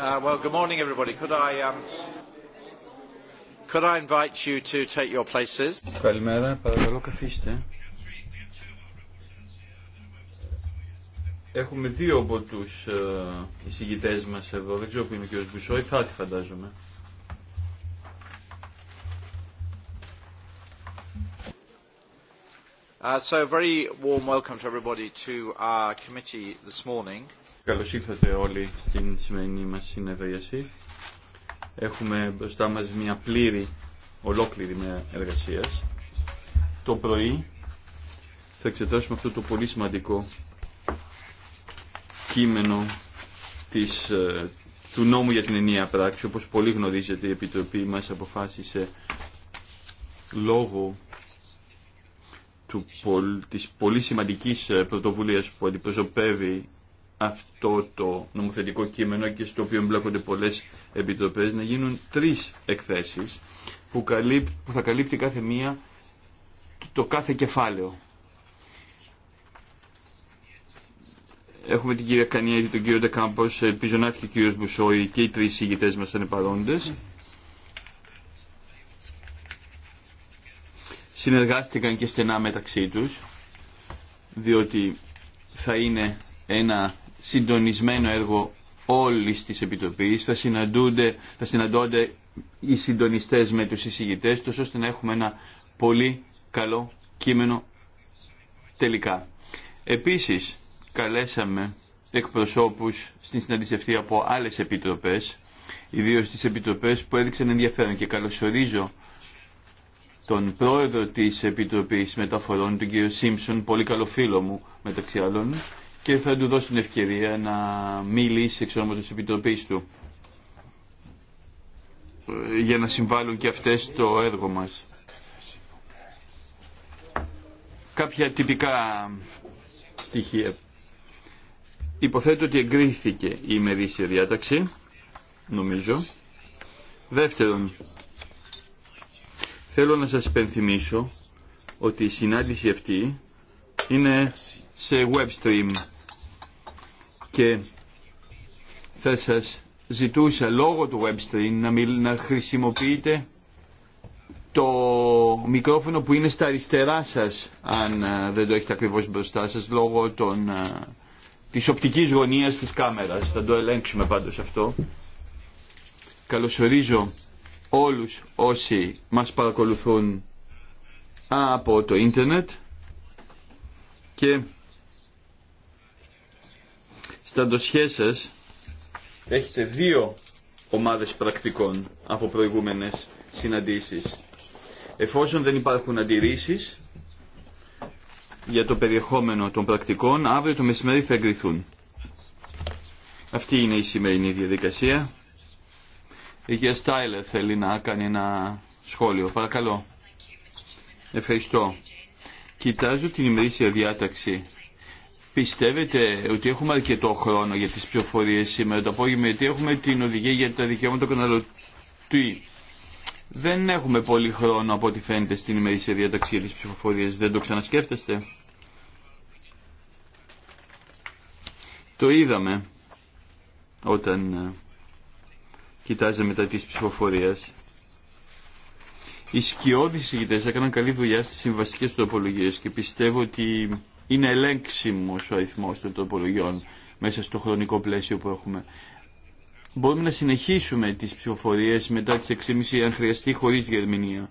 well, good morning, everybody. Could I, um, could I invite you to take your places? Καλημέρα, παρακαλώ καθίστε. Έχουμε δύο από τους εισηγητές μας εδώ. Δεν ξέρω που είναι ο κ. Μπουσό. Η τη φαντάζομαι. Uh, so, very warm welcome to everybody to our committee this morning. Καλώς ήρθατε όλοι στην σημερινή μας συνεδρίαση. Έχουμε μπροστά μας μια πλήρη, ολόκληρη μέρα εργασίας. Το πρωί θα εξετάσουμε αυτό το πολύ σημαντικό κείμενο της, ε, του νόμου για την ενιαία πράξη. Όπως πολύ γνωρίζετε η Επιτροπή μας αποφάσισε λόγω του, της πολύ σημαντικής ε, πρωτοβουλίας που αντιπροσωπεύει αυτό το νομοθετικό κείμενο και στο οποίο εμπλέκονται πολλές επιτροπές να γίνουν τρεις εκθέσεις που, θα καλύπτει κάθε μία το κάθε κεφάλαιο. Έχουμε την κυρία Κανιέρη, τον κύριο Ντεκάμπος, ελπίζω να έρθει ο κύριος Μπουσόη και οι τρεις ηγητές μας θα είναι παρόντες. Συνεργάστηκαν και στενά μεταξύ τους, διότι θα είναι ένα συντονισμένο έργο όλη της επιτροπή, θα, θα συναντώνται οι συντονιστές με τους εισηγητές, τόσο ώστε να έχουμε ένα πολύ καλό κείμενο τελικά. Επίσης, καλέσαμε εκπροσώπους στην συνάντηση από άλλες επιτροπές, ιδίω τι επιτροπέ, που έδειξαν ενδιαφέρον και καλωσορίζω τον πρόεδρο της Επιτροπής Μεταφορών, τον κύριο Σίμψον, πολύ καλό φίλο μου μεταξύ άλλων, και θα του δώσει την ευκαιρία να μιλήσει εξ ονόματο τη Επιτροπής του ε, για να συμβάλλουν και αυτές στο έργο μας. Κάποια τυπικά στοιχεία. Υποθέτω ότι εγκρίθηκε η ημερήσια διάταξη, νομίζω. Δεύτερον, θέλω να σας υπενθυμίσω ότι η συνάντηση αυτή είναι σε web stream και θα σας ζητούσα λόγω του webstream να, να χρησιμοποιείτε το μικρόφωνο που είναι στα αριστερά σας αν ε, δεν το έχετε ακριβώς μπροστά σας λόγω των, ε, της οπτικής γωνίας της κάμερας. Θα το ελέγξουμε πάντως αυτό. Καλωσορίζω όλους όσοι μας παρακολουθούν από το ίντερνετ και στα ντοσιέ σα έχετε δύο ομάδες πρακτικών από προηγούμενες συναντήσεις. Εφόσον δεν υπάρχουν αντιρρήσεις για το περιεχόμενο των πρακτικών, αύριο το μεσημέρι θα εγκριθούν. Αυτή είναι η σημερινή διαδικασία. Η κυρία Στάιλερ θέλει να κάνει ένα σχόλιο. Παρακαλώ. Ευχαριστώ. Κοιτάζω την ημερήσια διάταξη Πιστεύετε ότι έχουμε αρκετό χρόνο για τις πληροφορίες σήμερα το απόγευμα, γιατί έχουμε την οδηγία για τα δικαιώματα καταναλωτή. Δεν έχουμε πολύ χρόνο από ό,τι φαίνεται στην ημερήσια διαταξία τις ψηφοφορίες. Δεν το ξανασκέφτεστε. Το είδαμε όταν ε, κοιτάζαμε τα τις ψηφοφορία. Οι σκιώδεις συγκεκριτές έκαναν καλή δουλειά στις συμβαστικές τοπολογίες και πιστεύω ότι είναι ελέγξιμος ο αριθμός των τροπολογιών μέσα στο χρονικό πλαίσιο που έχουμε. Μπορούμε να συνεχίσουμε τις ψηφοφορίες μετά τις 6.30 αν χρειαστεί χωρίς διερμηνία.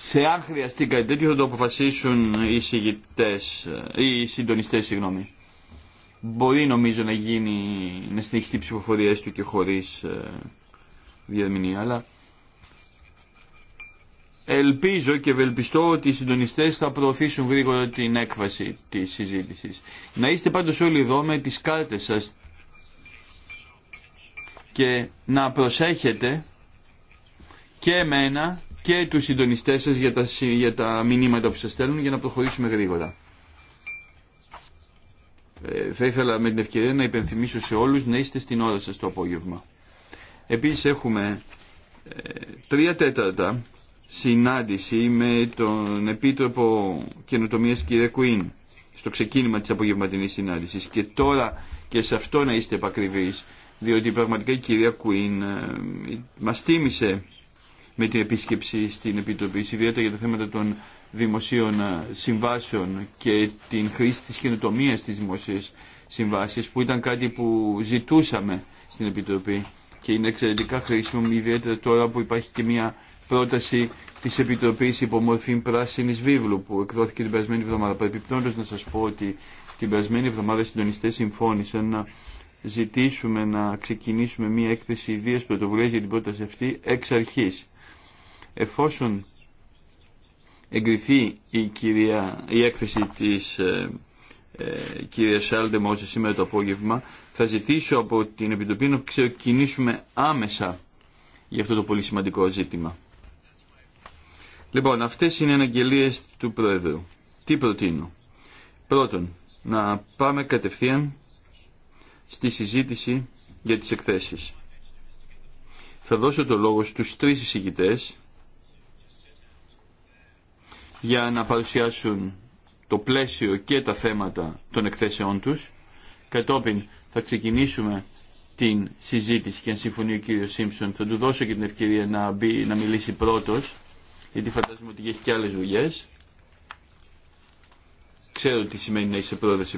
σε αν χρειαστεί κάτι τέτοιο θα το αποφασίσουν οι, συγητές, οι συντονιστές. Συγγνώμη. Μπορεί νομίζω να γίνει, να συνεχιστεί η ψηφοφορία έστω και χωρίς ε, διερμηνία, αλλά... Ελπίζω και ευελπιστώ ότι οι συντονιστές θα προωθήσουν γρήγορα την έκβαση της συζήτησης. Να είστε πάντως όλοι εδώ με τις κάρτες σας και να προσέχετε και εμένα και τους συντονιστές σας για τα, για τα μηνύματα που σας στέλνουν για να προχωρήσουμε γρήγορα. Ε, θα ήθελα με την ευκαιρία να υπενθυμίσω σε όλους να είστε στην ώρα σας το απόγευμα. Επίσης έχουμε ε, τρία τέταρτα συνάντηση με τον Επίτροπο Καινοτομίας κ. Κουίν στο ξεκίνημα της απογευματινής συνάντησης και τώρα και σε αυτό να είστε επακριβείς διότι πραγματικά η κυρία Κουίν ε, μας τίμησε με την επίσκεψη στην Επιτροπή ιδιαίτερα για τα θέματα των δημοσίων ε, συμβάσεων και την χρήση της καινοτομία της δημοσίες συμβάσεις που ήταν κάτι που ζητούσαμε στην Επιτροπή και είναι εξαιρετικά χρήσιμο ιδιαίτερα τώρα που υπάρχει και μια πρόταση της Επιτροπής υπομορφή πράσινης βίβλου που εκδόθηκε την περασμένη εβδομάδα. Παρεπιπτόντως να σας πω ότι την περασμένη εβδομάδα οι συντονιστές συμφώνησαν να ζητήσουμε να ξεκινήσουμε μια έκθεση ιδίας πρωτοβουλίας για την πρόταση αυτή εξ αρχής. Εφόσον εγκριθεί η, κυρία, η έκθεση της ε, ε, κυρία Σάλντε Μόζε σήμερα το απόγευμα, θα ζητήσω από την Επιτροπή να ξεκινήσουμε άμεσα για αυτό το πολύ σημαντικό ζήτημα. Λοιπόν, αυτές είναι οι αναγγελίες του Πρόεδρου. Τι προτείνω. Πρώτον, να πάμε κατευθείαν στη συζήτηση για τις εκθέσεις. Θα δώσω το λόγο στους τρεις εισηγητές για να παρουσιάσουν το πλαίσιο και τα θέματα των εκθέσεών τους. Κατόπιν θα ξεκινήσουμε την συζήτηση και αν συμφωνεί ο κύριος Σίμψον θα του δώσω και την ευκαιρία να, μπει, να μιλήσει πρώτος γιατί φαντάζομαι ότι έχει και άλλες δουλειές. Ξέρω τι σημαίνει να είσαι πρόεδρος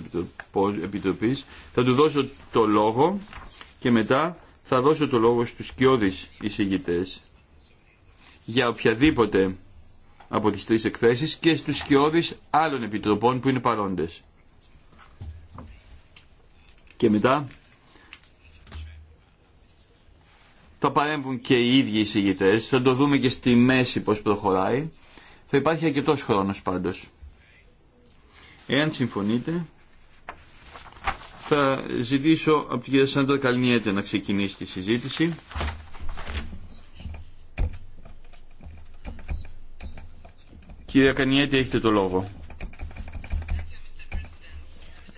επιτροπής. Θα του δώσω το λόγο και μετά θα δώσω το λόγο στους κοιόδης εισηγητές για οποιαδήποτε από τις τρεις εκθέσεις και στους σκιώδεις άλλων επιτροπών που είναι παρόντες. Και μετά θα παρέμβουν και οι ίδιοι οι θα το δούμε και στη μέση πώς προχωράει. Θα υπάρχει αρκετό χρόνος πάντως. Εάν συμφωνείτε, θα ζητήσω από την κυρία Σάντρα Καλνιέτε να ξεκινήσει τη συζήτηση. Κυρία Καλνιέτε, έχετε το λόγο.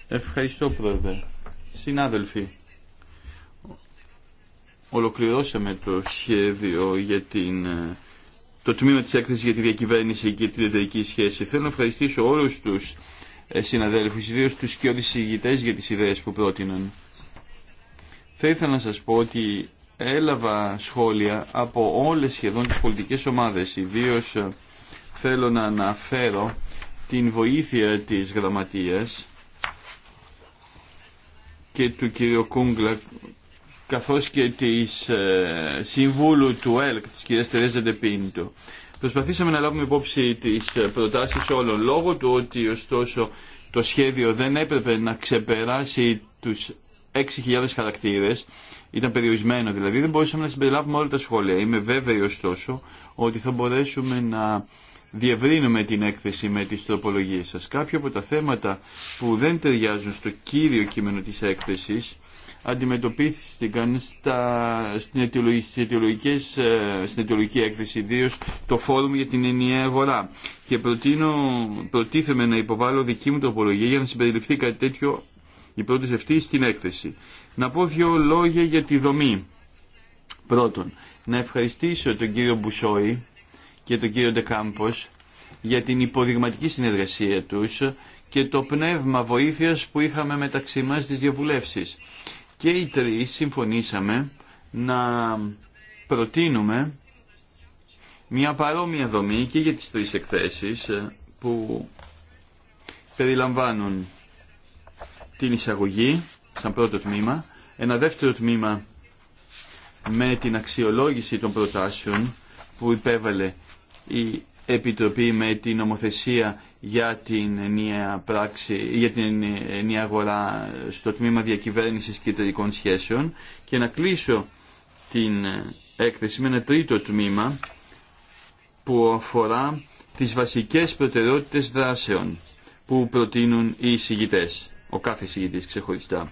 Ευχαριστώ, Πρόεδρε. Συνάδελφοι, ολοκληρώσαμε το σχέδιο για την, ε, το τμήμα της έκθεσης για τη διακυβέρνηση και την εταιρική σχέση. Θέλω να ευχαριστήσω όλους τους ε, συναδέλφους, ιδίω τους και τους για τις ιδέες που πρότειναν. Θα ήθελα να σας πω ότι έλαβα σχόλια από όλες σχεδόν τις πολιτικές ομάδες, ιδίω ε, θέλω να αναφέρω την βοήθεια της γραμματείας και του κύριο Κούγκλα καθώς και της ε, συμβούλου του ΕΛΚ, της κυρίας Τερέζα Ντεπίντου. Προσπαθήσαμε να λάβουμε υπόψη τις προτάσεις όλων λόγω του ότι ωστόσο το σχέδιο δεν έπρεπε να ξεπεράσει τους 6.000 χαρακτήρες, ήταν περιορισμένο δηλαδή, δεν μπορούσαμε να συμπεριλάβουμε όλα τα σχόλια. Είμαι βέβαιη ωστόσο ότι θα μπορέσουμε να διευρύνουμε την έκθεση με τις τροπολογίες σας. Κάποια από τα θέματα που δεν ταιριάζουν στο κύριο κείμενο της έκθεσης αντιμετωπίστηκαν στα, στην, ε, αιτιολογική έκθεση, ιδίω το Φόρουμ για την Ενιαία Αγορά. Και προτείνω, προτίθεμαι να υποβάλω δική μου τοπολογία για να συμπεριληφθεί κάτι τέτοιο η πρώτη αυτή στην έκθεση. Να πω δύο λόγια για τη δομή. Πρώτον, να ευχαριστήσω τον κύριο Μπουσόη και τον κύριο Ντεκάμπος για την υποδειγματική συνεργασία τους και το πνεύμα βοήθειας που είχαμε μεταξύ μας στις διαβουλεύσεις και οι τρεις συμφωνήσαμε να προτείνουμε μια παρόμοια δομή και για τις τρεις εκθέσεις ε, που περιλαμβάνουν την εισαγωγή σαν πρώτο τμήμα, ένα δεύτερο τμήμα με την αξιολόγηση των προτάσεων που υπέβαλε η Επιτροπή με την νομοθεσία για την ενιαία, για την αγορά στο τμήμα διακυβέρνησης και εταιρικών σχέσεων και να κλείσω την έκθεση με ένα τρίτο τμήμα που αφορά τις βασικές προτεραιότητες δράσεων που προτείνουν οι εισηγητές, ο κάθε εισηγητής ξεχωριστά.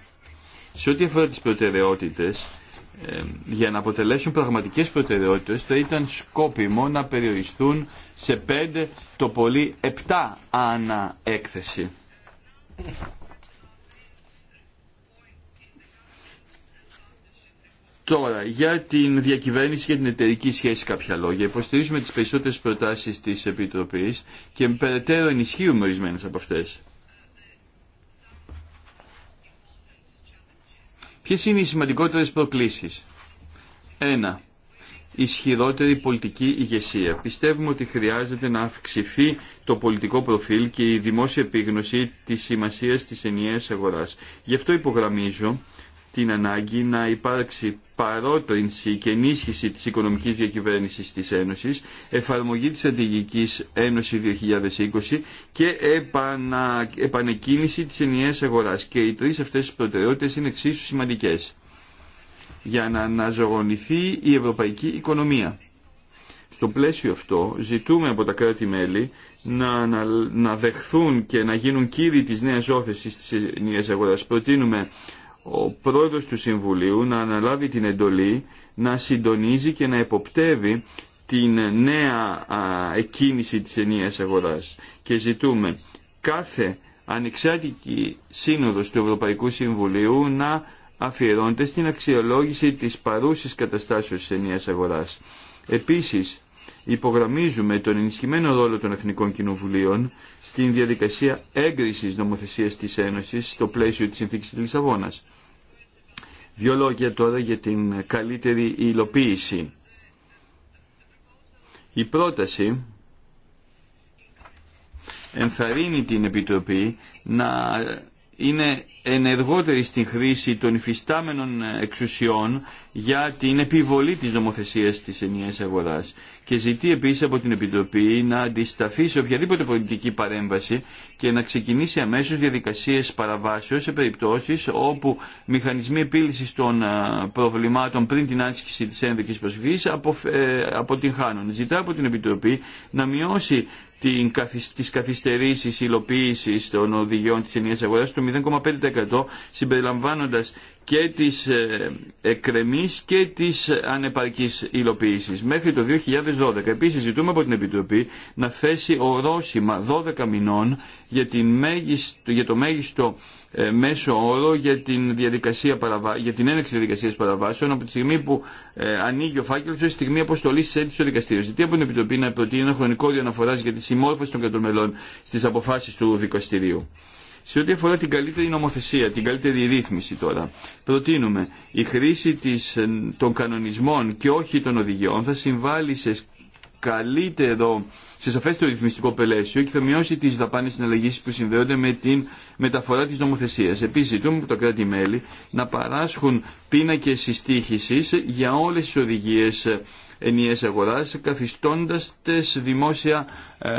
Σε ό,τι αφορά τις προτεραιότητες, ε, για να αποτελέσουν πραγματικές προτεραιότητες θα ήταν σκόπιμο να περιοριστούν σε πέντε το πολύ 7 ανά έκθεση. Τώρα, για την διακυβέρνηση και την εταιρική σχέση κάποια λόγια. Υποστηρίζουμε τις περισσότερες προτάσεις της Επιτροπής και περαιτέρω ενισχύουμε ορισμένες από αυτές. Ποιε είναι οι σημαντικότερες προκλήσεις. 1. Ισχυρότερη πολιτική ηγεσία. Πιστεύουμε ότι χρειάζεται να αυξηθεί το πολιτικό προφίλ και η δημόσια επίγνωση της σημασίας της ενιαία αγορά. Γι' αυτό υπογραμμίζω την ανάγκη να υπάρξει παρότρινση και ενίσχυση της οικονομικής διακυβέρνησης της Ένωσης, εφαρμογή της Στρατηγικής Ένωση 2020 και επανα... επανεκκίνηση της ενιαίας αγοράς. Και οι τρεις αυτές τις προτεραιότητες είναι εξίσου σημαντικές για να αναζωογονηθεί η ευρωπαϊκή οικονομία. Στο πλαίσιο αυτό ζητούμε από τα κράτη-μέλη να, να, δεχθούν και να γίνουν κύριοι της νέας όθεσης της ενιαίας αγοράς. Προτείνουμε ο πρόεδρος του Συμβουλίου να αναλάβει την εντολή να συντονίζει και να εποπτεύει την νέα εκκίνηση της ενίας αγοράς και ζητούμε κάθε ανεξάρτητη σύνοδος του Ευρωπαϊκού Συμβουλίου να αφιερώνεται στην αξιολόγηση της παρούσης καταστάσεως της ενίας αγοράς. Επίσης, υπογραμμίζουμε τον ενισχυμένο ρόλο των Εθνικών Κοινοβουλίων στην διαδικασία έγκρισης νομοθεσίας της Ένωσης στο πλαίσιο της συνθήκης της Λισαβόνας. Δύο λόγια τώρα για την καλύτερη υλοποίηση. Η πρόταση ενθαρρύνει την Επιτροπή να είναι ενεργότερη στην χρήση των υφιστάμενων εξουσιών για την επιβολή της νομοθεσίας της ενιαίας αγοράς και ζητεί επίσης από την Επιτροπή να αντισταθεί σε οποιαδήποτε πολιτική παρέμβαση και να ξεκινήσει αμέσως διαδικασίες παραβάσεως σε περιπτώσεις όπου μηχανισμοί επίλυσης των ε, προβλημάτων πριν την άσκηση της ένδικης προσφυγής ε, αποτυγχάνουν. Ζητά από την Επιτροπή να μειώσει τις καθυστερήσεις υλοποίησης των οδηγιών τη ενιαίας αγοράς στο 0,5% 20% συμπεριλαμβάνοντας και τις εκκρεμής και τις ανεπαρκείς υλοποίησεις μέχρι το 2012. Επίσης ζητούμε από την Επιτροπή να θέσει ορόσημα 12 μηνών για, την μέγιστο, για το μέγιστο ε, μέσο όρο για την, διαδικασία παραβα... για την διαδικασίας παραβάσεων από τη στιγμή που ε, ανοίγει ο φάκελος τη στιγμή αποστολή της αίτησης στο δικαστήριο. Ζητεί από την Επιτροπή να προτείνει ένα χρονικό όριο για τη συμμόρφωση των μελών στις αποφάσεις του δικαστηρίου. Σε ό,τι αφορά την καλύτερη νομοθεσία, την καλύτερη ρύθμιση τώρα, προτείνουμε η χρήση της, ε, των κανονισμών και όχι των οδηγιών θα συμβάλλει σε καλύτερο, σε σαφέστερο ρυθμιστικό πελαίσιο και θα μειώσει τι δαπάνε συναλλαγή που συνδέονται με την μεταφορά τη νομοθεσία. Επίση, ζητούμε από τα κράτη-μέλη να παράσχουν πίνακε συστήχηση για όλε τι οδηγίε ενιαία αγορά, καθιστώντα τι δημόσια, ε,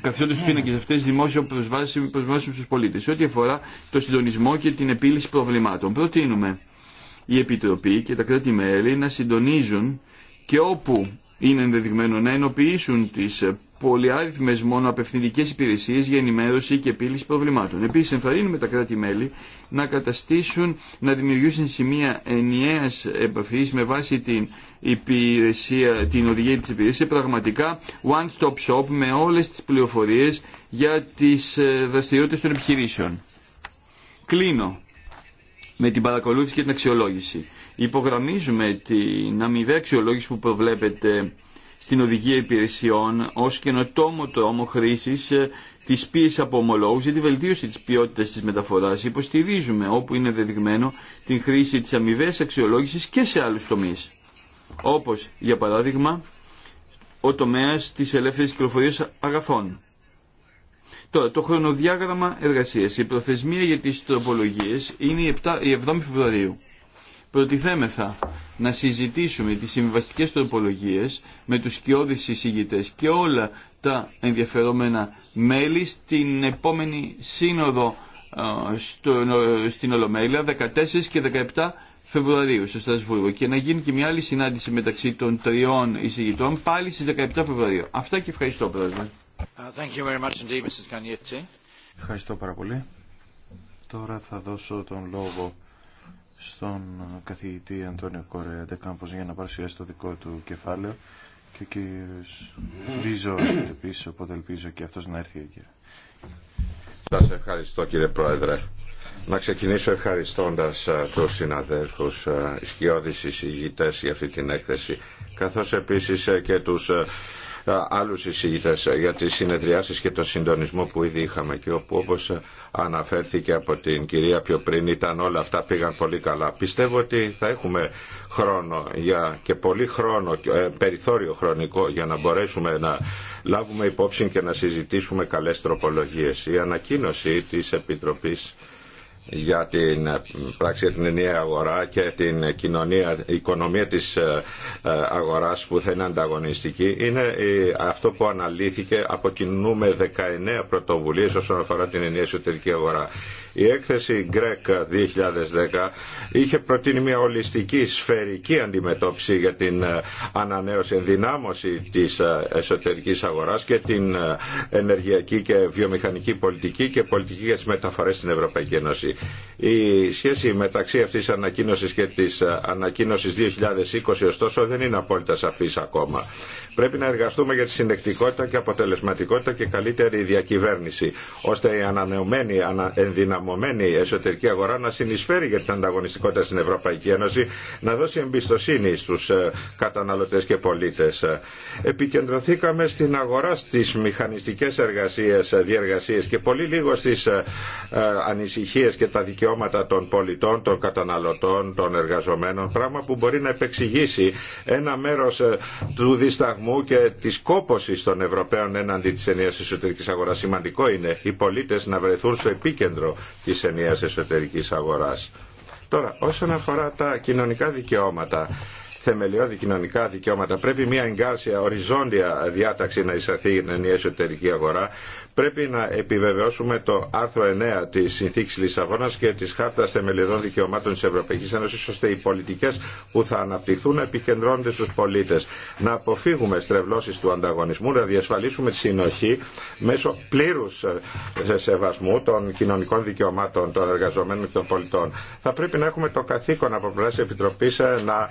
καθιστώντα του πίνακε αυτέ δημόσια προσβάσιμοι στου πολίτε. Σε ό,τι αφορά το συντονισμό και την επίλυση προβλημάτων, προτείνουμε η Επιτροπή και τα κράτη-μέλη να συντονίζουν και όπου είναι ενδεδειγμένο να ενοποιήσουν τις ε, πολυάριθμες μόνο απευθυντικέ υπηρεσίες για ενημέρωση και επίλυση προβλημάτων. Επίσης ενθαρρύνουμε τα κράτη-μέλη να καταστήσουν, να δημιουργήσουν σημεία ενιαίας επαφής με βάση την, υπηρεσία, την οδηγία της υπηρεσια πραγματικα πραγματικά one-stop shop με όλες τι πληροφορίε για τι ε, δραστηριότητε των επιχειρήσεων. Κλείνω με την παρακολούθηση και την αξιολόγηση. Υπογραμμίζουμε την αμοιβή αξιολόγηση που προβλέπεται στην οδηγία υπηρεσιών ως καινοτόμο τρόμο χρήση ε, τη πίεση από ομολόγου για τη βελτίωση τη ποιότητα τη μεταφορά. Υποστηρίζουμε όπου είναι δεδειγμένο την χρήση τη αμοιβή αξιολόγηση και σε άλλου τομεί. Όπω για παράδειγμα ο τομέα τη ελεύθερη κυκλοφορία αγαθών. Τώρα, το χρονοδιάγραμμα εργασία. Η προθεσμία για τι τροπολογίε είναι η 7η Φεβρουαρίου προτιθέμεθα να συζητήσουμε τις συμβαστικές τροπολογίες με τους σκιώδεις συζητητές και όλα τα ενδιαφερόμενα μέλη στην επόμενη σύνοδο στο, ε, στην Ολομέλεια 14 και 17 Φεβρουαρίου στο Στρασβούργο και να γίνει και μια άλλη συνάντηση μεταξύ των τριών εισηγητών πάλι στις 17 Φεβρουαρίου. Αυτά και ευχαριστώ πρόεδρε. Uh, thank Ευχαριστώ πάρα πολύ. Τώρα θα δώσω τον λόγο στον καθηγητή Αντώνιο Κόρε Αντεκάμπος για να παρουσιάσει το δικό του κεφάλαιο και ο κύριος Βίζο επίσης, οπότε ελπίζω και αυτός να έρθει εκεί. Σας ευχαριστώ κύριε Πρόεδρε. Να ξεκινήσω ευχαριστώντας τους συναδέλφους σκιώδης εισηγητές για αυτή την έκθεση καθώς επίσης και τους ε, Άλλου εισηγητέ ε, για τι συνεδριάσεις και τον συντονισμό που ήδη είχαμε και όπου όπω αναφέρθηκε από την κυρία πιο πριν ήταν όλα αυτά πήγαν πολύ καλά. Πιστεύω ότι θα έχουμε χρόνο για, και πολύ χρόνο, ε, περιθώριο χρονικό για να μπορέσουμε να λάβουμε υπόψη και να συζητήσουμε καλέ τροπολογίε Η ανακοίνωση της Επιτροπής για την ε, πράξη για την ενιαία αγορά και την κοινωνία, η οικονομία της ε, ε, αγοράς που θα είναι ανταγωνιστική είναι αυτό που αναλύθηκε από κοινού με 19 πρωτοβουλίες όσον αφορά την ενιαία εσωτερική αγορά. Η έκθεση GREC 2010 είχε προτείνει μια ολιστική σφαιρική αντιμετώπιση για την ανανέωση, ενδυνάμωση της εσωτερικής αγοράς και την ενεργειακή και βιομηχανική πολιτική και πολιτική για τις μεταφορές στην Ευρωπαϊκή Ένωση. Η σχέση μεταξύ αυτή τη ανακοίνωση και τη ανακοίνωση 2020 ωστόσο δεν είναι απόλυτα σαφή ακόμα. Πρέπει να εργαστούμε για τη συνεκτικότητα και αποτελεσματικότητα και καλύτερη διακυβέρνηση, ώστε η ανανεωμένη, ενδυναμωμένη εσωτερική αγορά να συνεισφέρει για την ανταγωνιστικότητα στην Ευρωπαϊκή Ένωση, να δώσει εμπιστοσύνη στους ε, καταναλωτέ και πολίτε. Επικεντρωθήκαμε στην αγορά στι μηχανιστικέ εργασίε διεργασίε και πολύ λίγο στι ε, ε, ανησυχίε και τα δικαιώματα των πολιτών, των καταναλωτών, των εργαζομένων, πράγμα που μπορεί να επεξηγήσει ένα μέρος ε, του δισταγμού και της κόπωσης των Ευρωπαίων έναντι της ενιαίας εσωτερικής αγοράς. Σημαντικό είναι οι πολίτες να βρεθούν στο επίκεντρο της ενιαίας εσωτερικής αγοράς. Τώρα, όσον αφορά τα κοινωνικά δικαιώματα, θεμελιώδη κοινωνικά δικαιώματα. Πρέπει μια εγκάρσια, οριζόντια διάταξη να εισαρθεί η ενιαία εσωτερική αγορά Πρέπει να επιβεβαιώσουμε το άρθρο 9 της Συνθήκης Λισαβόνας και τη Χάρτα Θεμελιωδών Δικαιωμάτων τη Ευρωπαϊκή Ένωση, ώστε οι πολιτικέ που θα αναπτυχθούν να επικεντρώνονται στου πολίτες. Να αποφύγουμε στρεβλώσεις του ανταγωνισμού, να διασφαλίσουμε τη συνοχή μέσω πλήρους ε, σεβασμού των κοινωνικών δικαιωμάτων των εργαζομένων και των πολιτών. Θα πρέπει να έχουμε το καθήκον από πλευρά Επιτροπή ε, να,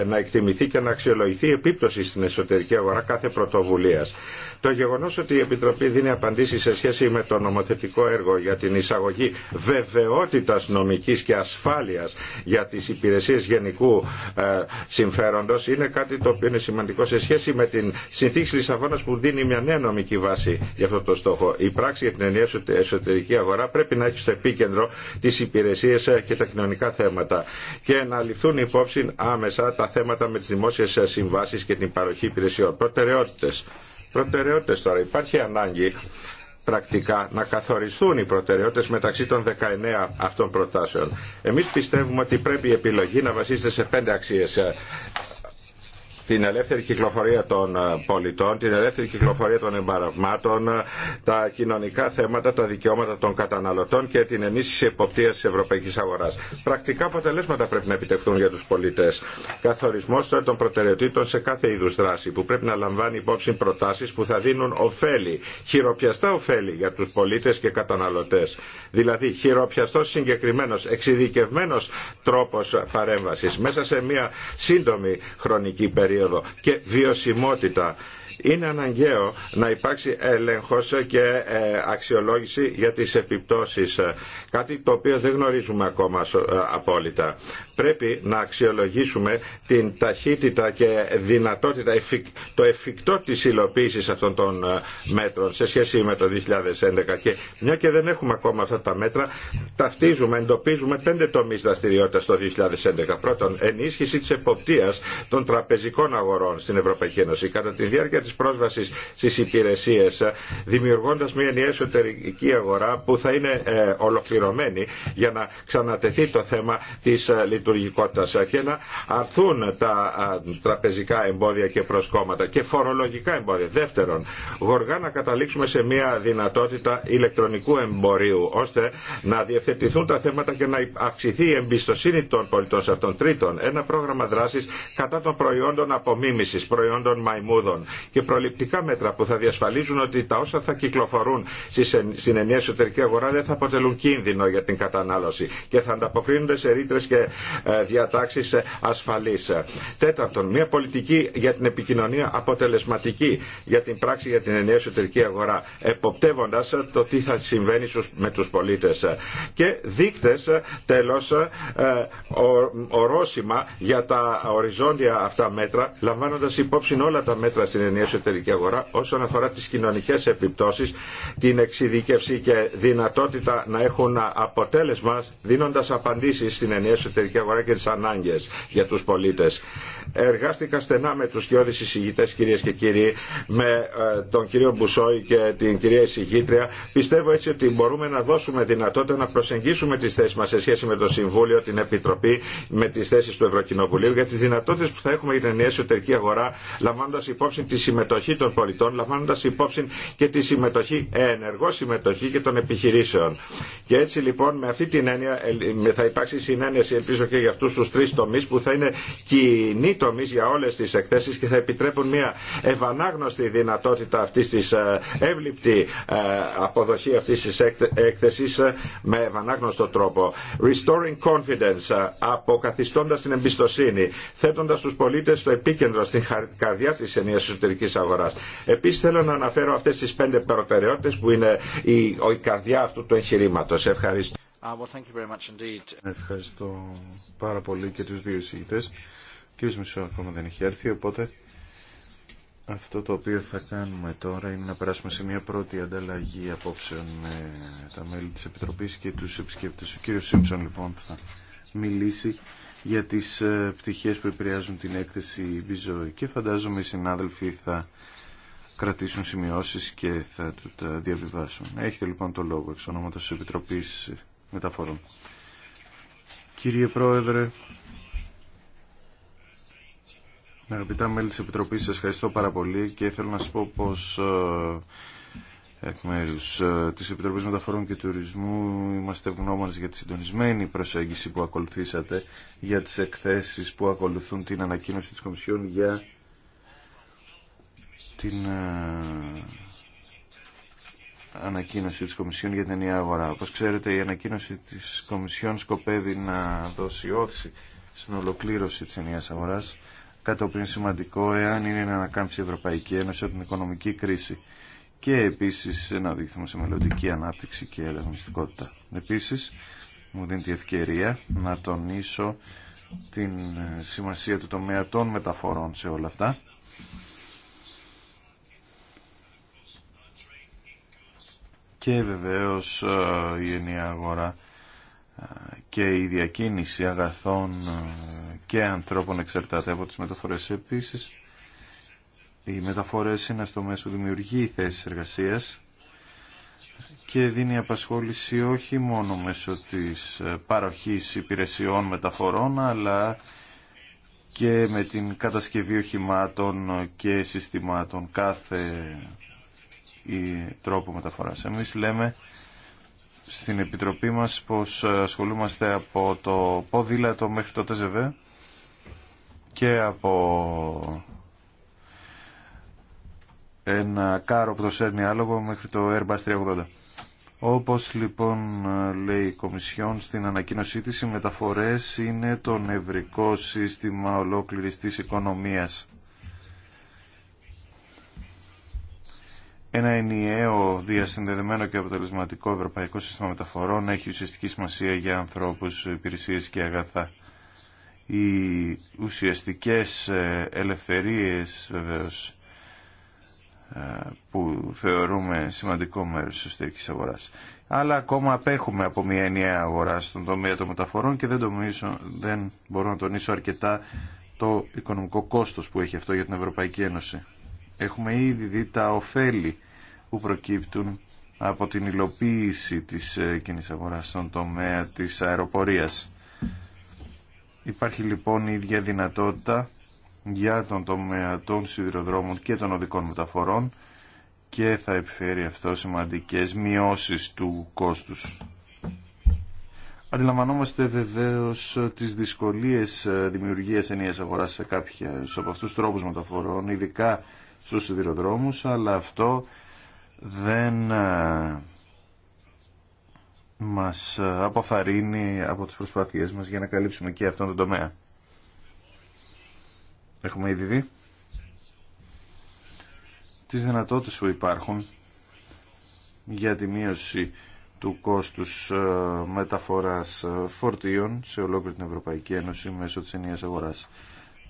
ε, να, εκτιμηθεί και να αξιολογηθεί η επίπτωση στην εσωτερική αγορά κάθε πρωτοβουλία. Το γεγονό ότι η Επιτροπή δίνει απαντήσει σε σχέση με το νομοθετικό έργο για την εισαγωγή βεβαιότητα νομική και ασφάλεια για τι υπηρεσίε γενικού ε, συμφέροντο είναι κάτι το οποίο είναι σημαντικό σε σχέση με την συνθήκη Λισαβόνα που δίνει μια νέα νομική βάση για αυτό το στόχο. Η πράξη για την ενιαία εσωτερική αγορά πρέπει να έχει στο επίκεντρο τι υπηρεσίε ε, και τα κοινωνικά θέματα και να ληφθούν υπόψη άμεσα τα θέματα με τι δημόσιε συμβάσει και την παροχή υπηρεσιών. Προτεραιότητε προτεραιότητε τώρα. Υπάρχει ανάγκη πρακτικά να καθοριστούν οι προτεραιότητες μεταξύ των 19 αυτών προτάσεων. Εμείς πιστεύουμε ότι πρέπει η επιλογή να βασίζεται σε πέντε αξίες την ελεύθερη κυκλοφορία των ε, πολιτών, την ελεύθερη κυκλοφορία των εμπαραγμάτων, ε, τα κοινωνικά θέματα, τα δικαιώματα των καταναλωτών και την ενίσχυση εποπτείας της ευρωπαϊκής αγοράς. Πρακτικά αποτελέσματα πρέπει να επιτευχθούν για τους πολίτες. Καθορισμός ε, των προτεραιοτήτων σε κάθε είδους δράση που πρέπει να λαμβάνει υπόψη προτάσεις που θα δίνουν ωφέλη, χειροπιαστά ωφέλη για τους πολίτες και καταναλωτές. Δηλαδή χειροπιαστός συγκεκριμένος, εξειδικευμένος τρόπος παρέμβασης μέσα σε μια σύντομη χρονική περίοδο περίοδο και βιωσιμότητα είναι αναγκαίο να υπάρξει έλεγχος και ε, αξιολόγηση για τις επιπτώσεις. Κάτι το οποίο δεν γνωρίζουμε ακόμα ε, απόλυτα. Πρέπει να αξιολογήσουμε την ταχύτητα και δυνατότητα, το εφικτό της υλοποίησης αυτών των ε, μέτρων σε σχέση με το 2011. Και μια και δεν έχουμε ακόμα αυτά τα μέτρα, ταυτίζουμε, εντοπίζουμε πέντε τομείς δραστηριότητα το 2011. Πρώτον, ενίσχυση της εποπτείας των τραπεζικών αγορών στην Ευρωπαϊκή Ένωση. Κατά τη διάρκεια της πρόσβασης στις υπηρεσίες, δημιουργώντας μια ενιαία εσωτερική αγορά που θα είναι ε, ολοκληρωμένη για να ξανατεθεί το θέμα της ε, λειτουργικότητας και να αρθούν τα ε, τραπεζικά εμπόδια και προσκόμματα και φορολογικά εμπόδια. Δεύτερον, γοργά να καταλήξουμε σε μια δυνατότητα ηλεκτρονικού εμπορίου ώστε να διευθετηθούν τα θέματα και να αυξηθεί η εμπιστοσύνη των πολιτών σε αυτόν. Τρίτον, ένα πρόγραμμα δράσης κατά των προϊόντων απομίμησης, προϊόντων μαϊμούδων και προληπτικά μέτρα που θα διασφαλίζουν ότι τα όσα θα κυκλοφορούν στην ενιαία εσωτερική αγορά δεν θα αποτελούν κίνδυνο για την κατανάλωση και θα ανταποκρίνονται σε ρήτρε και ε, διατάξει ε, ασφαλή. Τέταρτον, μια πολιτική για την επικοινωνία αποτελεσματική για την πράξη για την ενιαία εσωτερική αγορά, εποπτεύοντα ε, το τι θα συμβαίνει με του πολίτε. Και δείκτε, τέλο, ορόσημα για τα οριζόντια αυτά μέτρα, λαμβάνοντα υπόψη όλα τα μέτρα στην ενιαία εσωτερική αγορά όσον αφορά τις κοινωνικές επιπτώσεις, την εξειδικευσή και δυνατότητα να έχουν αποτέλεσμα δίνοντας απαντήσεις στην ενιαία εσωτερική αγορά και τις ανάγκες για τους πολίτες. Εργάστηκα στενά με τους κοιόδης εισηγητές κυρίες και κύριοι, με ε, τον κύριο Μπουσόη και την κυρία εισηγήτρια. Πιστεύω έτσι ότι μπορούμε να δώσουμε δυνατότητα να προσεγγίσουμε τις θέσεις μας σε σχέση με το Συμβούλιο, την Επιτροπή, με τις θέσεις του Ευρωκοινοβουλίου για τις δυνατότητες που θα έχουμε για την ενιαία εσωτερική αγορά λαμβάνοντας υπόψη συμμετοχή των πολιτών, λαμβάνοντα υπόψη και τη συμμετοχή, ε, ενεργό συμμετοχή και των επιχειρήσεων. Και έτσι λοιπόν με αυτή την έννοια ε, θα υπάρξει συνένεση ελπίζω και για αυτού του τρει τομεί που θα είναι κοινοί τομεί για όλε τι εκθέσει και θα επιτρέπουν μια ευανάγνωστη δυνατότητα αυτή τη ε, εύληπτη αποδοχή αυτή τη έκθεση με ευανάγνωστο τρόπο. Restoring confidence, αποκαθιστώντα την εμπιστοσύνη, θέτοντα του πολίτε στο επίκεντρο, στην καρδιά τη ενιαία εξωτερική Επίσης θέλω να αναφέρω αυτές τις πέντε προτεραιότητε, που είναι η, η καρδιά αυτού του εγχειρήματο. Ευχαριστώ. Ah, Ευχαριστώ πάρα πολύ και τους δύο εισηγητές. Ο κύριος Μισό ακόμα δεν έχει έρθει, οπότε αυτό το οποίο θα κάνουμε τώρα είναι να περάσουμε σε μια πρώτη ανταλλαγή απόψεων με τα μέλη της Επιτροπής και τους επισκέπτες. Ο κύριος Σίμψον λοιπόν θα μιλήσει για τις ε, πτυχές που επηρεάζουν την έκθεση Μπιζόη και φαντάζομαι οι συνάδελφοι θα κρατήσουν σημειώσεις και θα του τα διαβιβάσουν. Έχετε λοιπόν το λόγο εξ ονόματος της Επιτροπής Μεταφορών. Κύριε Πρόεδρε, αγαπητά μέλη της Επιτροπής, σας ευχαριστώ πάρα πολύ και θέλω να σας πω πως ε, εκ μέρου ε, τη Επιτροπή Μεταφορών και Τουρισμού. Είμαστε ευγνώμονε για τη συντονισμένη προσέγγιση που ακολουθήσατε για τι εκθέσει που ακολουθούν την ανακοίνωση τη Κομισιόν για την ε, ανακοίνωση της Κομισιόν για την ενιαία αγορά. Όπως ξέρετε, η ανακοίνωση της Κομισιόν σκοπεύει να δώσει όθηση στην ολοκλήρωση της ενιαίας αγοράς, κάτι το είναι σημαντικό εάν είναι να ανακάμψει η Ευρωπαϊκή Ένωση από την οικονομική κρίση και επίσης να δείχνουμε σε μελλοντική ανάπτυξη και ελευθεριστικότητα. Επίσης, μου δίνει τη ευκαιρία να τονίσω την σημασία του τομέα των μεταφορών σε όλα αυτά. Και βεβαίως ε, η ενιαία αγορά ε, και η διακίνηση αγαθών ε, και ανθρώπων εξαρτάται από τις μεταφορές επίσης οι μεταφορές είναι στο μέσο που δημιουργεί θέσεις εργασίας και δίνει απασχόληση όχι μόνο μέσω της ε, παροχής υπηρεσιών μεταφορών αλλά και με την κατασκευή οχημάτων και συστημάτων κάθε ε, τρόπο μεταφοράς. Εμείς λέμε στην Επιτροπή μας πως ε, ασχολούμαστε από το ποδήλατο μέχρι το ΤΖΒ και από ένα κάρο που σέρνει άλογο μέχρι το Airbus 380. Όπως λοιπόν ε, λέει η Κομισιόν στην ανακοίνωσή της, οι μεταφορές είναι το νευρικό σύστημα ολόκληρης της οικονομίας. Ένα ενιαίο, διασυνδεδεμένο και αποτελεσματικό ευρωπαϊκό σύστημα μεταφορών έχει ουσιαστική σημασία για ανθρώπους, υπηρεσίες και αγαθά. Οι ουσιαστικές ε, ελευθερίες βεβαίως ε, που θεωρούμε σημαντικό μέρος της εσωτερικής αγοράς. Αλλά ακόμα απέχουμε από μια ενιαία αγορά στον τομέα των μεταφορών και δεν, δεν μπορώ να τονίσω αρκετά το οικονομικό κόστος που έχει αυτό για την Ευρωπαϊκή Ένωση. Έχουμε ήδη δει τα ωφέλη που προκύπτουν από την υλοποίηση της ε, κοινή αγοράς στον τομέα της αεροπορίας. Υπάρχει λοιπόν η ίδια δυνατότητα για τον τομέα των σιδηροδρόμων και των οδικών μεταφορών και θα επιφέρει αυτό σημαντικές μειώσεις του κόστους. Αντιλαμβανόμαστε βεβαίως τις δυσκολίες δημιουργίας ενίας αγοράς σε κάποιους από αυτούς τους τρόπους μεταφορών, ειδικά στους σιδηροδρόμους, αλλά αυτό δεν ε, μας αποθαρρύνει από τις προσπάθειές μας για να καλύψουμε και αυτόν τον τομέα. Έχουμε ήδη δει τις δυνατότητες που υπάρχουν για τη μείωση του κόστους ε, μεταφοράς ε, φορτίων σε ολόκληρη την Ευρωπαϊκή Ένωση μέσω της ενιαίας αγοράς.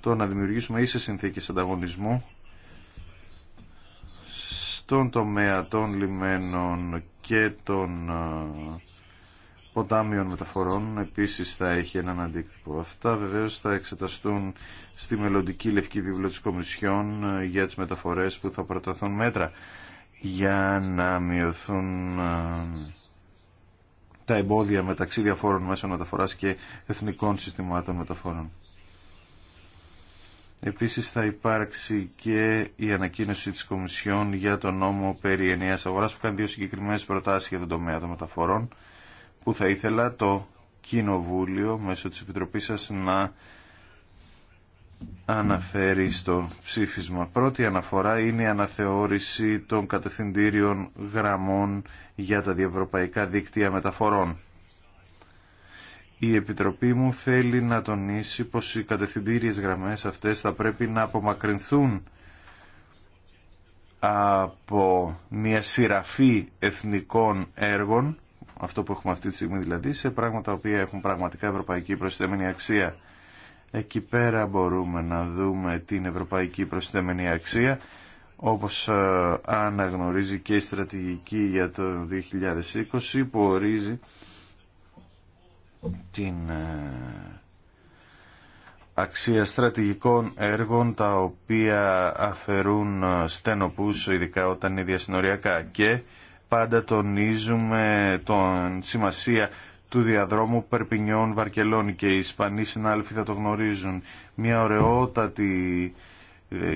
Το να δημιουργήσουμε ίσες συνθήκες ανταγωνισμού στον τομέα των λιμένων και των ε, ποτάμιων μεταφορών επίσης θα έχει έναν αντίκτυπο. Αυτά Βεβαίω θα εξεταστούν στη μελλοντική Λευκή Βίβλο τη Κομισιόν ε, για τις μεταφορές που θα προταθούν μέτρα για να μειωθούν ε, τα εμπόδια μεταξύ διαφόρων μέσων μεταφορά και εθνικών συστημάτων μεταφορών. Επίσης θα υπάρξει και η ανακοίνωση της Κομισιόν για τον νόμο περί ενιαίας αγοράς που κάνει δύο συγκεκριμένες προτάσεις για τον τομέα των μεταφορών που θα ήθελα το Κοινοβούλιο μέσω της Επιτροπής σας να αναφέρει στο ψήφισμα. Πρώτη αναφορά είναι η αναθεώρηση των κατευθυντήριων γραμμών για τα διευρωπαϊκά δίκτυα μεταφορών. Η Επιτροπή μου θέλει να τονίσει πως οι κατευθυντήριες γραμμές αυτές θα πρέπει να απομακρυνθούν από μια σειραφή εθνικών έργων αυτό που έχουμε αυτή τη στιγμή δηλαδή, σε πράγματα που έχουν πραγματικά ευρωπαϊκή προσθέμενη αξία. Εκεί πέρα μπορούμε να δούμε την ευρωπαϊκή προσθέμενη αξία, όπως ε, αναγνωρίζει και η στρατηγική για το 2020 που ορίζει την ε, αξία στρατηγικών έργων τα οποία αφαιρούν ε, στενοπούς ειδικά όταν είναι διασυνοριακά και πάντα τονίζουμε τον σημασία του διαδρόμου Περπινιών Περπινιών-Βαρκελών και οι Ισπανοί συνάλφοι θα το γνωρίζουν. Μια ωραιότατη ε,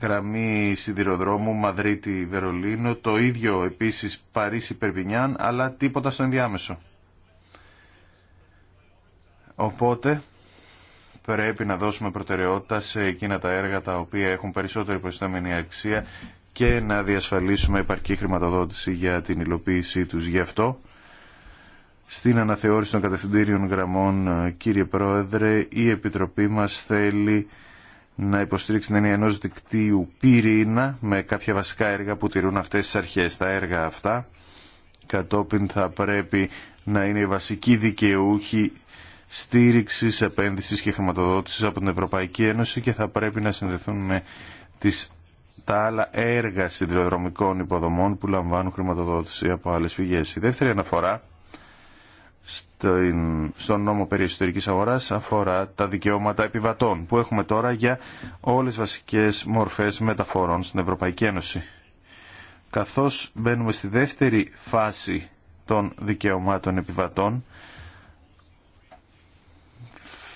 γραμμή σιδηροδρόμου Μαδρίτη-Βερολίνο, το ίδιο επίσης Παρίσι-Περπινιάν, αλλά τίποτα στο ενδιάμεσο. Οπότε πρέπει να δώσουμε προτεραιότητα σε εκείνα τα έργα τα οποία έχουν περισσότερη προστάμενη αξία και να διασφαλίσουμε επαρκή χρηματοδότηση για την υλοποίησή τους. Γι' αυτό, στην αναθεώρηση των κατευθυντήριων γραμμών, κύριε Πρόεδρε, η Επιτροπή μας θέλει να υποστηρίξει την έννοια ενός δικτύου πυρήνα με κάποια βασικά έργα που τηρούν αυτές τις αρχές. Τα έργα αυτά κατόπιν θα πρέπει να είναι η βασική δικαιούχοι στήριξης, επένδυσης και χρηματοδότησης από την Ευρωπαϊκή Ένωση και θα πρέπει να συνδεθούν με τις τα άλλα έργα σιδηροδρομικών υποδομών που λαμβάνουν χρηματοδότηση από άλλες πηγές. Η δεύτερη αναφορά στον νόμο περί εσωτερικής αγοράς αφορά τα δικαιώματα επιβατών που έχουμε τώρα για όλες βασικές μορφές μεταφορών στην Ευρωπαϊκή Ένωση. Καθώς μπαίνουμε στη δεύτερη φάση των δικαιωμάτων επιβατών,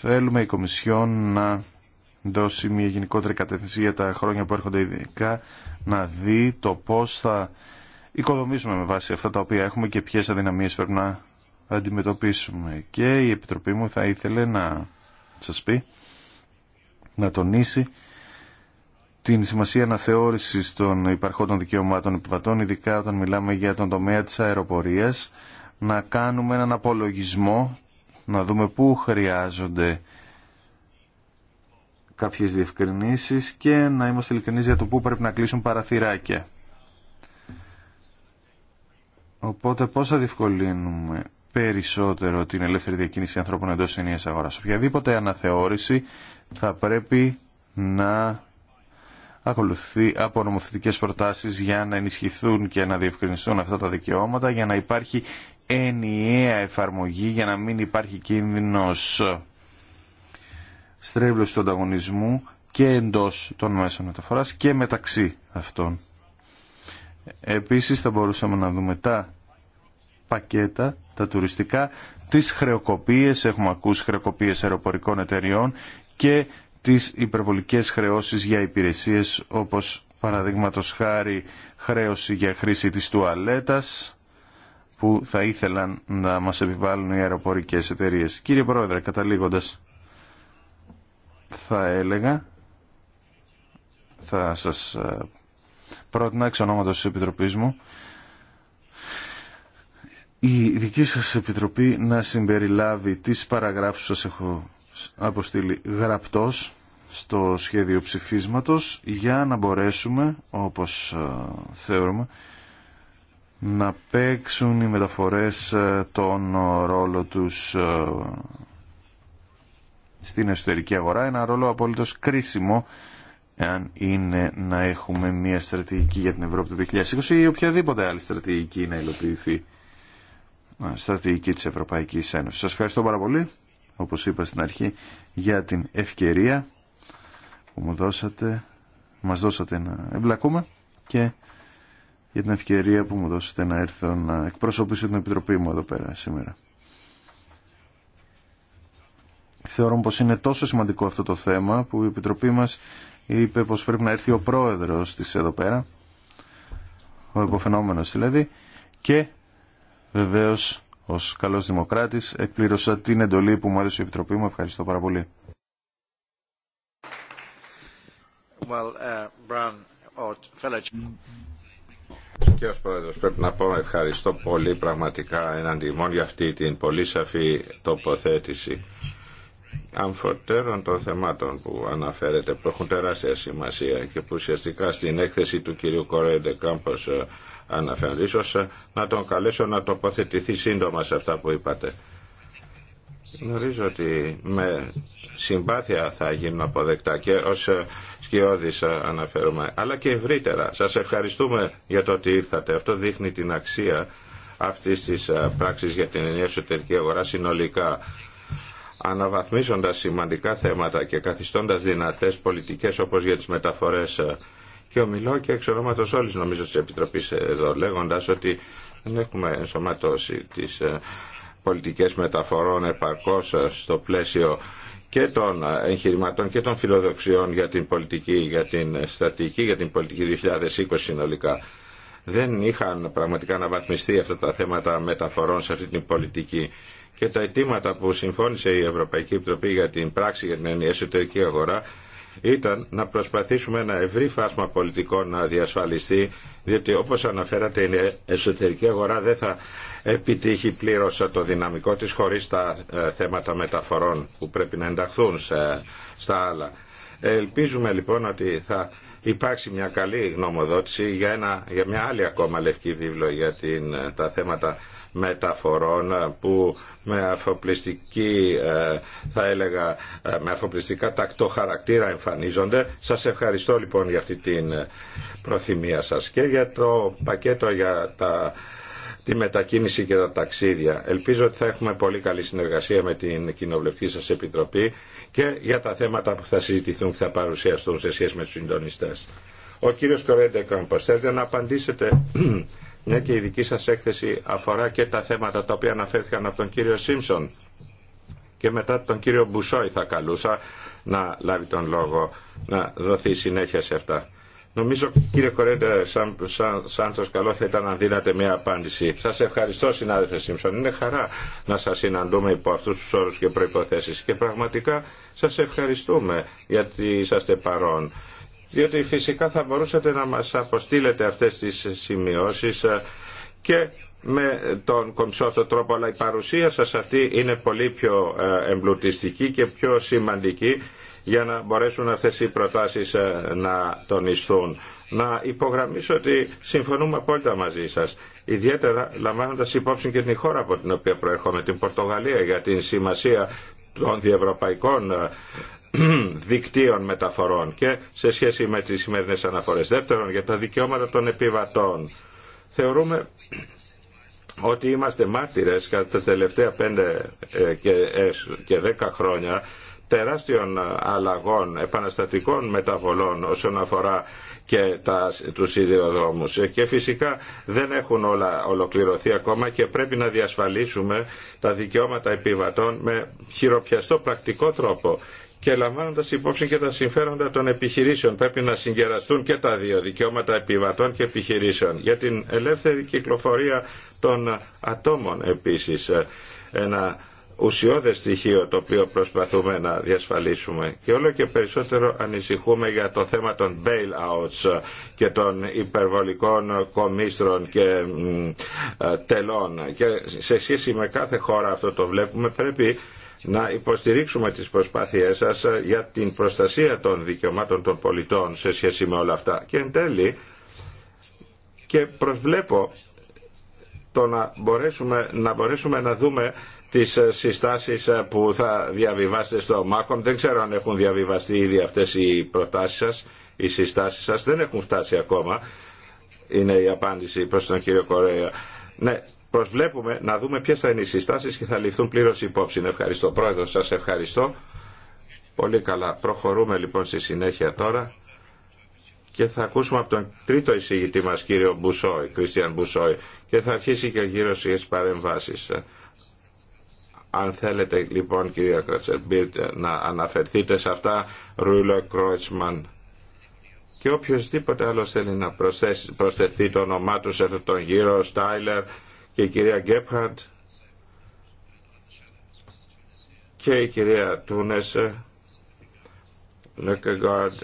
θέλουμε η Κομισιόν να δώσει μια γενικότερη κατεύθυνση για τα χρόνια που έρχονται ειδικά, να δει το πώς θα οικοδομήσουμε με βάση αυτά τα οποία έχουμε και ποιες αδυναμίες πρέπει να αντιμετωπίσουμε. Και η Επιτροπή μου θα ήθελε να σας πει, να τονίσει την σημασία αναθεώρηση των υπαρχόντων δικαιωμάτων επιβατών, ειδικά όταν μιλάμε για τον τομέα της αεροπορίας, να κάνουμε έναν απολογισμό, να δούμε πού χρειάζονται κάποιες διευκρινήσεις και να είμαστε ειλικρινείς για το πού πρέπει να κλείσουν παραθυράκια. Οπότε πώς θα διευκολύνουμε περισσότερο την ελεύθερη διακίνηση ανθρώπων εντός ενίας αγοράς. Οποιαδήποτε αναθεώρηση θα πρέπει να ακολουθεί από νομοθετικές προτάσεις για να ενισχυθούν και να διευκρινιστούν αυτά τα δικαιώματα, για να υπάρχει ενιαία εφαρμογή, για να μην υπάρχει κίνδυνος στρέβλωση του ανταγωνισμού και εντός των μέσων μεταφοράς και μεταξύ αυτών. Επίσης θα μπορούσαμε να δούμε τα πακέτα, τα τουριστικά, τις χρεοκοπίες, έχουμε ακούσει χρεοκοπίες αεροπορικών εταιριών και τις υπερβολικές χρεώσεις για υπηρεσίες όπως παραδείγματο χάρη χρέωση για χρήση της τουαλέτας που θα ήθελαν να μας επιβάλλουν οι αεροπορικές εταιρείες. Κύριε Πρόεδρε, καταλήγοντας, θα έλεγα θα σας ε, πρότεινα εξ ονόματος της Επιτροπής μου η δική σας Επιτροπή να συμπεριλάβει τις παραγράφους σας έχω αποστείλει γραπτός στο σχέδιο ψηφίσματος για να μπορέσουμε όπως ε, θεωρούμε να παίξουν οι μεταφορές ε, τον ρόλο τους στην εσωτερική αγορά ένα ρόλο απολύτως κρίσιμο εάν είναι να έχουμε μια στρατηγική για την Ευρώπη του 2020 ή οποιαδήποτε άλλη στρατηγική να υλοποιηθεί στρατηγική της Ευρωπαϊκής Ένωσης. Σας ευχαριστώ πάρα πολύ, όπως είπα στην αρχή, για την ευκαιρία που μου δώσατε, μας δώσατε να εμπλακούμε και για την ευκαιρία που μου δώσατε να έρθω να εκπροσωπήσω την Επιτροπή μου εδώ πέρα σήμερα. Θεωρώ πως είναι τόσο σημαντικό αυτό το θέμα που η Επιτροπή μας είπε πως πρέπει να έρθει ο πρόεδρος της εδώ πέρα, ο υποφαινόμενος δηλαδή, και βεβαίως ως καλός δημοκράτης εκπλήρωσα την εντολή που μου έδωσε η Επιτροπή μου. Ευχαριστώ πάρα πολύ. Well, uh, Brown, Πρόεδρος, πρέπει να πω ευχαριστώ πολύ πραγματικά εναντιμών για αυτή την πολύ σαφή τοποθέτηση αμφωτέρων των θεμάτων που αναφέρεται που έχουν τεράστια σημασία και που ουσιαστικά στην έκθεση του κυρίου Κορέντε Κάμπος ε, αναφέρονται. Ε, να τον καλέσω να τοποθετηθεί σύντομα σε αυτά που είπατε. Γνωρίζω ότι με συμπάθεια θα γίνουν αποδεκτά και ως ε, σκιώδης αναφέρομαι, αλλά και ευρύτερα. Σας ευχαριστούμε για το ότι ήρθατε. Αυτό δείχνει την αξία αυτής της πράξης για την ενιαία εσωτερική αγορά συνολικά αναβαθμίζοντας σημαντικά θέματα και καθιστώντας δυνατές πολιτικές όπως για τις μεταφορές και ομιλώ και εξ ονόματος όλης νομίζω της Επιτροπής εδώ λέγοντας ότι δεν έχουμε ενσωματώσει τις ε, πολιτικές μεταφορών επαρκώς ε, στο πλαίσιο και των εγχειρηματών και των φιλοδοξιών για την πολιτική, για την στατική, για την πολιτική 2020 συνολικά. Δεν είχαν πραγματικά αναβαθμιστεί αυτά τα θέματα μεταφορών σε αυτή την πολιτική και τα αιτήματα που συμφώνησε η Ευρωπαϊκή Επιτροπή για την πράξη για την εσωτερική αγορά ήταν να προσπαθήσουμε ένα ευρύ φάσμα πολιτικών να διασφαλιστεί, διότι όπως αναφέρατε η εσωτερική αγορά δεν θα επιτύχει πλήρως το δυναμικό της χωρίς τα ε, θέματα μεταφορών που πρέπει να ενταχθούν στα άλλα. Ελπίζουμε λοιπόν ότι θα υπάρξει μια καλή γνωμοδότηση για, για μια άλλη ακόμα λευκή βίβλο για την, ε, τα θέματα μεταφορών ε, που με αφοπλιστική ε, θα έλεγα ε, με αφοπλιστικά τακτό χαρακτήρα εμφανίζονται. Σας ευχαριστώ λοιπόν για αυτή την προθυμία σας και για το πακέτο για τα τη μετακίνηση και τα ταξίδια. Ελπίζω ότι θα έχουμε πολύ καλή συνεργασία με την Κοινοβουλευτική σας Επιτροπή και για τα θέματα που θα συζητηθούν και θα παρουσιαστούν σε σχέση με τους συντονιστές. Ο κύριος Κορέντε Κάμπος, να απαντήσετε μια και η δική σας έκθεση αφορά και τα θέματα τα οποία αναφέρθηκαν από τον κύριο Σίμψον και μετά τον κύριο Μπουσόη θα καλούσα να λάβει τον λόγο να δοθεί συνέχεια σε αυτά. Νομίζω κύριε Κορέντε σαν, σαν, καλό θα ήταν να δίνατε μια απάντηση. Σας ευχαριστώ συνάδελφε Σίμψον. Είναι χαρά να σας συναντούμε υπό αυτούς τους όρους και προϋποθέσεις και πραγματικά σας ευχαριστούμε γιατί είσαστε παρόν διότι φυσικά θα μπορούσατε να μας αποστείλετε αυτές τις σημειώσεις ε, και με τον κομψό τρόπο, αλλά η παρουσία σας αυτή είναι πολύ πιο ε, εμπλουτιστική και πιο σημαντική για να μπορέσουν αυτές οι προτάσεις ε, να τονιστούν. Να υπογραμμίσω ότι συμφωνούμε απόλυτα μαζί σας, ιδιαίτερα λαμβάνοντας υπόψη και την χώρα από την οποία προέρχομαι, την Πορτογαλία, για την σημασία των διευρωπαϊκών δικτύων μεταφορών και σε σχέση με τις σημερινές αναφορές. Δεύτερον, για τα δικαιώματα των επιβατών. Θεωρούμε ότι είμαστε μάρτυρες κατά τα τελευταία 5 ε, και 10 ε, χρόνια τεράστιων ε, αλλαγών, επαναστατικών μεταβολών όσον αφορά και τα, τους σιδηροδρόμους. Και φυσικά δεν έχουν όλα ολοκληρωθεί ακόμα και πρέπει να διασφαλίσουμε τα δικαιώματα επιβατών με χειροπιαστό πρακτικό τρόπο και λαμβάνοντα υπόψη και τα συμφέροντα των επιχειρήσεων. Πρέπει να συγκεραστούν και τα δύο δικαιώματα επιβατών και επιχειρήσεων. Για την ελεύθερη κυκλοφορία των ατόμων επίσης ένα ουσιώδες στοιχείο το οποίο προσπαθούμε να διασφαλίσουμε και όλο και περισσότερο ανησυχούμε για το θέμα των bailouts και των υπερβολικών κομίστρων και ε, τελών και σε σχέση με κάθε χώρα αυτό το βλέπουμε πρέπει να υποστηρίξουμε τις προσπάθειές σας ε, για την προστασία των δικαιωμάτων των πολιτών σε σχέση με όλα αυτά. Και εν τέλει, και προσβλέπω το να μπορέσουμε να, μπορέσουμε να δούμε τις ε, συστάσεις ε, που θα διαβιβάσετε στο ΜΑΚΟΝ. Δεν ξέρω αν έχουν διαβιβαστεί ήδη αυτές οι προτάσεις σας, οι συστάσεις σας. Δεν έχουν φτάσει ακόμα. Είναι η απάντηση προς τον κύριο Κορέα. Ναι, προσβλέπουμε να δούμε ποιε θα είναι οι συστάσει και θα ληφθούν πλήρω υπόψη. Ευχαριστώ, Πρόεδρο. Σα ευχαριστώ. Πολύ καλά. Προχωρούμε λοιπόν στη συνέχεια τώρα και θα ακούσουμε από τον τρίτο εισηγητή μα κύριο Μπουσόη, Κριστιαν Μπουσόη και θα αρχίσει και ο γύρος τι παρεμβάσει. Αν θέλετε λοιπόν κυρία Κρατσερμπίρτ να αναφερθείτε σε αυτά Ρούλο Κρότσμαν και οποιοδήποτε άλλο θέλει να προσθεθεί το όνομά του σε αυτόν τον γύρο, Στάιλερ, και η κυρία Γκέπχαρντ και η κυρία Τούνεσε Λεκεγκάρντ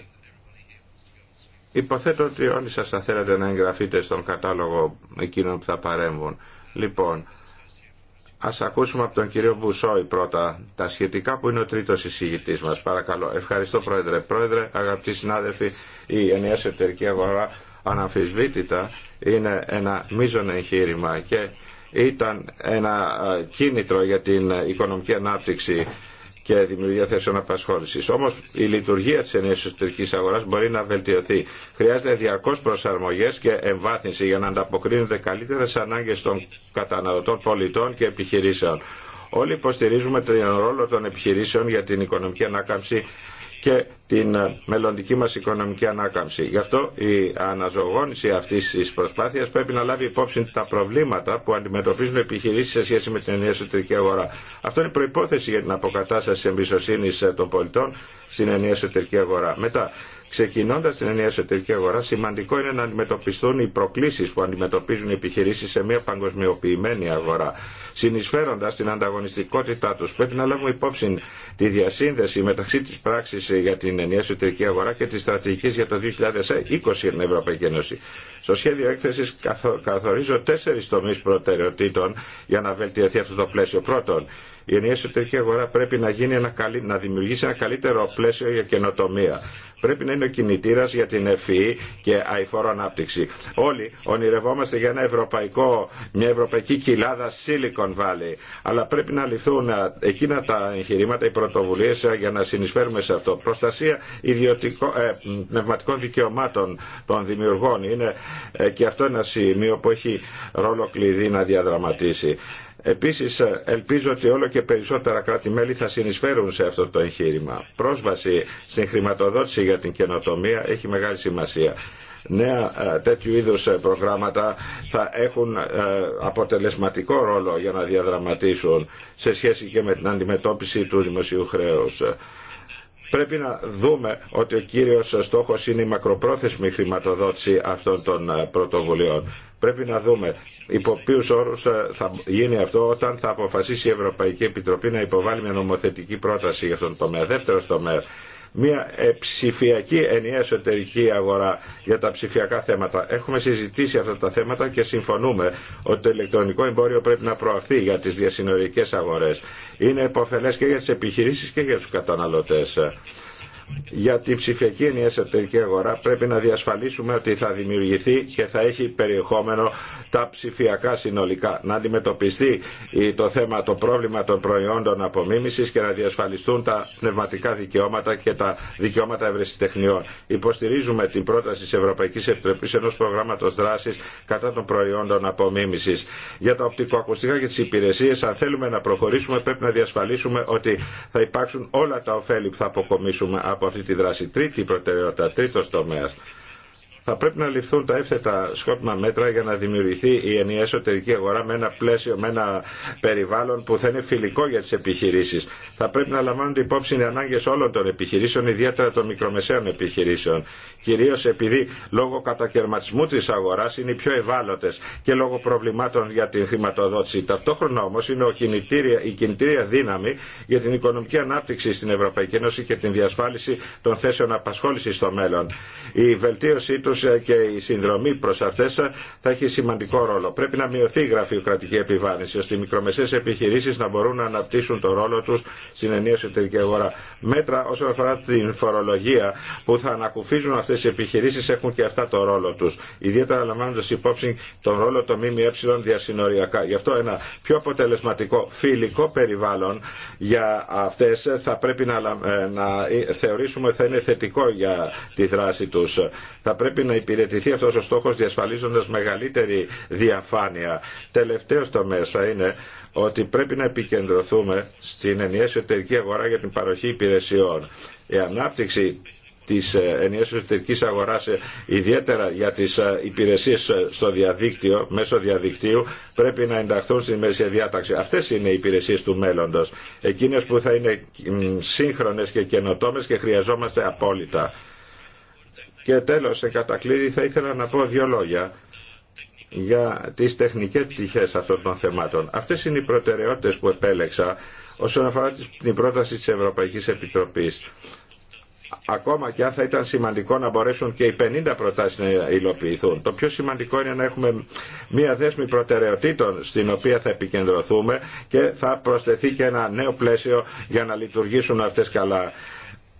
Υποθέτω ότι όλοι σας θα θέλετε να εγγραφείτε στον κατάλογο εκείνων που θα παρέμβουν. Λοιπόν, ας ακούσουμε από τον κύριο Μπουσόη πρώτα τα σχετικά που είναι ο τρίτος εισηγητής μας. Παρακαλώ. Ευχαριστώ Πρόεδρε. Πρόεδρε, αγαπητοί συνάδελφοι, η ενιαία εταιρική αγορά αναμφισβήτητα είναι ένα μείζον εγχείρημα και ήταν ένα κίνητρο για την οικονομική ανάπτυξη και δημιουργία θέσεων απασχόληση. Όμω η λειτουργία τη ενέργεια εσωτερική αγορά μπορεί να βελτιωθεί. Χρειάζεται διαρκώ προσαρμογέ και εμβάθυνση για να ανταποκρίνονται καλύτερε ανάγκε των καταναλωτών, πολιτών και επιχειρήσεων. Όλοι υποστηρίζουμε τον ρόλο των επιχειρήσεων για την οικονομική ανάκαμψη και την ε, μελλοντική μας οικονομική ανάκαμψη. Γι' αυτό η αναζωογόνηση αυτής της προσπάθειας πρέπει να λάβει υπόψη τα προβλήματα που αντιμετωπίζουν οι επιχειρήσεις σε σχέση με την ενιαία εσωτερική αγορά. Αυτό είναι προϋπόθεση για την αποκατάσταση εμπιστοσύνη ε, των πολιτών στην ενιαία εσωτερική αγορά. Μετά, ξεκινώντα την ενιαία εσωτερική αγορά, σημαντικό είναι να αντιμετωπιστούν οι προκλήσει που αντιμετωπίζουν οι επιχειρήσει σε μια παγκοσμιοποιημένη αγορά. Συνεισφέροντα την ανταγωνιστικότητά του, πρέπει να λάβουμε υπόψη τη διασύνδεση μεταξύ τη πράξη για την την ενιαία εσωτερική αγορά και τη στρατηγική για το 2020 στην Ευρωπαϊκή Ένωση. Στο σχέδιο έκθεση καθορίζω τέσσερι τομεί προτεραιοτήτων για να βελτιωθεί αυτό το πλαίσιο. Πρώτον, η ενιαία εσωτερική αγορά πρέπει να, γίνει ένα καλύ... να δημιουργήσει ένα καλύτερο πλαίσιο για καινοτομία. Πρέπει να είναι ο κινητήρα για την ευφυή e και αηφόρο ανάπτυξη. Όλοι ονειρευόμαστε για ένα ευρωπαϊκό, μια ευρωπαϊκή κοιλάδα Silicon Valley. Αλλά πρέπει να ληφθούν εκείνα τα εγχειρήματα, οι πρωτοβουλίε για να συνεισφέρουμε σε αυτό. Προστασία ιδιωτικό, ε, πνευματικών δικαιωμάτων των δημιουργών είναι ε, και αυτό ένα σημείο που έχει ρόλο κλειδί να διαδραματίσει. Επίσης ελπίζω ότι όλο και περισσότερα κράτη-μέλη θα συνεισφέρουν σε αυτό το εγχείρημα. Πρόσβαση στην χρηματοδότηση για την καινοτομία έχει μεγάλη σημασία νέα ε, τέτοιου είδους ε, προγράμματα θα έχουν ε, αποτελεσματικό ρόλο για να διαδραματίσουν σε σχέση και με την αντιμετώπιση του δημοσίου χρέους. Πρέπει να δούμε ότι ο κύριος στόχος είναι η μακροπρόθεσμη χρηματοδότηση αυτών των πρωτοβουλειών. Πρέπει να δούμε υπό ποιου όρου ε, θα γίνει αυτό όταν θα αποφασίσει η Ευρωπαϊκή Επιτροπή να υποβάλει μια νομοθετική πρόταση για αυτόν τον τομέα. Δεύτερο τομέα μια ψηφιακή ενιαία εσωτερική αγορά για τα ψηφιακά θέματα. Έχουμε συζητήσει αυτά τα θέματα και συμφωνούμε ότι το ηλεκτρονικό εμπόριο πρέπει να προαχθεί για τι διασυνορικές αγορέ. Είναι υποφέλε και για τι επιχειρήσει και για του καταναλωτέ για την ψηφιακή ενιαία εσωτερική αγορά πρέπει να διασφαλίσουμε ότι θα δημιουργηθεί και θα έχει περιεχόμενο τα ψηφιακά συνολικά. Να αντιμετωπιστεί το θέμα, το πρόβλημα των προϊόντων απομίμησης και να διασφαλιστούν τα πνευματικά δικαιώματα και τα δικαιώματα ευρεσιτεχνιών. Υποστηρίζουμε την πρόταση της Ευρωπαϊκής Επιτροπής ενός προγράμματος δράσης κατά των προϊόντων απομίμησης. Για τα οπτικοακουστικά και τις υπηρεσίες, αν θέλουμε να προχωρήσουμε πρέπει να διασφαλίσουμε ότι θα υπάρξουν όλα τα ωφέλη που θα αποκομίσουμε από αυτή τη δράση. Τρίτη προτεραιότητα, τρίτος τομέας θα πρέπει να ληφθούν τα εύθετα σκόπιμα μέτρα για να δημιουργηθεί η ενιαία εσωτερική αγορά με ένα πλαίσιο, με ένα περιβάλλον που θα είναι φιλικό για τι επιχειρήσει. Θα πρέπει να λαμβάνονται υπόψη οι ανάγκε όλων των επιχειρήσεων, ιδιαίτερα των μικρομεσαίων επιχειρήσεων. Κυρίω επειδή λόγω κατακαιρματισμού τη αγορά είναι οι πιο ευάλωτε και λόγω προβλημάτων για την χρηματοδότηση. Ταυτόχρονα όμω είναι ο κινητήρια, η κινητήρια δύναμη για την οικονομική ανάπτυξη στην Ευρωπαϊκή Ένωση και την διασφάλιση των θέσεων απασχόληση στο μέλλον. Η βελτίωσή του ε, και η συνδρομή προς αυτέ ε, θα έχει σημαντικό ρόλο. Πρέπει να μειωθεί η γραφειοκρατική επιβάρυνση ώστε οι μικρομεσαίες επιχειρήσεις να μπορούν να αναπτύσσουν το ρόλο τους στην ενιαία εσωτερική αγορά. Μέτρα όσον αφορά την φορολογία που θα ανακουφίζουν αυτές οι επιχειρήσεις έχουν και αυτά το ρόλο τους. Ιδιαίτερα λαμβάνοντα υπόψη τον ρόλο των ΜΜΕ διασυνοριακά. Γι' αυτό ένα πιο αποτελεσματικό φιλικό περιβάλλον για αυτές θα πρέπει να, ε, να θεωρήσουμε ότι θα είναι θετικό για τη δράση τους. Θα πρέπει να υπηρετηθεί αυτός ο στόχος διασφαλίζοντας μεγαλύτερη διαφάνεια. Τελευταίο το μέσα είναι ότι πρέπει να επικεντρωθούμε στην ενιαία εσωτερική αγορά για την παροχή υπηρεσιών. Η ανάπτυξη της ε, ενιαίας εσωτερική αγοράς ε, ιδιαίτερα για τις ε, υπηρεσίες στο διαδίκτυο, μέσω διαδικτύου πρέπει να ενταχθούν στην μέση διάταξη. Αυτές είναι οι υπηρεσίες του μέλλοντος. Εκείνες που θα είναι σύγχρονες και καινοτόμες και χρειαζόμαστε απόλυτα. Και τέλος, σε κατακλείδη θα ήθελα να πω δύο λόγια για τις τεχνικές πτυχές αυτών των θεμάτων. Αυτές είναι οι προτεραιότητες που επέλεξα όσον αφορά την πρόταση της Ευρωπαϊκής Επιτροπής. Ακόμα και αν θα ήταν σημαντικό να μπορέσουν και οι 50 προτάσεις να υλοποιηθούν. Το πιο σημαντικό είναι να έχουμε μία δέσμη προτεραιοτήτων στην οποία θα επικεντρωθούμε και θα προσθεθεί και ένα νέο πλαίσιο για να λειτουργήσουν αυτές καλά.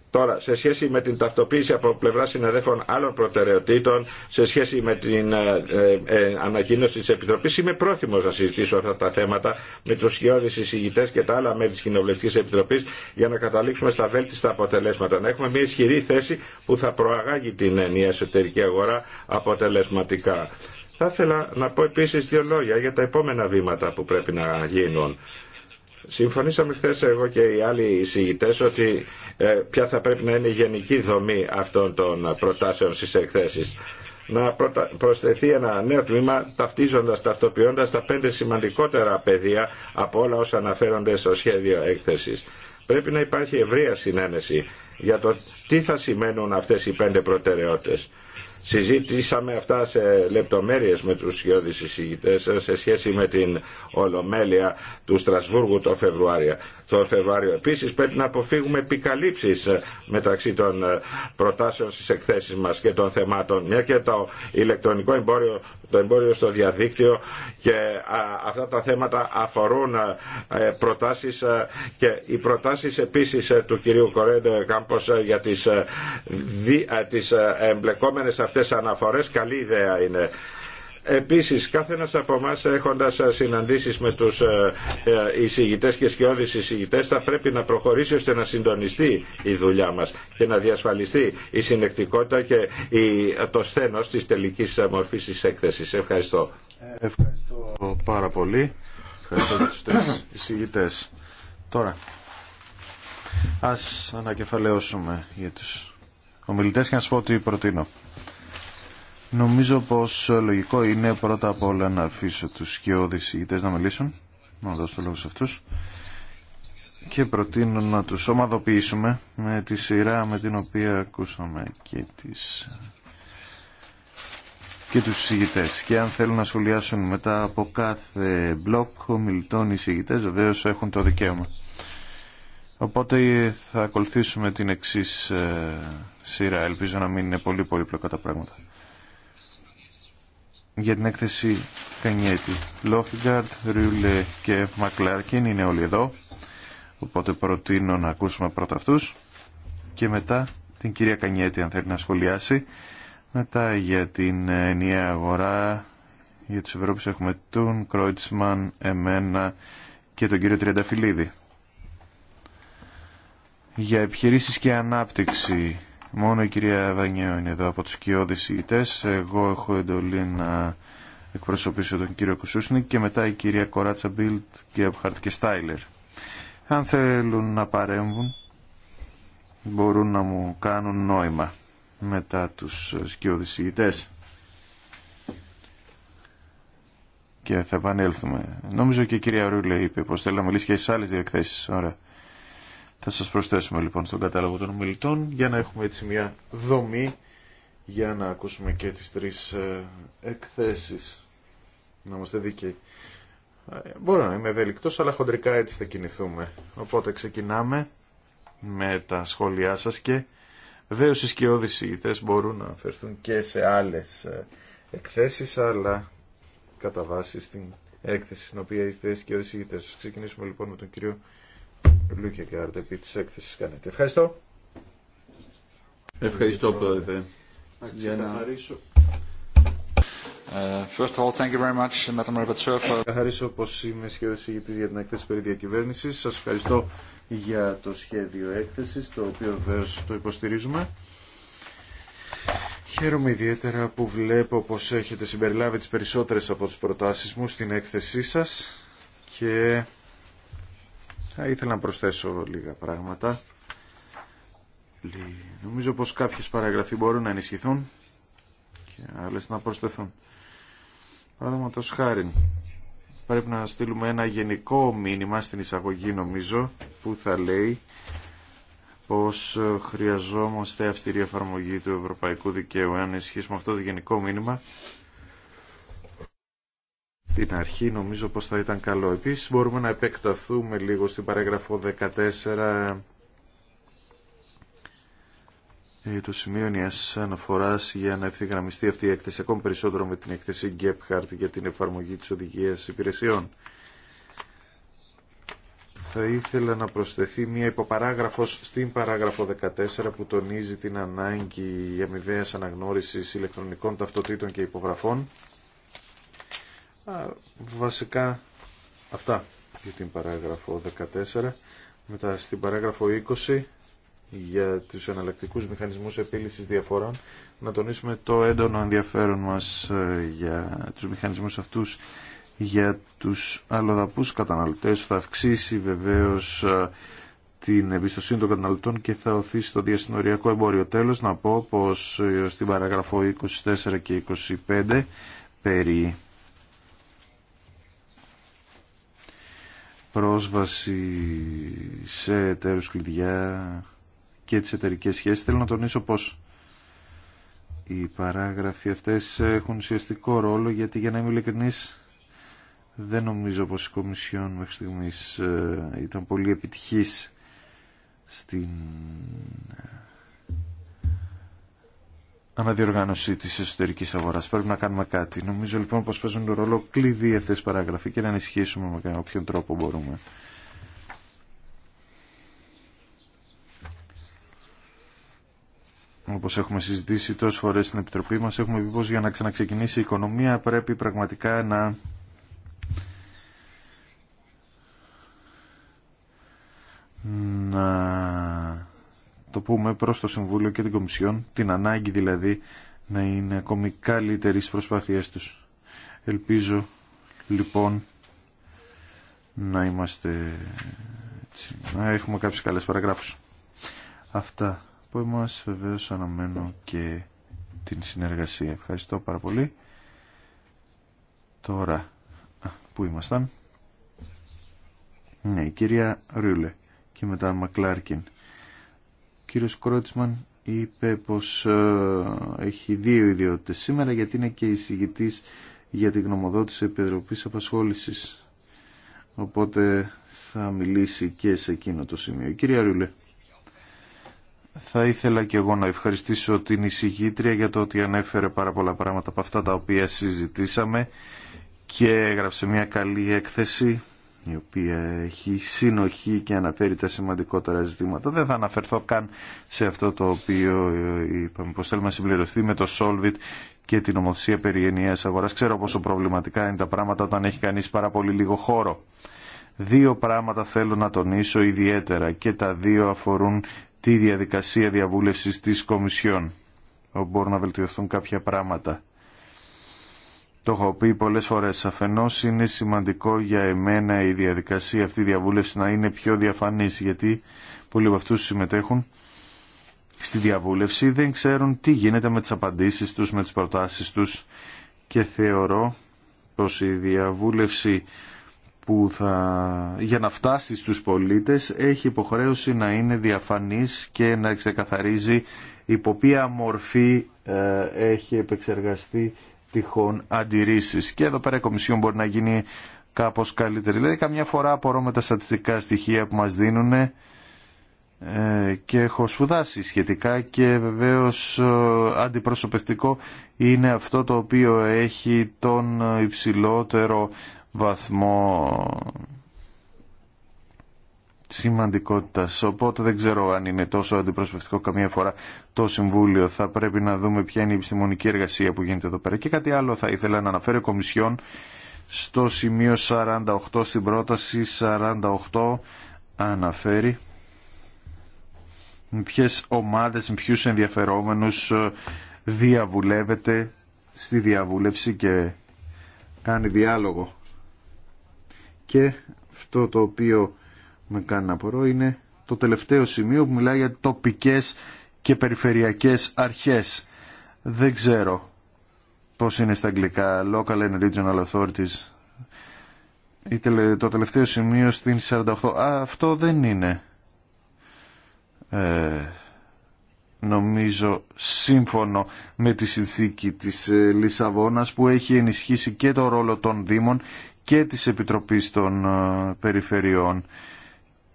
Τώρα, σε σχέση με την ταυτοποίηση από πλευρά συναδέφων άλλων προτεραιοτήτων, σε σχέση με την ε, ε, ε ανακοίνωση τη Επιτροπή, είμαι πρόθυμο να συζητήσω αυτά τα θέματα με του χειόδη εισηγητέ και τα άλλα μέλη τη Κοινοβουλευτική Επιτροπή για να καταλήξουμε στα βέλτιστα αποτελέσματα. Να έχουμε μια ισχυρή θέση που θα προαγάγει την ενιαία εσωτερική αγορά αποτελεσματικά. Θα ήθελα να πω επίση δύο λόγια για τα επόμενα βήματα που πρέπει να γίνουν. Συμφωνήσαμε χθε εγώ και οι άλλοι εισηγητέ ότι ε, ποια θα πρέπει να είναι η γενική δομή αυτών των προτάσεων στι εκθέσει. Να προσθεθεί ένα νέο τμήμα ταυτίζοντα, ταυτοποιώντα τα πέντε σημαντικότερα πεδία από όλα όσα αναφέρονται στο σχέδιο έκθεση. Πρέπει να υπάρχει ευρεία συνένεση για το τι θα σημαίνουν αυτέ οι πέντε προτεραιότητε. Συζήτησαμε αυτά σε λεπτομέρειες με τους εισηγητές σε σχέση με την Ολομέλεια του Στρασβούργου το Φεβρουάριο το Φεβρουάριο. Επίσης πρέπει να αποφύγουμε επικαλύψεις ε, μεταξύ των ε, προτάσεων στις εκθέσει μας και των θεμάτων. Μια και το ηλεκτρονικό εμπόριο, το εμπόριο στο διαδίκτυο και αυτά τα θέματα αφορούν ε, προτάσεις και οι προτάσεις επίσης του κυρίου Κορέντε Κάμπος για τι τις εμπλεκόμενες αυτές αναφορές καλή ιδέα είναι Επίσης, κάθε ένας από εμά έχοντας ε, συναντήσεις με τους ε, ε, εισηγητές και σκιώδεις εισηγητές θα πρέπει να προχωρήσει ώστε να συντονιστεί η δουλειά μας και να διασφαλιστεί η συνεκτικότητα και το σθένος της τελικής μορφής της έκθεσης. Ευχαριστώ. Ευχαριστώ πάρα πολύ. Ευχαριστώ τους τρεις εισηγητές. Τώρα, ας ανακεφαλαιώσουμε για τους ομιλητές και να σας πω ότι προτείνω. Νομίζω πως λογικό είναι πρώτα απ' όλα να αφήσω τους σκιώδεις ηγητές να μιλήσουν, να δώσω το λόγο σε αυτούς και προτείνω να τους ομαδοποιήσουμε με τη σειρά με την οποία ακούσαμε και, τις... και τους ηγητές. Και αν θέλουν να σχολιάσουν μετά από κάθε μπλοκ ομιλητών οι ηγητές βεβαίω έχουν το δικαίωμα. Οπότε θα ακολουθήσουμε την εξής ε, σειρά. Ελπίζω να μην είναι πολύ πολύπλοκα τα πράγματα για την έκθεση Κανιέτη. Λόχιγκαρτ, Ριούλε και Μακλάρκιν είναι όλοι εδώ. Οπότε προτείνω να ακούσουμε πρώτα αυτούς και μετά την κυρία Κανιέτη αν θέλει να σχολιάσει. Μετά για την ε, ενιαία αγορά για τους Ευρώπης έχουμε τον Κρόιτσμαν, εμένα και τον κύριο Τριανταφυλλίδη. Για επιχειρήσεις και ανάπτυξη Μόνο η κυρία Βανιέο είναι εδώ από τους κοιόδης ηγητές. Εγώ έχω εντολή να εκπροσωπήσω τον κύριο Κουσούσνικ και μετά η κυρία Κοράτσα Μπίλτ και Χαρτ και Στάιλερ. Αν θέλουν να παρέμβουν μπορούν να μου κάνουν νόημα μετά τους σκιώδης ηγητές. Και θα επανέλθουμε. Νομίζω και η κυρία Ρούλε είπε πως θέλει να μιλήσει και στις άλλες Ωραία. Θα σας προσθέσουμε λοιπόν στον κατάλογο των ομιλητών για να έχουμε έτσι μια δομή για να ακούσουμε και τις τρεις ε, εκθέσεις. Να είμαστε δίκαιοι. Ε, μπορώ να είμαι ευελικτός, αλλά χοντρικά έτσι θα κινηθούμε. Οπότε ξεκινάμε με τα σχόλιά σας και βεβαίω οι σκιώδεις ηγητές μπορούν να αφαιρθούν και σε άλλες ε, εκθέσεις, αλλά κατά βάση στην έκθεση στην οποία είστε σκιώδεις ηγητές. Ξεκινήσουμε λοιπόν με τον κύριο και Άρτε, επί της έκθεσης κάνετε. Ευχαριστώ. Ευχαριστώ πρόεδρε. Για να... Ε, first of all, thank you very much, Madam For... πως είμαι σχεδόν ηγητής για την έκθεση περί διακυβέρνησης. Σας ευχαριστώ για το σχέδιο έκθεσης, το οποίο βεβαίω το υποστηρίζουμε. Χαίρομαι ιδιαίτερα που βλέπω πως έχετε συμπεριλάβει τις περισσότερες από τις προτάσεις μου στην έκθεσή σας και θα ήθελα να προσθέσω λίγα πράγματα. Νομίζω πως κάποιες παραγραφή μπορούν να ενισχυθούν και άλλες να προσθεθούν. Παραδείγματο χάρη, πρέπει να στείλουμε ένα γενικό μήνυμα στην εισαγωγή νομίζω που θα λέει πως χρειαζόμαστε αυστηρή εφαρμογή του ευρωπαϊκού δικαίου. Αν ισχύσουμε αυτό το γενικό μήνυμα στην αρχή νομίζω πως θα ήταν καλό. Επίσης μπορούμε να επεκταθούμε λίγο στην παράγραφο 14 ε, το σημείο μια αναφοράς για να ευθυγραμμιστεί αυτή η έκθεση ακόμη περισσότερο με την έκθεση Gephardt για την εφαρμογή της Οδηγίας υπηρεσιών. Θα ήθελα να προσθεθεί μια υποπαράγραφος στην παράγραφο 14 που τονίζει την ανάγκη αμοιβαίας αναγνώρισης ηλεκτρονικών ταυτοτήτων και υπογραφών βασικά αυτά για την παράγραφο 14. Μετά στην παράγραφο 20 για τους εναλλακτικούς μηχανισμούς επίλυσης διαφορών να τονίσουμε το έντονο ενδιαφέρον μας ε, για τους μηχανισμούς αυτούς για τους αλλοδαπούς καταναλωτές θα αυξήσει βεβαίως ε, την εμπιστοσύνη των καταναλωτών και θα οθήσει το διασυνοριακό εμπόριο. Τέλος να πω πως ε, στην παράγραφο 24 και 25 περί πρόσβαση σε εταίρους κλειδιά και τις εταιρικές σχέσεις. Θέλω να τονίσω πως οι παράγραφοι αυτές έχουν ουσιαστικό ρόλο γιατί για να είμαι ειλικρινής δεν νομίζω πως η Κομισιόν μέχρι στιγμής ε, ήταν πολύ επιτυχής στην αναδιοργάνωση της εσωτερική αγορά Πρέπει να κάνουμε κάτι. Νομίζω λοιπόν πως παίζουν τον ρόλο κλειδί αυτέ τι παραγραφή και να ενισχύσουμε με όποιον τρόπο μπορούμε. Όπως έχουμε συζητήσει τόσες φορές στην Επιτροπή μας, έχουμε πει πω για να ξαναξεκινήσει η οικονομία πρέπει πραγματικά να να το πούμε προς το Συμβούλιο και την Κομισιόν, την ανάγκη δηλαδή να είναι ακόμη καλύτερη στις προσπάθειές τους. Ελπίζω λοιπόν να είμαστε έτσι, να έχουμε κάποιες καλές παραγράφους. Αυτά που εμά βεβαίως αναμένω και την συνεργασία. Ευχαριστώ πάρα πολύ. Τώρα, πού ήμασταν. Ναι, η κυρία Ρούλε και μετά Μακλάρκιν κύριος Κρότσμαν είπε πως ε, έχει δύο ιδιότητες σήμερα γιατί είναι και εισηγητής για την γνωμοδότηση Επιτροπής Απασχόλησης. Οπότε θα μιλήσει και σε εκείνο το σημείο. Κύριε Ρούλε, θα ήθελα και εγώ να ευχαριστήσω την εισηγήτρια για το ότι ανέφερε πάρα πολλά πράγματα από αυτά τα οποία συζητήσαμε και έγραψε μια καλή έκθεση η οποία έχει συνοχή και αναφέρει τα σημαντικότερα ζητήματα. Δεν θα αναφερθώ καν σε αυτό το οποίο ε, είπαμε πως θέλουμε να συμπληρωθεί με το Solvit και την ομοθεσία περί ενιαίας αγοράς. Ξέρω πόσο προβληματικά είναι τα πράγματα όταν έχει κανείς πάρα πολύ λίγο χώρο. Δύο πράγματα θέλω να τονίσω ιδιαίτερα και τα δύο αφορούν τη διαδικασία διαβούλευσης της Κομισιόν. Μπορούν να βελτιωθούν κάποια πράγματα. Το έχω πει πολλές φορές. Αφενός είναι σημαντικό για εμένα η διαδικασία αυτή διαβούλευση να είναι πιο διαφανής γιατί πολλοί από αυτούς συμμετέχουν στη διαβούλευση δεν ξέρουν τι γίνεται με τις απαντήσεις τους, με τις προτάσεις τους και θεωρώ πως η διαβούλευση που θα, για να φτάσει στους πολίτες έχει υποχρέωση να είναι διαφανής και να ξεκαθαρίζει υπό ποια μορφή ε, έχει επεξεργαστεί τυχόν αντιρρήσει Και εδώ πέρα η Κομισιόν μπορεί να γίνει κάπως καλύτερη. Δηλαδή καμιά φορά απορώ με τα στατιστικά στοιχεία που μας δίνουν ε, και έχω σπουδάσει σχετικά και βεβαίως ε, αντιπροσωπευτικό είναι αυτό το οποίο έχει τον υψηλότερο βαθμό σημαντικότητας. Οπότε δεν ξέρω αν είναι τόσο αντιπροσωπευτικό καμία φορά το Συμβούλιο. Θα πρέπει να δούμε ποια είναι η επιστημονική εργασία που γίνεται εδώ πέρα. Και κάτι άλλο θα ήθελα να αναφέρω Κομισιόν στο σημείο 48 στην πρόταση 48 αναφέρει με ποιες ομάδες, με ποιους ενδιαφερόμενους ε, διαβουλεύεται στη διαβούλευση και κάνει διάλογο. Και αυτό το οποίο με κάνει να απορώ είναι το τελευταίο σημείο που μιλάει για τοπικές και περιφερειακές αρχές. Δεν ξέρω πώς είναι στα αγγλικά, local and regional authorities. Το τελευταίο σημείο στην 48. Α, αυτό δεν είναι. Ε, νομίζω σύμφωνο με τη συνθήκη της ε, Λισαβόνας που έχει ενισχύσει και το ρόλο των Δήμων και της Επιτροπής των ε, Περιφερειών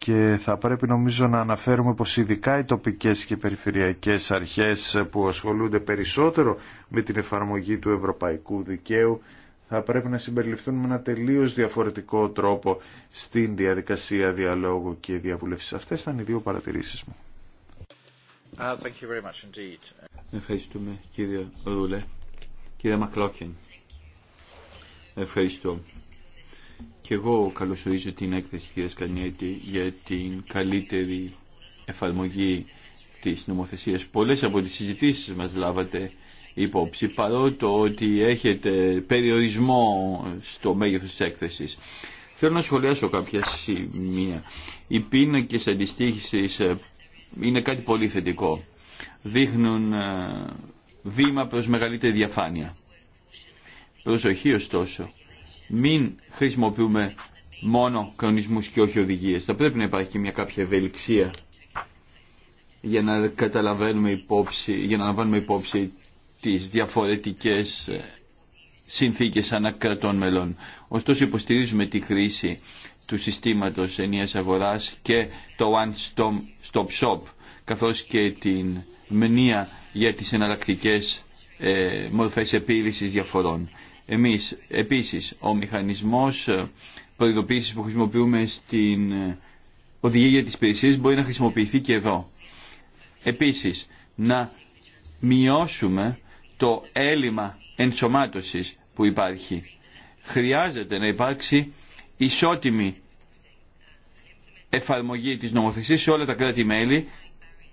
και θα πρέπει νομίζω να αναφέρουμε πως ειδικά οι τοπικές και περιφερειακές αρχές που ασχολούνται περισσότερο με την εφαρμογή του ευρωπαϊκού δικαίου θα πρέπει να συμπεριληφθούν με ένα τελείως διαφορετικό τρόπο στην διαδικασία διαλόγου και διαβουλεύσης. Αυτές ήταν οι δύο παρατηρήσεις μου. Ευχαριστούμε κύριε Ρούλε. Κύριε Μακλόκιν. Ευχαριστώ. Και εγώ καλωσορίζω την έκθεση της Κανιέτη για την καλύτερη εφαρμογή της νομοθεσίας. Πολλές από τις συζητήσεις μας λάβατε υπόψη, παρότι το ότι έχετε περιορισμό στο μέγεθος της έκθεσης. Θέλω να σχολιάσω κάποια σημεία. Οι πίνακε αντιστοίχησης ε, είναι κάτι πολύ θετικό. Δείχνουν ε, βήμα προς μεγαλύτερη διαφάνεια. Προσοχή ωστόσο μην χρησιμοποιούμε μόνο κανονισμούς και όχι οδηγίες. Θα πρέπει να υπάρχει και μια κάποια ευελιξία για να καταλαβαίνουμε υπόψη, για να λαμβάνουμε υπόψη τις διαφορετικές ε, συνθήκες ανακρατών μελών. Ωστόσο υποστηρίζουμε τη χρήση του συστήματος ενίας αγοράς και το One Stop Shop καθώς και την μνήα για τις εναλλακτικές ε, μορφές επίλυσης διαφορών. Εμείς, επίσης, ο μηχανισμός ε, προειδοποίησης που χρησιμοποιούμε στην ε, οδηγία της τις μπορεί να χρησιμοποιηθεί και εδώ. Επίσης, να μειώσουμε το έλλειμμα ενσωμάτωσης που υπάρχει. Χρειάζεται να υπάρξει ισότιμη εφαρμογή της νομοθεσίας σε όλα τα κράτη-μέλη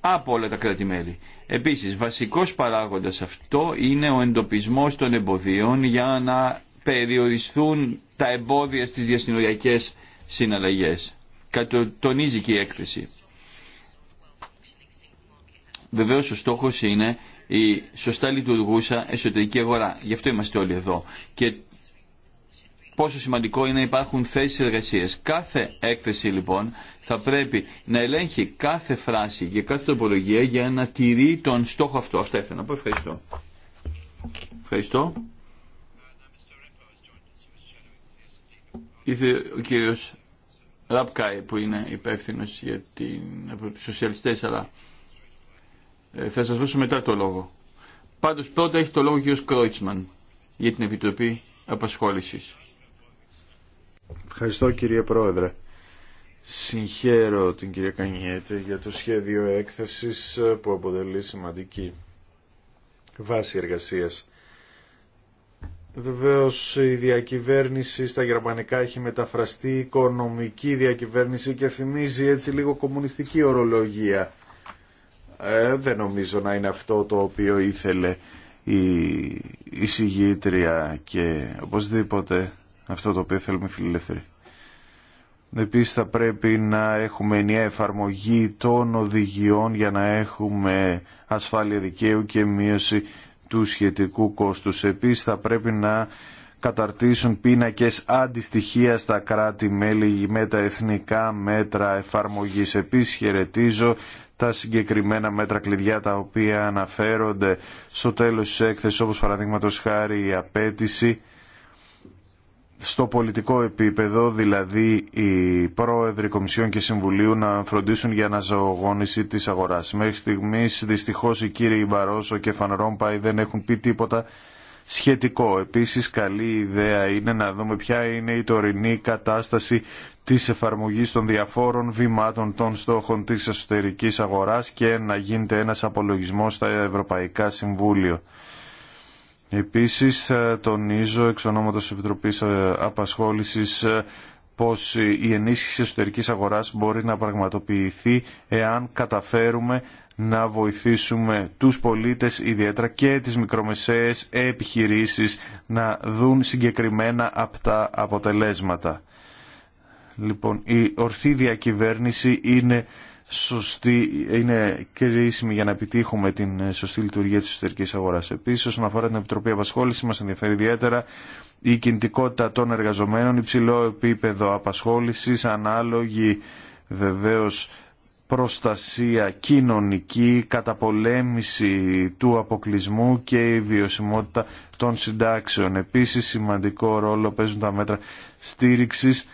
από όλα τα κράτη-μέλη. Επίσης, βασικός παράγοντας αυτό είναι ο εντοπισμός των εμποδίων για να περιοριστούν τα εμπόδια στις διασυνοριακές συναλλαγές. Κατο, τονίζει και η έκθεση. Βεβαίως ο στόχος είναι η σωστά λειτουργούσα εσωτερική αγορά. Γι' αυτό είμαστε όλοι εδώ. Και πόσο σημαντικό είναι να υπάρχουν θέσεις εργασίας. Κάθε έκθεση λοιπόν θα πρέπει να ελέγχει κάθε φράση και κάθε τοπολογία για να τηρεί τον στόχο αυτό. Αυτά ήθελα να πω. Ευχαριστώ. Ευχαριστώ. Ήρθε ο κύριος Ραπκάη που είναι υπεύθυνο για την, από σοσιαλιστές αλλά ε, θα σας δώσω μετά το λόγο. Πάντως πρώτα έχει το λόγο ο κύριος Κρόιτσμαν για την Επιτροπή Απασχόλησης. Ευχαριστώ κύριε Πρόεδρε. Συγχαίρω την κυρία Κανιέτη για το σχέδιο έκθεσης που αποτελεί σημαντική βάση εργασίας. Βεβαίως η διακυβέρνηση στα γερμανικά έχει μεταφραστεί οικονομική διακυβέρνηση και θυμίζει έτσι λίγο κομμουνιστική ορολογία. Ε, δεν νομίζω να είναι αυτό το οποίο ήθελε η εισηγήτρια και οπωσδήποτε αυτό το οποίο θέλουμε φιλελεύθεροι. Επίσης θα πρέπει να έχουμε ενιαία εφαρμογή των οδηγιών για να έχουμε ασφάλεια δικαίου και μείωση του σχετικού κόστους. Επίσης θα πρέπει να καταρτήσουν πίνακες αντιστοιχεία στα κράτη-μέλη με τα εθνικά μέτρα εφαρμογής. Επίσης χαιρετίζω τα συγκεκριμένα μέτρα κλειδιά τα οποία αναφέρονται στο τέλος της έκθεσης όπως παραδείγματος χάρη η απέτηση στο πολιτικό επίπεδο, δηλαδή οι πρόεδροι Κομισιών και Συμβουλίου να φροντίσουν για αναζωογόνηση της αγοράς. Μέχρι στιγμής δυστυχώς οι κύριοι Μπαρόσο και Φανρόμπα δεν έχουν πει τίποτα σχετικό. Επίσης καλή ιδέα είναι να δούμε ποια είναι η τωρινή κατάσταση της εφαρμογής των διαφόρων βημάτων των στόχων της εσωτερικής αγοράς και να γίνεται ένας απολογισμός στα Ευρωπαϊκά Συμβούλια. Επίσης ε, τονίζω εξ ονόματος Επιτροπής ε, Απασχόλησης ε, πως η ενίσχυση εσωτερικής αγοράς μπορεί να πραγματοποιηθεί εάν καταφέρουμε να βοηθήσουμε τους πολίτες ιδιαίτερα και τις μικρομεσαίες επιχειρήσεις να δουν συγκεκριμένα απτά αποτελέσματα. Λοιπόν, η ορθή διακυβέρνηση είναι σωστή, είναι κρίσιμη για να επιτύχουμε την ε, σωστή λειτουργία της εσωτερική αγοράς. Επίσης, όσον αφορά την Επιτροπή Απασχόληση, μας ενδιαφέρει ιδιαίτερα η κινητικότητα των εργαζομένων, υψηλό επίπεδο απασχόλησης, ανάλογη βεβαίως προστασία κοινωνική, καταπολέμηση του αποκλεισμού και η βιωσιμότητα των συντάξεων. Επίσης σημαντικό ρόλο παίζουν τα μέτρα στήριξης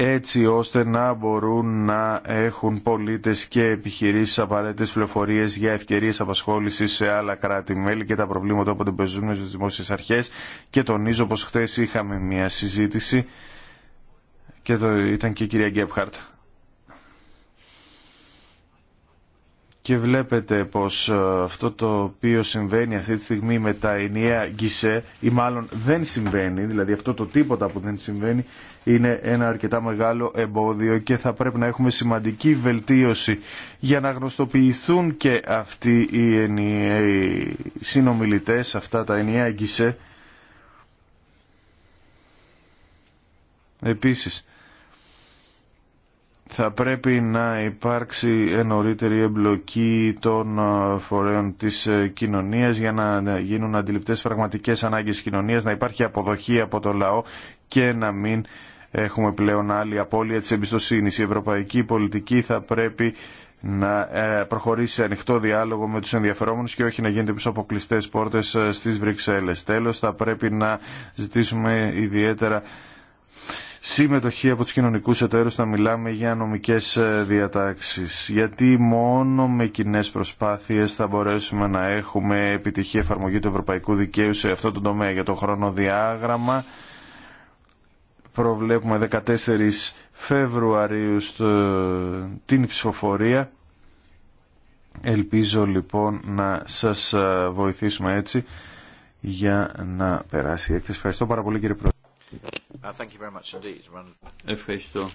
έτσι ώστε να μπορούν να έχουν πολίτες και επιχειρήσεις απαραίτητες πληροφορίες για ευκαιρίες απασχόλησης σε άλλα κράτη-μέλη και τα προβλήματα που αντιμετωπίζουν στις δημόσιες αρχές και τονίζω πως χθες είχαμε μια συζήτηση και το ήταν και η κυρία Γκέπχαρτ Και βλέπετε πως ε, αυτό το οποίο συμβαίνει αυτή τη στιγμή με τα ενιαία γκισέ ή μάλλον δεν συμβαίνει, δηλαδή αυτό το τίποτα που δεν συμβαίνει είναι ένα αρκετά μεγάλο εμπόδιο και θα πρέπει να έχουμε σημαντική βελτίωση για να γνωστοποιηθούν και αυτοί οι ενιαίοι συνομιλητές, αυτά τα ενιαία γκισέ. Επίσης, θα πρέπει να υπάρξει νωρίτερη εμπλοκή των ε, φορέων της ε, κοινωνίας για να γίνουν αντιληπτές πραγματικές ανάγκες της κοινωνίας, να υπάρχει αποδοχή από το λαό και να μην έχουμε πλέον άλλη απώλεια της εμπιστοσύνης. Η ευρωπαϊκή πολιτική θα πρέπει να ε, προχωρήσει σε ανοιχτό διάλογο με τους ενδιαφερόμενους και όχι να γίνεται πίσω από κλειστές πόρτες στις Βρυξέλλες. Τέλος, θα πρέπει να ζητήσουμε ιδιαίτερα συμμετοχή από τους κοινωνικούς εταίρους να μιλάμε για νομικές ε, διατάξεις. Γιατί μόνο με κοινέ προσπάθειες θα μπορέσουμε να έχουμε επιτυχή εφαρμογή του ευρωπαϊκού δικαίου σε αυτό το τομέα. Για το χρονοδιάγραμμα προβλέπουμε 14 Φεβρουαρίου στο... την ψηφοφορία. Ελπίζω λοιπόν να σας ε, βοηθήσουμε έτσι για να περάσει η έκθεση. Ευχαριστώ πάρα πολύ κύριε Πρόεδρε. Uh, Ευχαριστώ.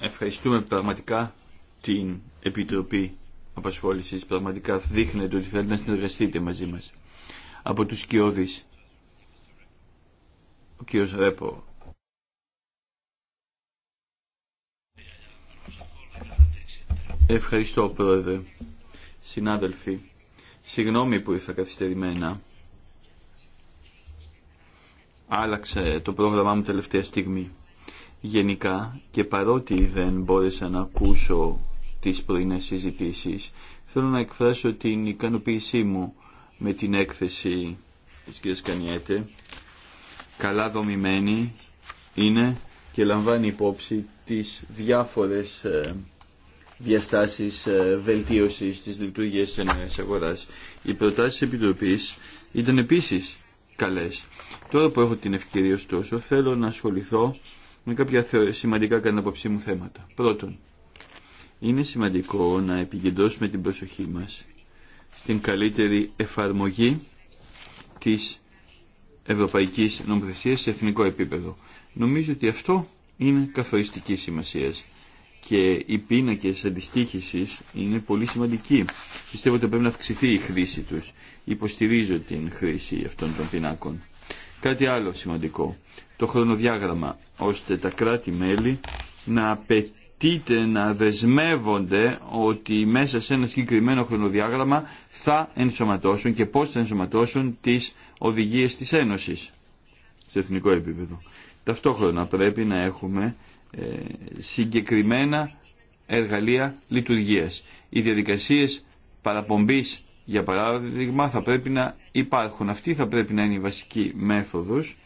Ευχαριστούμε πραγματικά την Επιτροπή Απασχόλησης. Πραγματικά δείχνετε ότι θέλετε να συνεργαστείτε μαζί μας. Από τους Κιώβης, ο κύριος Ρέπο. Ευχαριστώ πρόεδρε. Συνάδελφοι, συγγνώμη που ήρθα καθυστερημένα άλλαξε το πρόγραμμά μου τελευταία στιγμή. Γενικά και παρότι δεν μπόρεσα να ακούσω τις πρωινές συζητήσεις, θέλω να εκφράσω την ικανοποίησή μου με την έκθεση της κ. Κανιέτε. Καλά δομημένη είναι και λαμβάνει υπόψη τις διάφορες ε, διαστάσεις ε, βελτίωσης της λειτουργίας της ενέργειας αγοράς. Οι προτάσεις της Επιτροπής ήταν επίσης καλές. Τώρα που έχω την ευκαιρία ωστόσο θέλω να ασχοληθώ με κάποια σημαντικά κατά απόψή μου θέματα. Πρώτον, είναι σημαντικό να επικεντρώσουμε την προσοχή μας στην καλύτερη εφαρμογή της ευρωπαϊκής νομοθεσίας σε εθνικό επίπεδο. Νομίζω ότι αυτό είναι καθοριστική σημασία και οι πίνακες αντιστοίχησης είναι πολύ σημαντικοί. Πιστεύω ότι πρέπει να αυξηθεί η χρήση τους υποστηρίζω την χρήση αυτών των πινάκων. Κάτι άλλο σημαντικό, το χρονοδιάγραμμα, ώστε τα κράτη-μέλη να απαιτείται να δεσμεύονται ότι μέσα σε ένα συγκεκριμένο χρονοδιάγραμμα θα ενσωματώσουν και πώς θα ενσωματώσουν τις οδηγίες της Ένωσης σε εθνικό επίπεδο. Ταυτόχρονα πρέπει να έχουμε ε, συγκεκριμένα εργαλεία λειτουργίας. Οι διαδικασίες παραπομπής για παράδειγμα, θα πρέπει να υπάρχουν. Αυτή θα πρέπει να είναι η βασική μέθοδος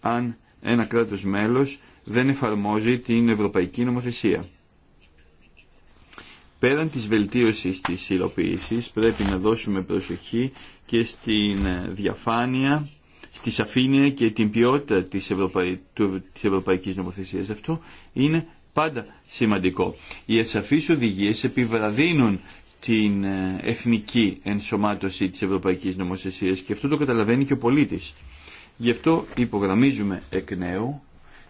αν ένα κράτος μέλος δεν εφαρμόζει την ευρωπαϊκή νομοθεσία. Πέραν της βελτίωσης της υλοποίησης πρέπει να δώσουμε προσοχή και στην διαφάνεια, στη σαφήνεια και την ποιότητα της, της ευρωπαϊκής νομοθεσίας. Αυτό είναι πάντα σημαντικό. Οι ασαφείς οδηγίες επιβραδύνουν την ε, εθνική ενσωμάτωση της Ευρωπαϊκής Νομοθεσίας και αυτό το καταλαβαίνει και ο πολίτης. Γι' αυτό υπογραμμίζουμε εκ νέου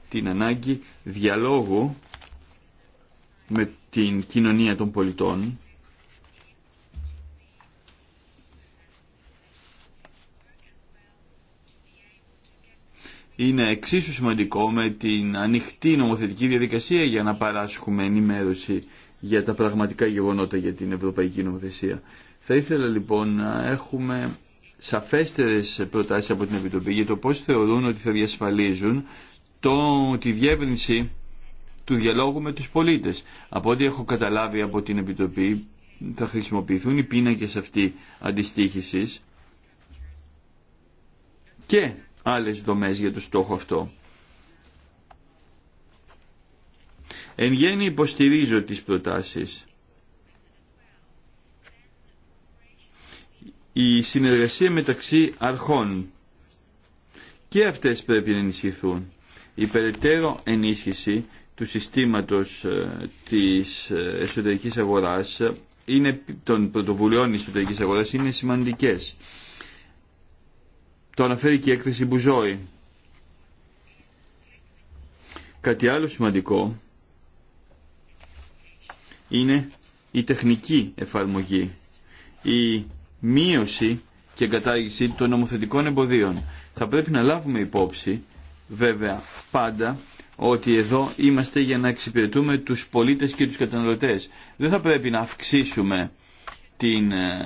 την ανάγκη διαλόγου με την κοινωνία των πολιτών είναι εξίσου σημαντικό με την ανοιχτή νομοθετική διαδικασία για να παράσχουμε ενημέρωση για τα πραγματικά γεγονότα για την Ευρωπαϊκή Νομοθεσία. Θα ήθελα λοιπόν να έχουμε σαφέστερες προτάσεις από την Επιτροπή για το πώς θεωρούν ότι θα διασφαλίζουν το, τη διεύρυνση του διαλόγου με τους πολίτες. Από ό,τι έχω καταλάβει από την Επιτροπή θα χρησιμοποιηθούν οι πίνακες αυτή αντιστοίχησης και άλλες δομές για το στόχο αυτό. Εν γέννη υποστηρίζω τις προτάσεις. Η συνεργασία μεταξύ αρχών και αυτές πρέπει να ενισχυθούν. Η περαιτέρω ενίσχυση του συστήματος ε, της ε, εσωτερικής αγοράς ε, είναι, των πρωτοβουλειών εσωτερικής αγοράς είναι σημαντικές. Το αναφέρει και η έκθεση Μπουζόη. Κάτι άλλο σημαντικό είναι η τεχνική εφαρμογή, η μείωση και κατάργηση των νομοθετικών εμποδίων. Θα πρέπει να λάβουμε υπόψη, βέβαια, πάντα, ότι εδώ είμαστε για να εξυπηρετούμε τους πολίτες και τους καταναλωτές. Δεν θα πρέπει να αυξήσουμε την ε,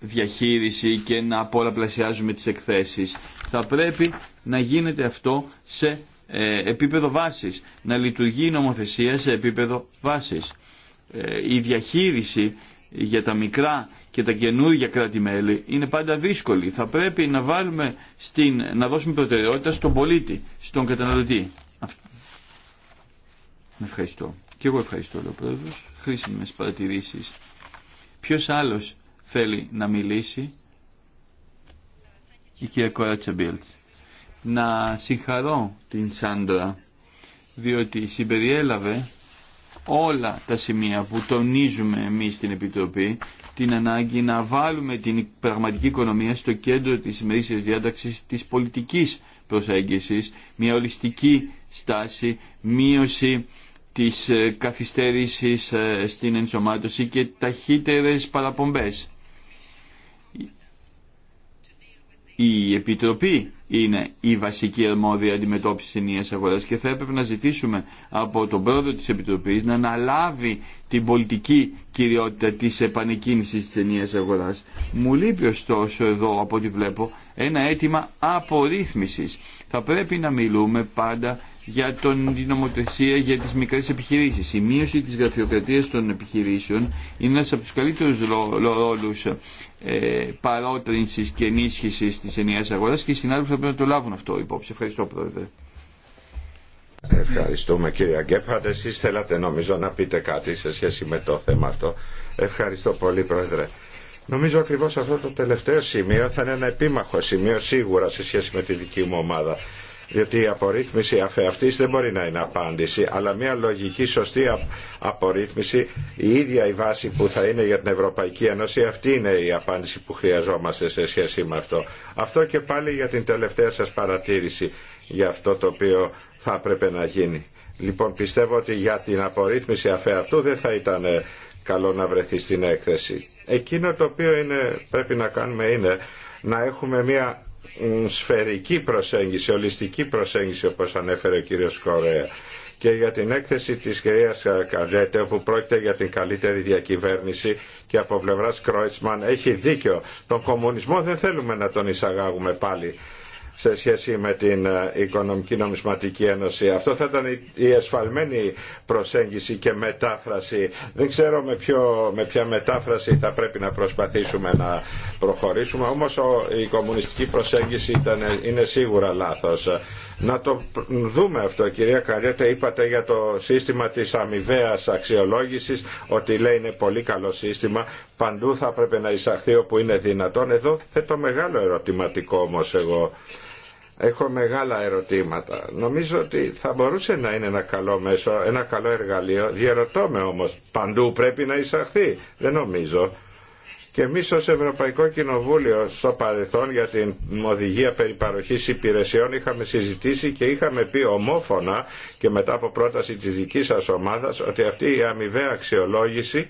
διαχείριση και να πολλαπλασιάζουμε τις εκθέσεις. Θα πρέπει να γίνεται αυτό σε ε, επίπεδο βάσης, να λειτουργεί η νομοθεσία σε επίπεδο βάσης η διαχείριση για τα μικρά και τα καινούργια κράτη-μέλη είναι πάντα δύσκολη. Θα πρέπει να, βάλουμε στην, να δώσουμε προτεραιότητα στον πολίτη, στον καταναλωτή. Ευχαριστώ. Και εγώ ευχαριστώ, λέει ο χρήσιμε Χρήσιμες παρατηρήσεις. Ποιος άλλος θέλει να μιλήσει. Η κυρία Κοράτσα Να συγχαρώ την Σάντρα, διότι συμπεριέλαβε όλα τα σημεία που τονίζουμε εμείς στην Επιτροπή την ανάγκη να βάλουμε την πραγματική οικονομία στο κέντρο της μείωσης διάταξης της πολιτικής προσέγγισης, μια ολιστική στάση, μείωση της ε, καθυστέρησης ε, στην ενσωμάτωση και ταχύτερες παραπομπές. Η Επιτροπή είναι η βασική αρμόδια αντιμετώπιση ενίας αγοράς και θα έπρεπε να ζητήσουμε από τον πρόεδρο της Επιτροπής να αναλάβει την πολιτική κυριότητα της επανεκκίνησης της ενίας αγοράς. Μου λείπει ωστόσο εδώ από ό,τι βλέπω ένα αίτημα απορρίθμισης. Θα πρέπει να μιλούμε πάντα για την νομοθεσία για τις μικρές επιχειρήσεις. Η μείωση της γραφειοκρατίας των επιχειρήσεων είναι ένας από τους καλύτερους ρόλους ε, παρότρινσης και ενίσχυσης της ενιαίας αγοράς και οι συνάδελφοι θα πρέπει να το λάβουν αυτό υπόψη. Ευχαριστώ Πρόεδρε. Ευχαριστούμε κύριε Αγκέπαρντ. Εσείς θέλατε νομίζω να πείτε κάτι σε σχέση με το θέμα αυτό. Ευχαριστώ πολύ Πρόεδρε. Νομίζω ακριβώς αυτό το τελευταίο σημείο θα είναι ένα επίμαχο σημείο σίγουρα σε σχέση με τη δική μου ομάδα διότι η απορρίθμιση αυτή δεν μπορεί να είναι απάντηση, αλλά μια λογική σωστή απορρίθμιση, η ίδια η βάση που θα είναι για την Ευρωπαϊκή Ένωση, αυτή είναι η απάντηση που χρειαζόμαστε σε σχέση με αυτό. Αυτό και πάλι για την τελευταία σας παρατήρηση για αυτό το οποίο θα έπρεπε να γίνει. Λοιπόν, πιστεύω ότι για την απορρίθμιση αφεαυτού δεν θα ήταν ε, καλό να βρεθεί στην έκθεση. Εκείνο το οποίο είναι, πρέπει να κάνουμε είναι να έχουμε μια σφαιρική προσέγγιση, ολιστική προσέγγιση όπως ανέφερε ο κύριος Κορέα και για την έκθεση της κυρίας Καλέτε όπου πρόκειται για την καλύτερη διακυβέρνηση και από πλευράς Κρόιτσμαν έχει δίκιο. Τον κομμουνισμό δεν θέλουμε να τον εισαγάγουμε πάλι σε σχέση με την ε, Οικονομική Νομισματική Αυτό θα ήταν η εσφαλμένη προσέγγιση και μετάφραση. Δεν ξέρω με, ποια μετάφραση θα πρέπει να προσπαθήσουμε να προχωρήσουμε, όμως η κομμουνιστική προσέγγιση ήταν, είναι σίγουρα λάθος. Να το δούμε αυτό, κυρία Καλιέτα, είπατε για το σύστημα της αμοιβαία αξιολόγησης, ότι λέει είναι πολύ καλό σύστημα παντού θα πρέπει να εισαχθεί όπου είναι δυνατόν. Εδώ θέτω μεγάλο ερωτηματικό όμως εγώ. Έχω μεγάλα ερωτήματα. Νομίζω ότι θα μπορούσε να είναι ένα καλό μέσο, ένα καλό εργαλείο. Διερωτώ με όμως, παντού πρέπει να εισαχθεί. Δεν νομίζω. Και εμεί ω Ευρωπαϊκό Κοινοβούλιο στο παρελθόν για την οδηγία περί υπηρεσιών είχαμε συζητήσει και είχαμε πει ομόφωνα και μετά από πρόταση της δικής σας ομάδας ότι αυτή η αμοιβαία αξιολόγηση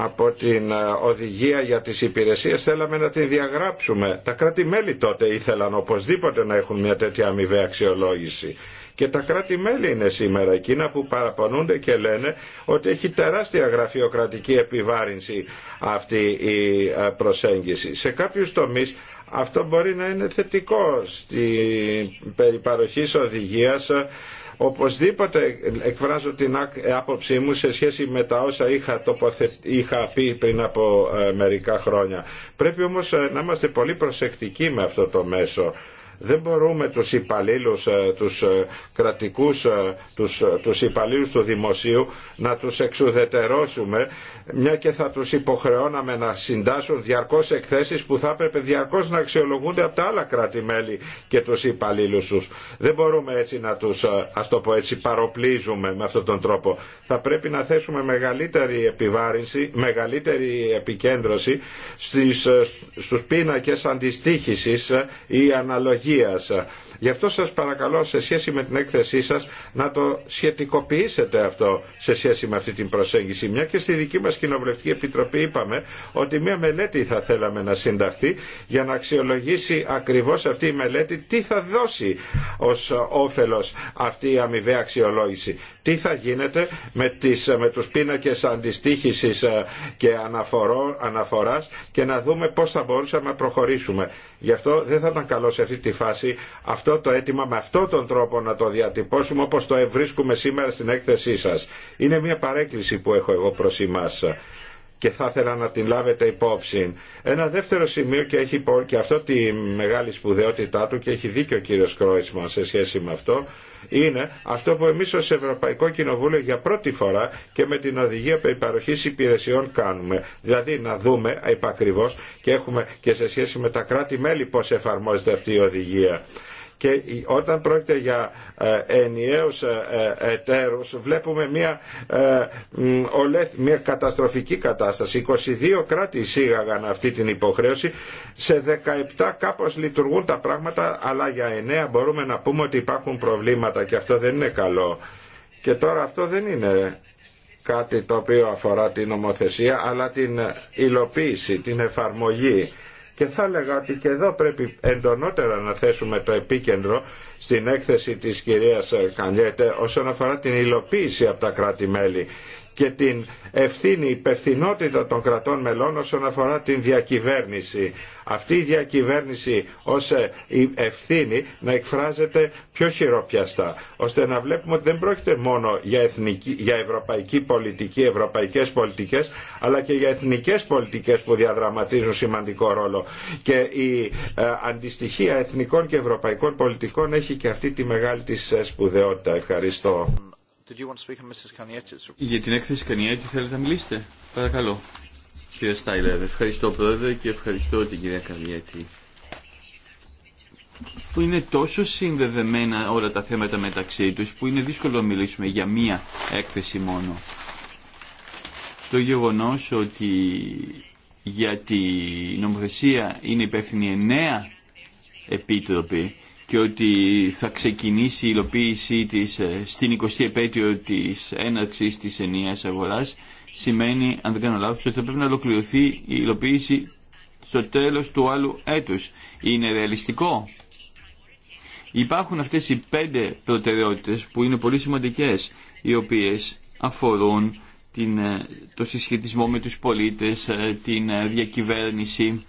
από την ε, οδηγία για τις υπηρεσίες θέλαμε να την διαγράψουμε. Τα κράτη-μέλη τότε ήθελαν οπωσδήποτε να έχουν μια τέτοια αμοιβαία αξιολόγηση. Και τα κράτη-μέλη είναι σήμερα εκείνα που παραπονούνται και λένε ότι έχει τεράστια γραφειοκρατική επιβάρυνση αυτή η ε, προσέγγιση. Σε κάποιους τομείς αυτό μπορεί να είναι θετικό στην περιπαροχή οδηγίας Οπωσδήποτε εκφράζω την ε, άποψή μου σε σχέση με τα όσα είχα, είχα πει πριν από ε, μερικά χρόνια. Πρέπει όμως ε, να είμαστε πολύ προσεκτικοί με αυτό το μέσο δεν μπορούμε τους υπαλλήλους, ε, τους ε, κρατικούς, ε, τους, τους υπαλλήλους του δημοσίου να τους εξουδετερώσουμε μια και θα τους υποχρεώναμε να συντάσσουν διαρκώς εκθέσεις που θα έπρεπε διαρκώς να αξιολογούνται από τα άλλα κράτη-μέλη και τους υπαλλήλους τους. Δεν μπορούμε έτσι να τους, ας το πω έτσι, παροπλίζουμε με αυτόν τον τρόπο. Θα πρέπει να θέσουμε μεγαλύτερη επιβάρυνση, μεγαλύτερη επικέντρωση στις, στους πίνακες αντιστοίχησης ή αναλογίας Γι' αυτό σας παρακαλώ σε σχέση με την έκθεσή σας να το σχετικοποιήσετε αυτό σε σχέση με αυτή την προσέγγιση. Μια και στη δική μας Κοινοβουλευτική Επιτροπή είπαμε ότι μια μελέτη θα θέλαμε να συνταχθεί για να αξιολογήσει ακριβώς αυτή η μελέτη τι θα δώσει ως όφελος αυτή η αμοιβαία αξιολόγηση. Τι θα γίνεται με, τις, με τους πίνακες αντιστήχησης ε, και αναφορό, αναφοράς και να δούμε πώς θα μπορούσαμε να προχωρήσουμε. Γι' αυτό δεν θα ήταν καλό αυτή τη φάση αυτό το αίτημα με αυτόν τον τρόπο να το διατυπώσουμε όπως το ευρίσκουμε σήμερα στην έκθεσή σας. Είναι μια παρέκκληση που έχω εγώ προς εμάς και θα ήθελα να την λάβετε υπόψη. Ένα δεύτερο σημείο και έχει και αυτό τη μεγάλη σπουδαιότητά του και έχει δίκιο ο κύριος Κρόισμα σε σχέση με αυτό είναι αυτό που εμείς ως Ευρωπαϊκό Κοινοβούλιο για πρώτη φορά και με την οδηγία περιπαροχής υπηρεσιών κάνουμε. Δηλαδή να δούμε επακριβώς και έχουμε και σε σχέση με τα κράτη-μέλη πώς εφαρμόζεται αυτή η οδηγία και όταν πρόκειται για ε, ενιαίους ε, ε, εταίρους βλέπουμε μια, μια καταστροφική κατάσταση. 22 κράτη εισήγαγαν αυτή την υποχρέωση. Σε 17 κάπως λειτουργούν τα πράγματα αλλά για 9 μπορούμε να πούμε ότι υπάρχουν προβλήματα και αυτό δεν είναι καλό. Και τώρα αυτό δεν είναι κάτι το οποίο αφορά την νομοθεσία αλλά την υλοποίηση, την εφαρμογή και θα έλεγα ότι και εδώ πρέπει εντονότερα να θέσουμε το επίκεντρο στην έκθεση της κυρίας Κανιέτε όσον αφορά την υλοποίηση από τα κράτη-μέλη και την ευθύνη υπευθυνότητα των κρατών μελών όσον αφορά την διακυβέρνηση. Αυτή η διακυβέρνηση ως ε, ευθύνη να εκφράζεται πιο χειροπιαστά, ώστε να βλέπουμε ότι δεν πρόκειται μόνο για, εθνική, για ευρωπαϊκή πολιτική, ευρωπαϊκές πολιτικές, αλλά και για εθνικές πολιτικές που διαδραματίζουν σημαντικό ρόλο. Και η ε, αντιστοιχία εθνικών και ευρωπαϊκών πολιτικών έχει και αυτή τη μεγάλη της ε, σπουδαιότητα. Ευχαριστώ. Για την έκθεση Κανιέτη θέλετε να μιλήσετε. Παρακαλώ. Κύριε Στάιλερ, ευχαριστώ πρόεδρε και ευχαριστώ την κυρία Κανιέτη που είναι τόσο συνδεδεμένα όλα τα θέματα μεταξύ τους που είναι δύσκολο να μιλήσουμε για μία έκθεση μόνο. Το γεγονός ότι για τη νομοθεσία είναι υπεύθυνη εννέα επίτροποι και ότι θα ξεκινήσει η υλοποίησή της ε, στην 20η επέτειο της έναρξης της ενιαίας αγοράς σημαίνει, αν δεν κάνω λάθος, ότι θα πρέπει να ολοκληρωθεί η υλοποίηση στο τέλος του άλλου έτους. Είναι ρεαλιστικό. Υπάρχουν αυτές οι πέντε προτεραιότητες που είναι πολύ σημαντικές, οι οποίες αφορούν την, ε, το συσχετισμό με τους πολίτες, ε, την διακυβέρνηση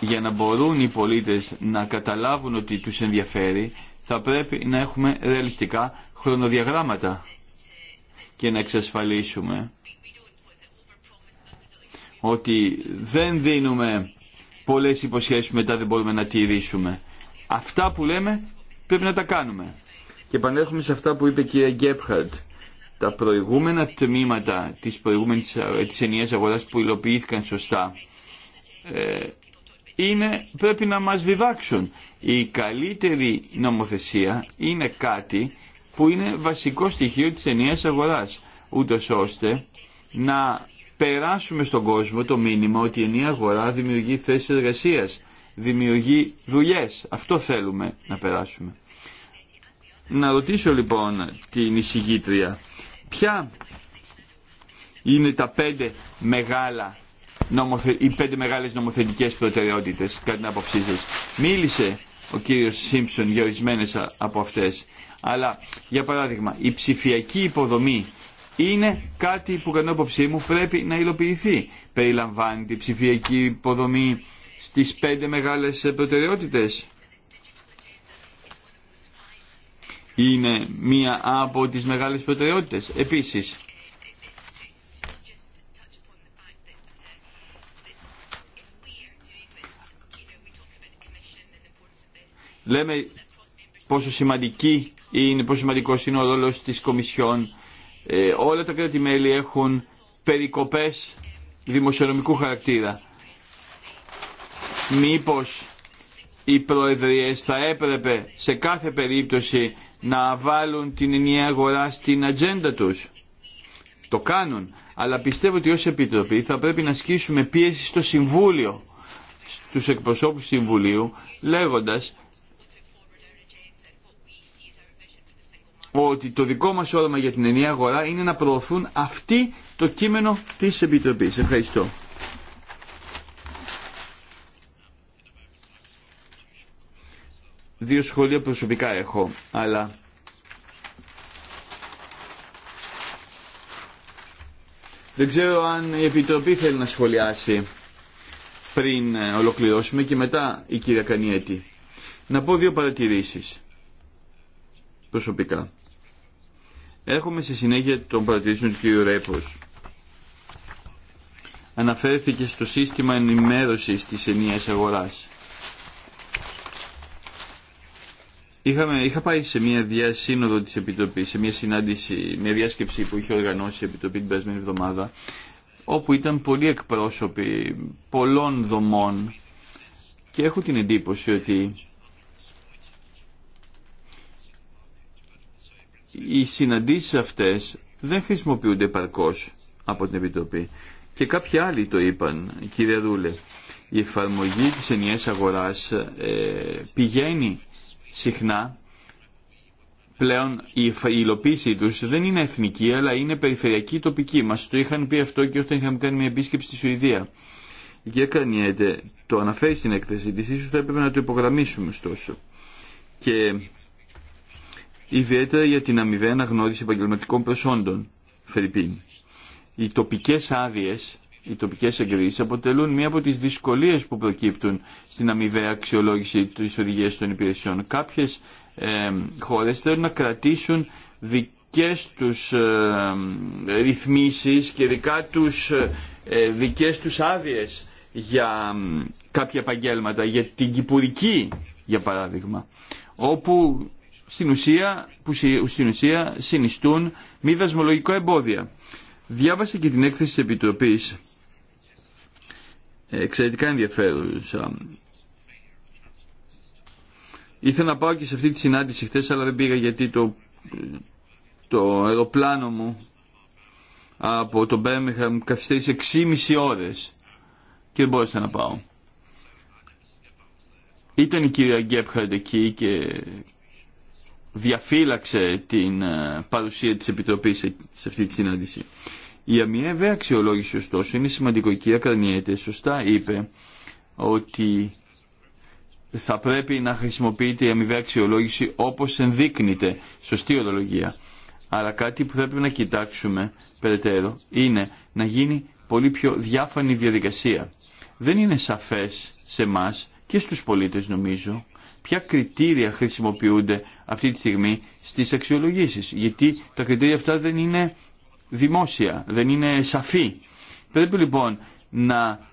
για να μπορούν οι πολίτες να καταλάβουν ότι τους ενδιαφέρει, θα πρέπει να έχουμε ρεαλιστικά χρονοδιαγράμματα και να εξασφαλίσουμε ότι δεν δίνουμε πολλές υποσχέσεις που μετά δεν μπορούμε να τηρήσουμε. Αυτά που λέμε πρέπει να τα κάνουμε. Και επανέρχομαι σε αυτά που είπε η κυρία Γκέπχαρτ. Τα προηγούμενα τμήματα της προηγούμενης ε, της ενιαίας αγοράς που υλοποιήθηκαν σωστά ε, είναι, πρέπει να μας βιβάξουν. Η καλύτερη νομοθεσία είναι κάτι που είναι βασικό στοιχείο της ενιαίας αγοράς, ούτω ώστε να περάσουμε στον κόσμο το μήνυμα ότι η ενιαία αγορά δημιουργεί θέσεις εργασίας, δημιουργεί δουλειές. Αυτό θέλουμε να περάσουμε. Να ρωτήσω λοιπόν την εισηγήτρια, ποια είναι τα πέντε μεγάλα νομοθε... οι πέντε μεγάλες νομοθετικές προτεραιότητες, κατά την άποψή σα. Μίλησε ο κύριος Σίμψον για ορισμένε από αυτές. Αλλά, για παράδειγμα, η ψηφιακή υποδομή είναι κάτι που κατά την άποψή μου πρέπει να υλοποιηθεί. Περιλαμβάνει την ψηφιακή υποδομή στις πέντε μεγάλες ε, προτεραιότητες. Είναι μία από τις μεγάλες προτεραιότητες. Επίσης, λέμε πόσο σημαντική είναι, πόσο σημαντικός είναι ο ρόλος της Κομισιόν. Ε, όλα τα κράτη-μέλη έχουν περικοπές δημοσιονομικού χαρακτήρα. Μήπως οι προεδρίες θα έπρεπε σε κάθε περίπτωση να βάλουν την ενιαία αγορά στην ατζέντα τους. Το κάνουν, αλλά πιστεύω ότι ως Επιτροπή θα πρέπει να ασκήσουμε πίεση στο Συμβούλιο, στους εκπροσώπους Συμβουλίου, λέγοντας ότι το δικό μας όραμα για την ενιαία αγορά είναι να προωθούν αυτή το κείμενο της επιτροπή. Ευχαριστώ. Δύο σχολεία προσωπικά έχω, αλλά δεν ξέρω αν η Επιτροπή θέλει να σχολιάσει πριν ε, ολοκληρώσουμε και μετά η κυρία Κανιέτη. Να πω δύο παρατηρήσεις προσωπικά έχουμε στη συνέχεια των παρατηρήσεων του κ. Ρέπος. Αναφέρθηκε στο σύστημα ενημέρωσης της ενιαίας αγοράς. Είχαμε, είχα πάει σε μια διασύνοδο της Επιτροπής, σε μια συνάντηση, μια διάσκεψη που είχε οργανώσει η Επιτροπή την περασμένη εβδομάδα, όπου ήταν πολλοί εκπρόσωποι πολλών δομών και έχω την εντύπωση ότι οι συναντήσεις αυτές δεν χρησιμοποιούνται επαρκώς από την Επιτροπή. Και κάποιοι άλλοι το είπαν, κύριε Ρούλε. Η εφαρμογή της ενιαίας αγοράς ε, πηγαίνει συχνά πλέον η υλοποίησή τους δεν είναι εθνική αλλά είναι περιφερειακή τοπική. Μας το είχαν πει αυτό και όταν είχαμε κάνει μια επίσκεψη στη Σουηδία. Η κυρία το αναφέρει στην έκθεση της, ίσως θα έπρεπε να το υπογραμμίσουμε ωστόσο. Και ιδιαίτερα για την αμοιβαία αναγνώριση επαγγελματικών προσόντων, Φερρυπίν. Οι τοπικές άδειε, οι τοπικέ εγκρίσει αποτελούν μία από τις δυσκολίες που προκύπτουν στην αμοιβαία αξιολόγηση τη οδηγία των υπηρεσιών. Κάποιες ε, χώρες θέλουν να κρατήσουν δικές τους ε, ρυθμίσεις και δικά του ε, δικές τους άδειες για κάποια επαγγέλματα, για την κυπουρική για παράδειγμα, όπου στην ουσία, που στην ουσία συνιστούν μη δασμολογικό εμπόδια. Διάβασα και την έκθεση της Επιτροπής, ε, εξαιρετικά ενδιαφέρουσα. Ήθελα να πάω και σε αυτή τη συνάντηση χθες, αλλά δεν πήγα γιατί το, το αεροπλάνο μου από τον Μπέρμιχαμ καθυστέρησε 6,5 ώρες και δεν μπόρεσα να πάω. Ήταν η κυρία Γκέπχαρντ εκεί και διαφύλαξε την ε, παρουσία της Επιτροπής σε αυτή τη συνάντηση. Η αμοιβαία αξιολόγηση ωστόσο είναι σημαντικό. Η κυρία σωστά είπε ότι θα πρέπει να χρησιμοποιείται η αμοιβαία αξιολόγηση όπως ενδείκνυται. Σωστή ορολογία. Αλλά κάτι που θα πρέπει να κοιτάξουμε περαιτέρω είναι να γίνει πολύ πιο διάφανη διαδικασία. Δεν είναι σαφές σε μας και στους πολίτες νομίζω ποια κριτήρια χρησιμοποιούνται αυτή τη στιγμή στις αξιολογήσεις. Γιατί τα κριτήρια αυτά δεν είναι δημόσια, δεν είναι σαφή. Πρέπει λοιπόν να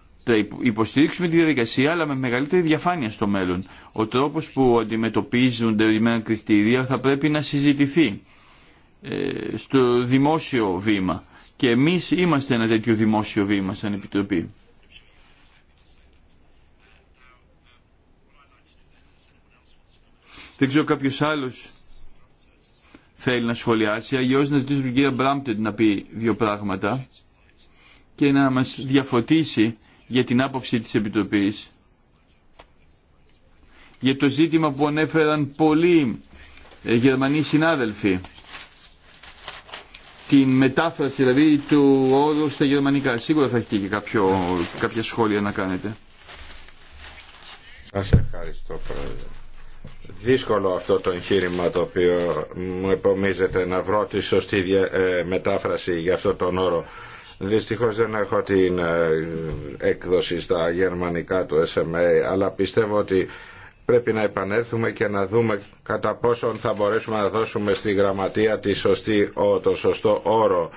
υποστηρίξουμε τη διαδικασία αλλά με μεγαλύτερη διαφάνεια στο μέλλον. Ο τρόπος που αντιμετωπίζονται ορισμένα κριτήρια θα πρέπει να συζητηθεί ε, στο δημόσιο βήμα. Και εμείς είμαστε ένα τέτοιο δημόσιο βήμα σαν Επιτροπή. Δεν ξέρω κάποιο άλλο θέλει να σχολιάσει. Αλλιώ να ζητήσω τον κύριο Μπράμπτεντ να πει δύο πράγματα και να μας διαφωτίσει για την άποψη της Επιτροπής για το ζήτημα που ανέφεραν πολλοί ε, Γερμανοί συνάδελφοι την μετάφραση δηλαδή του όρου στα γερμανικά. Σίγουρα θα έχετε και κάποιο, κάποια σχόλια να κάνετε. Σας ευχαριστώ πρόεδρε δύσκολο αυτό το εγχείρημα το οποίο μου επομίζεται να βρω τη σωστή ε, μετάφραση για αυτό τον όρο. Δυστυχώς δεν έχω την ε, έκδοση στα γερμανικά του SMA, αλλά πιστεύω ότι πρέπει να επανέλθουμε και να δούμε κατά πόσον θα μπορέσουμε να δώσουμε στη γραμματεία τη σωστή, το σωστό όρο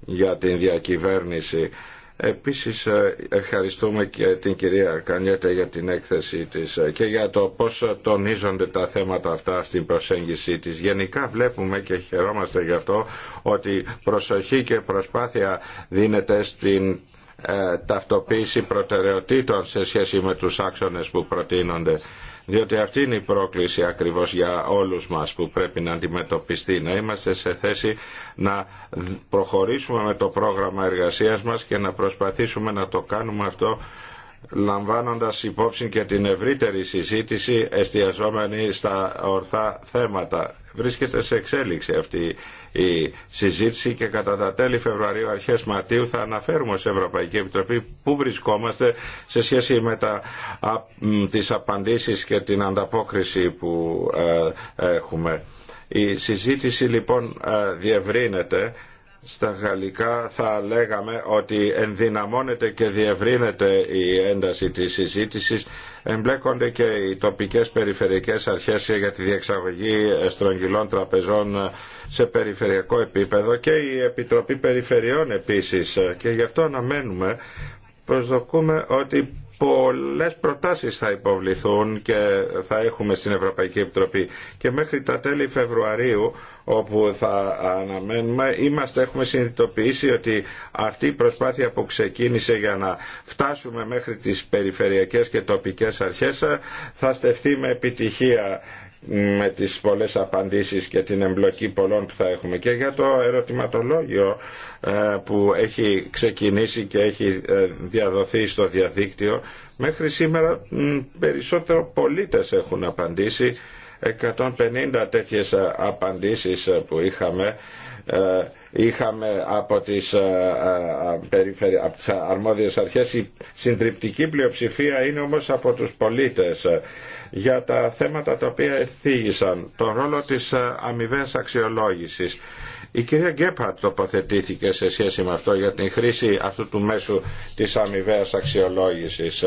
για την διακυβέρνηση Επίσης ε, ευχαριστούμε και την κυρία Κανιέτα για την έκθεσή της ε, και για το πώς τονίζονται τα θέματα αυτά στην προσέγγιση της. Γενικά βλέπουμε και χαιρόμαστε γι' αυτό ότι προσοχή και προσπάθεια δίνεται στην ε, ταυτοποίηση προτεραιοτήτων σε σχέση με τους άξονες που προτείνονται διότι αυτή είναι η πρόκληση ακριβώς για όλους μας που πρέπει να αντιμετωπιστεί, να είμαστε σε θέση να προχωρήσουμε με το πρόγραμμα εργασίας μας και να προσπαθήσουμε να το κάνουμε αυτό λαμβάνοντας υπόψη και την ευρύτερη συζήτηση εστιαζόμενη στα ορθά θέματα. Βρίσκεται σε εξέλιξη αυτή η συζήτηση και κατά τα τέλη Φεβρουαρίου αρχές Μαρτίου θα αναφέρουμε σε Ευρωπαϊκή Επιτροπή πού βρισκόμαστε σε σχέση με τα, α, τις απαντήσεις και την ανταπόκριση που ε, έχουμε. Η συζήτηση λοιπόν ε, διευρύνεται στα γαλλικά θα λέγαμε ότι ενδυναμώνεται και διευρύνεται η ένταση της συζήτησης εμπλέκονται και οι τοπικές περιφερειακές αρχές για τη διεξαγωγή στρογγυλών τραπεζών σε περιφερειακό επίπεδο και η Επιτροπή Περιφερειών επίσης και γι' αυτό αναμένουμε προσδοκούμε ότι πολλές προτάσεις θα υποβληθούν και θα έχουμε στην Ευρωπαϊκή Επιτροπή και μέχρι τα τέλη Φεβρουαρίου όπου θα αναμένουμε. Είμαστε, έχουμε συνειδητοποιήσει ότι αυτή η προσπάθεια που ξεκίνησε για να φτάσουμε μέχρι τις περιφερειακές και τοπικές αρχές θα στεφθεί με επιτυχία με τις πολλές απαντήσεις και την εμπλοκή πολλών που θα έχουμε και για το ερωτηματολόγιο ε, που έχει ξεκινήσει και έχει ε, διαδοθεί στο διαδίκτυο μέχρι σήμερα περισσότερο πολίτες έχουν απαντήσει 150 τέτοιες ε, απαντήσεις ε, που είχαμε ε, είχαμε από τις, από τις αρμόδιες αρχές η συντριπτική πλειοψηφία είναι όμως από τους πολίτες για τα θέματα τα οποία εθίγησαν τον ρόλο της αμοιβέ αξιολόγησης η κυρία Γκέπαρτ τοποθετήθηκε σε σχέση με αυτό για την χρήση αυτού του μέσου της αμοιβαία αξιολόγησης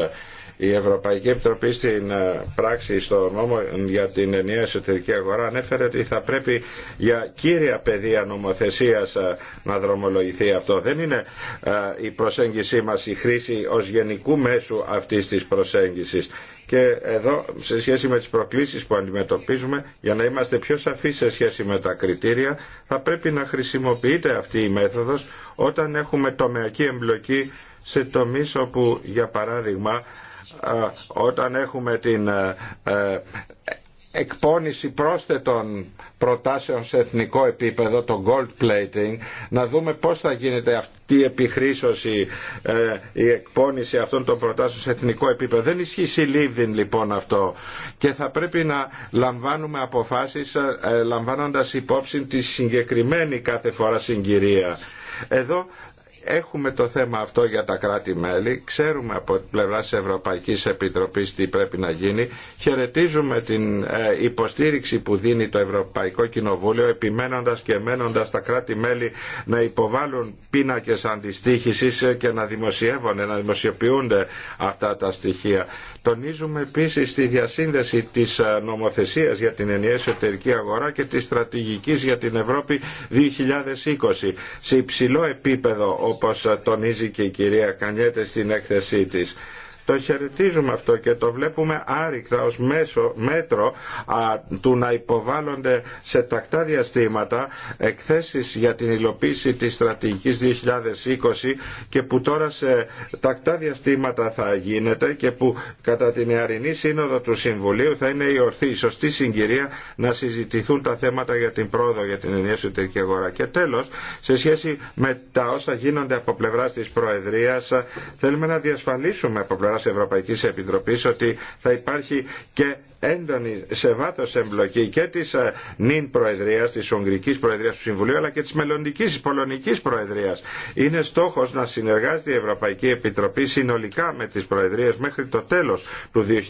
η Ευρωπαϊκή Επιτροπή στην ε, πράξη στο νόμο για την ενιαία εσωτερική αγορά ανέφερε ότι θα πρέπει για κύρια πεδία νομοθεσίας ε, να δρομολογηθεί αυτό. Δεν είναι ε, η προσέγγιση μας η χρήση ως γενικού μέσου αυτής της προσέγγισης. Και εδώ σε σχέση με τις προκλήσεις που αντιμετωπίζουμε, για να είμαστε πιο σαφείς σε σχέση με τα κριτήρια, θα πρέπει να χρησιμοποιείται αυτή η μέθοδος όταν έχουμε τομεακή εμπλοκή σε τομείς όπου, για παράδειγμα, όταν έχουμε την ε, ε, εκπόνηση πρόσθετων προτάσεων σε εθνικό επίπεδο, το gold plating, να δούμε πώς θα γίνεται αυτή η επιχρήσωση, ε, η εκπόνηση αυτών των προτάσεων σε εθνικό επίπεδο. Δεν ισχύει συλλήβδιν λοιπόν αυτό και θα πρέπει να λαμβάνουμε αποφάσεις λαμβάνοντας υπόψη τη συγκεκριμένη κάθε φορά συγκυρία. Εδώ έχουμε το θέμα αυτό για τα κράτη-μέλη. Ξέρουμε από την πλευρά της Ευρωπαϊκής Επιτροπής τι πρέπει να γίνει. Χαιρετίζουμε την ε, υποστήριξη που δίνει το Ευρωπαϊκό Κοινοβούλιο επιμένοντας και μένοντας τα κράτη-μέλη να υποβάλουν πίνακες αντιστοίχησης και να δημοσιεύονται, να δημοσιοποιούνται αυτά τα στοιχεία. Τονίζουμε επίση τη διασύνδεση τη ε, νομοθεσία για την ενιαία εσωτερική αγορά και τη στρατηγική για την Ευρώπη 2020 σε υψηλό επίπεδο όπως τονίζει και η κυρία Κανιέτε στην έκθεσή της. Το χαιρετίζουμε αυτό και το βλέπουμε άρρηκτα ως μέσο, μέτρο α, του να υποβάλλονται σε τακτά διαστήματα εκθέσεις για την υλοποίηση της στρατηγικής 2020 και που τώρα σε τακτά διαστήματα θα γίνεται και που κατά την αιαρινή Σύνοδο του Συμβουλίου θα είναι η ορθή, η σωστή συγκυρία να συζητηθούν τα θέματα για την πρόοδο για την ενιαία εσωτερική αγορά. Και τέλος, σε σχέση με τα όσα γίνονται από πλευράς της Προεδρίας, θέλουμε να διασφαλίσουμε από πλευρά της Ευρωπαϊκής Επιτροπής ότι θα υπάρχει και έντονη σε βάθος εμπλοκή και της ε, νυν Προεδρίας, της Ουγγρικής Προεδρίας του Συμβουλίου αλλά και της μελλοντικής της Πολωνικής Προεδρίας. Είναι στόχος να συνεργάζεται η Ευρωπαϊκή Επιτροπή συνολικά με τις Προεδρίες μέχρι το τέλος του 2020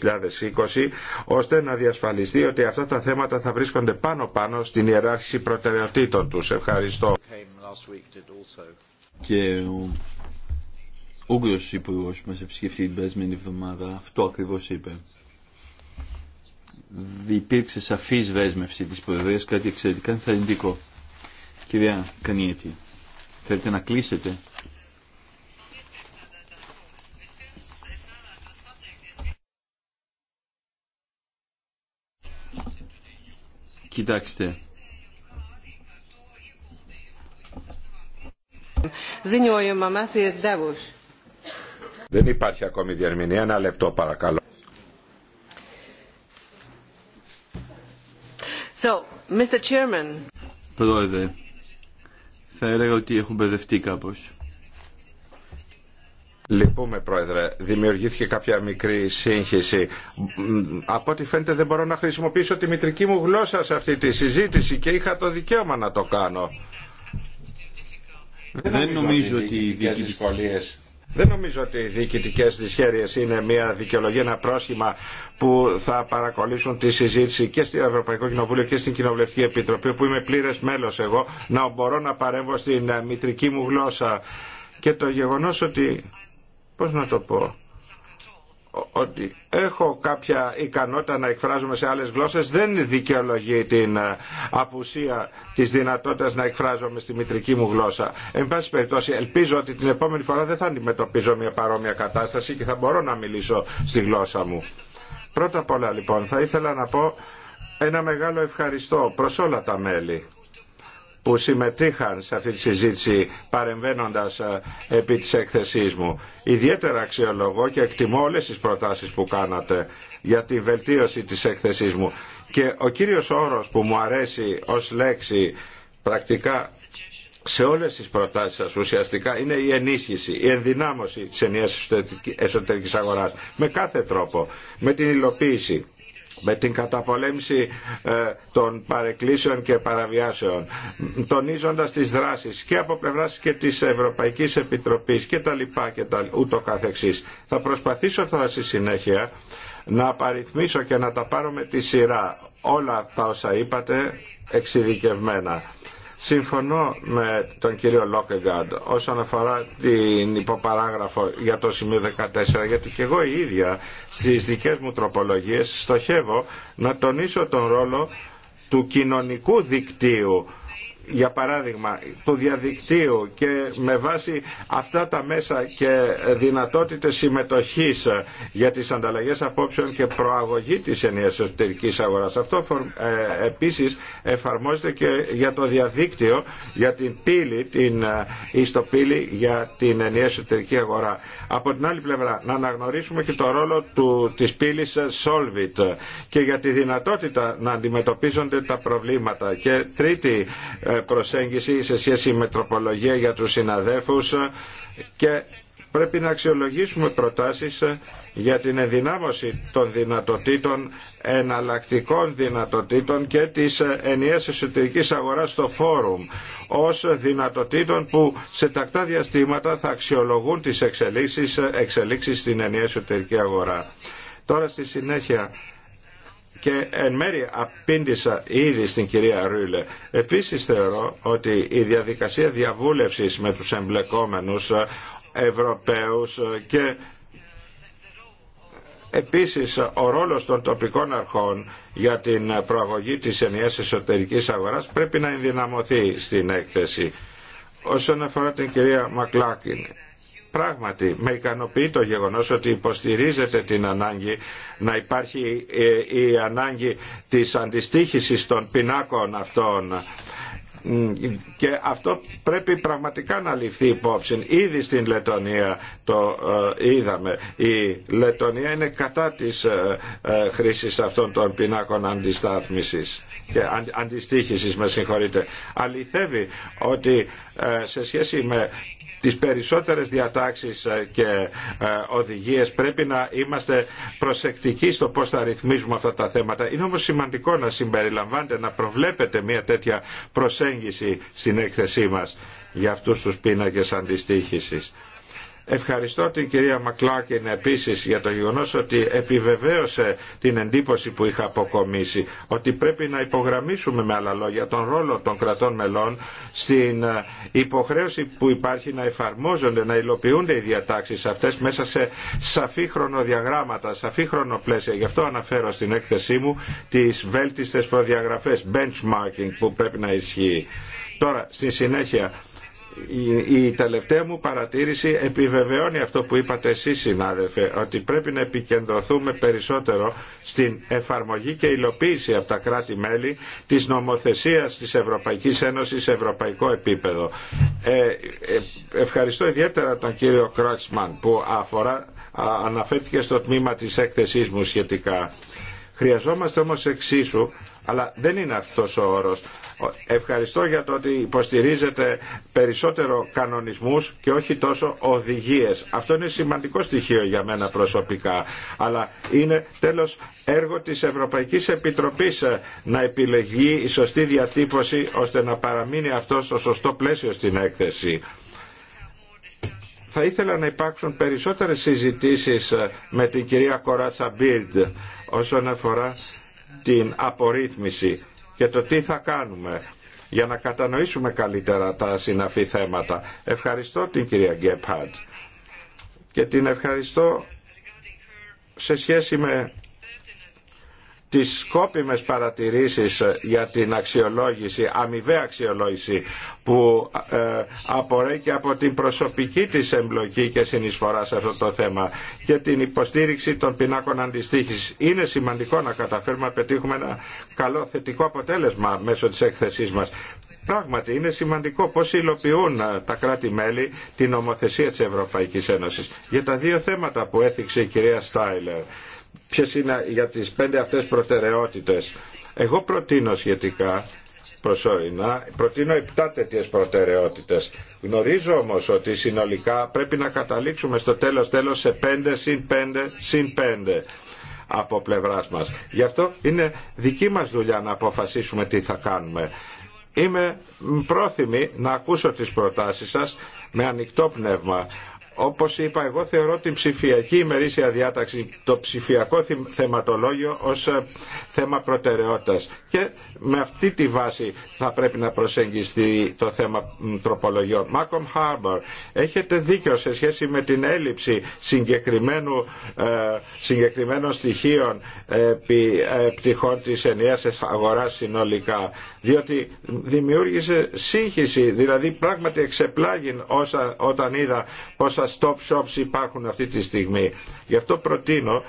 ώστε να διασφαλιστεί ότι αυτά τα θέματα θα βρίσκονται πάνω-πάνω στην ιεράρχηση προτεραιοτήτων τους. Ευχαριστώ. Ούγγρος υπουργό που μας επισκεφτεί την περασμένη εβδομάδα αυτό ακριβώς είπε. Υπήρξε σαφής βέσμευση της Προεδρίας, κάτι εξαιρετικά ενθαρρυντικό. Κυρία Κανιέτη, θέλετε να κλείσετε. Κοιτάξτε, ziņojumam esiet devuši. Δεν υπάρχει ακόμη διερμηνία. Ένα λεπτό παρακαλώ. So, Mr. Chairman. Πρόεδρε, θα έλεγα ότι έχουν μπερδευτεί κάπως. Λυπούμε πρόεδρε, δημιουργήθηκε κάποια μικρή σύγχυση. Από ό,τι φαίνεται δεν μπορώ να χρησιμοποιήσω τη μητρική μου γλώσσα σε αυτή τη συζήτηση και είχα το δικαίωμα να το κάνω. Δεν, νομίζω ότι οι διοικητικές δυσκολίες δεν νομίζω ότι οι διοικητικές δυσχέρειες είναι μια δικαιολογία, ένα πρόσχημα που θα παρακολουθήσουν τη συζήτηση και στο Ευρωπαϊκό Κοινοβούλιο και στην Κοινοβουλευτική Επιτροπή, που είμαι πλήρες μέλος εγώ, να μπορώ να παρέμβω στην ε, μητρική μου γλώσσα. Και το γεγονός ότι, πώς να το πω, ότι έχω κάποια ικανότητα να εκφράζομαι σε άλλες γλώσσες δεν δικαιολογεί την ε, απουσία της δυνατότητας να εκφράζομαι στη μητρική μου γλώσσα. Εν πάση περιπτώσει ελπίζω ότι την επόμενη φορά δεν θα αντιμετωπίζω μια παρόμοια κατάσταση και θα μπορώ να μιλήσω στη γλώσσα μου. Πρώτα απ' όλα λοιπόν θα ήθελα να πω ένα μεγάλο ευχαριστώ προς όλα τα μέλη που συμμετείχαν σε αυτή τη συζήτηση παρεμβαίνοντας ε, επί της έκθεσής μου. Ιδιαίτερα αξιολογώ και εκτιμώ όλες τις προτάσεις που κάνατε για τη βελτίωση της έκθεσής μου. Και ο κύριος όρος που μου αρέσει ως λέξη πρακτικά σε όλες τις προτάσεις σας ουσιαστικά είναι η ενίσχυση, η ενδυνάμωση της ενιαίας εσωτερικής αγοράς με κάθε τρόπο, με την υλοποίηση με την καταπολέμηση ε, των παρεκκλήσεων και παραβιάσεων, τονίζοντας τις δράσεις και από πλευράς και της Ευρωπαϊκής Επιτροπής και τα λοιπά και τα ούτω καθεξής. Θα προσπαθήσω τώρα στη συνέχεια να απαριθμίσω και να τα πάρω με τη σειρά όλα τα όσα είπατε εξειδικευμένα. Συμφωνώ με τον κύριο Λόκεγκαντ όσον αφορά την υποπαράγραφο για το σημείο 14 γιατί και εγώ η ίδια στις δικές μου τροπολογίες στοχεύω να τονίσω τον ρόλο του κοινωνικού δικτύου για παράδειγμα του διαδικτύου και με βάση αυτά τα μέσα και δυνατότητες συμμετοχής για τις ανταλλαγές απόψεων και προαγωγή της ενιαίας εσωτερικής αγοράς. Αυτό ε, επίσης εφαρμόζεται και για το διαδίκτυο, για την πύλη, την ε, ιστοπύλη για την ενιαία εσωτερική αγορά. Από την άλλη πλευρά, να αναγνωρίσουμε και το ρόλο του, της πύλης Solvit και για τη δυνατότητα να αντιμετωπίζονται τα προβλήματα. Και τρίτη ε, προσέγγιση σε σχέση με τροπολογία για τους συναδέφους και πρέπει να αξιολογήσουμε προτάσεις για την ενδυνάμωση των δυνατοτήτων, εναλλακτικών δυνατοτήτων και της ενιαίας εσωτερικής αγοράς στο φόρουμ ως δυνατοτήτων που σε τακτά διαστήματα θα αξιολογούν τις εξελίξεις, εξελίξεις στην ενιαία εσωτερική αγορά. Τώρα στη συνέχεια και εν μέρει απήντησα ήδη στην κυρία Ρούλε. Επίσης θεωρώ ότι η διαδικασία διαβούλευσης με τους εμπλεκόμενους ε, Ευρωπαίους ε, και Επίσης, ο ρόλος των τοπικών αρχών για την προαγωγή της ενιαίας εσωτερικής αγοράς πρέπει να ενδυναμωθεί στην έκθεση. Όσον αφορά την κυρία Μακλάκιν, Πράγματι, με ικανοποιεί το γεγονός ότι υποστηρίζεται την ανάγκη να υπάρχει ε, η ανάγκη της αντιστήχησης των πινάκων αυτών και αυτό πρέπει πραγματικά να ληφθεί υπόψη. Ήδη στην Λετωνία το ε, είδαμε. Η Λετωνία είναι κατά της ε, χρήσης αυτών των πινάκων αντιστάθμισης και αντιστήχησης, με συγχωρείτε. Αληθεύει ότι σε σχέση με τις περισσότερες διατάξεις ε, και ε, οδηγίες πρέπει να είμαστε προσεκτικοί στο πώς θα ρυθμίζουμε αυτά τα θέματα. Είναι όμως σημαντικό να συμπεριλαμβάνετε, να προβλέπετε μια τέτοια προσέγγιση στην έκθεσή μας για αυτούς τους πίνακες αντιστοίχησης. Ευχαριστώ την κυρία Μακλάκιν επίσης για το γεγονός ότι επιβεβαίωσε την εντύπωση που είχα αποκομίσει ότι πρέπει να υπογραμμίσουμε με άλλα λόγια τον ρόλο των κρατών μελών στην ε, υποχρέωση που υπάρχει να εφαρμόζονται, να υλοποιούνται οι διατάξεις αυτές μέσα σε σαφή χρονοδιαγράμματα, σαφή χρονοπλαίσια. Γι' αυτό αναφέρω στην έκθεσή μου τις βέλτιστες προδιαγραφές, benchmarking που πρέπει να ισχύει. Τώρα, στη συνέχεια, η τελευταία μου παρατήρηση επιβεβαιώνει αυτό που είπατε εσείς συνάδελφε ότι πρέπει να επικεντρωθούμε περισσότερο στην εφαρμογή και υλοποίηση από τα κράτη-μέλη της νομοθεσίας της Ευρωπαϊκής Ένωσης σε ευρωπαϊκό επίπεδο. Ε, ε ευχαριστώ ιδιαίτερα τον κύριο Κρότσμαν που αφορά, αναφέρθηκε στο τμήμα της έκθεσής μου σχετικά. Χρειαζόμαστε όμως εξίσου αλλά δεν είναι αυτός ο όρος. Ευχαριστώ για το ότι υποστηρίζετε περισσότερο κανονισμούς και όχι τόσο οδηγίες. Αυτό είναι σημαντικό στοιχείο για μένα προσωπικά. Αλλά είναι τέλος έργο της Ευρωπαϊκής Επιτροπής ε, να επιλεγεί η σωστή διατύπωση ώστε να παραμείνει αυτό στο σωστό πλαίσιο στην έκθεση θα ήθελα να υπάρξουν περισσότερες συζητήσεις ε, με την κυρία Κοράτσα Μπίλντ όσον αφορά την απορρίθμιση και το τι θα κάνουμε για να κατανοήσουμε καλύτερα τα συναφή θέματα. Ευχαριστώ την κυρία Γκέπχατ και την ευχαριστώ σε σχέση με τις σκόπιμες παρατηρήσεις ε, για την αξιολόγηση, αμοιβαία αξιολόγηση που ε, απορρέει και από την προσωπική της εμπλοκή και συνεισφορά σε αυτό το θέμα και την υποστήριξη των πινάκων αντιστοίχησης. Είναι σημαντικό να καταφέρουμε να πετύχουμε ένα καλό θετικό αποτέλεσμα μέσω της έκθεσής μας. Πράγματι είναι σημαντικό πώς υλοποιούν ε, τα κράτη-μέλη την νομοθεσία της Ευρωπαϊκής Ένωσης. Για τα δύο θέματα που έθιξε η κυρία Στάιλερ Ποιε είναι για τις πέντε αυτές προτεραιότητες. Εγώ προτείνω σχετικά προσωρινά, προτείνω επτά τέτοιε προτεραιότητε. Γνωρίζω όμω ότι συνολικά πρέπει να καταλήξουμε στο τέλο τέλο σε πέντε συν πέντε συν πέντε από πλευρά μα. Γι' αυτό είναι δική μα δουλειά να αποφασίσουμε τι θα κάνουμε. Είμαι πρόθυμη να ακούσω τις προτάσεις σας με ανοιχτό πνεύμα όπως είπα, εγώ θεωρώ την ψηφιακή ημερήσια διάταξη, το ψηφιακό θεματολόγιο ως ε, θέμα προτεραιότητας. Και με αυτή τη βάση θα πρέπει να προσεγγιστεί το θέμα τροπολογιών. Μάκομ Χάρμπορ, έχετε δίκιο σε σχέση με την έλλειψη συγκεκριμένου, ε, συγκεκριμένων στοιχείων επί ε, πτυχών της ενιαίας αγοράς συνολικά. Διότι δημιούργησε σύγχυση, δηλαδή πράγματι εξεπλάγει όταν είδα πόσα stop shops υπάρχουν αυτή τη στιγμή. Γι' αυτό προτείνω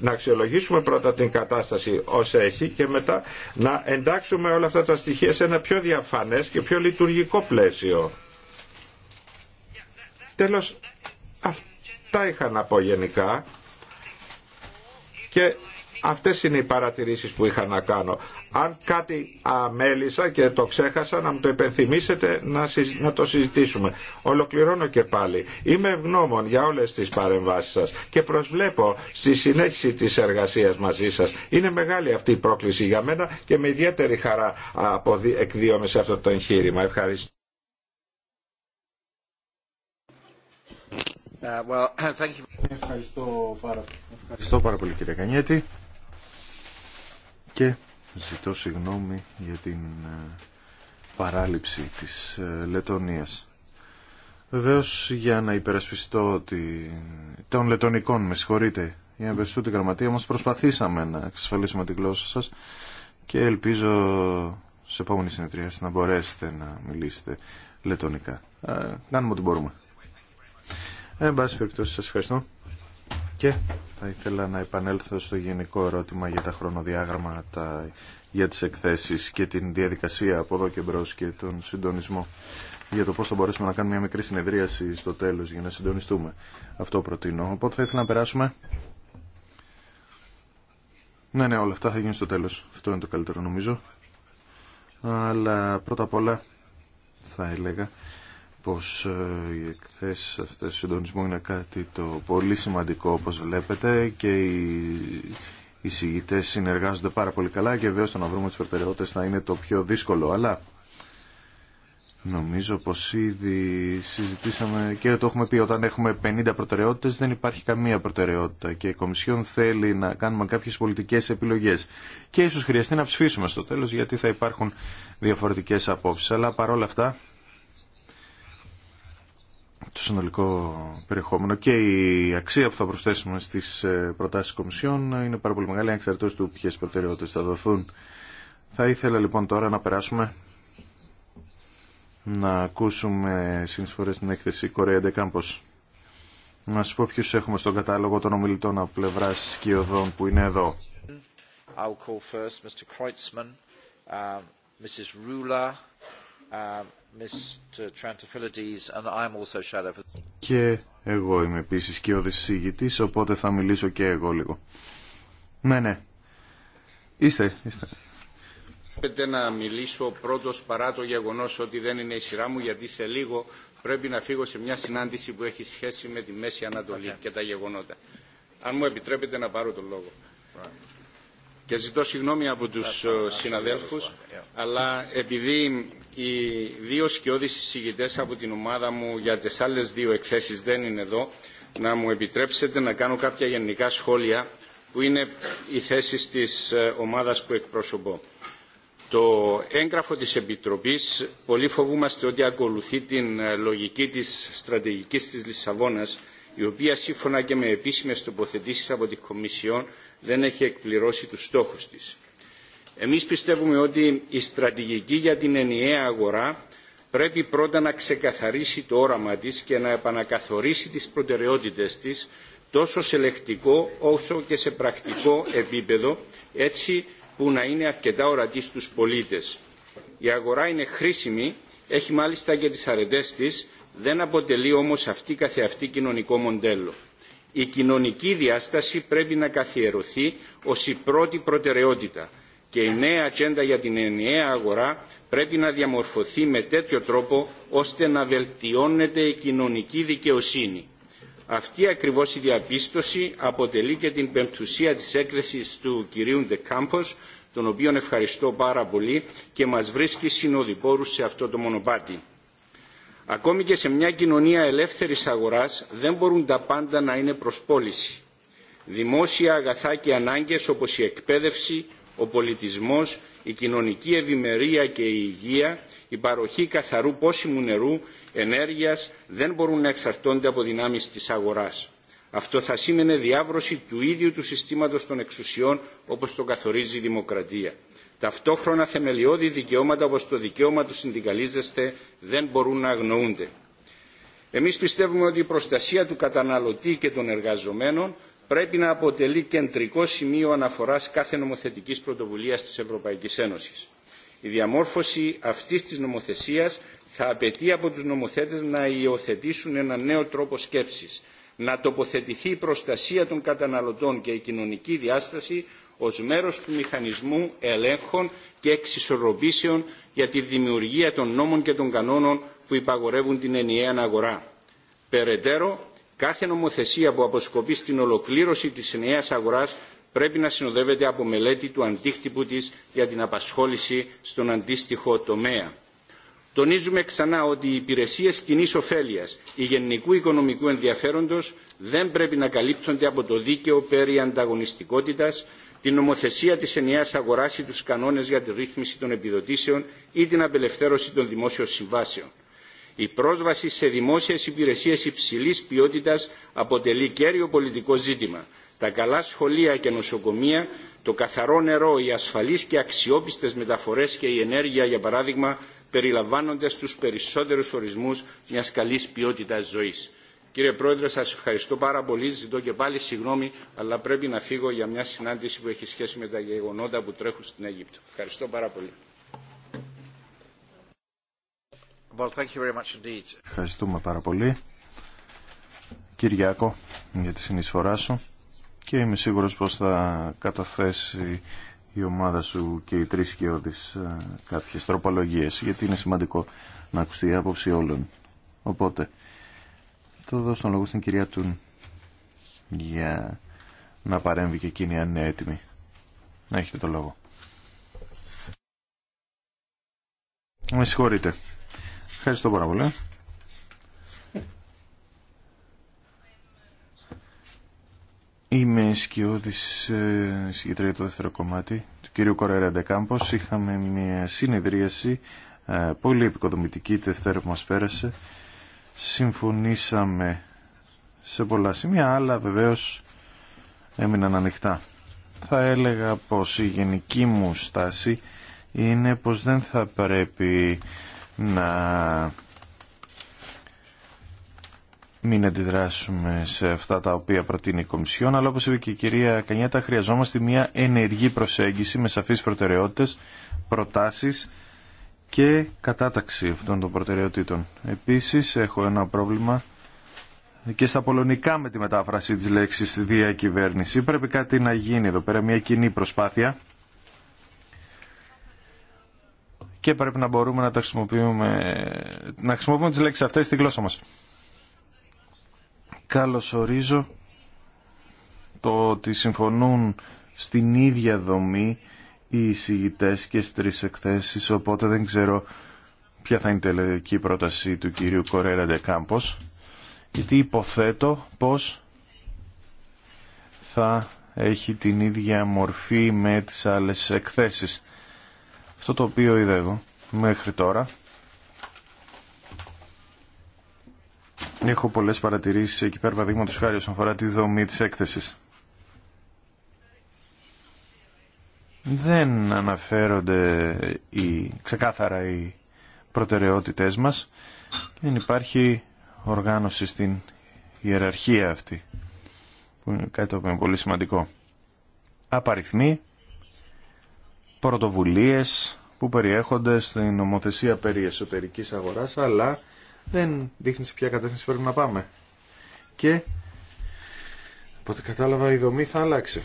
να αξιολογήσουμε πρώτα την κατάσταση όσα έχει και μετά να εντάξουμε όλα αυτά τα στοιχεία σε ένα πιο διαφανές και πιο λειτουργικό πλαίσιο. Τέλος, αυτά είχα να πω γενικά και Αυτές είναι οι παρατηρήσεις που είχα να κάνω. Αν κάτι αμέλησα και το ξέχασα να μου το υπενθυμίσετε να, το συζητήσουμε. Ολοκληρώνω και πάλι. Είμαι ευγνώμων για όλες τις παρεμβάσεις σας και προσβλέπω στη συνέχιση της εργασίας μαζί σας. Είναι μεγάλη αυτή η πρόκληση για μένα και με ιδιαίτερη χαρά εκδίωμαι σε αυτό το εγχείρημα. Ευχαριστώ. Uh, well, thank you. Ευχαριστώ, πάρα... Ευχαριστώ πάρα πολύ κύριε Κανιέτη και ζητώ συγγνώμη για την ε, παράληψη της ε, Λετωνίας. Βεβαίως για να υπερασπιστώ ότι... των Λετωνικών, με συγχωρείτε, για να υπερασπιστώ την γραμματεία μας προσπαθήσαμε να εξασφαλίσουμε τη γλώσσα σας και ελπίζω σε επόμενη συνεδρία να μπορέσετε να μιλήσετε λετωνικά. Ε, κάνουμε ό,τι μπορούμε. Ε, εν πάση περιπτώσει σας ευχαριστώ. Και θα ήθελα να επανέλθω στο γενικό ερώτημα για τα χρονοδιάγραμματα για τις εκθέσεις και την διαδικασία από εδώ και μπρος και τον συντονισμό για το πώς θα μπορέσουμε να κάνουμε μια μικρή συνεδρίαση στο τέλος για να συντονιστούμε. Αυτό προτείνω. Οπότε θα ήθελα να περάσουμε... Ναι, ναι, όλα αυτά θα γίνουν στο τέλος. Αυτό είναι το καλύτερο νομίζω. Αλλά πρώτα απ' όλα θα έλεγα πως ε, οι εκθέσεις αυτές του συντονισμού είναι κάτι το πολύ σημαντικό όπως βλέπετε και οι συγητές συνεργάζονται πάρα πολύ καλά και βέβαια στο να βρούμε τις προτεραιότητες θα είναι το πιο δύσκολο αλλά νομίζω πως ήδη συζητήσαμε και το έχουμε πει όταν έχουμε 50 προτεραιότητες δεν υπάρχει καμία προτεραιότητα και η Κομισιόν θέλει να κάνουμε κάποιες πολιτικές επιλογές και ίσως χρειαστεί να ψηφίσουμε στο τέλος γιατί θα υπάρχουν διαφορετικές απόψεις αλλά παρόλα αυτά το συνολικό περιεχόμενο και η αξία που θα προσθέσουμε στις ε, προτάσεις Κομισιόν είναι πάρα πολύ μεγάλη, ανεξαρτήτω του ποιες προτεραιότητες θα δοθούν. Θα ήθελα λοιπόν τώρα να περάσουμε να ακούσουμε συνεισφορές στην έκθεση Κορέα Ντεκάμπος. Να σου πω ποιου έχουμε στον κατάλογο των ομιλητών από πλευρά σκιωδών που είναι εδώ. Uh, Mrs. Uh, και εγώ είμαι επίση και ο δισηγητής, οπότε θα μιλήσω και εγώ λίγο. Ναι, ναι. Είστε, είστε. Πρέπει να μιλήσω πρώτος παρά το γεγονός ότι δεν είναι η σειρά μου, γιατί σε λίγο πρέπει να φύγω σε μια συνάντηση που έχει σχέση με τη Μέση Ανατολή και τα γεγονότα. Αν μου επιτρέπετε να πάρω τον λόγο. Right και ζητώ συγγνώμη από τους ε, συναδέλφους, αλλά επειδή οι δύο σκιώδεις εισηγητές από την ομάδα μου για τις άλλες δύο εκθέσεις δεν είναι εδώ, να μου επιτρέψετε να κάνω κάποια γενικά σχόλια που είναι οι θέσεις της ε, ομάδας που εκπροσωπώ. Το έγγραφο της Επιτροπής πολύ φοβούμαστε ότι ακολουθεί την ε, λογική της στρατηγικής της Λισαβόνας η οποία σύμφωνα και με επίσημες τοποθετήσεις από την Κομισιόν δεν έχει εκπληρώσει τους στόχους της. Εμείς πιστεύουμε ότι η στρατηγική για την ενιαία αγορά πρέπει πρώτα να ξεκαθαρίσει το όραμα της και να επανακαθορίσει τις προτεραιότητες της τόσο σε λεκτικό όσο και σε πρακτικό επίπεδο έτσι που να είναι αρκετά ορατή στους πολίτες. Η αγορά είναι χρήσιμη, έχει μάλιστα και τις αρετές της, δεν αποτελεί όμως αυτή καθεαυτή κοινωνικό μοντέλο. Η κοινωνική διάσταση πρέπει να καθιερωθεί ως η πρώτη προτεραιότητα και η νέα ατζέντα για την ενιαία αγορά πρέπει να διαμορφωθεί με τέτοιο τρόπο ώστε να βελτιώνεται η κοινωνική δικαιοσύνη. Αυτή ακριβώς η διαπίστωση αποτελεί και την πεμπτουσία της έκθεσης του κυρίου Ντεκάμπος, τον οποίον ευχαριστώ πάρα πολύ και μας βρίσκει συνοδοιπόρους σε αυτό το μονοπάτι. Ακόμη και σε μια κοινωνία ελεύθερης αγοράς δεν μπορούν τα πάντα να είναι προσπόληση. Δημόσια αγαθά και ανάγκες όπως η εκπαίδευση, ο πολιτισμός, η κοινωνική ευημερία και η υγεία, η παροχή καθαρού πόσιμου νερού, ενέργειας δεν μπορούν να εξαρτώνται από δυνάμεις της αγοράς. Αυτό θα σήμαινε διάβρωση του ίδιου του συστήματος των εξουσιών όπως το καθορίζει η δημοκρατία. Ταυτόχρονα θεμελιώδη δικαιώματα όπως το δικαίωμα του συνδικαλίζεστε δεν μπορούν να αγνοούνται. Εμείς πιστεύουμε ότι η προστασία του καταναλωτή και των εργαζομένων πρέπει να αποτελεί κεντρικό σημείο αναφοράς κάθε νομοθετικής πρωτοβουλίας της Ευρωπαϊκής Ένωσης. Η διαμόρφωση αυτής της νομοθεσίας θα απαιτεί από τους νομοθέτες να υιοθετήσουν ένα νέο τρόπο σκέψης, να τοποθετηθεί η προστασία των καταναλωτών και η κοινωνική διάσταση ως μέρος του μηχανισμού ελέγχων και εξισορροπήσεων για τη δημιουργία των νόμων και των κανόνων που υπαγορεύουν την ενιαία αγορά. Περαιτέρω, κάθε νομοθεσία που αποσκοπεί στην ολοκλήρωση της ενιαίας αγοράς πρέπει να συνοδεύεται από μελέτη του αντίκτυπου της για την απασχόληση στον αντίστοιχο τομέα. Τονίζουμε ξανά ότι οι υπηρεσίε κοινή ωφέλεια ή γενικού οικονομικού ενδιαφέροντο δεν πρέπει να καλύπτονται από το δίκαιο περί ανταγωνιστικότητα την νομοθεσία της ενιαίας αγοράς ή τους κανόνες για τη ρύθμιση των επιδοτήσεων ή την απελευθέρωση των δημόσιων συμβάσεων. Η πρόσβαση σε δημόσιες υπηρεσίες υψηλής ποιότητας αποτελεί κέριο πολιτικό ζήτημα. Τα καλά σχολεία και νοσοκομεία, το καθαρό νερό, οι ασφαλείς και αξιόπιστες μεταφορές και η ενέργεια, για παράδειγμα, περιλαμβάνονται στους περισσότερους ορισμούς μιας καλής ποιότητας ζωής. Κύριε Πρόεδρε, σας ευχαριστώ πάρα πολύ. Ζητώ και πάλι συγγνώμη, αλλά πρέπει να φύγω για μια συνάντηση που έχει σχέση με τα γεγονότα που τρέχουν στην Αίγυπτο. Ευχαριστώ πάρα πολύ. Well, thank you very much indeed. Ευχαριστούμε πάρα πολύ. Κυριάκο, για τη συνεισφορά σου και είμαι σίγουρος πως θα καταθέσει η ομάδα σου και οι τρεις όδεις ε, κάποιες τροπολογίες γιατί είναι σημαντικό να ακουστεί η άποψη όλων. Οπότε, το δώσω τον λόγο στην κυρία Τούν για να παρέμβει και εκείνη αν είναι έτοιμη. Να έχετε το λόγο. Με συγχωρείτε. Ευχαριστώ πάρα πολύ. Είμαι σκιώδης ε, συγκεντρία το δεύτερο κομμάτι του κυρίου Κορέρα Ντεκάμπο. Είχαμε μια συνεδρίαση ε, πολύ επικοδομητική τη Δευτέρα που μα πέρασε συμφωνήσαμε σε πολλά σημεία, αλλά βεβαίως έμειναν ανοιχτά. Θα έλεγα πως η γενική μου στάση είναι πως δεν θα πρέπει να μην αντιδράσουμε σε αυτά τα οποία προτείνει η Κομισιόν, αλλά όπως είπε και η κυρία Κανιέτα, χρειαζόμαστε μια ενεργή προσέγγιση με σαφείς προτεραιότητες, προτάσεις και κατάταξη αυτών των προτεραιοτήτων. Επίσης έχω ένα πρόβλημα και στα πολωνικά με τη μετάφραση της λέξης διακυβέρνηση. Πρέπει κάτι να γίνει εδώ πέρα, μια κοινή προσπάθεια και πρέπει να μπορούμε να χρησιμοποιούμε, να χρησιμοποιούμε τις λέξεις αυτές στη γλώσσα μας. ορίζω το ότι συμφωνούν στην ίδια δομή οι εισηγητέ και στις τρει εκθέσει, οπότε δεν ξέρω ποια θα είναι η τελευταία πρόταση του κυρίου Κορέρα Ντεκάμπος, γιατί υποθέτω πως θα έχει την ίδια μορφή με τις άλλες εκθέσει. Αυτό το οποίο είδα εγώ μέχρι τώρα. Έχω πολλές παρατηρήσεις εκεί πέρα, παραδείγματος χάρη όσον αφορά τη δομή της έκθεσης. δεν αναφέρονται οι, ξεκάθαρα οι προτεραιότητές μας και δεν υπάρχει οργάνωση στην ιεραρχία αυτή που είναι κάτι που είναι πολύ σημαντικό. Απαριθμοί, πρωτοβουλίες που περιέχονται στην νομοθεσία περί εσωτερικής αγοράς αλλά δεν δείχνει σε ποια κατεύθυνση πρέπει να πάμε. Και από ό,τι κατάλαβα η δομή θα αλλάξει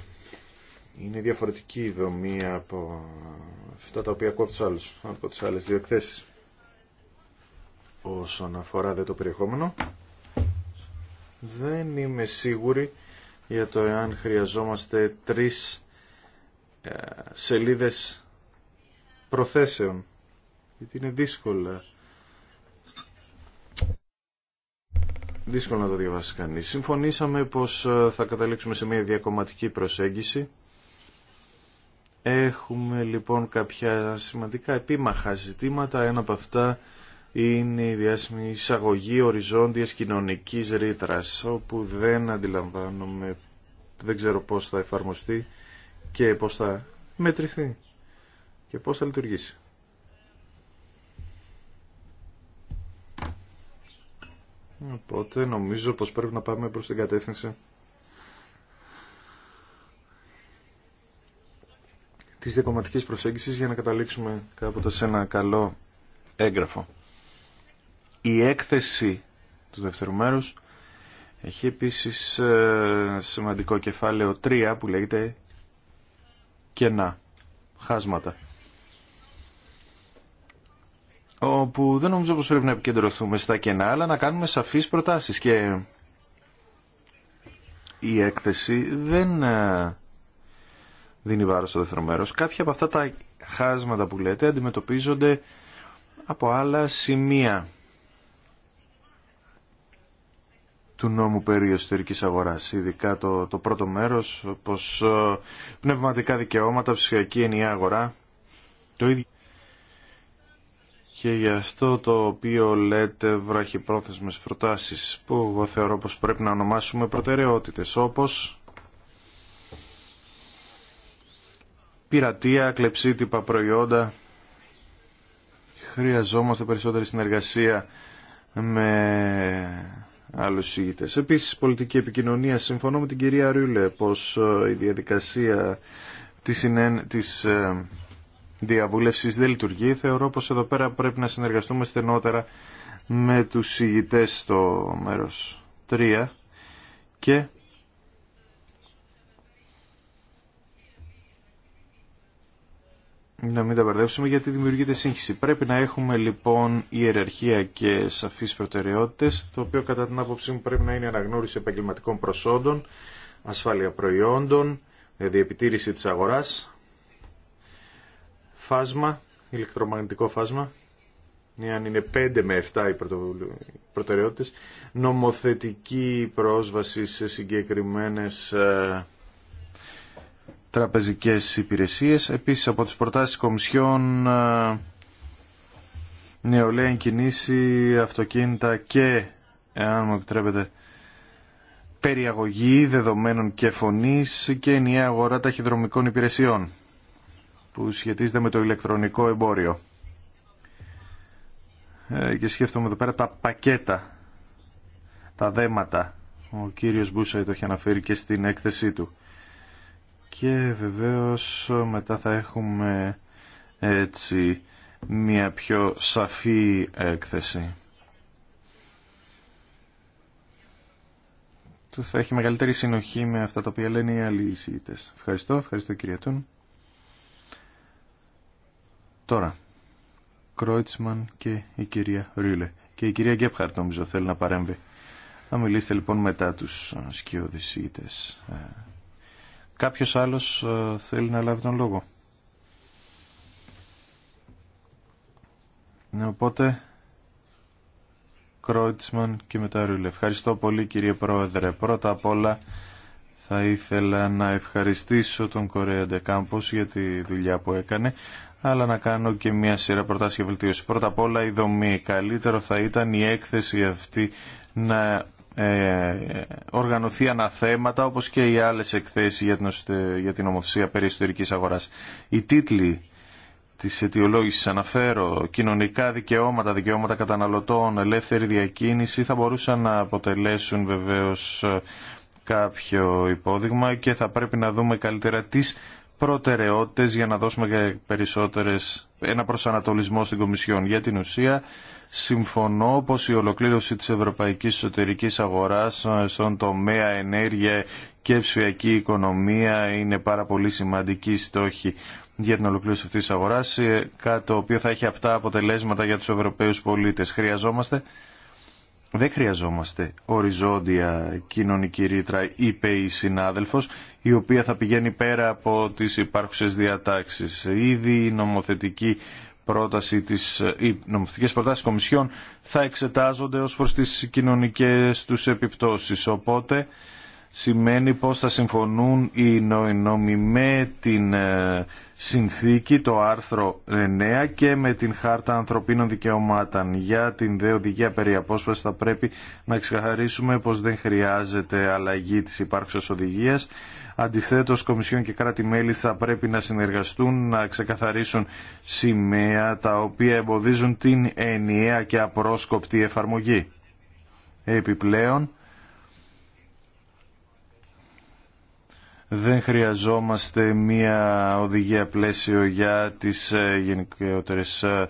είναι διαφορετική η δομή από αυτά τα οποία ακούω από τους άλλους, από τις άλλες δύο εκθέσεις. Όσον αφορά δε το περιεχόμενο, δεν είμαι σίγουρη για το εάν χρειαζόμαστε τρεις ε, σελίδες προθέσεων, γιατί είναι δύσκολα. Δύσκολο να το διαβάσει κανείς. Συμφωνήσαμε πως ε, θα καταλήξουμε σε μια διακομματική προσέγγιση Έχουμε λοιπόν κάποια σημαντικά επίμαχα ζητήματα. Ένα από αυτά είναι η διάσημη εισαγωγή οριζόντιας κοινωνικής ρήτρα, όπου δεν αντιλαμβάνομαι, δεν ξέρω πώς θα εφαρμοστεί και πώς θα μετρηθεί και πώς θα λειτουργήσει. Οπότε νομίζω πως πρέπει να πάμε προς την κατεύθυνση Τη διακομματικής προσέγγιση για να καταλήξουμε κάποτε σε ένα καλό έγγραφο. Η έκθεση του δεύτερου μέρους έχει επίσης ε, σημαντικό κεφάλαιο 3 που λέγεται κενά, χάσματα. Όπου δεν νομίζω πως πρέπει να επικεντρωθούμε στα κενά, αλλά να κάνουμε σαφείς προτάσεις. Και η έκθεση δεν ε, δίνει βάρος στο δεύτερο μέρος. Κάποια από αυτά τα χάσματα που λέτε αντιμετωπίζονται από άλλα σημεία του νόμου περί εσωτερικής αγοράς, ειδικά το, το πρώτο μέρος, όπως ε, πνευματικά δικαιώματα, ψηφιακή ενιαία αγορά, το ίδιο. Και για αυτό το οποίο λέτε βραχυπρόθεσμες προτάσεις, που εγώ θεωρώ πως πρέπει να ονομάσουμε προτεραιότητες, όπως πειρατεία, κλεψίτυπα προϊόντα. Χρειαζόμαστε περισσότερη συνεργασία με άλλους ηγητές. Επίσης, πολιτική επικοινωνία. Συμφωνώ με την κυρία Ρούλε πως ε, η διαδικασία της, της ε, διαβούλευσης δεν λειτουργεί. Θεωρώ πως εδώ πέρα πρέπει να συνεργαστούμε στενότερα με τους ηγητές στο μέρος 3 και να μην τα γιατί δημιουργείται σύγχυση. Πρέπει να έχουμε λοιπόν ιεραρχία και σαφεί προτεραιότητες, το οποίο κατά την άποψή μου πρέπει να είναι αναγνώριση επαγγελματικών προσόντων, ασφάλεια προϊόντων, διεπιτήρηση δηλαδή της αγοράς, φάσμα, ηλεκτρομαγνητικό φάσμα, αν είναι 5 με 7 οι προτεραιότητε, νομοθετική πρόσβαση σε συγκεκριμένε. Ε, τραπεζικές υπηρεσίες. Επίσης από τις προτάσεις Κομισιόν νεολαία κινήσει, αυτοκίνητα και, εάν μου επιτρέπετε, περιαγωγή δεδομένων και φωνής και ενιαία αγορά ταχυδρομικών υπηρεσιών που σχετίζεται με το ηλεκτρονικό εμπόριο. Ε, και σκέφτομαι εδώ πέρα τα πακέτα, τα δέματα. Ο κύριος Μπούσα το έχει αναφέρει και στην έκθεσή του και βεβαίως μετά θα έχουμε έτσι μια πιο σαφή έκθεση. Τους θα έχει μεγαλύτερη συνοχή με αυτά τα οποία λένε οι άλλοι εισηγητές. Ευχαριστώ, ευχαριστώ κυρία Τούν. Τώρα, Κρόιτσμαν και η κυρία Ρίλε. Και η κυρία Γκέπχαρτ νομίζω θέλει να παρέμβει. Θα μιλήσετε λοιπόν μετά τους σκιώδησίτες. Κάποιος άλλος ε, θέλει να λάβει τον λόγο. Ναι, οπότε, Κρόιτσμαν και μετά Ρούλε. Ευχαριστώ πολύ κύριε Πρόεδρε. Πρώτα απ' όλα θα ήθελα να ευχαριστήσω τον Κορέα Ντεκάμπος για τη δουλειά που έκανε, αλλά να κάνω και μια σειρά προτάσεις και βελτίωση. Πρώτα απ' όλα η δομή. Καλύτερο θα ήταν η έκθεση αυτή να ε, οργανωθεί αναθέματα όπως και οι άλλες εκθέσεις για την, για την ομοθεσία περί ιστορικής αγοράς. Οι τίτλοι της αιτιολόγησης αναφέρω κοινωνικά δικαιώματα, δικαιώματα καταναλωτών, ελεύθερη διακίνηση θα μπορούσαν να αποτελέσουν βεβαίως ε, κάποιο υπόδειγμα και θα πρέπει να δούμε καλύτερα τις προτεραιότητες για να δώσουμε περισσότερες, ένα προσανατολισμό στην Κομισιόν για την ουσία συμφωνώ πως η ολοκλήρωση της ευρωπαϊκής εσωτερικής αγοράς ε, στον τομέα ενέργεια και ψηφιακή οικονομία είναι πάρα πολύ σημαντική στόχη για την ολοκλήρωση αυτής της αγοράς, ε, κάτι το οποίο θα έχει αυτά αποτελέσματα για τους Ευρωπαίους πολίτες. Χρειαζόμαστε δεν χρειαζόμαστε οριζόντια κοινωνική ρήτρα, είπε η συνάδελφος, η οποία θα πηγαίνει πέρα από τις υπάρχουσες διατάξεις. Ήδη η νομοθετική πρόταση της, οι νομοθετικές προτάσεις Κομισιόν θα εξετάζονται ως προς τις κοινωνικές τους επιπτώσεις. Οπότε σημαίνει πως θα συμφωνούν οι νόμοι με την ε, συνθήκη, το άρθρο 9 και με την χάρτα ανθρωπίνων δικαιωμάτων. Για την δε οδηγία περί θα πρέπει να ξεχαρίσουμε πως δεν χρειάζεται αλλαγή της υπάρξεως οδηγίας. Αντιθέτως, Κομισιόν και κράτη-μέλη θα πρέπει να συνεργαστούν, να ξεκαθαρίσουν σημαία τα οποία εμποδίζουν την ενιαία και απρόσκοπτη εφαρμογή. Επιπλέον, δεν χρειαζόμαστε μία οδηγία πλαίσιο για τις ε, γενικότερες ε,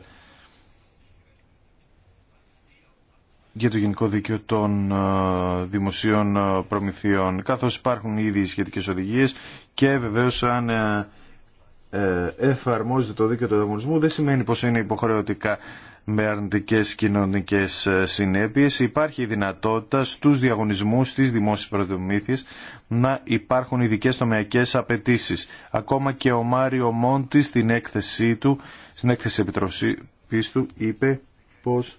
για το Γενικό Δίκαιο των ε, Δημοσίων Προμηθειών, καθώς υπάρχουν ήδη σχετικές οδηγίες και βεβαίως αν εφαρμόζεται το δίκαιο του ανταγωνισμού δεν σημαίνει πως είναι υποχρεωτικά με αρνητικές κοινωνικές ε, συνέπειες. Υπάρχει η δυνατότητα στους διαγωνισμούς, της δημόσιας προτιμήθειες να υπάρχουν ειδικέ τομεακές απαιτήσει. Ακόμα και ο Μάριο Μόντι στην έκθεσή του, στην έκθεση επιτροπής του, είπε πως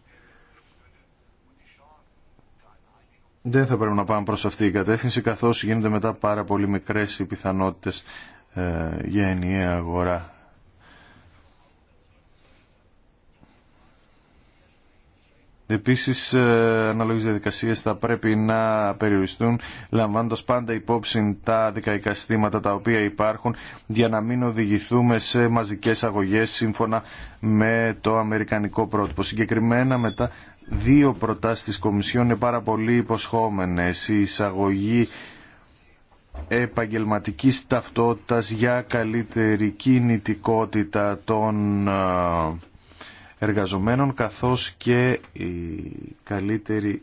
δεν θα πρέπει να πάμε προς αυτή η κατεύθυνση καθώς γίνονται μετά πάρα πολύ μικρές οι πιθανότητες ε, για ενιαία αγορά Επίσης, ε, αναλόγες διαδικασίες θα πρέπει να περιοριστούν, λαμβάνοντας πάντα υπόψη τα δικαϊκά στήματα τα οποία υπάρχουν, για να μην οδηγηθούμε σε μαζικές αγωγές σύμφωνα με το αμερικανικό πρότυπο. Συγκεκριμένα μετά δύο προτάσεις της Κομισιόν είναι πάρα πολύ υποσχόμενες. Η εισαγωγή επαγγελματικής ταυτότητας για καλύτερη κινητικότητα των ε, εργαζομένων καθώς και η καλύτερη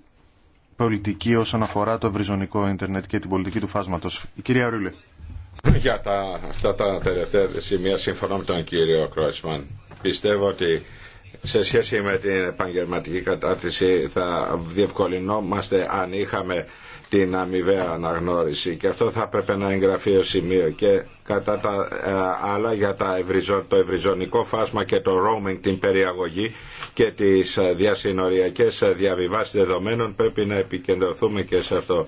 πολιτική όσον αφορά το ευρυζωνικό ίντερνετ και την πολιτική του φάσματος. Η κυρία Ρούλη. Για τα, αυτά τα τελευταία σημεία συμφωνώ με τον κύριο Κρόισμαν. Πιστεύω ότι σε σχέση με την επαγγελματική κατάρτιση θα διευκολυνόμαστε αν είχαμε την αμοιβαία αναγνώριση και αυτό θα έπρεπε να εγγραφεί ως σημείο και κατά τα ε, άλλα για τα το ευρυζωνικό φάσμα και το roaming την περιαγωγή και τις ε, διασυνοριακές ε, διαβιβάσεις δεδομένων πρέπει να επικεντρωθούμε και σε αυτό.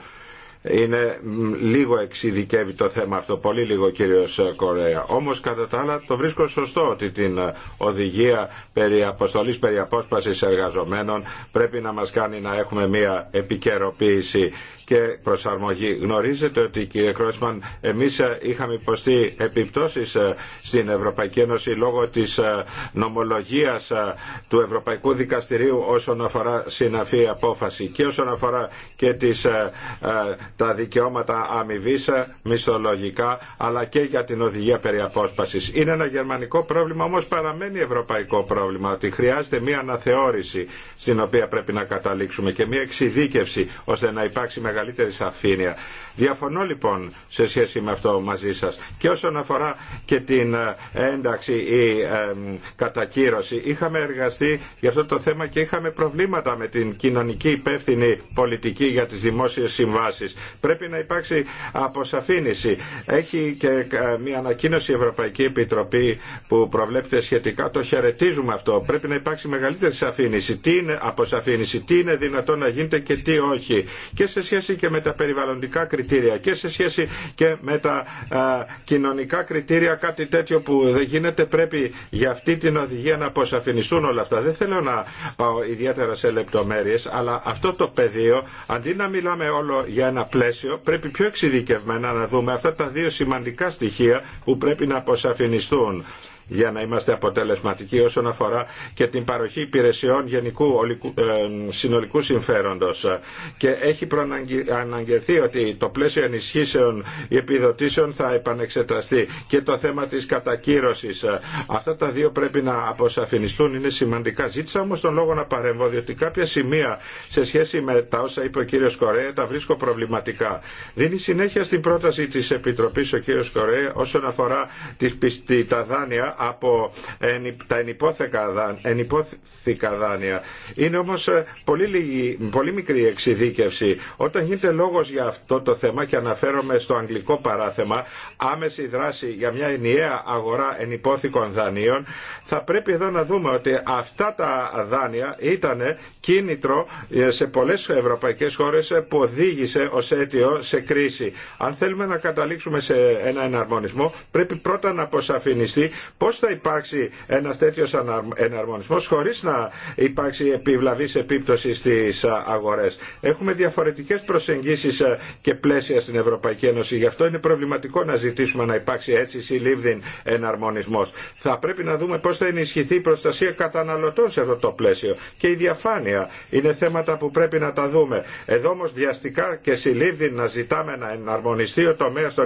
Είναι λίγο εξειδικεύει το θέμα αυτό, πολύ λίγο κύριος Κορέα. Όμως κατά τα άλλα το βρίσκω σωστό ότι την οδηγία περί αποστολής, περί απόσπασης εργαζομένων πρέπει να μας κάνει να έχουμε μια επικαιροποίηση και προσαρμογή. Γνωρίζετε ότι κύριε Κρόσμαν εμείς ε, είχαμε υποστεί επιπτώσεις ε, στην Ευρωπαϊκή Ένωση λόγω της ε, νομολογίας του Ευρωπαϊκού Δικαστηρίου όσον αφορά συναφή απόφαση και όσον αφορά και τις, τα δικαιώματα αμοιβή μισθολογικά αλλά και για την οδηγία περί απόσπασης. Είναι ένα γερμανικό πρόβλημα όμως παραμένει ευρωπαϊκό πρόβλημα ότι χρειάζεται μια αναθεώρηση στην οποία πρέπει να καταλήξουμε και μια εξειδίκευση ώστε να υπάρξει μεγαλύτερη σαφήνεια Διαφωνώ λοιπόν σε σχέση με αυτό μαζί σας. Και όσον αφορά και την ε, ένταξη ή ε, κατακύρωση, είχαμε εργαστεί για αυτό το θέμα και είχαμε προβλήματα με την κοινωνική υπεύθυνη πολιτική για τις δημόσιες συμβάσεις. Πρέπει να υπάρξει αποσαφήνιση. Έχει και ε, μια ανακοίνωση η Ευρωπαϊκή Επιτροπή που προβλέπεται σχετικά. Το χαιρετίζουμε αυτό. Πρέπει να υπάρξει μεγαλύτερη σαφήνιση. Τι είναι αποσαφήνιση, τι είναι δυνατόν να γίνεται και τι όχι. Και σε σχέση και με τα περιβαλλοντικά κριτήρια κριτήρια και σε σχέση και με τα κοινωνικά κριτήρια κάτι τέτοιο που δεν γίνεται πρέπει για αυτή την οδηγία να αποσαφινιστούν όλα αυτά. Δεν θέλω να πάω ιδιαίτερα σε λεπτομέρειες αλλά αυτό το πεδίο αντί να μιλάμε όλο για ένα πλαίσιο πρέπει πιο εξειδικευμένα να δούμε αυτά τα δύο σημαντικά στοιχεία που πρέπει να αποσαφινιστούν για να είμαστε αποτελεσματικοί όσον αφορά και την παροχή υπηρεσιών γενικού ε, συνολικού συμφέροντος. Και έχει προαναγγελθεί ότι το πλαίσιο ενισχύσεων επιδοτήσεων θα επανεξεταστεί και το θέμα της κατακύρωσης. Αυτά τα δύο πρέπει να αποσαφινιστούν, είναι σημαντικά. Ζήτησα όμως τον λόγο να παρεμβώ, διότι κάποια σημεία σε σχέση με τα όσα είπε ο κύριος Κορέα τα βρίσκω προβληματικά. Δίνει συνέχεια στην πρόταση της Επιτροπής ο κύριος Κορέα όσον αφορά τα δάνεια από τα ενυπόθηκα δάνεια. Είναι όμως ε, πολύ, πολύ μικρή εξειδίκευση. Όταν γίνεται λόγος για αυτό το θέμα και αναφέρομαι στο αγγλικό παράθεμα, άμεση δράση για μια ενιαία αγορά ενυπόθηκων δανείων, θα πρέπει εδώ να δούμε ότι αυτά τα δάνεια ήταν κίνητρο ε, σε πολλές ευρωπαϊκές χώρες που οδήγησε ως αίτιο σε κρίση. Αν θέλουμε να καταλήξουμε σε ένα εναρμονισμό, πρέπει πρώτα να αποσαφινιστεί Πώς θα υπάρξει ένας τέτοιος εναρμονισμός χωρίς να υπάρξει επιβλαβής επίπτωση στις αγορές. Έχουμε διαφορετικές προσεγγίσεις και πλαίσια στην Ευρωπαϊκή Ένωση. Γι' αυτό είναι προβληματικό να ζητήσουμε να υπάρξει έτσι συλλήβδη εναρμονισμός. Θα πρέπει να δούμε πώς θα ενισχυθεί η προστασία καταναλωτών σε αυτό το πλαίσιο. Και η διαφάνεια είναι θέματα που πρέπει να τα δούμε. Εδώ όμως βιαστικά και συλλήβδην να ζητάμε να εναρμονιστεί ο τομέας των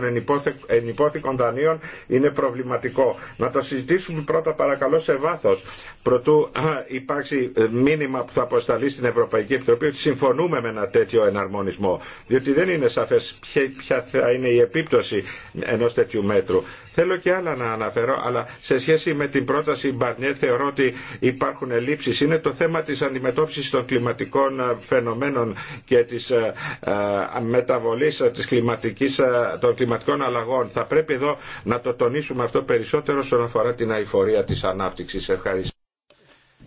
ενυπόθηκων δανείων είναι προβληματικό. Να συζητήσουμε πρώτα παρακαλώ σε βάθος προτού υπάρξει ε, μήνυμα που θα αποσταλεί στην Ευρωπαϊκή Επιτροπή ότι συμφωνούμε με ένα τέτοιο εναρμονισμό διότι δεν είναι σαφές ποια θα είναι η επίπτωση ενός τέτοιου μέτρου. Θέλω και άλλα να αναφέρω, αλλά σε σχέση με την πρόταση Μπαρνιέ θεωρώ ότι υπάρχουν ελλείψεις. Είναι το θέμα της αντιμετώπισης των κλιματικών ε, φαινομένων και της ε, ε, μεταβολής της κλιματικής, των κλιματικών αλλαγών. Θα πρέπει εδώ να το τονίσουμε αυτό περισσότερο όσον αφορά την αηφορία της ανάπτυξης. Ευχαριστώ.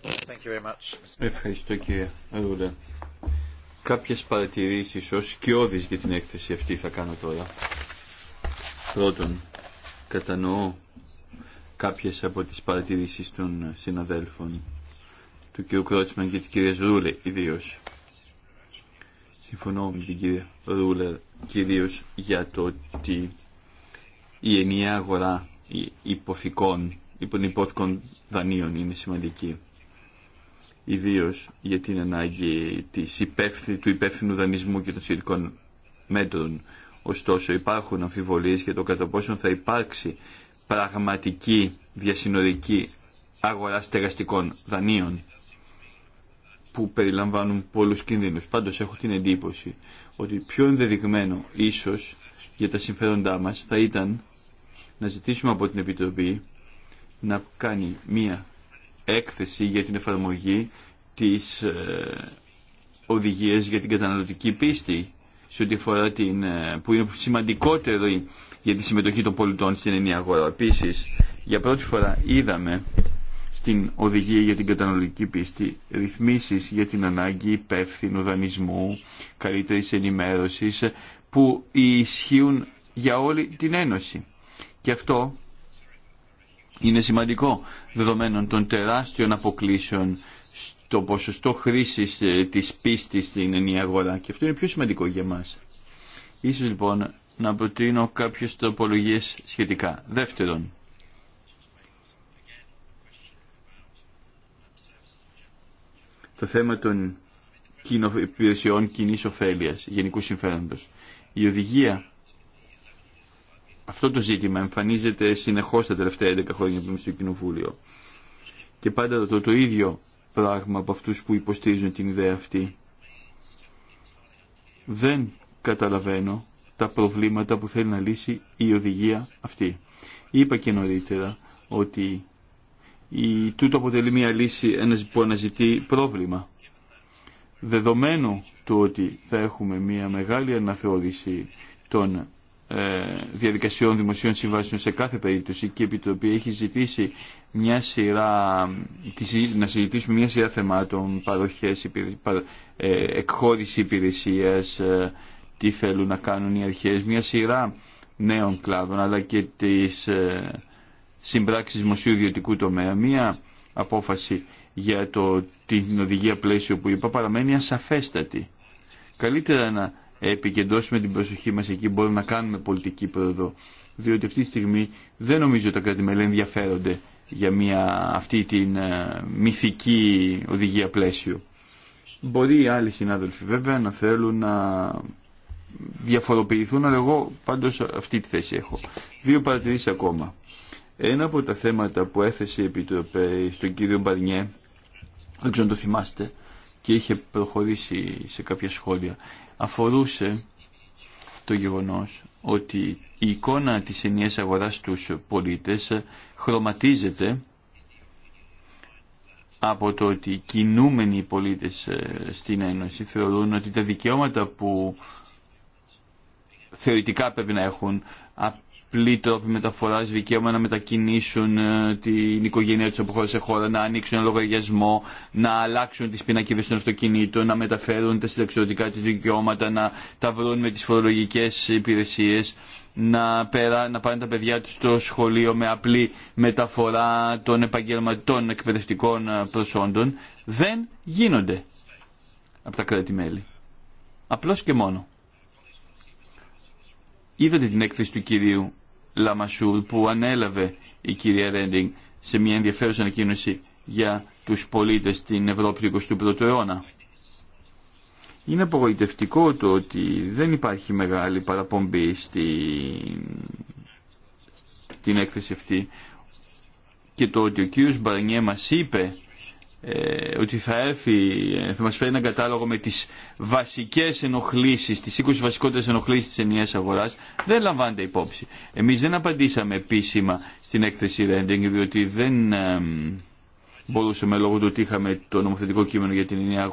Thank you very much. Ευχαριστώ κύριε Ρούλε. Κάποιες παρατηρήσεις ως σκιώδης για την έκθεση αυτή θα κάνω τώρα. Πρώτον, κατανοώ κάποιες από τις παρατηρήσεις των συναδέλφων του κ. Κρότσμαν και της κ. Ρούλε ιδίω. Συμφωνώ με την κυρία Ρούλε κυρίω για το ότι η ενιαία αγορά υποθηκών, υπονυπόθηκων δανείων είναι σημαντική. Ιδίω για την ανάγκη της υπεύθυ, του υπεύθυνου δανεισμού και των σχετικών μέτρων Ωστόσο υπάρχουν αμφιβολίες για το κατά πόσο θα υπάρξει πραγματική διασυνορική αγορά στεγαστικών δανείων που περιλαμβάνουν πολλούς κινδύνους. Πάντως έχω την εντύπωση ότι πιο ενδεδειγμένο ίσως για τα συμφέροντά μας θα ήταν να ζητήσουμε από την Επιτροπή να κάνει μία έκθεση για την εφαρμογή της ε, οδηγίας για την καταναλωτική πίστη σε ό,τι αφορά την, ε, που είναι σημαντικότεροι για τη συμμετοχή των πολιτών στην ενιαία αγορά. Επίση, για πρώτη φορά είδαμε στην οδηγία για την καταναλωτική πίστη ρυθμίσει για την ανάγκη υπεύθυνου δανεισμού, καλύτερη ενημέρωσης που ισχύουν για όλη την Ένωση. Και αυτό είναι σημαντικό δεδομένων των τεράστιων αποκλήσεων στο ποσοστό χρήσης ε, της πίστης στην ενιαία αγορά και αυτό είναι πιο σημαντικό για μας. Ίσως λοιπόν να προτείνω κάποιες τοπολογίες σχετικά. Δεύτερον, το θέμα των υπηρεσιών κοινή ωφέλεια, γενικού συμφέροντο. Η οδηγία, αυτό το ζήτημα εμφανίζεται συνεχώ τα τελευταία 11 χρόνια που είμαι στο Κοινοβούλιο. Και πάντα το ίδιο πράγμα από αυτούς που υποστήριζουν την ιδέα αυτή. Δεν καταλαβαίνω τα προβλήματα που θέλει να λύσει η οδηγία αυτή. Είπα και νωρίτερα ότι η, τούτο αποτελεί μια λύση που αναζητεί πρόβλημα. Δεδομένου του ότι θα έχουμε μια μεγάλη αναθεώρηση των ε, διαδικασιών δημοσίων συμβάσεων σε κάθε περίπτωση και η Επιτροπή έχει ζητήσει μια σειρά, να συζητήσουμε μια σειρά θεμάτων, παροχές, ε, εκχώρηση υπηρεσίας, ε, τι θέλουν να κάνουν οι αρχές, μια σειρά νέων κλάδων αλλά και τις συμπράξεις δημοσίου ιδιωτικού τομέα. Μια απόφαση για το, την οδηγία πλαίσιο που είπα παραμένει ασαφέστατη. Καλύτερα να επικεντρώσουμε την προσοχή μας εκεί μπορούμε να κάνουμε πολιτική πρόοδο. Διότι αυτή τη στιγμή δεν νομίζω ότι τα κρατη μελε ενδιαφέρονται για μια, αυτή την ε, μυθική οδηγία πλαίσιο. Μπορεί οι άλλοι συνάδελφοι βέβαια να θέλουν να διαφοροποιηθούν, αλλά εγώ πάντως αυτή τη θέση έχω. Δύο παρατηρήσεις ακόμα. Ένα από τα θέματα που έθεσε η Επιτροπή στον κύριο Μπαρνιέ, δεν ξέρω το θυμάστε, και είχε προχωρήσει σε κάποια σχόλια, αφορούσε το γεγονός ότι η εικόνα της ενιαίας αγοράς στους πολίτες χρωματίζεται από το ότι οι κινούμενοι οι πολίτες ε, στην Ένωση θεωρούν ότι τα δικαιώματα που θεωρητικά πρέπει να έχουν απλή τρόπη μεταφοράς, δικαίωμα να μετακινήσουν ε, την οικογένειά του από χώρα σε χώρα, να ανοίξουν ένα λογαριασμό, να αλλάξουν τις πινακίδες των αυτοκινήτων, να μεταφέρουν τα συνταξιδοτικά του δικαιώματα, να τα βρουν με τις φορολογικές υπηρεσίε, να, πέρα, να πάνε τα παιδιά του στο σχολείο με απλή μεταφορά των επαγγελματικών εκπαιδευτικών ε, προσόντων, δεν γίνονται από τα κράτη-μέλη. Απλώς και μόνο. Είδατε την έκθεση του κυρίου Λαμασούρ που ανέλαβε η κυρία Ρέντινγκ σε μια ενδιαφέρουσα ανακοίνωση για τους πολίτες στην Ευρώπη του 21ου αιώνα. Είναι απογοητευτικό το ότι δεν υπάρχει μεγάλη παραπομπή στην την έκθεση αυτή και το ότι ο κύριος Μπαρνιέ μας είπε ε, ότι θα έρθει, ε, θα μας φέρει έναν κατάλογο με τις βασικές ενοχλήσεις, τις 20 βασικότερες ενοχλήσεις της ενιαίας αγοράς, δεν λαμβάνεται υπόψη. Εμείς δεν απαντήσαμε επίσημα στην έκθεση Rending, διότι δεν ε, μπορούσαμε λόγω του ότι είχαμε το νομοθετικό κείμενο για την ενιαία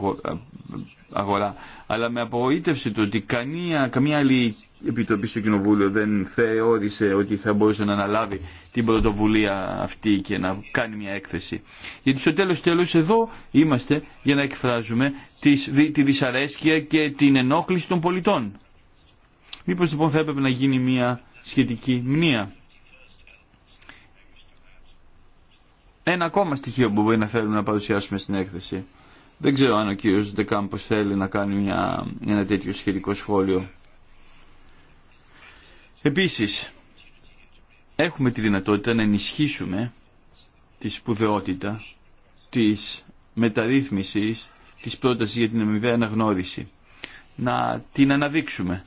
αγορά, αλλά με απογοήτευσε το ότι κανία, καμία άλλη Επιτροπή στο Κοινοβούλιο δεν θεώρησε ότι θα μπορούσε να αναλάβει την πρωτοβουλία αυτή και να κάνει μια έκθεση. Γιατί στο τέλος τέλος εδώ είμαστε για να εκφράζουμε τη δυσαρέσκεια και την ενόχληση των πολιτών. Μήπως λοιπόν θα έπρεπε να γίνει μια σχετική μνήα. Ένα ακόμα στοιχείο που μπορεί να θέλουμε να παρουσιάσουμε στην έκθεση. Δεν ξέρω αν ο κύριος Δεκάμπος θέλει να κάνει μια, ένα τέτοιο σχετικό σχόλιο. Επίσης, έχουμε τη δυνατότητα να ενισχύσουμε τη σπουδαιότητα της μεταρρύθμισης της πρότασης για την αμοιβαία αναγνώριση. Να την αναδείξουμε.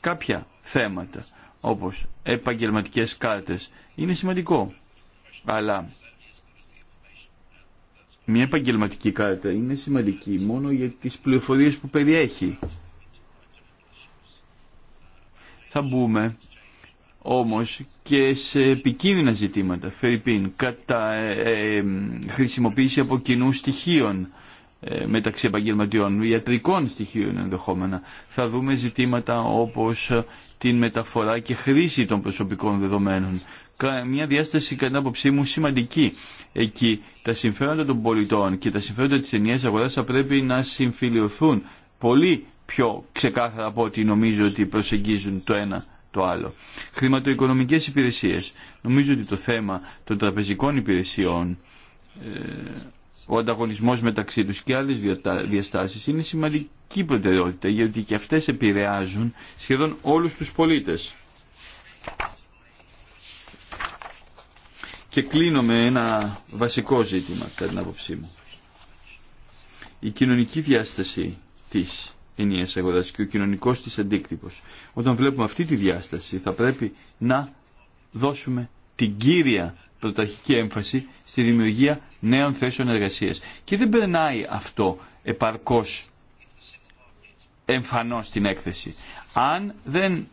Κάποια θέματα, όπως επαγγελματικές κάρτες, είναι σημαντικό. Αλλά μια επαγγελματική κάρτα είναι σημαντική μόνο για τις πληροφορίες που περιέχει θα μπούμε όμως και σε επικίνδυνα ζητήματα, φερρυπίν, κατά ε, ε χρησιμοποίηση από κοινού στοιχείων ε, μεταξύ επαγγελματιών, ιατρικών στοιχείων ενδεχόμενα. Θα δούμε ζητήματα όπως την μεταφορά και χρήση των προσωπικών δεδομένων. Μια διάσταση κατά άποψή μου σημαντική. Εκεί τα συμφέροντα των πολιτών και τα συμφέροντα της ενιαίας αγοράς θα πρέπει να συμφιλειωθούν πολύ πιο ξεκάθαρα από ό,τι νομίζω ότι προσεγγίζουν το ένα το άλλο. Χρηματοοικονομικές υπηρεσίες. Νομίζω ότι το θέμα των τραπεζικών υπηρεσιών, ε, ο ανταγωνισμός μεταξύ τους και άλλες διαστάσεις είναι σημαντική προτεραιότητα γιατί και αυτές επηρεάζουν σχεδόν όλους τους πολίτες. Και κλείνω με ένα βασικό ζήτημα κατά την άποψή μου. Η κοινωνική διάσταση της ενιαίας αγοράς και ο κοινωνικό τη αντίκτυπο. Όταν βλέπουμε αυτή τη διάσταση θα πρέπει να δώσουμε την κύρια πρωταρχική έμφαση στη δημιουργία νέων θέσεων εργασία. Και δεν περνάει αυτό επαρκώς εμφανώς στην έκθεση. Αν δεν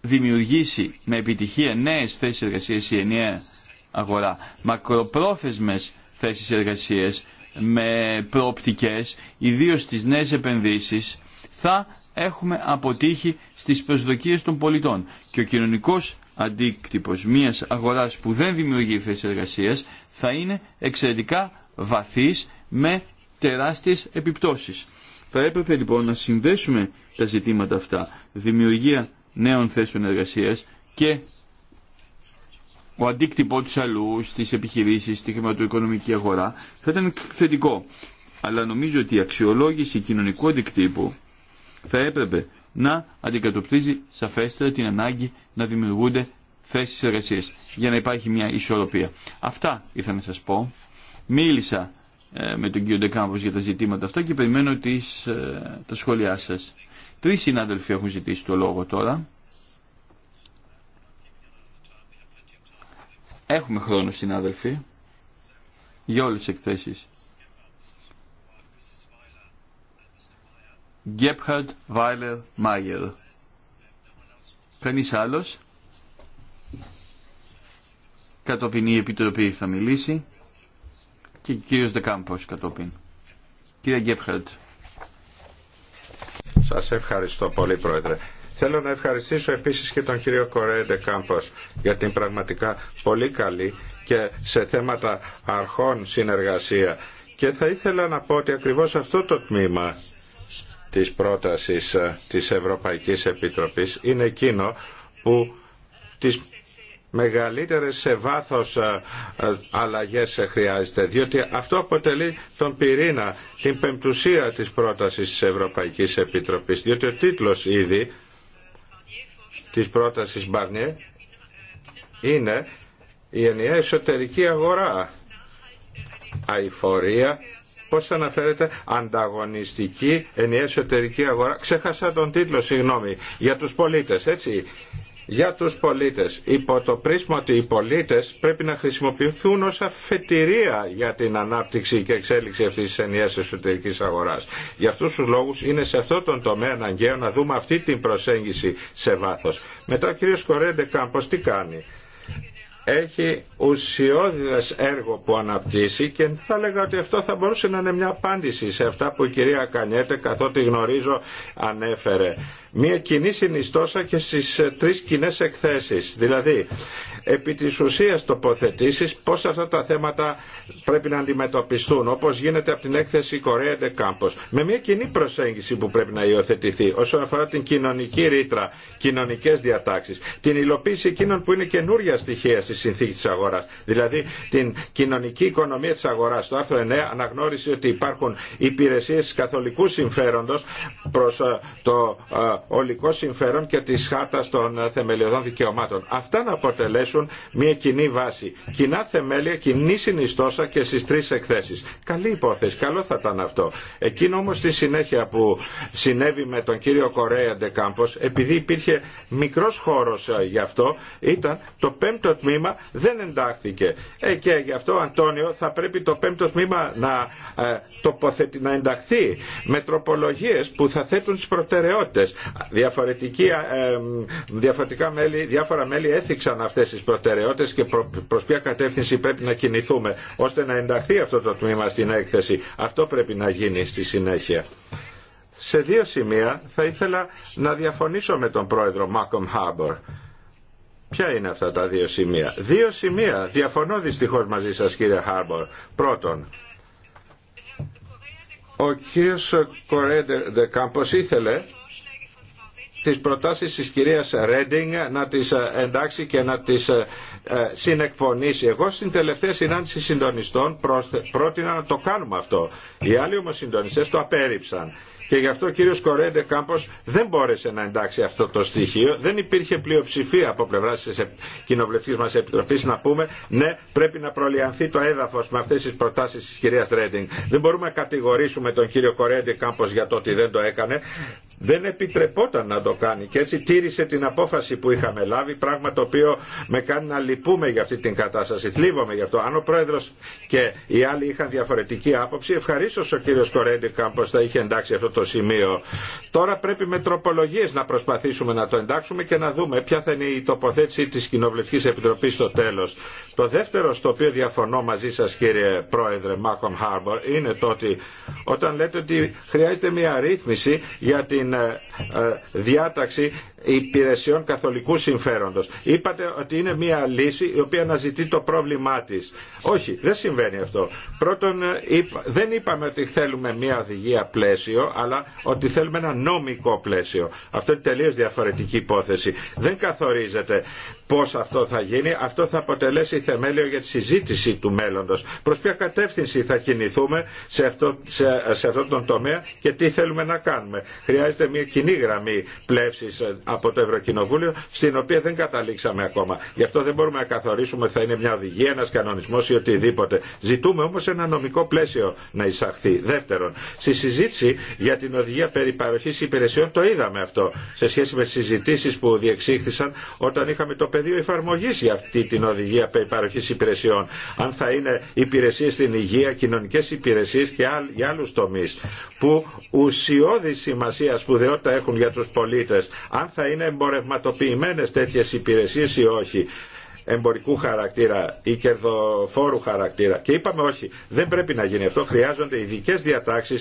δημιουργήσει με επιτυχία νέες θέσει εργασία η ενιαία αγορά, μακροπρόθεσμε θέσει εργασία με προοπτικές, ιδίως στις νέες επενδύσεις, θα έχουμε αποτύχει στις προσδοκίες των πολιτών. Και ο κοινωνικός αντίκτυπος μιας αγοράς που δεν δημιουργεί θέσεις εργασίας θα είναι εξαιρετικά βαθύς με τεράστιες επιπτώσεις. Θα έπρεπε λοιπόν να συνδέσουμε τα ζητήματα αυτά, δημιουργία νέων θέσεων εργασίας και ο αντίκτυπο της αλλού στις επιχειρήσεις, στη χρηματοοικονομική αγορά θα ήταν θετικό. Αλλά νομίζω ότι η αξιολόγηση κοινωνικού αντικτύπου θα έπρεπε να αντικατοπτρίζει σαφέστερα την ανάγκη να δημιουργούνται θέσεις εργασία για να υπάρχει μια ισορροπία. Αυτά ήθελα να σας πω. Μίλησα ε, με τον κύριο Ντεκάμπος για τα ζητήματα αυτά και περιμένω τις, ε, τα σχόλιά σας. Τρεις συνάδελφοι έχουν ζητήσει το λόγο τώρα. Έχουμε χρόνο συνάδελφοι για όλες τις εκθέσεις. Γκέπχαρτ Βάιλερ Μάγερ. Κανείς άλλος. Κατόπιν η Επιτροπή θα μιλήσει και ο κύριος Δεκάμπος κατόπιν. Κύριε Γκέπχαρτ. Σας ευχαριστώ πολύ Πρόεδρε. Θέλω να ευχαριστήσω επίσης και τον κύριο Κορέντε Κάμπος για την πραγματικά πολύ καλή και σε θέματα αρχών συνεργασία. Και θα ήθελα να πω ότι ακριβώς αυτό το τμήμα της πρότασης ε, της Ευρωπαϊκής Επιτροπής είναι εκείνο που τις μεγαλύτερες σε βάθος ε, ε, αλλαγές χρειάζεται διότι αυτό αποτελεί τον πυρήνα την πεμπτουσία της πρότασης της Ευρωπαϊκής Επιτροπής διότι ο τίτλος ήδη της πρότασης Μπαρνιέ είναι η ενιαία εσωτερική αγορά αηφορία πώς θα αναφέρεται ανταγωνιστική ενιαία εσωτερική αγορά. Ξέχασα τον τίτλο, συγγνώμη, για τους πολίτες, έτσι για τους πολίτες. Υπό το πρίσμα ότι οι πολίτες πρέπει να χρησιμοποιηθούν ως αφετηρία για την ανάπτυξη και εξέλιξη αυτής της ενιαίας εσωτερικής αγοράς. Για αυτούς τους λόγους είναι σε αυτό τον τομέα αναγκαίο να δούμε αυτή την προσέγγιση σε βάθος. Μετά ο κ. Κορέντε Κάμπος τι κάνει έχει ουσιώδης έργο που αναπτύσσει και θα έλεγα ότι αυτό θα μπορούσε να είναι μια απάντηση σε αυτά που η κυρία Κανιέτε καθότι γνωρίζω ανέφερε. Μια κοινή συνιστόσα και στις τρεις κοινέ εκθέσεις. Δηλαδή επί της ουσίας τοποθετήσεις πώς αυτά τα θέματα πρέπει να αντιμετωπιστούν όπως γίνεται από την έκθεση Κορέα Ντεκάμπος με μια κοινή προσέγγιση που πρέπει να υιοθετηθεί όσον αφορά την κοινωνική ρήτρα, κοινωνικές διατάξεις, την υλοποίηση εκείνων που είναι καινούρια στοιχεία στη συνθήκη της αγοράς, δηλαδή την κοινωνική οικονομία της αγοράς. Το άρθρο 9 αναγνώρισε ότι υπάρχουν υπηρεσίες καθολικού συμφέροντος προς ε, το ε, ολικό συμφέρον και της χάρτας των ε, θεμελιωδών δικαιωμάτων. Αυτά να αποτελέσουν μια κοινή βάση. Κοινά θεμέλια, κοινή συνιστόσα και στι τρει εκθέσει. Καλή υπόθεση, καλό θα ήταν αυτό. Εκείνο όμω στη συνέχεια που συνέβη με τον κύριο Κορέα Ντεκάμπο, επειδή υπήρχε μικρό χώρο ε, γι' αυτό, ήταν το πέμπτο τμήμα δεν εντάχθηκε. Ε, και γι' αυτό, Αντώνιο, θα πρέπει το πέμπτο τμήμα να, ε, να ενταχθεί με τροπολογίε που θα θέτουν τι προτεραιότητε. Ε, διαφορετικά μέλη, διάφορα μέλη έθιξαν αυτέ τι προτεραιότητε και προς ποια κατεύθυνση πρέπει να κινηθούμε ώστε να ενταχθεί αυτό το τμήμα στην έκθεση. Αυτό πρέπει να γίνει στη συνέχεια. Σε δύο σημεία θα ήθελα να διαφωνήσω με τον πρόεδρο Μάκομ Χάμπορ. Ποια είναι αυτά τα δύο σημεία. Δύο σημεία. Διαφωνώ δυστυχώς μαζί σας κύριε Χάμπορ. Πρώτον, ο κύριος Κορέντε Κάμπος ήθελε τις προτάσεις της κυρίας Ρέντινγκ να τις ε, εντάξει και να τις ε, ε, συνεκφωνήσει. Εγώ στην τελευταία συνάντηση συντονιστών πρότεινα να το κάνουμε αυτό. Οι άλλοι όμως συντονιστές το απέρριψαν. Και γι' αυτό ο κύριο Κορέντε Κάμπος δεν μπόρεσε να εντάξει αυτό το στοιχείο. Δεν υπήρχε πλειοψηφία από πλευρά τη κοινοβουλευτική μα επιτροπή να πούμε ναι, πρέπει να προλιανθεί το έδαφο με αυτέ τι προτάσει τη κυρία Ρέντινγκ. Δεν μπορούμε να κατηγορήσουμε τον κύριο Κορέντε Κάμπο για το ότι δεν το έκανε δεν επιτρεπόταν να το κάνει και έτσι τήρησε την απόφαση που είχαμε λάβει, πράγμα το οποίο με κάνει να λυπούμε για αυτή την κατάσταση. Θλίβομαι γι' αυτό. Αν ο πρόεδρο και οι άλλοι είχαν διαφορετική άποψη, ευχαρίστω ο κύριο Κορέντι Κάμπο θα είχε εντάξει αυτό το σημείο. Τώρα πρέπει με τροπολογίε να προσπαθήσουμε να το εντάξουμε και να δούμε ποια θα είναι η τοποθέτηση τη Κοινοβουλευτική Επιτροπή στο τέλο. Το δεύτερο στο οποίο διαφωνώ μαζί σα, κύριε Πρόεδρε Μάκομ Χάρμπορ, είναι το ότι όταν λέτε ότι χρειάζεται μια ρύθμιση για την ε, ε, διάταξη υπηρεσιών καθολικού συμφέροντος. Είπατε ότι είναι μια λύση η οποία αναζητεί το πρόβλημά της. Όχι, δεν συμβαίνει αυτό. Πρώτον, δεν είπαμε ότι θέλουμε μια οδηγία πλαίσιο, αλλά ότι θέλουμε ένα νόμικο πλαίσιο. Αυτό είναι τελείως διαφορετική υπόθεση. Δεν καθορίζεται πώς αυτό θα γίνει. Αυτό θα αποτελέσει θεμέλιο για τη συζήτηση του μέλλοντος. Προς ποια κατεύθυνση θα κινηθούμε σε αυτό, σε, αυτό τον τομέα και τι θέλουμε να κάνουμε. Χρειάζεται μια κοινή γραμμή πλεύσης ε, από το Ευρωκοινοβούλιο, στην οποία δεν καταλήξαμε ακόμα. Γι' αυτό δεν μπορούμε να καθορίσουμε ότι θα είναι μια οδηγία, ένα κανονισμό ή οτιδήποτε. Ζητούμε όμω ένα νομικό πλαίσιο να εισαχθεί. Δεύτερον, στη συζήτηση για την οδηγία περί παροχή υπηρεσιών το είδαμε αυτό σε σχέση με συζητήσει που διεξήχθησαν όταν είχαμε το πεδίο εφαρμογή για αυτή την οδηγία περί παροχή υπηρεσιών. Αν θα είναι υπηρεσίε στην υγεία, κοινωνικέ υπηρεσίε και για άλλου τομεί που ουσιώδη σημασία, σπουδαιότητα έχουν για του πολίτε. Αν θα είναι εμπορευματοποιημένες τέτοιες υπηρεσίες ή όχι εμπορικού χαρακτήρα ή κερδοφόρου χαρακτήρα. Και είπαμε όχι, δεν πρέπει να γίνει αυτό. Χρειάζονται ειδικέ διατάξει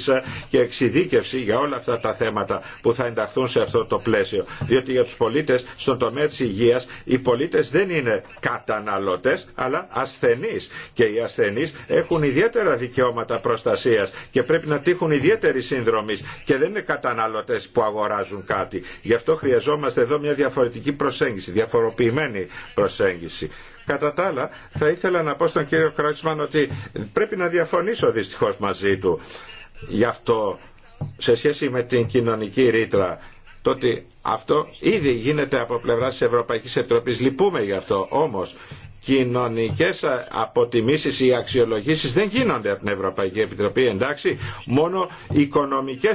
και εξειδίκευση για όλα αυτά τα θέματα που θα ενταχθούν σε αυτό το πλαίσιο. Διότι για του πολίτε στον τομέα τη υγεία οι πολίτε δεν είναι καταναλωτέ αλλά ασθενεί. Και οι ασθενεί έχουν ιδιαίτερα δικαιώματα προστασία και πρέπει να τύχουν ιδιαίτερη σύνδρομη και δεν είναι καταναλωτέ που αγοράζουν κάτι. Γι' αυτό χρειαζόμαστε εδώ μια διαφορετική προσέγγιση, διαφοροποιημένη προσέγγιση. Κατά τα άλλα, θα ήθελα να πω στον κύριο Κρότσμαν ότι πρέπει να διαφωνήσω δυστυχώς μαζί του. Γι' αυτό, σε σχέση με την κοινωνική ρήτρα, το ότι αυτό ήδη γίνεται από πλευρά της Ευρωπαϊκής Επιτροπής. Λυπούμε γι' αυτό. όμως. Κοινωνικέ αποτιμήσει ή αξιολογήσει δεν γίνονται από την Ευρωπαϊκή Επιτροπή εντάξει μόνο οικονομικέ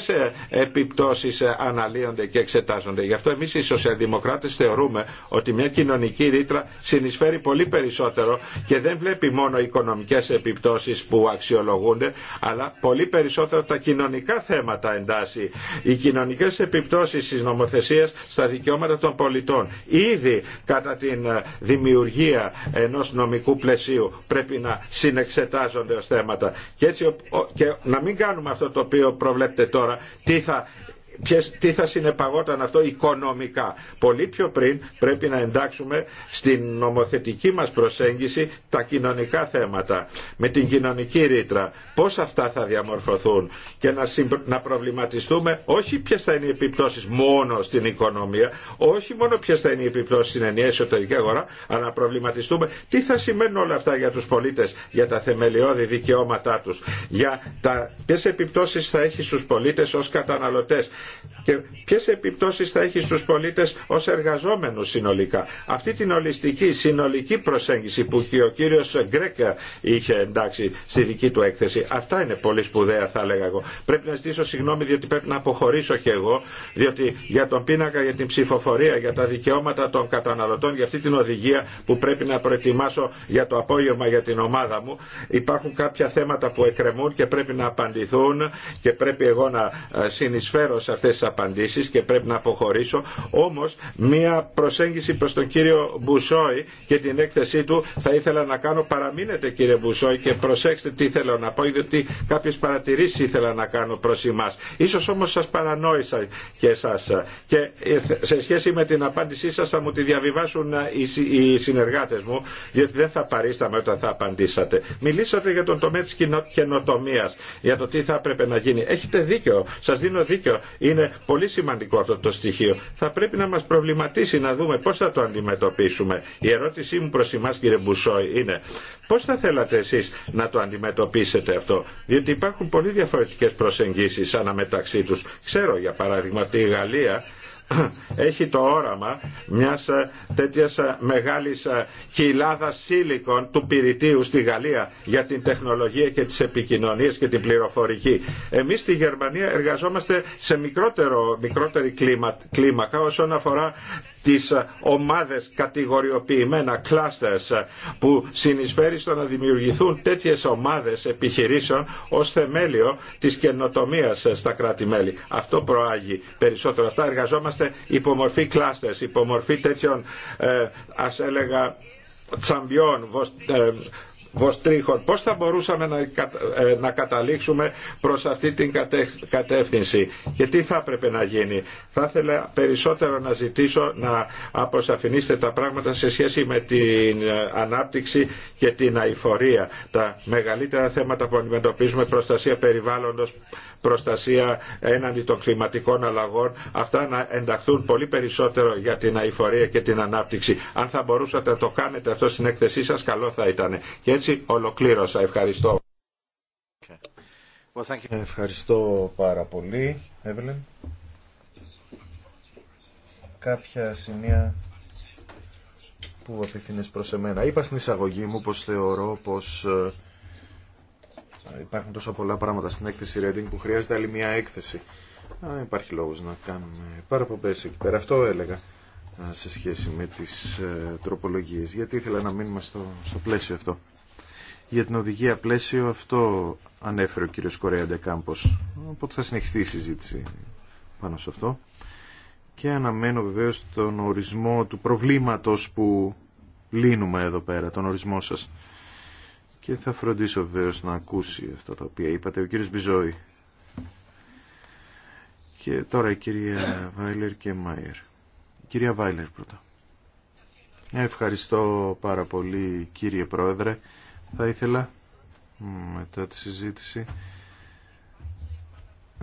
ε, επιπτώσει ε, αναλύονται και εξετάζονται γι' αυτό εμεί οι σοσιαλδημοκράτε θεωρούμε ότι μια κοινωνική ρήτρα συνεισφέρει πολύ περισσότερο και δεν βλέπει μόνο οικονομικέ επιπτώσει που αξιολογούνται αλλά πολύ περισσότερο τα κοινωνικά θέματα εντάσσει οι κοινωνικέ επιπτώσει τη νομοθεσία στα δικαιώματα των πολιτών ήδη κατά την ε, δημιουργία ενός νομικού πλαισίου πρέπει να συνεξετάζονται ως θέματα. Και έτσι και να μην κάνουμε αυτό το οποίο προβλέπετε τώρα, τι θα ποιες, τι θα συνεπαγόταν αυτό οικονομικά. Πολύ πιο πριν πρέπει να εντάξουμε στην νομοθετική μας προσέγγιση τα κοινωνικά θέματα, με την κοινωνική ρήτρα, πώς αυτά θα διαμορφωθούν και να, συμπ, να προβληματιστούμε όχι ποιε θα είναι οι επιπτώσεις μόνο στην οικονομία, όχι μόνο ποιε θα είναι οι επιπτώσεις στην ενιαία εσωτερική αγορά, αλλά να προβληματιστούμε τι θα σημαίνουν όλα αυτά για τους πολίτες, για τα θεμελιώδη δικαιώματά τους, για τα, ποιες επιπτώσεις θα έχει στους πολίτες ως καταναλωτές και ποιε επιπτώσει θα έχει στου πολίτε ω εργαζόμενου συνολικά. Αυτή την ολιστική, συνολική προσέγγιση που και ο κύριο Γκρέκ είχε εντάξει στη δική του έκθεση. Αυτά είναι πολύ σπουδαία θα έλεγα εγώ. Πρέπει να ζητήσω συγγνώμη διότι πρέπει να αποχωρήσω και εγώ, διότι για τον πίνακα, για την ψηφοφορία, για τα δικαιώματα των καταναλωτών, για αυτή την οδηγία που πρέπει να προετοιμάσω για το απόγευμα για την ομάδα μου. Υπάρχουν κάποια θέματα που εκκρεμούν και πρέπει να απαντηθούν και πρέπει εγώ να ε, συνεισφέρω σε αυτές τις απαντήσεις και πρέπει να αποχωρήσω. Όμως μια προσέγγιση προς τον κύριο Μπουσόη και την έκθεσή του θα ήθελα να κάνω. Παραμείνετε κύριε Μπουσόη και προσέξτε τι θέλω να πω γιατί κάποιες παρατηρήσεις ήθελα να κάνω προς εμάς. Ίσως όμως σας παρανόησα και εσάς και ε, σε σχέση με την απάντησή σας θα μου τη διαβιβάσουν ε, οι συνεργάτες μου γιατί δεν θα παρίσταμε όταν θα απαντήσατε. Μιλήσατε για τον τομέα της καινοτομίας, για το τι θα έπρεπε να γίνει. Έχετε δίκιο, σας δίνω δίκιο. Είναι πολύ σημαντικό αυτό το στοιχείο. Θα πρέπει να μας προβληματίσει να δούμε πώς θα το αντιμετωπίσουμε. Η ερώτησή μου προς εμάς κύριε Μπουσόη είναι πώς θα θέλατε εσείς να το αντιμετωπίσετε αυτό. Διότι υπάρχουν πολύ διαφορετικές προσεγγίσεις αναμεταξύ τους. Ξέρω για παράδειγμα ότι η Γαλλία έχει το όραμα μιας ε, τέτοιας ε, μεγάλης κοιλάδας ε, σίλικων του πυρητίου στη Γαλλία για την τεχνολογία και τις επικοινωνίες και την πληροφορική. Εμείς στη Γερμανία εργαζόμαστε σε μικρότερο, μικρότερη κλίμα, κλίμακα όσον αφορά τις ε, ομάδες κατηγοριοποιημένα clusters ε, που συνεισφέρει στο να δημιουργηθούν τέτοιες ομάδες επιχειρήσεων ως θεμέλιο της καινοτομίας ε, στα κράτη-μέλη. Αυτό προάγει περισσότερο. Αυτά εργαζόμαστε υπομορφή clusters, υπομορφή τέτοιων ας έλεγα τσαμπιών, βοστρίχων. Πώς θα μπορούσαμε να, ε, να καταλήξουμε προς αυτή την κατεύθυνση και τι θα έπρεπε να γίνει. Θα ήθελα περισσότερο να ζητήσω να αποσαφηνίσετε τα πράγματα σε σχέση με την ε, ανάπτυξη και την αηφορία. Τα μεγαλύτερα θέματα που αντιμετωπίζουμε, προστασία περιβάλλοντος, προστασία έναντι των κλιματικών αλλαγών, αυτά να ενταχθούν πολύ περισσότερο για την αηφορία και την ανάπτυξη. Αν θα μπορούσατε να το κάνετε αυτό στην έκθεσή σας, καλό θα ήταν έτσι ολοκλήρωσα. Ευχαριστώ. Ευχαριστώ πάρα πολύ, Εύλεν. Κάποια σημεία που απευθύνες προς εμένα. Είπα στην εισαγωγή μου πως θεωρώ πως ε, υπάρχουν τόσα πολλά πράγματα στην έκθεση Reading που χρειάζεται άλλη μια έκθεση. Α, υπάρχει λόγος να κάνουμε παραπομπέ. εκεί πέρα. Αυτό έλεγα ε, σε σχέση με τις ε, τροπολογίες, γιατί ήθελα να μείνουμε στο πλαίσιο αυτό για την οδηγία πλαίσιο αυτό ανέφερε ο κύριος Κορέα Ντεκάμπος. Οπότε θα συνεχιστεί η συζήτηση πάνω σε αυτό. Και αναμένω βεβαίως τον ορισμό του προβλήματος που λύνουμε εδώ πέρα, τον ορισμό σας. Και θα φροντίσω βεβαίως να ακούσει αυτά τα οποία είπατε ο κύριος Μπιζόη. Και τώρα η κυρία Βάιλερ και Μάιερ. κυρία Βάιλερ πρώτα. Ευχαριστώ πάρα πολύ κύριε Πρόεδρε θα ήθελα μετά τη συζήτηση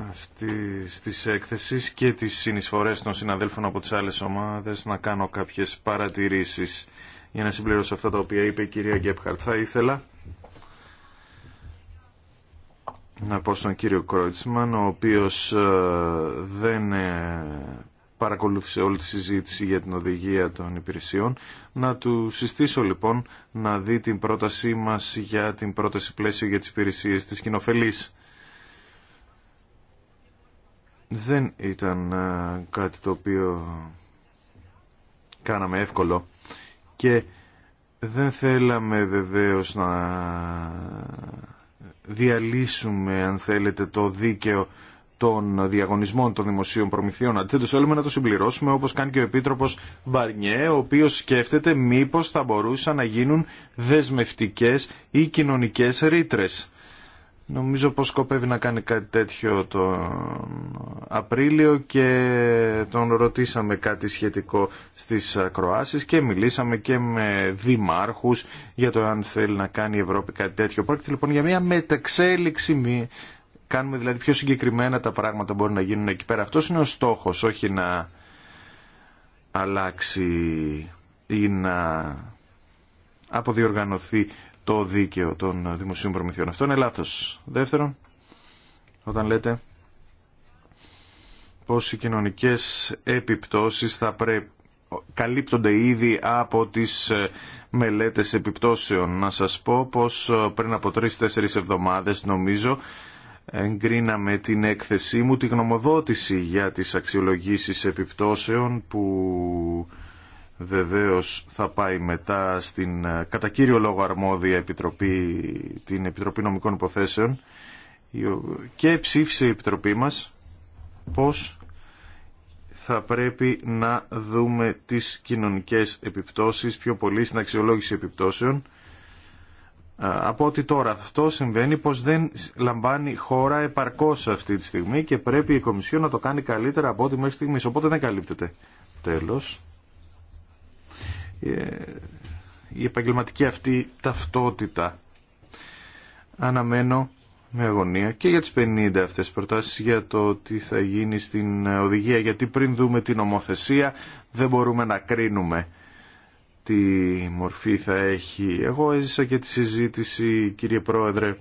αυτή της έκθεσης και τις συνεισφορές των συναδέλφων από τις άλλες ομάδες να κάνω κάποιες παρατηρήσεις για να συμπληρώσω αυτά τα οποία είπε η κυρία Γκέπχαρτ. Θα ήθελα να πω στον κύριο Κρότσμαν, ο οποίος ε, δεν ε, παρακολούθησε όλη τη συζήτηση για την οδηγία των υπηρεσιών. Να του συστήσω λοιπόν να δει την πρότασή μας για την πρόταση πλαίσιο για τις υπηρεσίες της κοινοφελής. Δεν ήταν ε, κάτι το οποίο κάναμε εύκολο και δεν θέλαμε βεβαίως να διαλύσουμε αν θέλετε το δίκαιο των διαγωνισμών των δημοσίων προμηθειών. Αντίθετο, θέλουμε να το συμπληρώσουμε όπω κάνει και ο Επίτροπο Μπαρνιέ, ο οποίο σκέφτεται μήπω θα μπορούσαν να γίνουν δεσμευτικέ ή κοινωνικέ ρήτρε. Νομίζω πως σκοπεύει να κάνει κάτι τέτοιο τον Απρίλιο και τον ρωτήσαμε κάτι σχετικό στις Κροάσεις και μιλήσαμε και με δημάρχους για το αν θέλει να κάνει η Ευρώπη κάτι τέτοιο. Πρόκειται λοιπόν για μια μεταξέλιξη κάνουμε δηλαδή πιο συγκεκριμένα τα πράγματα μπορούν να γίνουν εκεί πέρα. Αυτός είναι ο στόχος, όχι να αλλάξει ή να αποδιοργανωθεί το δίκαιο των δημοσίων προμηθειών. Αυτό είναι λάθος. Δεύτερον, όταν λέτε πως οι κοινωνικές επιπτώσεις θα πρέπει καλύπτονται ήδη από τις ε, μελέτες επιπτώσεων. Να σας πω πως ε, πριν από τρεις-τέσσερις εβδομάδες νομίζω εγκρίναμε την έκθεσή μου, τη γνωμοδότηση για τις αξιολογήσεις επιπτώσεων που βεβαίως θα πάει μετά στην κατά κύριο λόγο αρμόδια επιτροπή, την Επιτροπή Νομικών Υποθέσεων και ψήφισε η Επιτροπή μας πως θα πρέπει να δούμε τις κοινωνικές επιπτώσεις πιο πολύ στην αξιολόγηση επιπτώσεων από ότι τώρα αυτό συμβαίνει πως δεν λαμβάνει χώρα επαρκώς αυτή τη στιγμή και πρέπει η Κομισιό να το κάνει καλύτερα από ό,τι μέχρι στιγμής. Οπότε δεν καλύπτεται. Τέλος. Ε, η επαγγελματική αυτή ταυτότητα αναμένω με αγωνία και για τις 50 αυτές τις προτάσεις για το τι θα γίνει στην οδηγία γιατί πριν δούμε την ομοθεσία δεν μπορούμε να κρίνουμε τι μορφή θα έχει. Εγώ έζησα και τη συζήτηση, κύριε Πρόεδρε,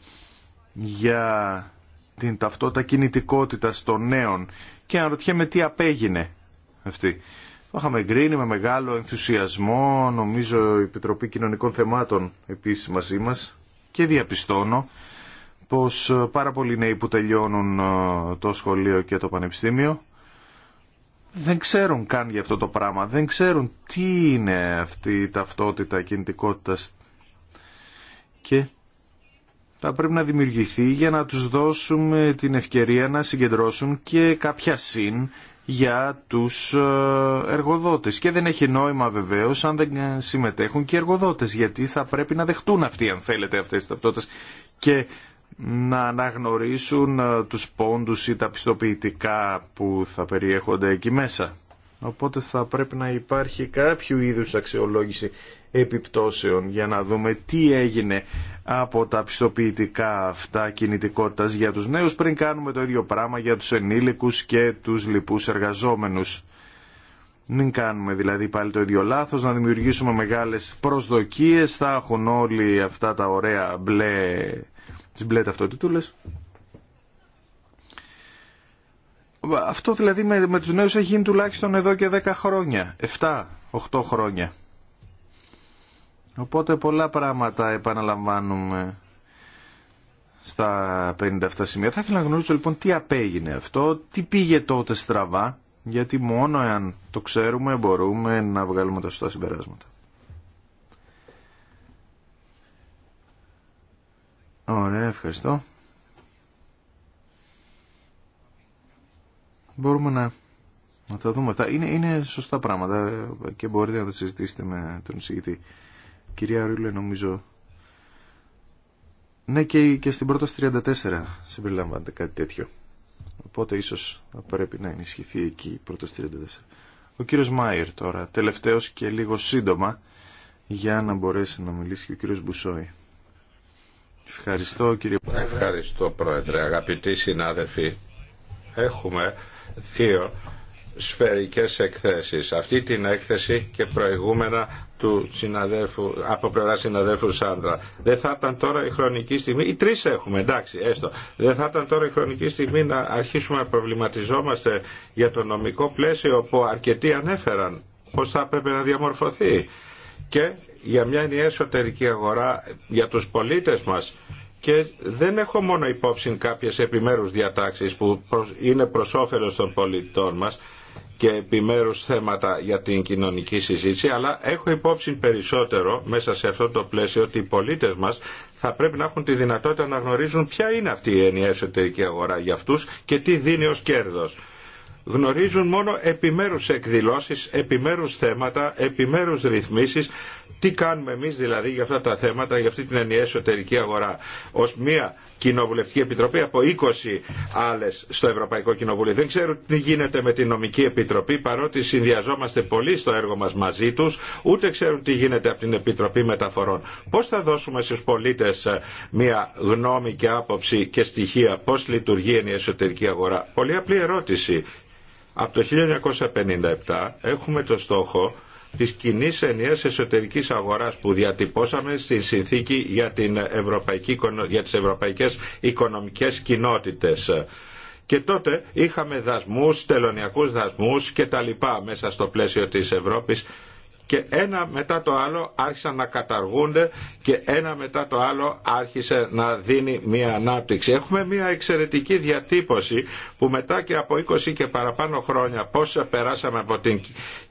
για την ταυτότητα κινητικότητα των νέων και αναρωτιέμαι τι απέγινε αυτή. Το είχαμε εγκρίνει με μεγάλο ενθουσιασμό, νομίζω η Επιτροπή Κοινωνικών Θεμάτων επίσης μαζί μας και διαπιστώνω πως πάρα πολλοί νέοι που τελειώνουν ε, το σχολείο και το πανεπιστήμιο δεν ξέρουν καν για αυτό το πράγμα. Δεν ξέρουν τι είναι αυτή η ταυτότητα κινητικότητα. Και θα πρέπει να δημιουργηθεί για να τους δώσουμε την ευκαιρία να συγκεντρώσουν και κάποια συν για τους ε, εργοδότες. Και δεν έχει νόημα βεβαίως αν δεν συμμετέχουν και οι εργοδότες, γιατί θα πρέπει να δεχτούν αυτοί αν θέλετε αυτές τις ταυτότητες και να αναγνωρίσουν ε, τους πόντους ή τα πιστοποιητικά που θα περιέχονται εκεί μέσα. Οπότε θα πρέπει να υπάρχει κάποιο είδους αξιολόγηση επιπτώσεων για να δούμε τι έγινε από τα πιστοποιητικά αυτά κινητικότητας για τους νέους πριν κάνουμε το ίδιο πράγμα για τους ενήλικους και τους λοιπούς εργαζόμενους. Μην κάνουμε δηλαδή πάλι το ίδιο λάθος, να δημιουργήσουμε μεγάλες προσδοκίες, θα έχουν όλοι αυτά τα ωραία μπλε τις μπλε ταυτότητούλες. Αυτό δηλαδή με, με τους νέους έχει γίνει τουλάχιστον εδώ και 10 χρόνια, 7-8 χρόνια. Οπότε πολλά πράγματα επαναλαμβάνουμε στα 50 αυτά σημεία. Θα ήθελα να γνωρίσω λοιπόν τι απέγινε αυτό, τι πήγε τότε στραβά, γιατί μόνο εάν το ξέρουμε μπορούμε να βγάλουμε τα σωστά συμπεράσματα. Ωραία, ευχαριστώ. Μπορούμε να, να τα δούμε αυτά. Είναι, είναι σωστά πράγματα και μπορείτε να τα συζητήσετε με τον εισηγητή. Κυρία Ρούλε, νομίζω... Ναι, και, και στην πρώτα 34 συμπεριλαμβάνεται κάτι τέτοιο. Οπότε ίσως θα πρέπει να ενισχυθεί εκεί η πρώτα 34. Ο κύριος Μάιρ τώρα, τελευταίος και λίγο σύντομα, για να μπορέσει να μιλήσει και ο κύριος Μπουσόη. Ευχαριστώ κύριε Πρόεδρε. Ευχαριστώ Πρόεδρε. Αγαπητοί συνάδελφοι, έχουμε δύο σφαιρικές εκθέσεις. Αυτή την έκθεση και προηγούμενα του συναδέλφου, από πλευρά συναδέλφου Σάντρα. Δεν θα ήταν τώρα η χρονική στιγμή, ή τρεις έχουμε, εντάξει, έστω. Δεν θα ήταν τώρα η χρονική στιγμή να αρχίσουμε να προβληματιζόμαστε για το νομικό πλαίσιο που αρκετοί ανέφεραν, πως θα έπρεπε να διαμορφωθεί. Και για μια ενιαία εσωτερική αγορά για τους πολίτες μας και δεν έχω μόνο υπόψη κάποιες επιμέρους διατάξεις που είναι προς όφελος των πολιτών μας και επιμέρους θέματα για την κοινωνική συζήτηση, αλλά έχω υπόψη περισσότερο μέσα σε αυτό το πλαίσιο ότι οι πολίτες μας θα πρέπει να έχουν τη δυνατότητα να γνωρίζουν ποια είναι αυτή η ενιαία εσωτερική αγορά για αυτούς και τι δίνει ως κέρδος. Γνωρίζουν μόνο επιμέρους εκδηλώσεις, επιμέρους θέματα, επιμέρους ρυθμίσεις, τι κάνουμε εμείς δηλαδή για αυτά τα θέματα, για αυτή την ενιαία εσωτερική αγορά, ως μία κοινοβουλευτική επιτροπή από 20 άλλες στο Ευρωπαϊκό Κοινοβούλιο. Δεν ξέρω τι γίνεται με την νομική επιτροπή, παρότι συνδυαζόμαστε πολύ στο έργο μας μαζί τους, ούτε ξέρουν τι γίνεται από την Επιτροπή Μεταφορών. Πώς θα δώσουμε στους πολίτες ε, μία γνώμη και άποψη και στοιχεία πώς λειτουργεί η εσωτερική αγορά. Πολύ απλή ερώτηση. Από το 1957 έχουμε το στόχο Τη κοινή ενιαία εσωτερική αγορά που διατυπώσαμε στη συνθήκη για, την Ευρωπαϊκή, για τις ευρωπαϊκές οικονομικές κοινότητες. Και τότε είχαμε δασμούς, τελωνιακούς δασμούς και τα λοιπά μέσα στο πλαίσιο της Ευρώπης και ένα μετά το άλλο άρχισαν να καταργούνται και ένα μετά το άλλο άρχισε να δίνει μια ανάπτυξη. Έχουμε μια εξαιρετική διατύπωση που μετά και από 20 και παραπάνω χρόνια πώς περάσαμε από την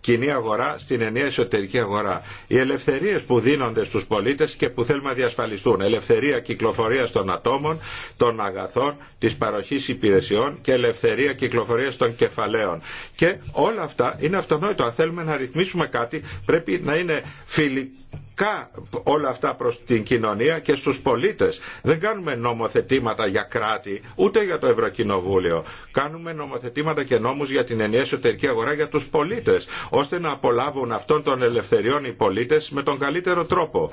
κοινή αγορά στην ενιαία εσωτερική αγορά. Οι ελευθερίες που δίνονται στους πολίτες και που θέλουμε να διασφαλιστούν. Ελευθερία κυκλοφορίας των ατόμων, των αγαθών, της παροχής υπηρεσιών και ελευθερία κυκλοφορίας των κεφαλαίων. Και όλα αυτά είναι αυτονόητο. Αν θέλουμε να ρυθμίσουμε κάτι πρέπει να είναι φιλικό Κά, όλα αυτά προς την κοινωνία και στους πολίτες. Δεν κάνουμε νομοθετήματα για κράτη, ούτε για το Ευρωκοινοβούλιο. Κάνουμε νομοθετήματα και νόμους για την ενιαία εσωτερική αγορά για τους πολίτες, ώστε να απολάβουν αυτών των ελευθεριών οι πολίτες με τον καλύτερο τρόπο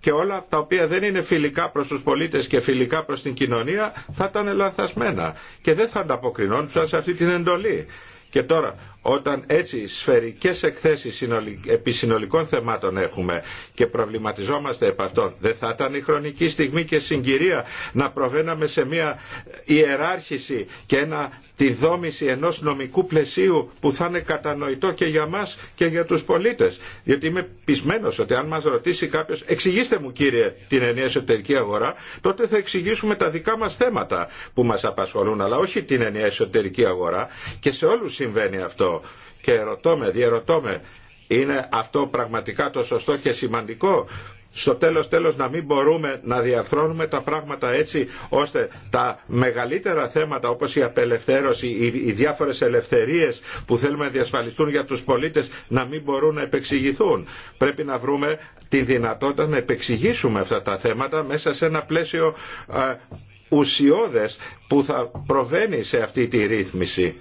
και όλα τα οποία δεν είναι φιλικά προς τους πολίτες και φιλικά προς την κοινωνία θα ήταν λανθασμένα και δεν θα ανταποκρινόντουσαν σε αυτή την εντολή. Και τώρα όταν έτσι σφαιρικές εκθέσεις επί συνολικών θεμάτων έχουμε και προβληματιζόμαστε επ' αυτών, δεν θα ήταν η χρονική στιγμή και συγκυρία να προβαίναμε σε μια ιεράρχηση και ένα τη δόμηση ενός νομικού πλαισίου που θα είναι κατανοητό και για μας και για τους πολίτες. Γιατί είμαι πεισμένος ότι αν μας ρωτήσει κάποιος εξηγήστε μου κύριε την ενιαία εσωτερική αγορά τότε θα εξηγήσουμε τα δικά μας θέματα που μας απασχολούν αλλά όχι την ενιαία εσωτερική αγορά και σε όλους συμβαίνει αυτό. Και ρωτώ με, διαρωτώ με, είναι αυτό πραγματικά το σωστό και σημαντικό στο τέλος τέλος να μην μπορούμε να διαρθρώνουμε τα πράγματα έτσι ώστε τα μεγαλύτερα θέματα όπως η απελευθέρωση, οι, διάφορες ελευθερίες που θέλουμε να διασφαλιστούν για τους πολίτες να μην μπορούν να επεξηγηθούν. Πρέπει να βρούμε τη δυνατότητα να επεξηγήσουμε αυτά τα θέματα μέσα σε ένα πλαίσιο ε, ουσιώδες που θα προβαίνει σε αυτή τη ρύθμιση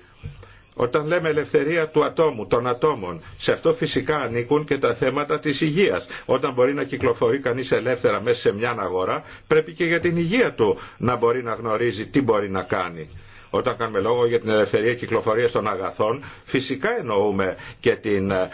όταν λέμε ελευθερία του ατόμου, των ατόμων, σε αυτό φυσικά ανήκουν και τα θέματα της υγείας. Όταν μπορεί να κυκλοφορεί κανείς ελεύθερα μέσα σε μια αγορά, πρέπει και για την υγεία του να μπορεί να γνωρίζει τι μπορεί να κάνει. Όταν κάνουμε λόγο για την ελευθερία κυκλοφορία των αγαθών, φυσικά εννοούμε και την ε,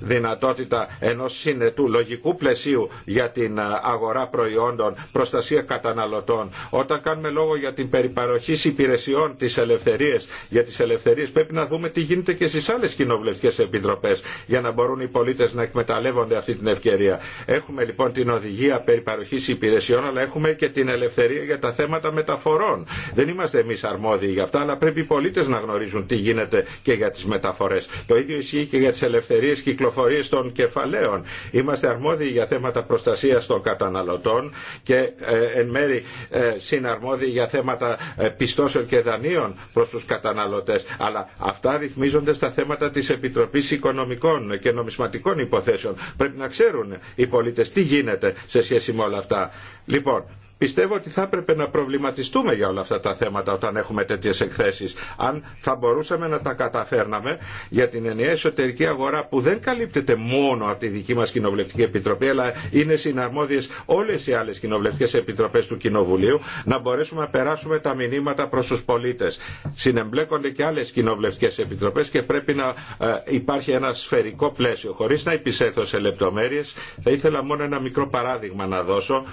δυνατότητα ενός συνετού λογικού πλαισίου για την ε, αγορά προϊόντων, προστασία καταναλωτών. Όταν κάνουμε λόγο για την περιπαροχή υπηρεσιών τη ελευθερίες, για τις ελευθερίες πρέπει να δούμε τι γίνεται και στις άλλες κοινοβουλευτικές επιτροπές για να μπορούν οι πολίτες να εκμεταλλεύονται αυτή την ευκαιρία. Έχουμε λοιπόν την οδηγία περιπαροχής υπηρεσιών αλλά έχουμε και την ελευθερία για τα θέματα μεταφορών. Δεν είμαστε εμείς αρμόδιοι για αυτά, αλλά πρέπει οι πολίτε να γνωρίζουν τι γίνεται και για τι μεταφορέ. Το ίδιο ισχύει και για τι ελευθερίε κυκλοφορίε των κεφαλαίων. Είμαστε αρμόδιοι για θέματα προστασία των καταναλωτών και ε, εν μέρη ε, συναρμόδιοι για θέματα ε, πιστώσεων και δανείων προ του καταναλωτέ. Αλλά αυτά ρυθμίζονται στα θέματα τη Επιτροπή Οικονομικών και Νομισματικών Υποθέσεων. Πρέπει να ξέρουν οι πολίτε τι γίνεται σε σχέση με όλα αυτά. Λοιπόν, Πιστεύω ότι θα έπρεπε να προβληματιστούμε για όλα αυτά τα θέματα όταν έχουμε τέτοιε εκθέσει. Αν θα μπορούσαμε να τα καταφέρναμε για την ενιαία εσωτερική αγορά που δεν καλύπτεται μόνο από τη δική μα Κοινοβουλευτική Επιτροπή αλλά είναι συναρμόδιε όλε οι άλλε Κοινοβουλευτικέ Επιτροπέ του Κοινοβουλίου να μπορέσουμε να περάσουμε τα μηνύματα προ του πολίτε. Συνεμπλέκονται και άλλε Κοινοβουλευτικέ Επιτροπέ και πρέπει να ε, υπάρχει ένα σφαιρικό πλαίσιο. Χωρί να επισέθω σε λεπτομέρειε θα ήθελα μόνο ένα μικρό παράδειγμα να δώσω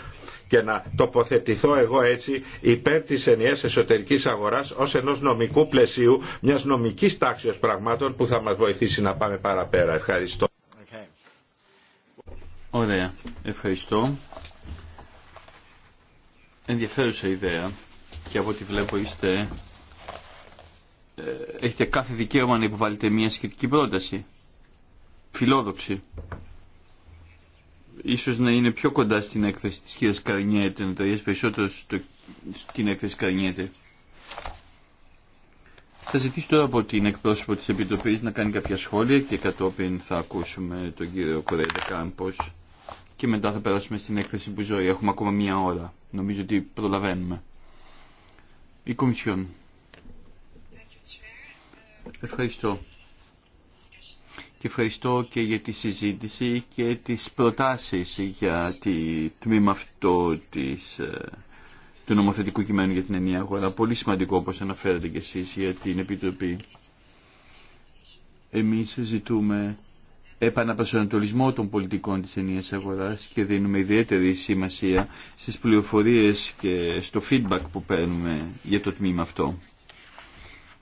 και να τοποθετηθώ εγώ έτσι υπέρ τη ενιαία εσωτερική αγορά ως ενό νομικού πλαισίου, μιας νομικής τάξη πραγμάτων που θα μας βοηθήσει να πάμε παραπέρα. Ευχαριστώ. Okay. Ωραία. Ευχαριστώ. Ενδιαφέρουσα ιδέα και από ό,τι βλέπω είστε ε, έχετε κάθε δικαίωμα να υποβάλλετε μια σχετική πρόταση. Φιλόδοξη ίσως να είναι πιο κοντά στην έκθεση της κυρίας Καρνιέτε, να ταιριάζει περισσότερο στο, στην έκθεση Καρνιέτε. Θα ζητήσω τώρα από την εκπρόσωπο της Επιτροπής να κάνει κάποια σχόλια και κατόπιν θα ακούσουμε τον κύριο Κορέιντε Κάμπος και μετά θα περάσουμε στην έκθεση που ζωή. Έχουμε ακόμα μία ώρα. Νομίζω ότι προλαβαίνουμε. Η Κομισιόν. Ευχαριστώ και ευχαριστώ και για τη συζήτηση και τις προτάσεις για τη τμήμα αυτό της, ε, του νομοθετικού κειμένου για την ενιαία αγορά. Πολύ σημαντικό όπως αναφέρατε και εσείς για την Επιτροπή. Εμείς ζητούμε επαναπροσανατολισμό των πολιτικών της ενιαίας αγοράς και δίνουμε ιδιαίτερη σημασία στις πληροφορίες και στο feedback που παίρνουμε για το τμήμα αυτό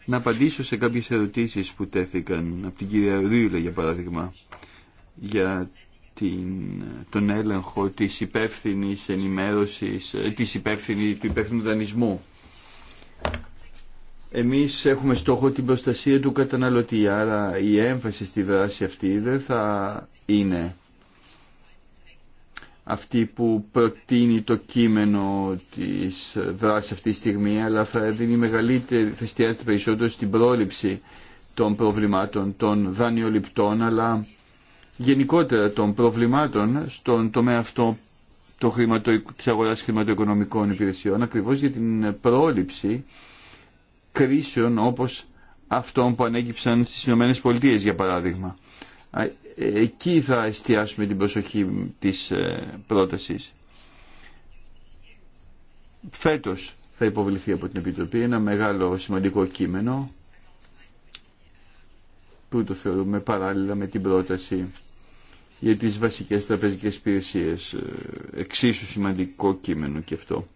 να απαντήσω σε κάποιες ερωτήσεις που τέθηκαν από την κυρία για παράδειγμα για την, τον έλεγχο της υπεύθυνη ενημέρωσης, ε, της υπεύθυνη, του υπεύθυνου δανεισμού. Εμείς έχουμε στόχο την προστασία του καταναλωτή, άρα η έμφαση στη δράση αυτή δεν θα είναι αυτή που προτείνει το κείμενο της δράσης αυτή τη στιγμή, αλλά θα δίνει μεγαλύτερη, θα εστιάζεται περισσότερο στην πρόληψη των προβλημάτων των δανειοληπτών, αλλά γενικότερα των προβλημάτων στον τομέα αυτό το χρηματο, της αγοράς χρηματοοικονομικών υπηρεσιών, ακριβώς για την πρόληψη κρίσεων όπως αυτών που ανέκυψαν στις ΗΠΑ, για παράδειγμα εκεί θα εστιάσουμε την προσοχή της ε, πρότασης. Φέτος θα υποβληθεί από την Επιτροπή ένα μεγάλο σημαντικό κείμενο που το θεωρούμε παράλληλα με την πρόταση για τις βασικές τραπεζικές υπηρεσίε. Ε, εξίσου σημαντικό κείμενο και αυτό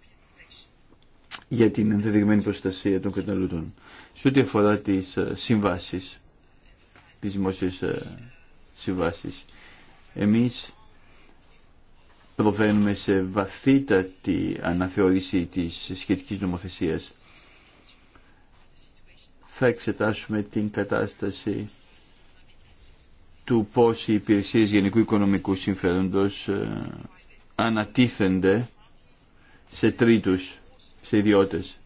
για την ενδεδειγμένη προστασία των καταναλωτών. Σε ό,τι αφορά τις ε, συμβάσεις, τις δημόσιες συμβάσεις. Εμείς προβαίνουμε σε βαθύτατη αναθεώρηση της σχετικής νομοθεσίας. Θα εξετάσουμε την κατάσταση του πώς οι υπηρεσίες γενικού οικονομικού συμφέροντος ε, ανατίθενται σε τρίτους, σε ιδιώτες.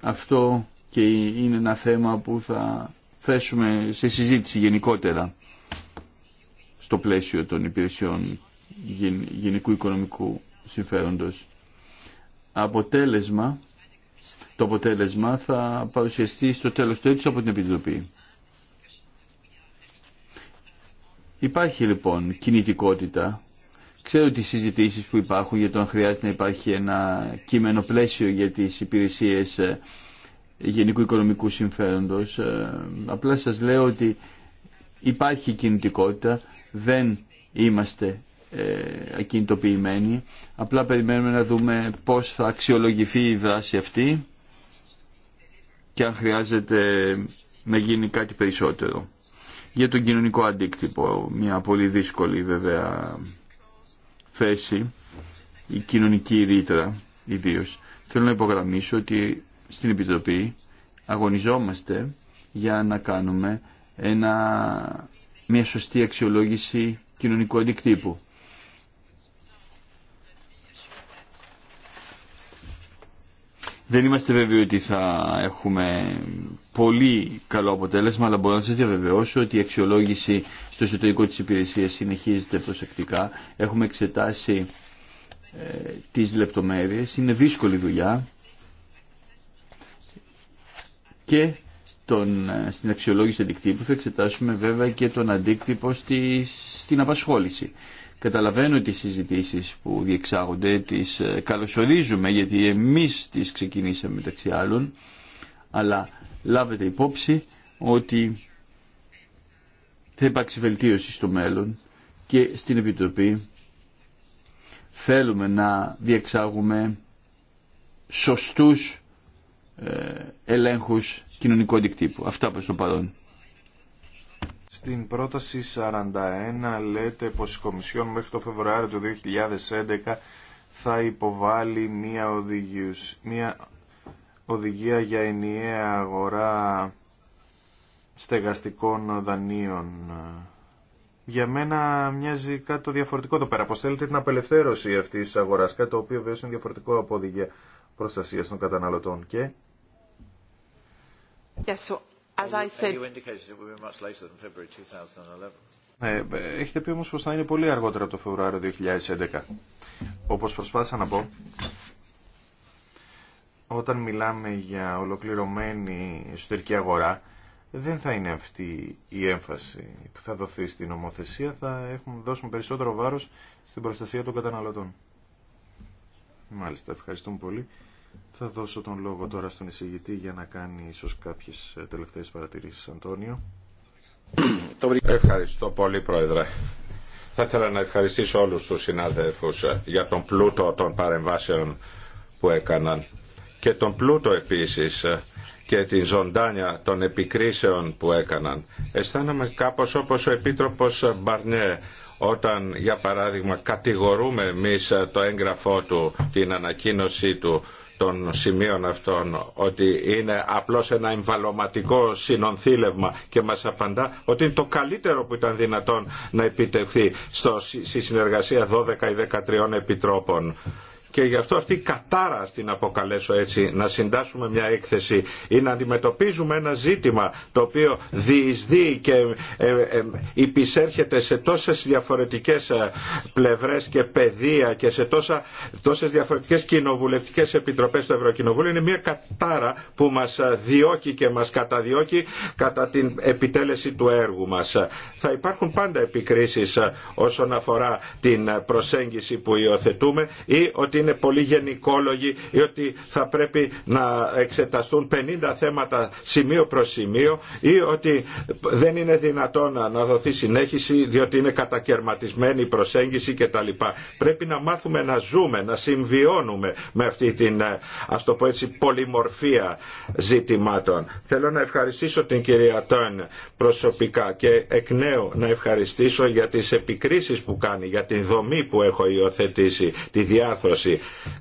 Αυτό και είναι ένα θέμα που θα θέσουμε σε συζήτηση γενικότερα στο πλαίσιο των υπηρεσιών γενικού οικονομικού συμφέροντος. Αποτέλεσμα, το αποτέλεσμα θα παρουσιαστεί στο τέλος του έτους από την Επιτροπή. Υπάρχει λοιπόν κινητικότητα. Ξέρω τις συζητήσεις που υπάρχουν για το αν χρειάζεται να υπάρχει ένα κείμενο πλαίσιο για τις υπηρεσίες ε, γενικού οικονομικού συμφέροντος. Ε, απλά σας λέω ότι υπάρχει κινητικότητα δεν είμαστε ε, ακινητοποιημένοι. Απλά περιμένουμε να δούμε πώς θα αξιολογηθεί η δράση αυτή και αν χρειάζεται να γίνει κάτι περισσότερο. Για τον κοινωνικό αντίκτυπο, μια πολύ δύσκολη βέβαια θέση, η κοινωνική ρήτρα ιδίω. Θέλω να υπογραμμίσω ότι στην Επιτροπή αγωνιζόμαστε για να κάνουμε ένα μια σωστή αξιολόγηση κοινωνικού αντικτύπου. Δεν είμαστε βέβαιοι ότι θα έχουμε πολύ καλό αποτέλεσμα, αλλά μπορώ να σας διαβεβαιώσω ότι η αξιολόγηση στο εσωτερικό της υπηρεσίας συνεχίζεται προσεκτικά. Έχουμε εξετάσει ε, τις λεπτομέρειες. Είναι δύσκολη δουλειά και τον, ε, στην αξιολόγηση αντικτύπου θα εξετάσουμε βέβαια και τον αντίκτυπο στη, στην απασχόληση. Καταλαβαίνω τις συζητήσεις που διεξάγονται, τις ε, καλωσορίζουμε γιατί εμείς τις ξεκινήσαμε μεταξύ άλλων, αλλά λάβετε υπόψη ότι θα υπάρξει βελτίωση στο μέλλον και στην Επιτροπή θέλουμε να διεξάγουμε σωστούς ε, ελέγχους κοινωνικού αντικτύπου. Αυτά προς το παρόν. Στην πρόταση 41 λέτε πως η Κομισιόν μέχρι το Φεβρουάριο του 2011 θα υποβάλει μία, οδηγίους, μία οδηγία για ενιαία αγορά στεγαστικών δανείων. Για μένα μοιάζει κάτι το διαφορετικό εδώ πέρα. Πως θέλετε την απελευθέρωση αυτής της αγοράς, κάτι το οποίο βέβαια είναι διαφορετικό από οδηγία προστασίας των καταναλωτών και ναι, ε, έχετε πει όμως πως θα είναι πολύ αργότερα από το Φεβρουάριο 2011. Όπως προσπάθησα να πω, όταν μιλάμε για ολοκληρωμένη εσωτερική αγορά, δεν θα είναι αυτή η έμφαση που θα δοθεί στην νομοθεσία, θα έχουμε, δώσουμε περισσότερο βάρος στην προστασία των καταναλωτών. Μάλιστα, ευχαριστούμε πολύ. Θα δώσω τον λόγο τώρα στον εισηγητή για να κάνει ίσως κάποιες ε, τελευταίες παρατηρήσεις, Αντώνιο. Ευχαριστώ πολύ, Πρόεδρε. Θα ήθελα να ευχαριστήσω όλους τους συνάδελφους ε, για τον πλούτο των παρεμβάσεων που έκαναν και τον πλούτο επίσης ε, και την ζωντάνια των επικρίσεων που έκαναν. Αισθάνομαι κάπως όπως ο Επίτροπος Μπαρνιέ όταν για παράδειγμα κατηγορούμε εμείς ε, το έγγραφό του, την ανακοίνωσή του των σημείων αυτών ότι είναι απλώς ένα εμβαλωματικό συνονθήλευμα και μας απαντά ότι είναι το καλύτερο που ήταν δυνατόν να επιτευχθεί στο, στη συνεργασία 12 ή 13 επιτρόπων και γι' αυτό αυτή η κατάρα στην αποκαλέσω έτσι να συντάσσουμε μια έκθεση ή να αντιμετωπίζουμε ένα ζήτημα το οποίο διεισδύει και ε, ε υπησέρχεται σε τόσες διαφορετικές ε, πλευρές και παιδεία και σε τόσα, τόσες διαφορετικές κοινοβουλευτικές επιτροπές στο Ευρωκοινοβούλιο είναι μια κατάρα που μας ε, διώκει και μας καταδιώκει κατά την επιτέλεση του έργου μας. Θα υπάρχουν πάντα επικρίσεις όσον αφορά την προσέγγιση που υιοθετούμε ή ότι είναι πολύ γενικόλογοι ή ότι θα πρέπει να εξεταστούν 50 θέματα σημείο προς σημείο ή ότι δεν είναι δυνατόν να δοθεί συνέχιση διότι είναι κατακαιρματισμένη η προσέγγιση κτλ. Πρέπει να μάθουμε να ζούμε, να συμβιώνουμε με αυτή την ε, ας το πω έτσι πολυμορφία ζητημάτων. Θέλω να ευχαριστήσω την κυρία Τόν προσωπικά και εκ νέου να ευχαριστήσω για τις επικρίσεις που κάνει, για την δομή που έχω υιοθετήσει, τη διάρθρωση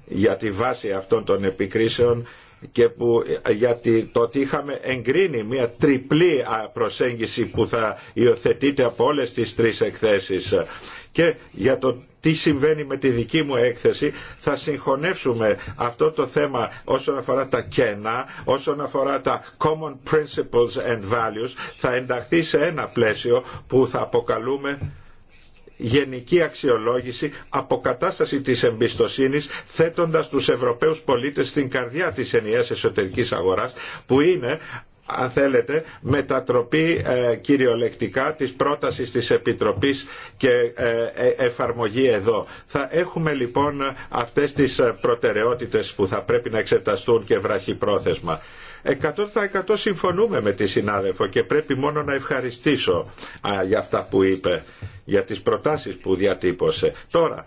για τη βάση αυτών των επικρίσεων και που, γιατί το ότι είχαμε εγκρίνει μια τριπλή προσέγγιση που θα υιοθετείται από όλες τις τρεις εκθέσεις και για το τι συμβαίνει με τη δική μου έκθεση θα συγχωνεύσουμε αυτό το θέμα όσον αφορά τα κένα, όσον αφορά τα common principles and values θα ενταχθεί σε ένα πλαίσιο που θα αποκαλούμε γενική αξιολόγηση, αποκατάσταση της εμπιστοσύνης, θέτοντας τους Ευρωπαίους πολίτες στην καρδιά της ενιαίας εσωτερικής αγοράς, που είναι αν θέλετε, μετατροπή ε, κυριολεκτικά της πρότασης της Επιτροπής και ε, ε, εφαρμογή εδώ. Θα έχουμε λοιπόν αυτές τις προτεραιότητες που θα πρέπει να εξεταστούν και βραχυπρόθεσμα. 100% συμφωνούμε με τη συνάδελφο και πρέπει μόνο να ευχαριστήσω για αυτά που είπε, για τις προτάσεις που διατύπωσε. Τώρα,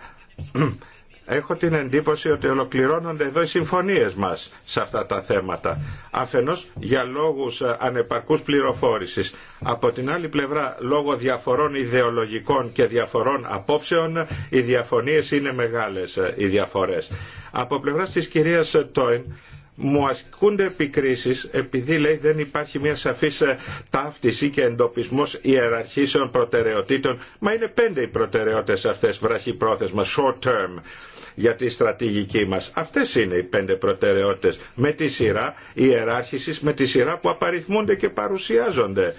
έχω την εντύπωση ότι ολοκληρώνονται εδώ οι συμφωνίες μας σε αυτά τα θέματα. Αφενός για λόγους ε, ανεπαρκούς πληροφόρησης. Από την άλλη πλευρά λόγω διαφορών ιδεολογικών και διαφορών απόψεων οι διαφωνίες είναι μεγάλες ε, οι διαφορές. Από πλευράς της κυρίας Τόιν μου ασκούνται επικρίσεις επειδή λέει δεν υπάρχει μια σαφής ε, ταύτιση και εντοπισμός ιεραρχήσεων προτεραιοτήτων μα είναι πέντε οι προτεραιότητες αυτές βραχυπρόθεσμα short term για τη στρατηγική μας. Αυτές είναι οι πέντε προτεραιότητες με τη σειρά ιεράρχησης, με τη σειρά που απαριθμούνται και παρουσιάζονται.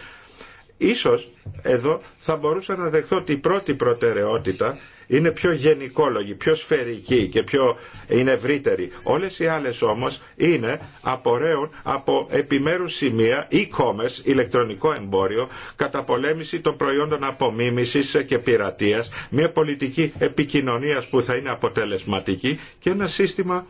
Ίσως εδώ θα μπορούσα να δεχθώ ότι η πρώτη προτεραιότητα είναι πιο γενικόλογοι, πιο σφαιρικοί και πιο είναι ευρύτεροι. Όλες οι άλλες όμως είναι απορρέουν από επιμέρους σημεία e-commerce, ηλεκτρονικό εμπόριο, καταπολέμηση των προϊόντων απομίμησης και πειρατείας, μια πολιτική επικοινωνίας που θα είναι αποτελεσματική και ένα σύστημα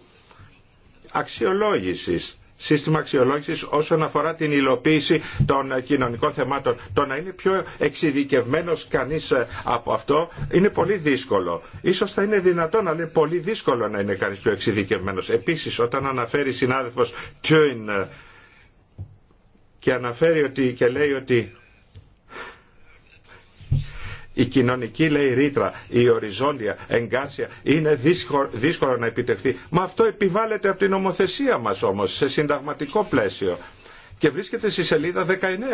αξιολόγησης σύστημα αξιολόγησης όσον αφορά την υλοποίηση των κοινωνικών θεμάτων. Το να είναι πιο εξειδικευμένο κανείς ε, από αυτό είναι πολύ δύσκολο. Ίσως θα είναι δυνατό να είναι πολύ δύσκολο να είναι κανεί πιο εξειδικευμένο. Επίσης όταν αναφέρει συνάδελφος Τσούιν ε, και αναφέρει ότι και λέει ότι η κοινωνική λέει ρήτρα, η οριζόντια, εγκάσια είναι δύσκολο, δύσκολο να επιτευχθεί. Μα αυτό επιβάλλεται από την νομοθεσία μας όμως, σε συνταγματικό πλαίσιο και βρίσκεται στη σελίδα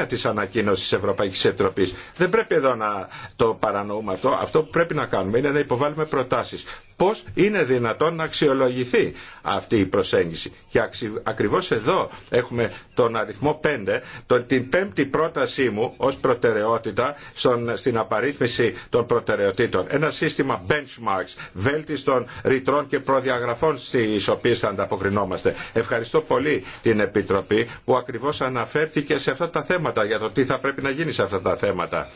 19 της ανακοίνωσης της Ευρωπαϊκής Επιτροπής. Δεν πρέπει εδώ να το παρανοούμε αυτό. Αυτό που πρέπει να κάνουμε είναι να υποβάλουμε προτάσεις. Πώς είναι δυνατόν να αξιολογηθεί αυτή η προσέγγιση. Και ακριβώς εδώ έχουμε τον αριθμό 5, τον, την πέμπτη πρότασή μου ως προτεραιότητα στην απαρίθμηση των προτεραιοτήτων. Ένα σύστημα benchmarks, βέλτιστων ρητρών και προδιαγραφών στις οποίες θα ανταποκρινόμαστε. Ευχαριστώ πολύ την Επιτροπή που ακριβώς αναφέρθηκε σε αυτά τα θέματα, για το τι θα πρέπει να γίνει σε αυτά τα θέματα.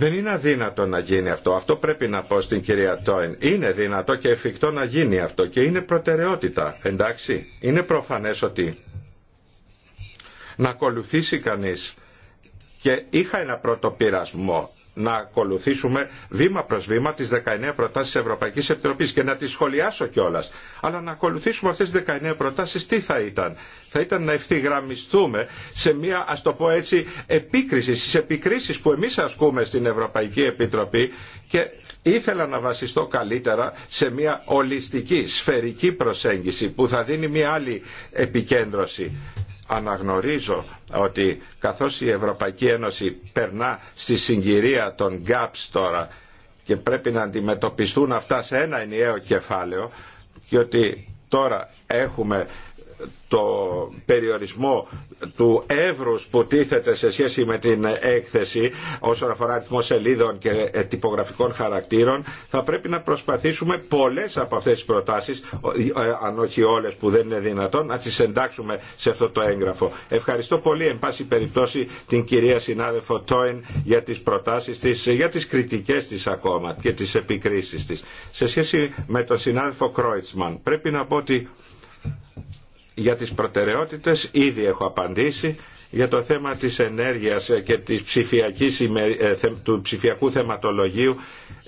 Δεν είναι αδύνατο να γίνει αυτό. Αυτό πρέπει να πω στην κυρία Τόιν. Είναι δυνατό και εφικτό να γίνει αυτό και είναι προτεραιότητα. Εντάξει, είναι προφανές ότι να ακολουθήσει κανείς και είχα ένα πρώτο πειρασμό να ακολουθήσουμε βήμα προς βήμα τις 19 προτάσεις της Ευρωπαϊκής Επιτροπής και να τις σχολιάσω κιόλα. Αλλά να ακολουθήσουμε αυτές τις 19 προτάσεις τι θα ήταν. Θα ήταν να ευθυγραμμιστούμε σε μια ας το πω έτσι επίκριση, στις επικρίσεις που εμείς ασκούμε στην Ευρωπαϊκή Επιτροπή και ήθελα να βασιστώ καλύτερα σε μια ολιστική, σφαιρική προσέγγιση που θα δίνει μια άλλη επικέντρωση αναγνωρίζω ότι καθώς η Ευρωπαϊκή Ένωση περνά στη συγκυρία των gaps τώρα και πρέπει να αντιμετωπιστούν αυτά σε ένα ενιαίο κεφάλαιο και ότι τώρα έχουμε το περιορισμό του εύρους που τίθεται σε σχέση με την έκθεση όσον αφορά αριθμό σελίδων και ε, τυπογραφικών χαρακτήρων θα πρέπει να προσπαθήσουμε πολλές από αυτές τις προτάσεις ε, αν όχι όλες που δεν είναι δυνατόν να τις εντάξουμε σε αυτό το έγγραφο. Ευχαριστώ πολύ εν πάση περιπτώσει την κυρία συνάδελφο Τόιν για τις προτάσεις της, για τις κριτικές της ακόμα και τις επικρίσεις της. Σε σχέση με τον συνάδελφο Κρόιτσμαν πρέπει να πω ότι για τις προτεραιότητες ήδη έχω απαντήσει. Για το θέμα της ενέργειας και της ψηφιακής, ε, του ψηφιακού θεματολογίου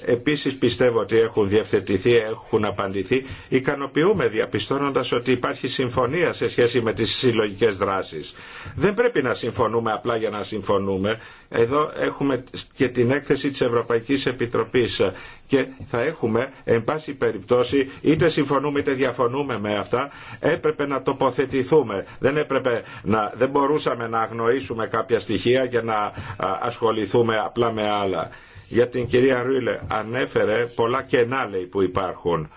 επίσης πιστεύω ότι έχουν διευθετηθεί, έχουν απαντηθεί. Ικανοποιούμε διαπιστώνοντας ότι υπάρχει συμφωνία σε σχέση με τις συλλογικές δράσεις. Δεν πρέπει να συμφωνούμε απλά για να συμφωνούμε. Εδώ έχουμε και την έκθεση της Ευρωπαϊκής Επιτροπής και θα έχουμε, εν πάση περιπτώσει, είτε συμφωνούμε είτε διαφωνούμε με αυτά, έπρεπε να τοποθετηθούμε. Δεν, έπρεπε να, δεν μπορούσαμε να αγνοήσουμε κάποια στοιχεία και να ασχοληθούμε απλά με άλλα. Για την κυρία Ρούιλε ανέφερε πολλά κενά λέει που υπάρχουν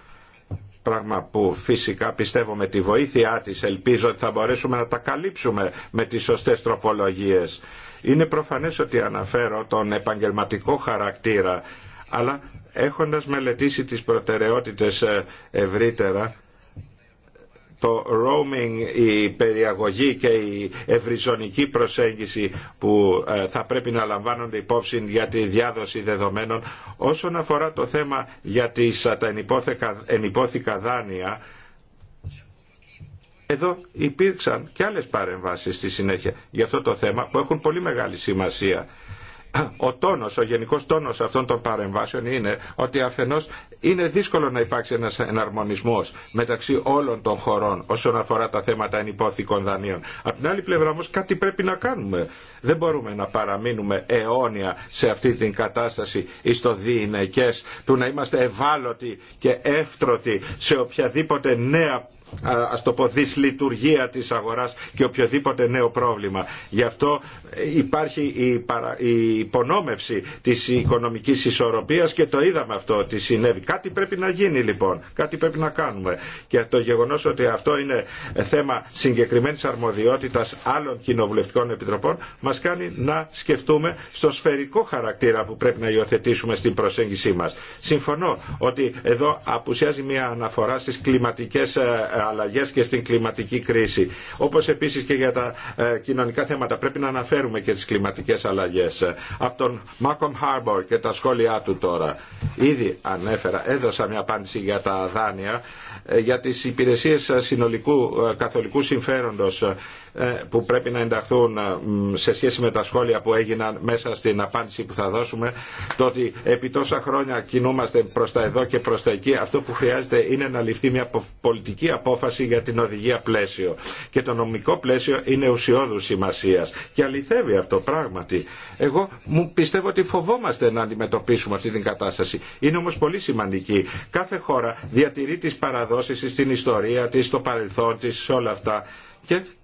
πράγμα που φυσικά πιστεύω με τη βοήθειά της ελπίζω ότι θα μπορέσουμε να τα καλύψουμε με τις σωστές τροπολογίες. Είναι προφανές ότι αναφέρω τον επαγγελματικό χαρακτήρα, αλλά έχοντας μελετήσει τις προτεραιότητες ε, ευρύτερα το roaming, η περιαγωγή και η ευρυζωνική προσέγγιση που ε, θα πρέπει να λαμβάνονται υπόψη για τη διάδοση δεδομένων. Όσον αφορά το θέμα για τις, ε, τα ενυπόθηκα δάνεια, εδώ υπήρξαν και άλλες παρεμβάσεις στη συνέχεια για αυτό το θέμα που έχουν πολύ μεγάλη σημασία ο τόνος, ο γενικός τόνος αυτών των παρεμβάσεων είναι ότι αφενός είναι δύσκολο να υπάρξει ένας εναρμονισμός μεταξύ όλων των χωρών όσον αφορά τα θέματα ενυπόθηκων δανείων. Από την άλλη πλευρά όμως κάτι πρέπει να κάνουμε. Δεν μπορούμε να παραμείνουμε αιώνια σε αυτή την κατάσταση εις το διηνεκές του να είμαστε ευάλωτοι και εύτρωτοι σε οποιαδήποτε νέα ας το πω δυσλειτουργία της αγοράς και οποιοδήποτε νέο πρόβλημα. Γι' αυτό ε, υπάρχει η, παρα... η υπονόμευση της οικονομικής ισορροπίας και το είδαμε αυτό ότι συνέβη. Κάτι πρέπει να γίνει λοιπόν, κάτι πρέπει να κάνουμε. Και το γεγονό ότι αυτό είναι θέμα συγκεκριμένη αρμοδιότητα άλλων κοινοβουλευτικών επιτροπών μα κάνει να σκεφτούμε στο σφαιρικό χαρακτήρα που πρέπει να υιοθετήσουμε στην προσέγγιση μα. Συμφωνώ ότι εδώ απουσιάζει μια αναφορά στι κλιματικέ ε, αλλαγέ και στην κλιματική κρίση. Όπω επίση και για τα ε, κοινωνικά θέματα πρέπει να αναφέρουμε και τι κλιματικέ αλλαγέ. Ε, από τον Μάκομ Χάρμπορ και τα σχόλιά του τώρα. Ήδη ανέφερα έδωσα μια απάντηση για τα δάνεια, ε, για τις υπηρεσίες συνολικού ε, καθολικού συμφέροντος ε, που πρέπει να ενταχθούν ε, σε σχέση με τα σχόλια που έγιναν μέσα στην απάντηση που θα δώσουμε το ότι επί τόσα χρόνια κινούμαστε προς τα εδώ και προς τα εκεί αυτό που χρειάζεται είναι να ληφθεί μια πολιτική απόφαση για την οδηγία πλαίσιο και το νομικό πλαίσιο είναι ουσιώδου σημασίας και αληθεύει αυτό πράγματι εγώ πιστεύω ότι φοβόμαστε να αντιμετωπίσουμε αυτή την κατάσταση είναι όμως πολύ σημαντική κάθε χώρα διατηρεί τις παραδόσεις στην ιστορία της, στο παρελθόν της, όλα αυτά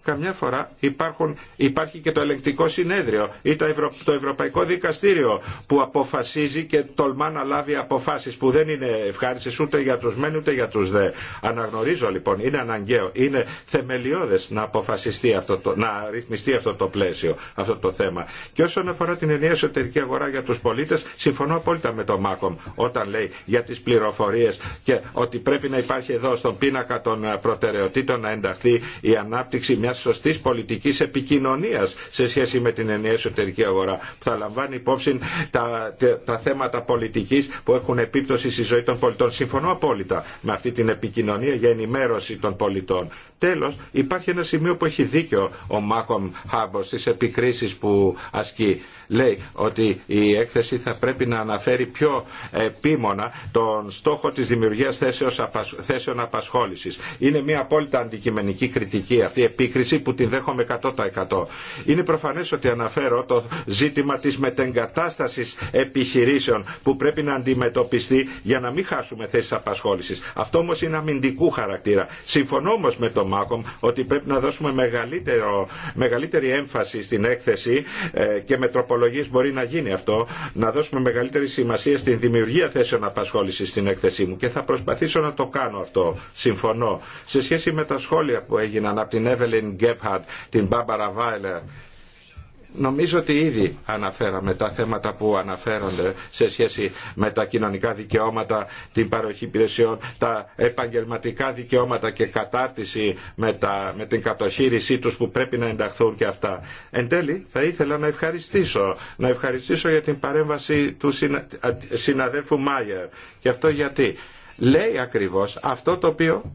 καμιά φορά υπάρχουν, υπάρχει και το ελεγκτικό συνέδριο ή το, το Ευρωπαϊκό Δικαστήριο που αποφασίζει και τολμά να λάβει αποφάσεις που δεν είναι ευχάριστες ούτε για τους μεν ούτε για τους δε. Αναγνωρίζω λοιπόν, είναι αναγκαίο, είναι θεμελιώδες να αποφασιστεί αυτό το, να ρυθμιστεί αυτό το πλαίσιο, αυτό το θέμα. Και όσον αφορά την ενιαία εσωτερική αγορά για τους πολίτες, συμφωνώ απόλυτα με τον Μάκομ όταν λέει για τις πληροφορίες και ότι πρέπει να υπάρχει εδώ στον πίνακα των προτεραιοτήτων να ενταχθεί η ανάπτυξη σωστής πολιτικής επικοινωνίας σε σχέση με την ενιαία εσωτερική αγορά που θα λαμβάνει υπόψη τα, τα, θέματα πολιτικής που έχουν επίπτωση στη ζωή των πολιτών. Συμφωνώ απόλυτα με αυτή την επικοινωνία για ενημέρωση των πολιτών. Τέλος, υπάρχει ένα σημείο που έχει δίκιο ο Μάκομ Χάμπος στις επικρίσεις που ασκεί λέει ότι η έκθεση θα πρέπει να αναφέρει πιο επίμονα τον στόχο της δημιουργίας θέσεων απασχόλησης. Είναι μια απόλυτα αντικειμενική κριτική αυτή η επίκριση που την δέχομαι 100%. Είναι προφανές ότι αναφέρω το ζήτημα της μετεγκατάστασης επιχειρήσεων που πρέπει να αντιμετωπιστεί για να μην χάσουμε θέσεις απασχόλησης. Αυτό όμως είναι αμυντικού χαρακτήρα. Συμφωνώ όμως με το Μάκομ ότι πρέπει να δώσουμε μεγαλύτερη έμφαση στην έκθεση ε, και με τροπολογίε μπορεί να γίνει αυτό, να δώσουμε μεγαλύτερη σημασία στην δημιουργία θέσεων απασχόληση στην έκθεσή μου και θα προσπαθήσω να το κάνω αυτό. Συμφωνώ. Σε σχέση με τα σχόλια που έγιναν από την Evelyn Γκέπχαρτ, την Barbara Βάιλερ Νομίζω ότι ήδη αναφέραμε τα θέματα που αναφέρονται σε σχέση με τα κοινωνικά δικαιώματα, την παροχή υπηρεσιών, τα επαγγελματικά δικαιώματα και κατάρτιση με, τα, με την κατοχήρησή τους που πρέπει να ενταχθούν και αυτά. Εν τέλει θα ήθελα να ευχαριστήσω, να ευχαριστήσω για την παρέμβαση του συνα, συναδέλφου Μάιερ. Και αυτό γιατί λέει ακριβώς αυτό το οποίο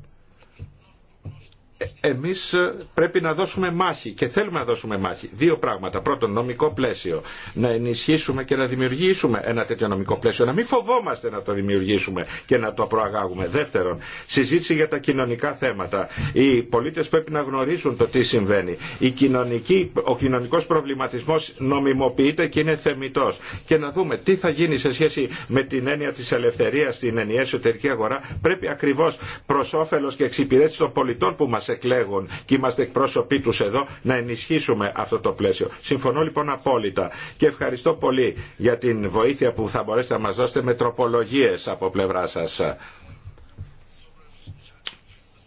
εμείς ε, πρέπει να δώσουμε μάχη και θέλουμε να δώσουμε μάχη. Δύο πράγματα. Πρώτον, νομικό πλαίσιο. Να ενισχύσουμε και να δημιουργήσουμε ένα τέτοιο νομικό πλαίσιο. Να μην φοβόμαστε να το δημιουργήσουμε και να το προαγάγουμε. Δεύτερον, συζήτηση για τα κοινωνικά θέματα. Οι πολίτες πρέπει να γνωρίζουν το τι συμβαίνει. Η κοινωνική, ο κοινωνικός προβληματισμός νομιμοποιείται και είναι θεμητός. Και να δούμε τι θα γίνει σε σχέση με την έννοια της ελευθερίας στην ενιαία εσωτερική αγορά. Πρέπει ακριβώς προς και εξυπηρέτηση των πολιτών που μας εκλέγουν και είμαστε εκπρόσωποι τους εδώ να ενισχύσουμε αυτό το πλαίσιο. Συμφωνώ λοιπόν απόλυτα και ευχαριστώ πολύ για την βοήθεια που θα μπορέσετε να μας δώσετε με τροπολογίες από πλευρά σας.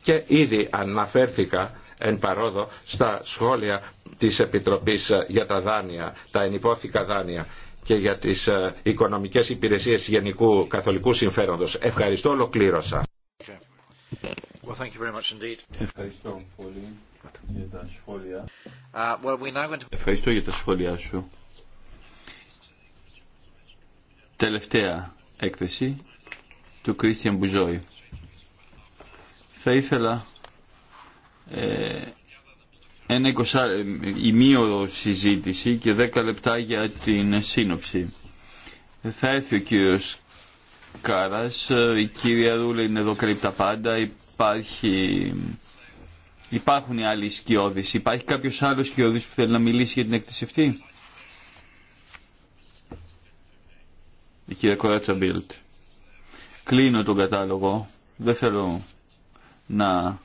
Και ήδη αναφέρθηκα εν παρόδο στα σχόλια της Επιτροπής για τα δάνεια, τα ενυπόθηκα δάνεια και για τις ε, οικονομικές υπηρεσίες γενικού καθολικού συμφέροντος. Ευχαριστώ, ολοκλήρωσα. Well, thank you very much indeed. Ευχαριστώ πολύ για τα σχόλια. Uh, well, now going to... Ευχαριστώ για τα σχόλια σου. Τελευταία έκθεση του Κρίστιαν Μπουζόη. Θα ήθελα ε, ένα ε, ημίωρο συζήτηση και δέκα λεπτά για την σύνοψη. Θα έρθει ο κύριος Κάρας, η κυρία Ρούλα είναι εδώ καλύπτα πάντα, η υπάρχει... Υπάρχουν οι άλλοι σκιώδεις. Υπάρχει κάποιος άλλος σκιώδης που θέλει να μιλήσει για την έκθεση αυτή. Η κυρία Κοράτσα Μπίλτ. Κλείνω τον κατάλογο. Δεν θέλω να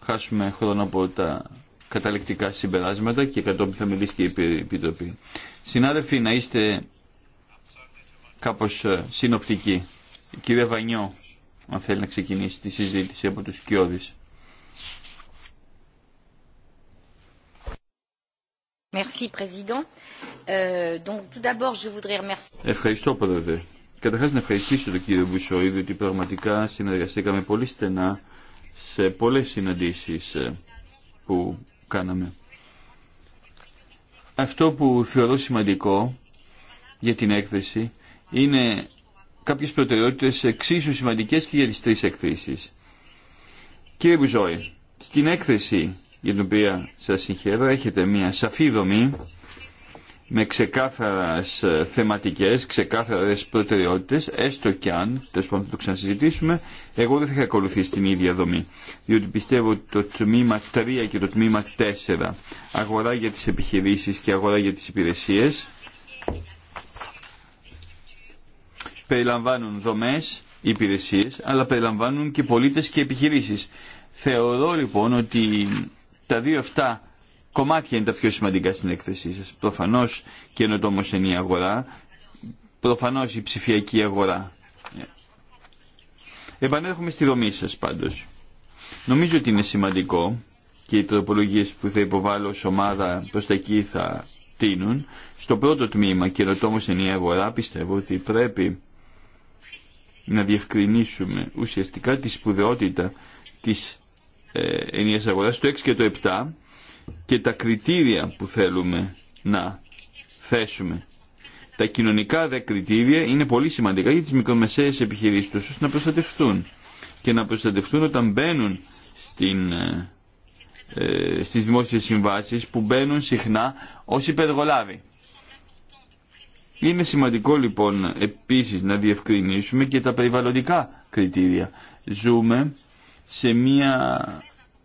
χάσουμε χρόνο από τα καταληκτικά συμπεράσματα και κατόπιν θα μιλήσει και η Επιτροπή. Συνάδελφοι, να είστε κάπως ε, συνοπτικοί. Η κυρία Βανιό αν θέλει να ξεκινήσει τη συζήτηση από τους Κιώδης. Euh, Ευχαριστώ, Πρόεδρε. Καταρχάς να ευχαριστήσω τον κύριο Μπουσόη, διότι πραγματικά συνεργαστήκαμε πολύ στενά σε πολλές συναντήσεις ε, που κάναμε. Αυτό που θεωρώ σημαντικό για την έκθεση είναι κάποιες προτεραιότητες εξίσου σημαντικές και για τις τρεις εκθέσεις. Κύριε Μπουζόη, στην έκθεση για την οποία σας συγχαίρω έχετε μια σαφή δομή με ξεκάθαρες θεματικές, ξεκάθαρες προτεραιότητες, έστω και αν, τέλος πάντων το ξανασυζητήσουμε, εγώ δεν θα είχα ακολουθήσει την ίδια δομή. Διότι πιστεύω ότι το τμήμα 3 και το τμήμα 4, αγορά για τις επιχειρήσεις και αγορά για τις υπηρεσίες, περιλαμβάνουν δομές, υπηρεσίες, αλλά περιλαμβάνουν και πολίτες και επιχειρήσεις. Θεωρώ λοιπόν ότι τα δύο αυτά κομμάτια είναι τα πιο σημαντικά στην έκθεσή σας. Προφανώς καινοτόμως είναι η αγορά, προφανώς η ψηφιακή αγορά. Επανέρχομαι στη δομή σας πάντως. Νομίζω ότι είναι σημαντικό και οι τροπολογίες που θα υποβάλω ως ομάδα προς τα εκεί θα τίνουν. Στο πρώτο τμήμα καινοτόμως είναι η αγορά πιστεύω ότι πρέπει να διευκρινίσουμε ουσιαστικά τη σπουδαιότητα της ε, ενίας αγοράς, το 6 και το 7 και τα κριτήρια που θέλουμε να θέσουμε. Τα κοινωνικά δε κριτήρια είναι πολύ σημαντικά για τις μικρομεσαίες επιχειρήσεις τους ώστε να προστατευτούν και να προστατευτούν όταν μπαίνουν στην, ε, ε στις δημόσιες συμβάσεις που μπαίνουν συχνά ως υπεργολάβοι. Είναι σημαντικό λοιπόν επίσης να διευκρινίσουμε και τα περιβαλλοντικά κριτήρια. Ζούμε σε μια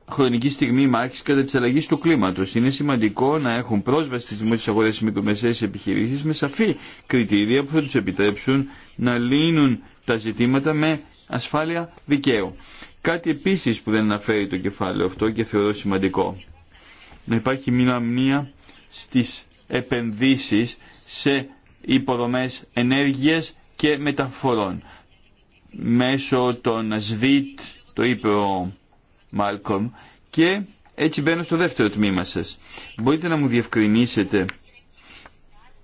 χρονική στιγμή μάχης κατά τη αλλαγής του κλίματος. Είναι σημαντικό να έχουν πρόσβαση στις δημόσιες αγορές στις μικρομεσαίες επιχειρήσεις με σαφή κριτήρια που θα τους επιτρέψουν να λύνουν τα ζητήματα με ασφάλεια δικαίου. Κάτι επίσης που δεν αναφέρει το κεφάλαιο αυτό και θεωρώ σημαντικό. Να υπάρχει μία μνήμα στις επενδύσεις σε υποδομές ενέργειας και μεταφορών. Μέσω των ΣΒΙΤ, το είπε ο Μάλκομ, και έτσι μπαίνω στο δεύτερο τμήμα σας. Μπορείτε να μου διευκρινίσετε.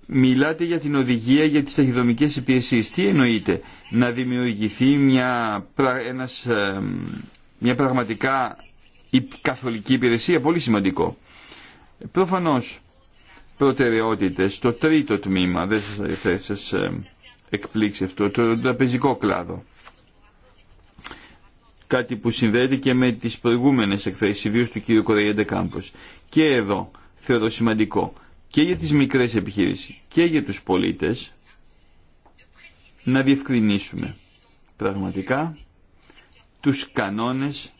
Μιλάτε για την οδηγία για τις ταχυδρομικές υπηρεσίες. Τι εννοείτε να δημιουργηθεί μια, ένας, μια πραγματικά καθολική υπηρεσία. Πολύ σημαντικό. Προφανώς προτεραιότητες, το τρίτο τμήμα, δεν θα σας ε, εκπλήξει αυτό, το τραπεζικό κλάδο. Κάτι που συνδέεται και με τις προηγούμενες εκθέσεις, ιδίως του κ. Κορέιέντε Κάμπος. Και εδώ θεωρώ σημαντικό και για τις μικρές επιχειρήσεις και για τους πολίτες να διευκρινίσουμε πραγματικά τους κανόνες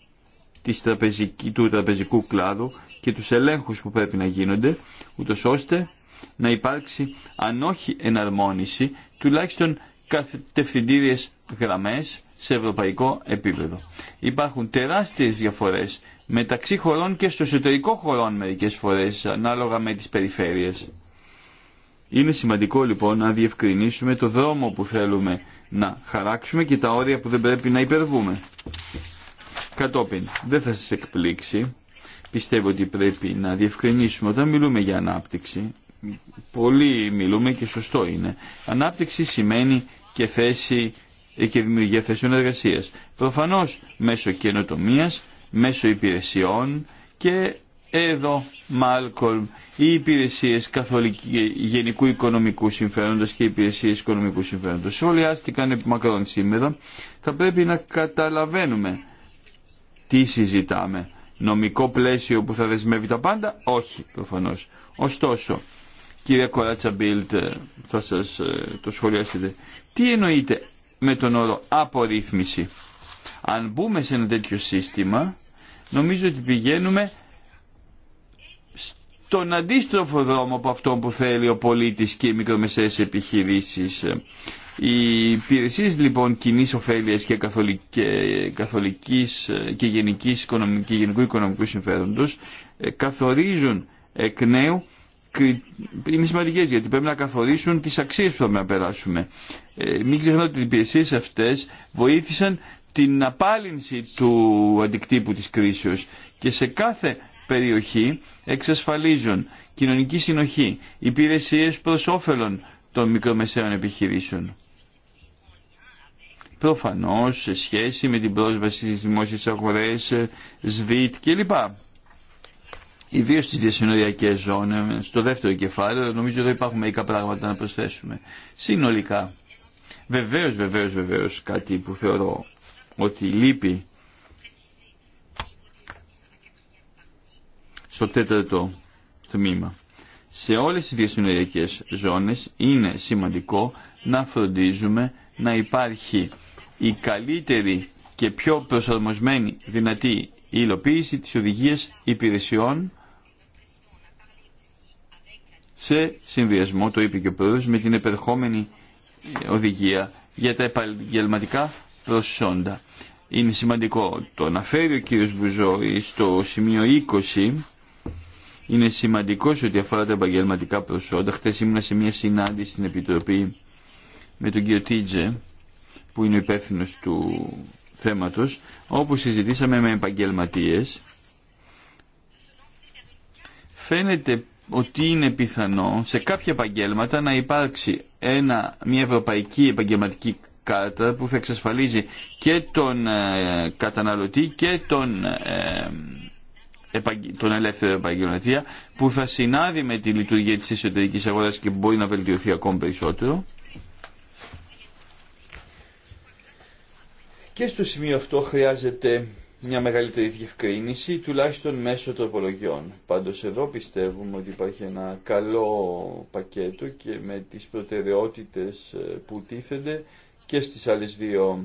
της τραπεζική, του τραπεζικού κλάδου και τους ελέγχους που πρέπει να γίνονται, ούτω ώστε να υπάρξει αν όχι εναρμόνιση, τουλάχιστον κατευθυντήριες γραμμές σε ευρωπαϊκό επίπεδο. Υπάρχουν τεράστιες διαφορές μεταξύ χωρών και στο εσωτερικό χωρών μερικές φορές, ανάλογα με τις περιφέρειες. Είναι σημαντικό λοιπόν να διευκρινίσουμε το δρόμο που θέλουμε να χαράξουμε και τα όρια που δεν πρέπει να υπερβούμε. Κατόπιν, δεν θα σας εκπλήξει πιστεύω ότι πρέπει να διευκρινίσουμε όταν μιλούμε για ανάπτυξη πολύ μιλούμε και σωστό είναι ανάπτυξη σημαίνει και θέση και δημιουργία θέσεων εργασία. Προφανώ μέσω καινοτομία, μέσω υπηρεσιών και εδώ Μάλκολμ οι υπηρεσίες γενικού οικονομικού συμφέροντος και οι υπηρεσίες οικονομικού Όλοι Σχολιάστηκαν επί μακρόν σήμερα. Θα πρέπει να καταλαβαίνουμε τι συζητάμε νομικό πλαίσιο που θα δεσμεύει τα πάντα. Όχι, προφανώ. Ωστόσο, κύριε Κοράτσα Μπίλτ, ε, θα σας ε, το σχολιάσετε. Τι εννοείτε με τον όρο απορρίθμιση. Αν μπούμε σε ένα τέτοιο σύστημα, νομίζω ότι πηγαίνουμε στον αντίστροφο δρόμο από αυτό που θέλει ο πολίτης και οι μικρομεσαίες επιχειρήσεις. Οι υπηρεσίε λοιπόν κοινή ωφέλεια και, καθολικής και, γενικής, και γενικού οικονομικού συμφέροντο ε, καθορίζουν εκ νέου είναι σημαντικέ γιατί πρέπει να καθορίσουν τι αξίε που θα περάσουμε. Ε, μην ξεχνάτε ότι οι υπηρεσίε αυτέ βοήθησαν την απάλυνση του αντικτύπου της κρίσεως και σε κάθε περιοχή εξασφαλίζουν κοινωνική συνοχή, υπηρεσίες προς όφελον των μικρομεσαίων επιχειρήσεων προφανώς σε σχέση με την πρόσβαση στις δημόσιες αγορές, ε, ΣΒΙΤ κλπ. Ιδίω στις διασυνοριακές ζώνες, στο δεύτερο κεφάλαιο, νομίζω εδώ υπάρχουν μερικά πράγματα να προσθέσουμε. Συνολικά, βεβαίως, βεβαίως, βεβαίως κάτι που θεωρώ ότι λείπει στο τέταρτο τμήμα. Σε όλες τις διασυνοριακές ζώνες είναι σημαντικό να φροντίζουμε να υπάρχει η καλύτερη και πιο προσαρμοσμένη δυνατή υλοποίηση της οδηγίας υπηρεσιών σε συνδυασμό, το είπε και ο Πρόεδρος, με την επερχόμενη ε, οδηγία για τα επαγγελματικά προσόντα. Είναι σημαντικό το να φέρει ο κύριος Μπουζόη στο σημείο 20 είναι σημαντικό σε ό,τι αφορά τα επαγγελματικά προσόντα. Χθε ήμουν σε μια συνάντηση στην Επιτροπή με τον κύριο Τίτζε που είναι ο υπεύθυνο του θέματος, όπου συζητήσαμε με επαγγελματίες, φαίνεται ότι είναι πιθανό σε κάποια επαγγέλματα να υπάρξει ένα, μια ευρωπαϊκή επαγγελματική κάρτα που θα εξασφαλίζει και τον ε, καταναλωτή και τον, ε, τον ελεύθερο επαγγελματία που θα συνάδει με τη λειτουργία της εσωτερικής αγοράς και μπορεί να βελτιωθεί ακόμη περισσότερο. Και στο σημείο αυτό χρειάζεται μια μεγαλύτερη διευκρίνηση, τουλάχιστον μέσω τροπολογιών. Πάντως εδώ πιστεύουμε ότι υπάρχει ένα καλό πακέτο και με τις προτεραιότητες ε, που τίθενται και στις άλλες δύο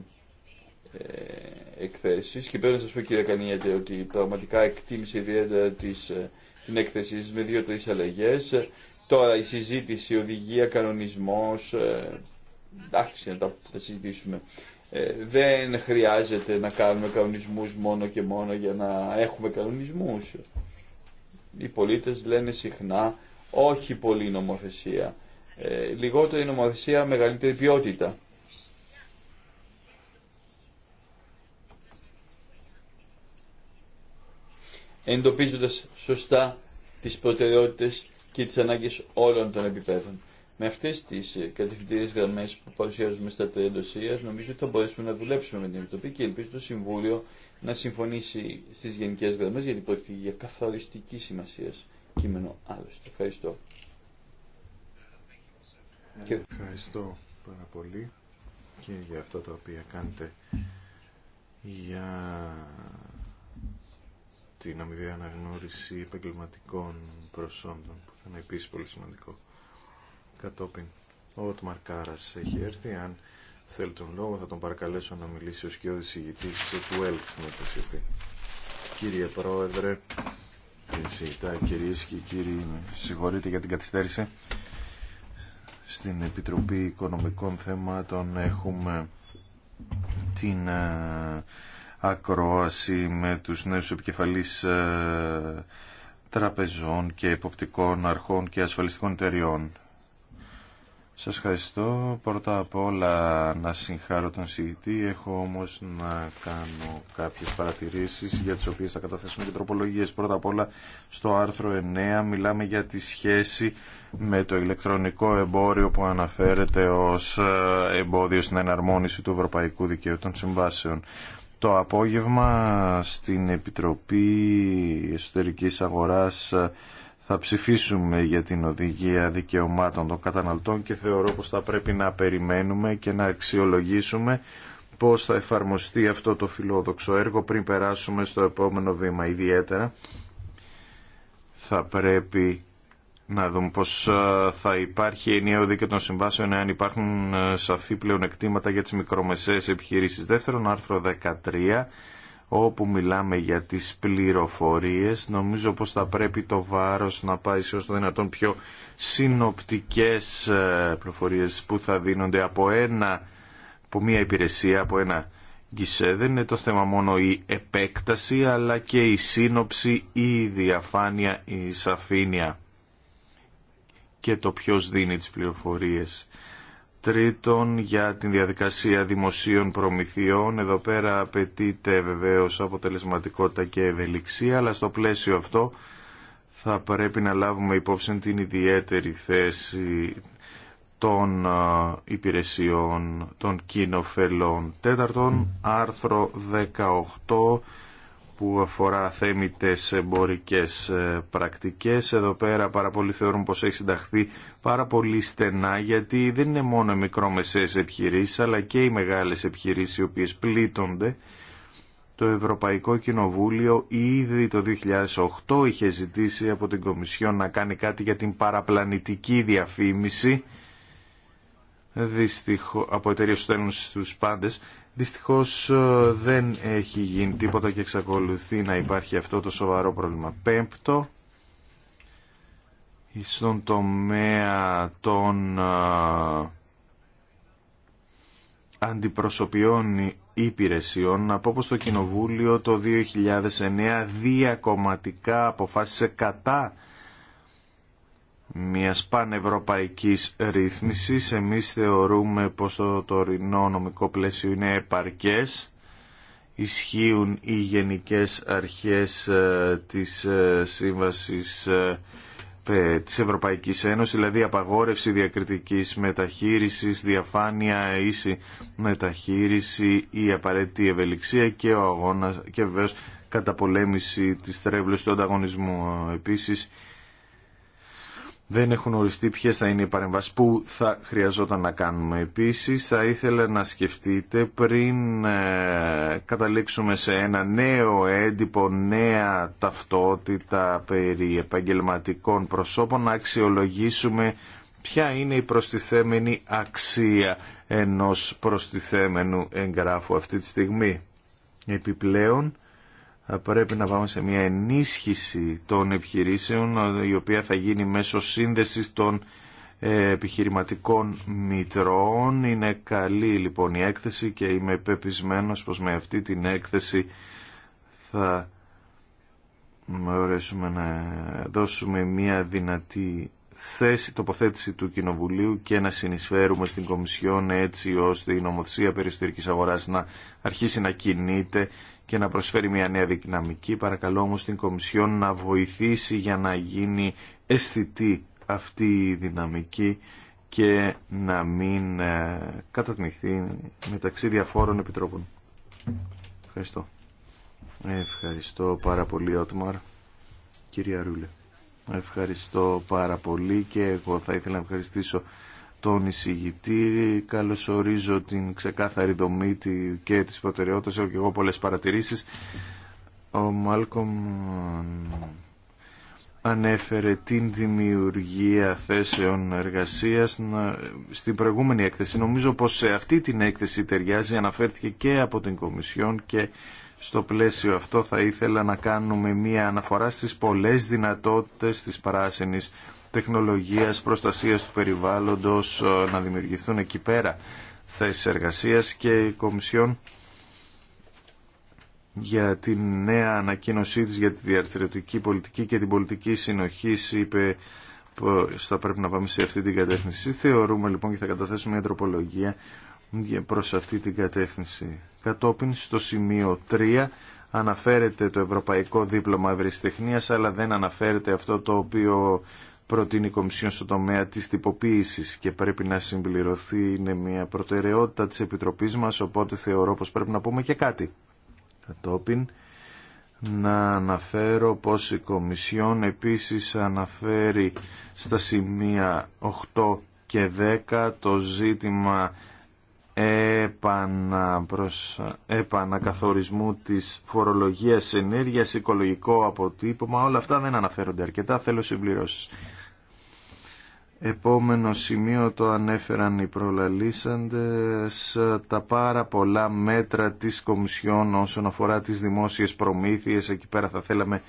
ε, εκθέσεις. Και πρέπει να σας πω κύριε Κανίατε ότι πραγματικά εκτίμησε ιδιαίτερα τις, ε, την έκθεση με δύο-τρεις αλλαγές. Τώρα η συζήτηση, οδηγία, κανονισμός, εντάξει να τα συζητήσουμε. Ε, δεν χρειάζεται να κάνουμε κανονισμούς μόνο και μόνο για να έχουμε κανονισμούς. Οι πολίτες λένε συχνά όχι πολύ νομοθεσία. Ε, λιγότερη νομοθεσία, μεγαλύτερη ποιότητα. εντοπίζοντας σωστά τις προτεραιότητες και τις ανάγκες όλων των επιπέδων. Με αυτέ τι ε, κατευθυντήριε γραμμέ που παρουσιάζουμε στα τελειοδοσία, νομίζω ότι θα μπορέσουμε να δουλέψουμε με την Επιτροπή και ελπίζω το Συμβούλιο να συμφωνήσει στι γενικέ γραμμέ, γιατί πρόκειται για καθοριστική σημασία κείμενο άλλωστε. Ευχαριστώ. Ευχαριστώ πάρα πολύ και για αυτά τα οποία κάνετε για την αμοιβή αναγνώριση επαγγελματικών προσόντων που θα είναι επίσης πολύ σημαντικό κατόπιν. Ο Ότμαρ Κάρα έχει έρθει. Αν θέλει τον λόγο θα τον παρακαλέσω να μιλήσει ω και ο του ΕΛΚ στην έκθεση Κύριε Πρόεδρε, κύριε κυρίε και κύριοι, συγχωρείτε για την καθυστέρηση. Στην Επιτροπή Οικονομικών Θεμάτων έχουμε την ε, ακρόαση με τους νέους επικεφαλείς ε, τραπεζών και εποπτικών αρχών και ασφαλιστικών εταιριών. Σας ευχαριστώ. Πρώτα απ' όλα να συγχάρω τον συγητή. Έχω όμως να κάνω κάποιες παρατηρήσεις για τις οποίες θα καταθέσουμε και τροπολογίες. Πρώτα απ' όλα στο άρθρο 9 μιλάμε για τη σχέση με το ηλεκτρονικό εμπόριο που αναφέρεται ως ε, εμπόδιο στην εναρμόνιση του Ευρωπαϊκού Δικαίου των Συμβάσεων. Το απόγευμα στην Επιτροπή Εσωτερικής Αγοράς ε, θα ψηφίσουμε για την οδηγία δικαιωμάτων των καταναλτών και θεωρώ πως θα πρέπει να περιμένουμε και να αξιολογήσουμε πώς θα εφαρμοστεί αυτό το φιλόδοξο έργο πριν περάσουμε στο επόμενο βήμα. Ιδιαίτερα θα πρέπει να δούμε πως θα υπάρχει ενιαίο δίκαιο των συμβάσεων εάν υπάρχουν σαφή πλεονεκτήματα για τις μικρομεσαίες επιχειρήσεις. Δεύτερον, άρθρο 13 όπου μιλάμε για τις πληροφορίες. Νομίζω πως θα πρέπει το βάρος να πάει σε όσο δυνατόν πιο συνοπτικές ε, πληροφορίες που θα δίνονται από, ένα, από μια υπηρεσία, από ένα γκισέ. Δεν είναι το θέμα μόνο η επέκταση, αλλά και η σύνοψη, η διαφάνεια, η σαφήνεια και το ποιος δίνει τις πληροφορίες. Τρίτον, για την διαδικασία δημοσίων προμηθειών. Εδώ πέρα απαιτείται βεβαίως αποτελεσματικότητα και ευελιξία, αλλά στο πλαίσιο αυτό θα πρέπει να λάβουμε υπόψη την ιδιαίτερη θέση των υπηρεσιών των κοινοφελών. Τέταρτον, άρθρο 18 που αφορά θέμητες εμπορικές ε, πρακτικές. Εδώ πέρα πάρα πολλοί θεωρούν πως έχει συνταχθεί πάρα πολύ στενά γιατί δεν είναι μόνο οι μικρόμεσαίες επιχειρήσεις αλλά και οι μεγάλες επιχειρήσεις οι οποίες πλήττονται. Το Ευρωπαϊκό Κοινοβούλιο ήδη το 2008 είχε ζητήσει από την Κομισιόν να κάνει κάτι για την παραπλανητική διαφήμιση δυστυχώς, από εταιρείε που στέλνουν στους πάντες Δυστυχώς ε, δεν έχει γίνει τίποτα και εξακολουθεί να υπάρχει αυτό το σοβαρό πρόβλημα. Πέμπτο, στον τομέα των ε, αντιπροσωπιών υπηρεσιών, από πω πως το Κοινοβούλιο το 2009 διακομματικά αποφάσισε κατά μιας πανευρωπαϊκής ρύθμισης. Εμείς θεωρούμε πως το τωρινό νομικό πλαίσιο είναι επαρκές. Ισχύουν οι γενικές αρχές ε, της ε, Σύμβασης ε, της Ευρωπαϊκής Ένωσης, δηλαδή απαγόρευση διακριτικής μεταχείρισης, διαφάνεια, ίση μεταχείριση, η απαραίτητη ευελιξία και ο αγώνας και βεβαίως καταπολέμηση της τρέβλωσης του ανταγωνισμού. Επίσης, δεν έχουν οριστεί ποιες θα είναι οι παρεμβάσεις που θα χρειαζόταν να κάνουμε. Επίσης θα ήθελα να σκεφτείτε πριν ε, καταλήξουμε σε ένα νέο έντυπο, νέα ταυτότητα περί επαγγελματικών προσώπων να αξιολογήσουμε ποια είναι η προστιθέμενη αξία ενός προστιθέμενου εγγράφου αυτή τη στιγμή. Επιπλέον πρέπει να πάμε σε μια ενίσχυση των επιχειρήσεων η οποία θα γίνει μέσω σύνδεσης των ε, επιχειρηματικών μητρών. Είναι καλή λοιπόν η έκθεση και είμαι πεπισμένος πως με αυτή την έκθεση θα μπορέσουμε να δώσουμε μια δυνατή θέση τοποθέτηση του Κοινοβουλίου και να συνεισφέρουμε στην Κομισιόν έτσι ώστε η νομοθεσία περιστορικής αγοράς να αρχίσει να κινείται και να προσφέρει μια νέα δυναμική. Παρακαλώ όμως την Κομισιόν να βοηθήσει για να γίνει αισθητή αυτή η δυναμική και να μην ε, κατατμηθεί μεταξύ διαφόρων επιτρόπων. Ευχαριστώ. Ευχαριστώ πάρα πολύ, Ότμαρ. Κυρία Ρούλε. Ευχαριστώ πάρα πολύ και εγώ θα ήθελα να ευχαριστήσω τον εισηγητή. Καλωσορίζω την ξεκάθαρη δομή και τις προτεραιότητες. Έχω και εγώ πολλές παρατηρήσεις. Ο Μάλκομ ανέφερε την δημιουργία θέσεων εργασίας στην προηγούμενη έκθεση. Νομίζω πως σε αυτή την έκθεση ταιριάζει, αναφέρθηκε και από την Κομισιόν και στο πλαίσιο αυτό θα ήθελα να κάνουμε μία αναφορά στις πολλές δυνατότητες της παράσινης τεχνολογίας, προστασίας του περιβάλλοντος, ε, να δημιουργηθούν εκεί πέρα θέσεις εργασίας και η Κομισιόν για τη νέα ανακοίνωσή της για τη διαρθρωτική πολιτική και την πολιτική συνοχή είπε πως θα πρέπει να πάμε σε αυτή την κατεύθυνση. Θεωρούμε λοιπόν και θα καταθέσουμε μια τροπολογία προς αυτή την κατεύθυνση. Κατόπιν στο σημείο 3 αναφέρεται το Ευρωπαϊκό Δίπλωμα Ευρεσιτεχνίας αλλά δεν αναφέρεται αυτό το οποίο προτείνει η Κομισιόν στο τομέα της τυποποίησης και πρέπει να συμπληρωθεί είναι μια προτεραιότητα της Επιτροπής μας οπότε θεωρώ πως πρέπει να πούμε και κάτι. Κατόπιν να αναφέρω πως η Κομισιόν επίσης αναφέρει στα σημεία 8 και 10 το ζήτημα επανακαθορισμού της φορολογίας ενέργειας, οικολογικό αποτύπωμα, όλα αυτά δεν αναφέρονται αρκετά, θέλω συμπληρώσεις. Επόμενο σημείο το ανέφεραν οι προλαλήσαντες, τα πάρα πολλά μέτρα της Κομισιόν όσον αφορά τις δημόσιες προμήθειες, εκεί πέρα θα θέλαμε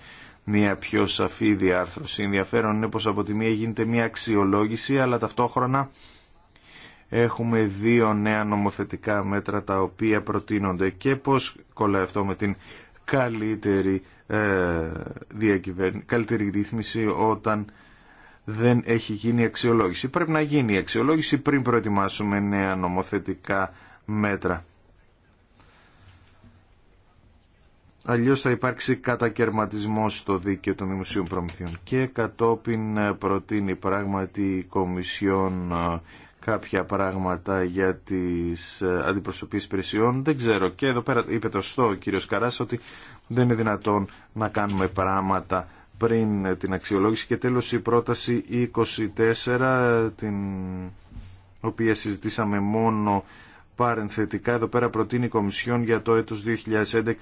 μια πιο σαφή διάρθρωση. Ενδιαφέρον είναι πως από τη μία γίνεται μια αξιολόγηση, αλλά ταυτόχρονα έχουμε δύο νέα νομοθετικά μέτρα τα οποία προτείνονται και πώς κολλάει αυτό με την καλύτερη, ε, καλύτερη ρύθμιση όταν δεν έχει γίνει αξιολόγηση. Πρέπει να γίνει η αξιολόγηση πριν προετοιμάσουμε νέα νομοθετικά μέτρα. Αλλιώς θα υπάρξει κατακαιρματισμός στο δίκαιο των δημοσίων προμηθειών και κατόπιν προτείνει πράγματι η Κομισιόν ε, κάποια πράγματα για τις ε, αντιπροσωπείς υπηρεσιών. Δεν ξέρω. Και εδώ πέρα είπε το στο ο κύριος Καράς ότι δεν είναι δυνατόν να κάνουμε πράγματα πριν την αξιολόγηση. Και τέλος η πρόταση 24, την οποία συζητήσαμε μόνο παρενθετικά. Εδώ πέρα προτείνει η Κομισιόν για το έτος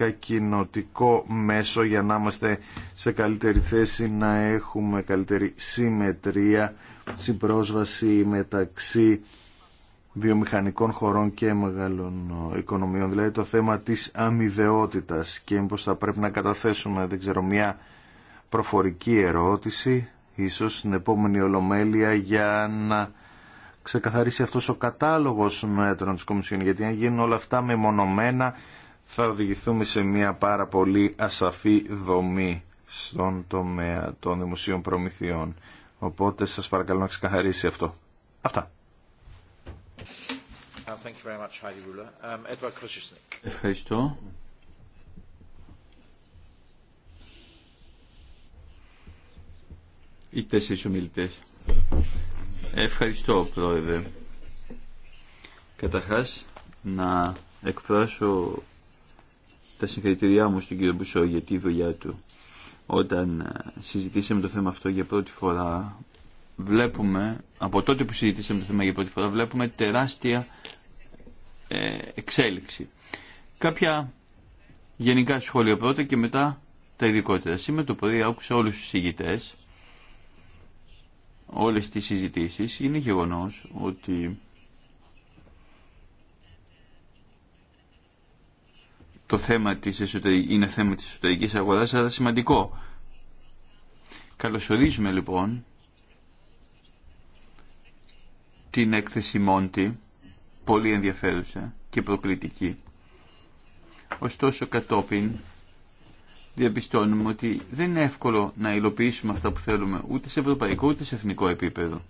2011 κοινοτικό μέσο για να είμαστε σε καλύτερη θέση να έχουμε καλύτερη συμμετρία στην πρόσβαση μεταξύ βιομηχανικών χωρών και μεγάλων ε, οικονομιών. Δηλαδή το θέμα της αμοιβαιότητας και μήπως θα πρέπει να καταθέσουμε, δεν ξέρω, μια προφορική ερώτηση, ίσως στην επόμενη ολομέλεια για να ξεκαθαρίσει αυτός ο κατάλογος μέτρων της Κομισιόν. Γιατί αν γίνουν όλα αυτά μεμονωμένα θα οδηγηθούμε σε μια πάρα πολύ ασαφή δομή στον τομέα των δημοσίων προμηθειών. Οπότε σας παρακαλώ να ξεκαθαρίσει αυτό. Αυτά. Uh, um, Ευχαριστώ. Οι τέσσερις ομιλητές. Ευχαριστώ, Πρόεδρε. Καταρχάς, να εκφράσω τα συγχαρητηριά μου στον κύριο Μπουσό για τη δουλειά του. Όταν ε, συζητήσαμε το θέμα αυτό για πρώτη φορά, βλέπουμε, από τότε που συζητήσαμε το θέμα για πρώτη φορά, βλέπουμε τεράστια ε, εξέλιξη. Κάποια γενικά σχόλια πρώτα και μετά τα ειδικότερα. Σήμερα το πρωί άκουσα όλους τους συγητές, όλες τις συζητήσεις. Είναι γεγονός ότι το θέμα της εσωτερικής, είναι θέμα της εσωτερικής αγοράς, αλλά σημαντικό. Καλωσορίζουμε λοιπόν την έκθεση Μόντι, πολύ ενδιαφέρουσα και προκλητική. Ωστόσο κατόπιν διαπιστώνουμε ότι δεν είναι εύκολο να υλοποιήσουμε αυτά που θέλουμε ούτε σε ευρωπαϊκό ούτε σε εθνικό επίπεδο.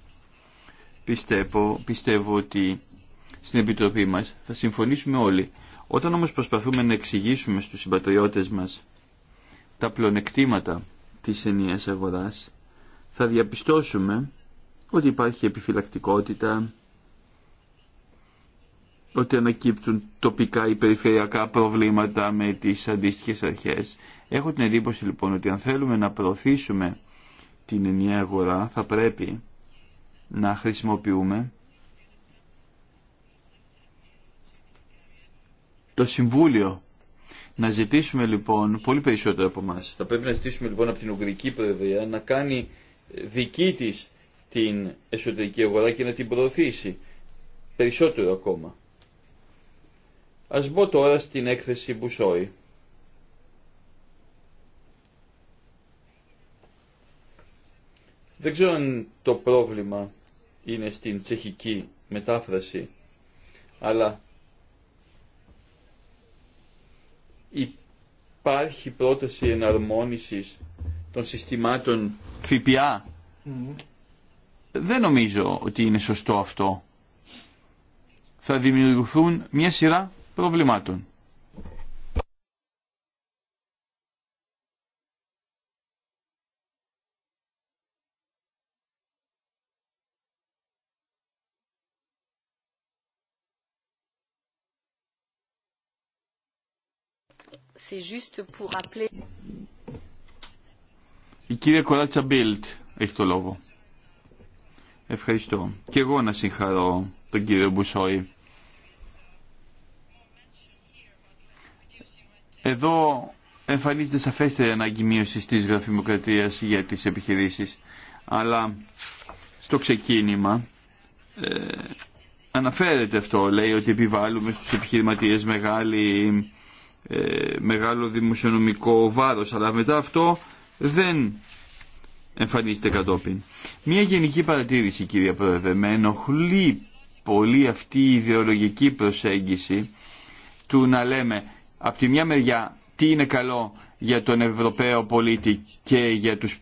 Πιστεύω, πιστεύω ότι στην Επιτροπή μας θα συμφωνήσουμε όλοι όταν όμως προσπαθούμε να εξηγήσουμε στους συμπατριώτες μας τα πλονεκτήματα της ενιαίας αγοράς, θα διαπιστώσουμε ότι υπάρχει επιφυλακτικότητα, ότι ανακύπτουν τοπικά ή περιφερειακά προβλήματα με τις αντίστοιχες αρχές. Έχω την εντύπωση λοιπόν ότι αν θέλουμε να προωθήσουμε την ενιαία αγορά θα πρέπει να χρησιμοποιούμε το Συμβούλιο. Να ζητήσουμε λοιπόν πολύ περισσότερο από εμά. Θα πρέπει να ζητήσουμε λοιπόν από την Ουγγρική Προεδρία να κάνει ε, δική της την εσωτερική αγορά και να την προωθήσει περισσότερο ακόμα. Ας μπω τώρα στην έκθεση Μπουσόη. Δεν ξέρω αν το πρόβλημα είναι στην τσεχική μετάφραση, αλλά Υπάρχει πρόταση εναρμόνισης των συστημάτων ΦΠΑ. Δεν νομίζω ότι είναι σωστό αυτό. Θα δημιουργηθούν μια σειρά προβλημάτων. Η κυρία Κοράτσα Μπίλτ έχει το λόγο. Ευχαριστώ. Και εγώ να συγχαρώ τον κύριο Μπουσόη. Εδώ εμφανίζεται σαφέστερη ανάγκη μείωση τη γραφειοκρατία για τι επιχειρήσει. Αλλά στο ξεκίνημα ε, αναφέρεται αυτό. Λέει ότι επιβάλλουμε στου επιχειρηματίε μεγάλη ε, μεγάλο δημοσιονομικό βάρος, αλλά μετά αυτό δεν εμφανίζεται κατόπιν. Μία γενική παρατήρηση, κύριε Πρόεδρε, με ενοχλεί πολύ αυτή η ιδεολογική προσέγγιση του να λέμε από τη μια μεριά τι είναι καλό για τον Ευρωπαίο πολίτη και για τους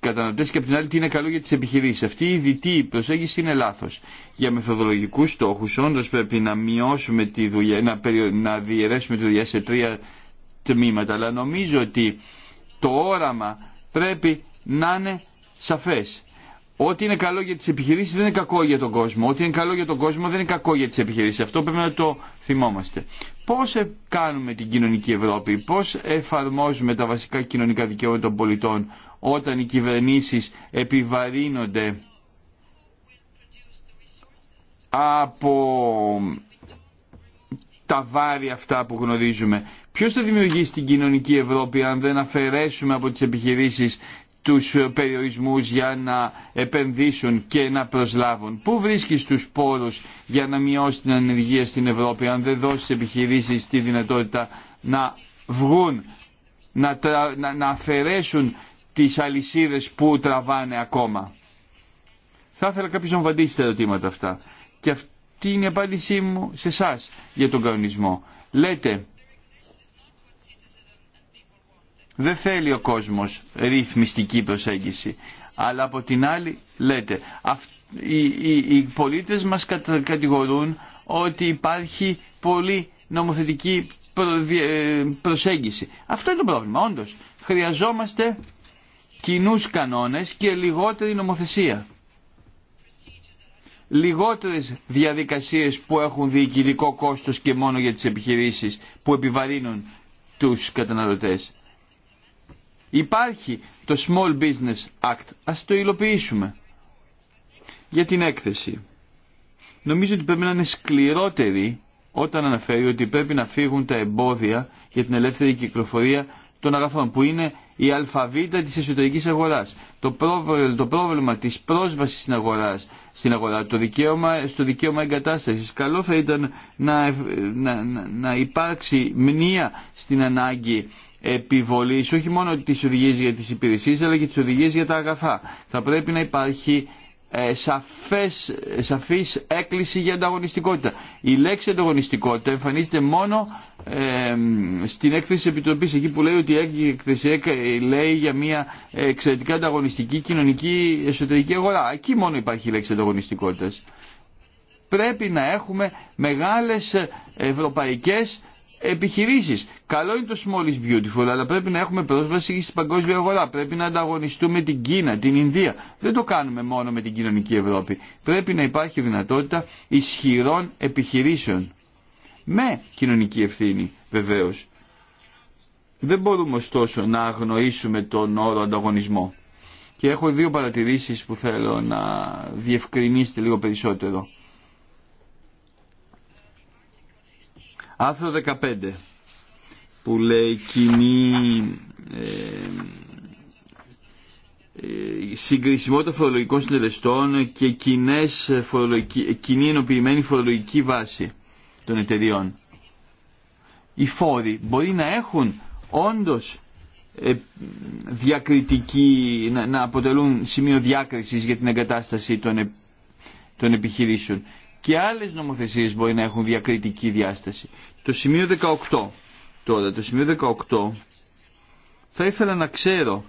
καταναλωτές και από την άλλη τι είναι καλό για τις επιχειρήσεις. Αυτή η διτή προσέγγιση είναι λάθος. Για μεθοδολογικούς στόχους όντως πρέπει να μειώσουμε τη δουλειά, να, περι, να διαιρέσουμε τη δουλειά σε τρία τμήματα, αλλά νομίζω ότι το όραμα πρέπει να είναι σαφές. Ό,τι είναι καλό για τις επιχειρήσεις δεν είναι κακό για τον κόσμο. Ό,τι είναι καλό για τον κόσμο δεν είναι κακό για τις επιχειρήσεις. Αυτό πρέπει να το θυμόμαστε. Πώς ε, κάνουμε την κοινωνική Ευρώπη, πώς εφαρμόζουμε τα βασικά κοινωνικά δικαιώματα των πολιτών όταν οι κυβερνήσει επιβαρύνονται από τα βάρη αυτά που γνωρίζουμε. Ποιος θα δημιουργήσει την κοινωνική Ευρώπη αν δεν αφαιρέσουμε από τις επιχειρήσεις τους περιορισμούς για να επενδύσουν και να προσλάβουν. Πού βρίσκεις τους πόρους για να μειώσει την ανεργία στην Ευρώπη αν δεν δώσεις επιχειρήσεις τη δυνατότητα να βγουν, να, να, αφαιρέσουν τις αλυσίδες που τραβάνε ακόμα. Θα ήθελα κάποιος να απαντήσει τα ερωτήματα αυτά. Και αυτή είναι η απάντησή μου σε εσά για τον κανονισμό. Λέτε δεν θέλει ο κόσμος ρυθμιστική προσέγγιση. Αλλά από την άλλη λέτε, οι, οι, οι πολίτες μας κατηγορούν ότι υπάρχει πολύ νομοθετική ε, προσέγγιση. Αυτό είναι το πρόβλημα, όντως. Χρειαζόμαστε κοινούς κανόνες και λιγότερη νομοθεσία. Λιγότερες διαδικασίες που έχουν διοικητικό κόστος και μόνο για τις επιχειρήσεις που επιβαρύνουν τους καταναλωτές. Υπάρχει το Small Business Act. Ας το υλοποιήσουμε. Για την έκθεση. Νομίζω ότι πρέπει να είναι σκληρότερη όταν αναφέρει ότι πρέπει να φύγουν τα εμπόδια για την ελεύθερη κυκλοφορία των αγαθών που είναι η αλφαβήτα της εσωτερικής αγοράς. Το πρόβλημα, το πρόβλημα της πρόσβασης στην αγορά, στην αγορά το δικαίωμα, στο δικαίωμα εγκατάστασης. Καλό θα ήταν να, να, να υπάρξει μνήα στην ανάγκη επιβολή, όχι μόνο τι οδηγίε για τις υπηρεσίες αλλά και τι οδηγίε για τα αγαθά. Θα πρέπει να υπάρχει ε, σαφές, σαφής έκκληση για ανταγωνιστικότητα. Η λέξη ανταγωνιστικότητα εμφανίζεται μόνο ε, στην έκθεση της Επιτροπής, εκεί που λέει ότι η έκθεση ε, λέει για μια εξαιρετικά ανταγωνιστική κοινωνική εσωτερική αγορά. Εκεί μόνο υπάρχει η λέξη ανταγωνιστικότητας. Πρέπει να έχουμε μεγάλες ευρωπαϊκές επιχειρήσεις. Καλό είναι το small is beautiful, αλλά πρέπει να έχουμε πρόσβαση στην παγκόσμια αγορά. Πρέπει να ανταγωνιστούμε την Κίνα, την Ινδία. Δεν το κάνουμε μόνο με την κοινωνική Ευρώπη. Πρέπει να υπάρχει δυνατότητα ισχυρών επιχειρήσεων. Με κοινωνική ευθύνη, βεβαίως. Δεν μπορούμε ωστόσο να αγνοήσουμε τον όρο ανταγωνισμό. Και έχω δύο παρατηρήσεις που θέλω να διευκρινίσετε λίγο περισσότερο. Άρθρο 15 που λέει κοινή ε, ε, συγκρισιμότητα φορολογικών συντελεστών και κοινές κοινή ενοποιημένη φορολογική βάση των εταιριών. Οι φόροι μπορεί να έχουν όντως ε, διακριτική, να, αποτελούν σημείο διάκρισης για την εγκατάσταση των ε, επιχειρήσεων και άλλες νομοθεσίες μπορεί να έχουν διακριτική διάσταση. Το σημείο 18. Τώρα, το σημείο 18 θα ήθελα να ξέρω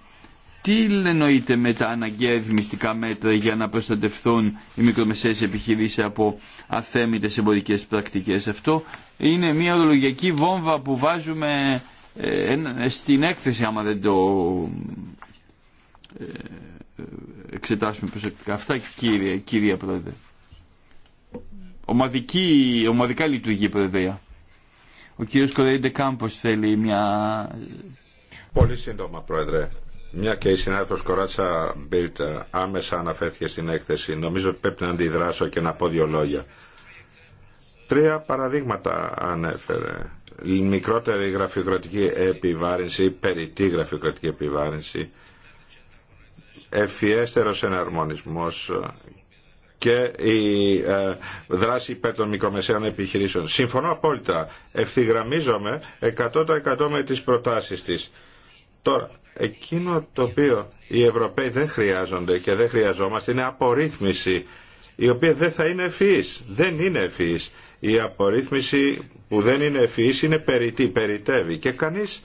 τι εννοείται με τα αναγκαία ρυθμιστικά μέτρα για να προστατευθούν οι μικρομεσαίες επιχειρήσεις από αθέμητες εμπορικές πρακτικές. Αυτό είναι μια ορολογιακή βόμβα που βάζουμε ε, στην έκθεση άμα δεν το ε, ε, εξετάσουμε προσεκτικά. Αυτά κύριε, κύριε Πρόεδρε ομαδική, ομαδικά λειτουργεί η Προεδρία. Ο κύριος Κορέιντε Κάμπος θέλει μια... Πολύ σύντομα, Πρόεδρε. Μια και η συνάδελφο Κοράτσα Μπίρτ άμεσα αναφέρθηκε στην έκθεση, νομίζω ότι πρέπει να αντιδράσω και να πω δύο λόγια. Τρία παραδείγματα ανέφερε. Μικρότερη γραφειοκρατική επιβάρυνση, περιττή γραφειοκρατική επιβάρυνση, ευφιέστερος εναρμονισμός και η ε, δράση υπέρ των μικρομεσαίων επιχειρήσεων. Συμφωνώ απόλυτα. Ευθυγραμμίζομαι 100% με τις προτάσεις της. Τώρα, εκείνο το οποίο οι Ευρωπαίοι δεν χρειάζονται και δεν χρειαζόμαστε είναι απορρίθμιση, η οποία δεν θα είναι ευφυής. Δεν είναι ευφυής. Η απορρίθμιση που δεν είναι ευφυής είναι περιττή, περιτεύει και κανείς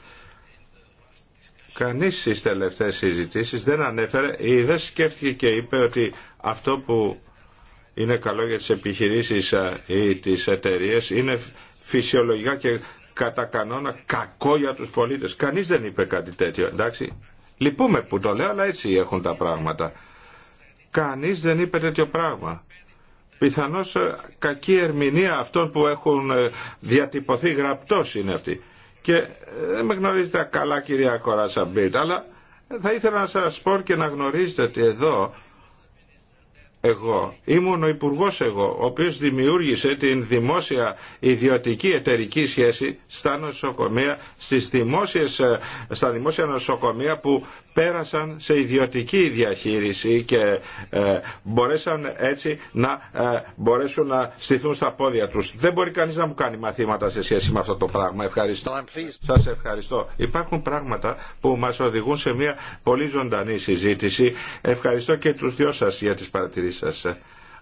κανείς στις τελευταίες συζητήσεις δεν ανέφερε ή δεν σκέφτηκε και είπε ότι αυτό που είναι καλό για τις επιχειρήσεις ή τις εταιρείες, είναι φυσιολογικά και κατά κανόνα κακό για τους πολίτες. Κανείς δεν είπε κάτι τέτοιο, εντάξει. Λυπούμε που το λέω, αλλά έτσι έχουν τα πράγματα. Κανείς δεν είπε τέτοιο πράγμα. Πιθανώς ε, κακή ερμηνεία αυτών που έχουν ε, διατυπωθεί γραπτός είναι αυτή. Και ε, δεν με γνωρίζετε καλά κυρία Κοράσα Μπίρτ, αλλά θα ήθελα να σας πω και να γνωρίζετε ότι εδώ εγώ. Ήμουν ο υπουργό εγώ, ο οποίο δημιούργησε την δημόσια ιδιωτική εταιρική σχέση στα νοσοκομεία, στις δημόσιες, ε, στα δημόσια νοσοκομεία που πέρασαν σε ιδιωτική διαχείριση και ε, μπορέσαν έτσι να ε, μπορέσουν να στηθούν στα πόδια τους. Δεν μπορεί κανείς να μου κάνει μαθήματα σε σχέση με αυτό το πράγμα. Ευχαριστώ. Σας ευχαριστώ. Υπάρχουν πράγματα που μας οδηγούν σε μια πολύ ζωντανή συζήτηση. Ευχαριστώ και τους δυο σας για τις παρατηρήσεις σας.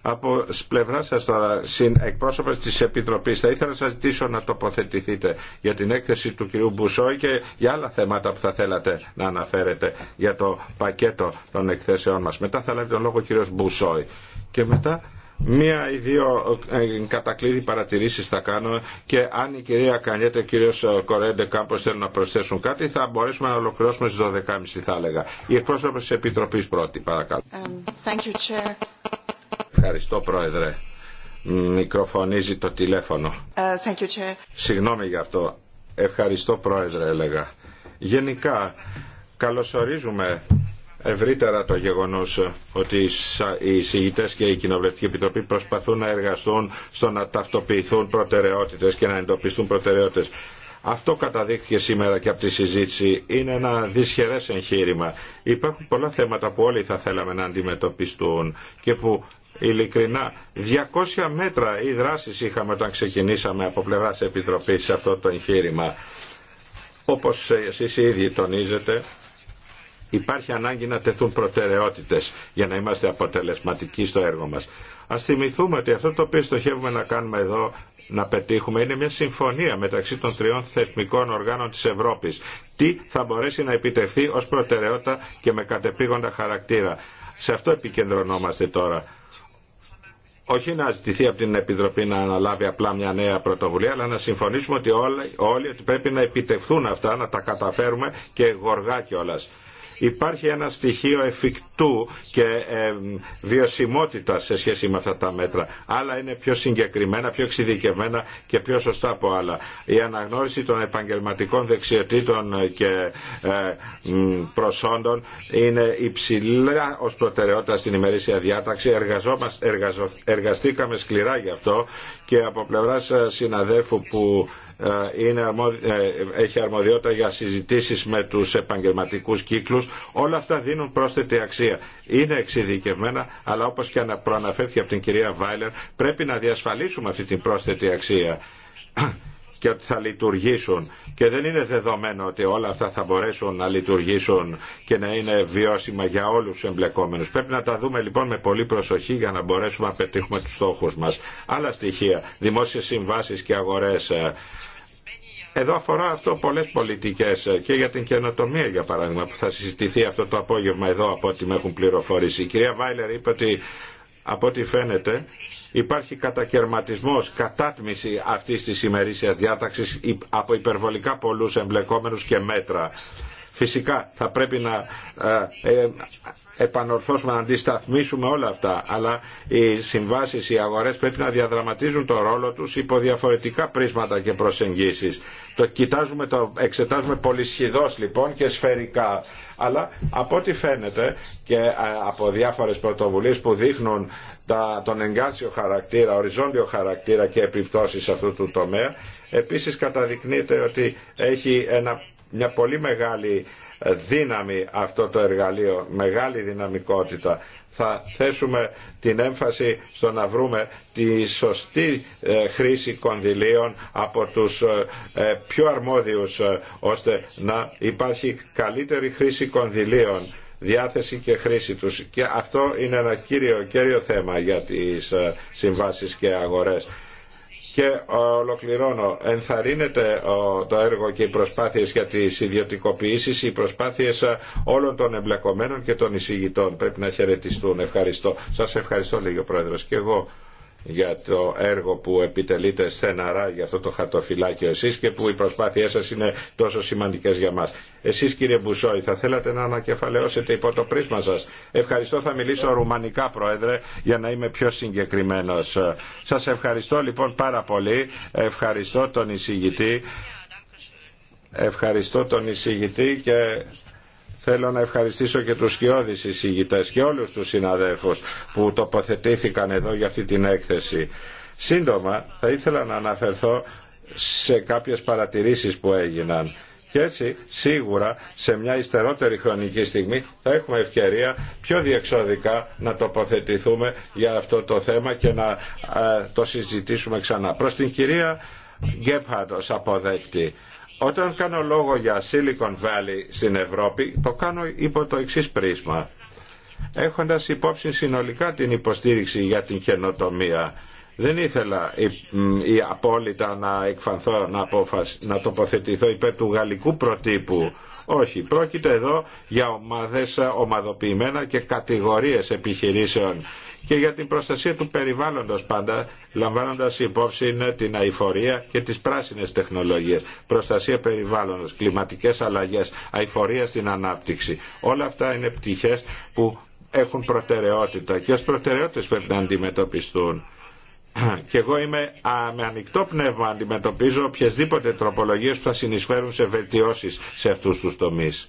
Από πλευρά σα τώρα, εκπρόσωπε τη Επιτροπή, θα ήθελα να σα ζητήσω να τοποθετηθείτε για την έκθεση του κυρίου Μπουσόη και για άλλα θέματα που θα θέλατε να αναφέρετε για το πακέτο των εκθέσεών μα. Μετά θα λάβει τον λόγο ο κύριο Μπουσόη. Και μετά μία ή δύο ε, κατακλείδη παρατηρήσεις θα κάνω και αν η κυρία Κανιέται και ο κύριος ε, Κορέντε κάπως θέλουν να προσθέσουν κάτι θα μπορέσουμε να ολοκληρώσουμε στις 12.30 θα έλεγα. Η εκπρόσωπος τη Επιτροπής πρώτη παρακαλώ. Um, Ευχαριστώ Πρόεδρε. Μικροφωνίζει το τηλέφωνο. Ε, thank you, Chair. Συγγνώμη γι' αυτό. Ευχαριστώ Πρόεδρε έλεγα. Γενικά καλωσορίζουμε ευρύτερα το γεγονός ότι οι συγητές και η Κοινοβουλευτική Επιτροπή προσπαθούν να εργαστούν στο να ταυτοποιηθούν προτεραιότητες και να εντοπιστούν προτεραιότητες. Αυτό καταδείχθηκε σήμερα και από τη συζήτηση. Είναι ένα δυσχερές εγχείρημα. Υπάρχουν πολλά θέματα που όλοι θα θέλαμε να αντιμετωπιστούν και που ειλικρινά 200 μέτρα ή δράσεις είχαμε όταν ξεκινήσαμε από πλευράς Επιτροπής σε αυτό το εγχείρημα. Όπως εσείς οι ίδιοι τονίζετε, υπάρχει ανάγκη να τεθούν προτεραιότητες για να είμαστε αποτελεσματικοί στο έργο μας. Ας θυμηθούμε ότι αυτό το οποίο στοχεύουμε να κάνουμε εδώ να πετύχουμε είναι μια συμφωνία μεταξύ των τριών θεσμικών οργάνων της Ευρώπης. Τι θα μπορέσει να επιτευχθεί ως προτεραιότητα και με κατεπήγοντα χαρακτήρα. Σε αυτό επικεντρωνόμαστε τώρα όχι να ζητηθεί από την Επιτροπή να αναλάβει απλά μια νέα πρωτοβουλία, αλλά να συμφωνήσουμε ότι όλοι, όλοι ότι πρέπει να επιτευχθούν αυτά, να τα καταφέρουμε και γοργά κιόλα υπάρχει ένα στοιχείο εφικτού και βιωσιμότητα σε σχέση με αυτά τα μέτρα. Άλλα είναι πιο συγκεκριμένα, πιο εξειδικευμένα και πιο σωστά από άλλα. Η αναγνώριση των επαγγελματικών δεξιοτήτων και ε, προσόντων είναι υψηλά ως προτεραιότητα στην ημερήσια διάταξη. Εργαζόμαστε, εργαστήκαμε σκληρά γι' αυτό και από πλευράς ε, συναδέλφου που ε, είναι ε, έχει αρμοδιότητα για συζητήσεις με τους επαγγελματικούς κύκλους. Όλα αυτά δίνουν πρόσθετη αξία. Είναι εξειδικευμένα, αλλά όπως και προαναφέρθηκε από την κυρία Βάιλερ, πρέπει να διασφαλίσουμε αυτή την πρόσθετη αξία και ότι θα λειτουργήσουν. Και δεν είναι δεδομένο ότι όλα αυτά θα μπορέσουν να λειτουργήσουν και να είναι βιώσιμα για όλους τους εμπλεκόμενους. Πρέπει να τα δούμε λοιπόν με πολύ προσοχή για να μπορέσουμε να πετύχουμε τους στόχους μας. Άλλα στοιχεία, δημόσιες συμβάσεις και αγορές. Εδώ αφορά αυτό πολλές πολιτικές και για την καινοτομία, για παράδειγμα, που θα συζητηθεί αυτό το απόγευμα εδώ από ό,τι με έχουν πληροφορήσει. Η κυρία Βάιλερ είπε ότι από ό,τι φαίνεται υπάρχει κατακαιρματισμός, κατάτμιση αυτής της ημερήσιας διάταξης από υπερβολικά πολλούς εμπλεκόμενους και μέτρα. Φυσικά θα πρέπει να ε, ε, επανορθώσουμε, να αντισταθμίσουμε όλα αυτά. Αλλά οι συμβάσεις, οι αγορές πρέπει να διαδραματίζουν το ρόλο τους υπό διαφορετικά πρίσματα και προσεγγίσεις. Το κοιτάζουμε, το εξετάζουμε πολυσχηδώς λοιπόν και σφαιρικά. Αλλά από ό,τι φαίνεται και ε, από διάφορες πρωτοβουλίες που δείχνουν τα, τον εγκάρσιο χαρακτήρα, οριζόντιο χαρακτήρα και επιπτώσει αυτού του τομέα, επίσης καταδεικνύεται ότι έχει ένα μια πολύ μεγάλη ε, δύναμη αυτό το εργαλείο, μεγάλη δυναμικότητα. Θα θέσουμε την έμφαση στο να βρούμε τη σωστή ε, χρήση κονδυλίων από τους ε, πιο αρμόδιους ώστε να υπάρχει καλύτερη χρήση κονδυλίων διάθεση και χρήση τους. Και αυτό είναι ένα κύριο, κύριο θέμα για τις συμβάσεις και αγορές. Και ε, ολοκληρώνω. Ενθαρρύνεται ε, το έργο και οι προσπάθειες για τις ιδιωτικοποιήσεις, οι προσπάθειες ε, όλων των εμπλεκομένων και των εισηγητών. Πρέπει να χαιρετιστούν. Ευχαριστώ. Σας ευχαριστώ, λέγει ο Πρόεδρος. Και εγώ για το έργο που επιτελείτε στεναρά για αυτό το χαρτοφυλάκιο εσείς και που οι προσπάθειές σας είναι τόσο σημαντικές για μας. Εσείς κύριε Μπουσόη θα θέλατε να ανακεφαλαιώσετε υπό το πρίσμα σας. Ευχαριστώ θα μιλήσω ρουμανικά πρόεδρε για να είμαι πιο συγκεκριμένος. Σας ευχαριστώ λοιπόν πάρα πολύ. Ευχαριστώ τον εισηγητή. Ευχαριστώ τον εισηγητή και Θέλω να ευχαριστήσω και τους σκιώδεις εισηγητές και όλους τους συναδέλφους που τοποθετήθηκαν εδώ για αυτή την έκθεση. Σύντομα θα ήθελα να αναφερθώ σε κάποιες παρατηρήσεις που έγιναν. Και έτσι σίγουρα σε μια ιστερότερη χρονική στιγμή θα έχουμε ευκαιρία πιο διεξοδικά να τοποθετηθούμε για αυτό το θέμα και να ε, το συζητήσουμε ξανά. Προς την κυρία Γκέπχαντος αποδέκτη. Όταν κάνω λόγο για Silicon Valley στην Ευρώπη, το κάνω υπό το εξή πρίσμα. Έχοντας υπόψη συνολικά την υποστήριξη για την καινοτομία, δεν ήθελα η, απόλυτα να εκφανθώ, να, αποφασ... να τοποθετηθώ υπέρ του γαλλικού προτύπου όχι, πρόκειται εδώ για ομάδες ομαδοποιημένα και κατηγορίες επιχειρήσεων και για την προστασία του περιβάλλοντος πάντα, λαμβάνοντας υπόψη την αηφορία και τις πράσινες τεχνολογίες, προστασία περιβάλλοντος, κλιματικές αλλαγές, αηφορία στην ανάπτυξη. Όλα αυτά είναι πτυχές που έχουν προτεραιότητα και ως προτεραιότητες πρέπει να αντιμετωπιστούν. και εγώ είμαι με ανοιχτό πνεύμα αντιμετωπίζω οποιασδήποτε τροπολογίες που θα συνεισφέρουν σε βελτιώσεις σε αυτούς τους τομείς.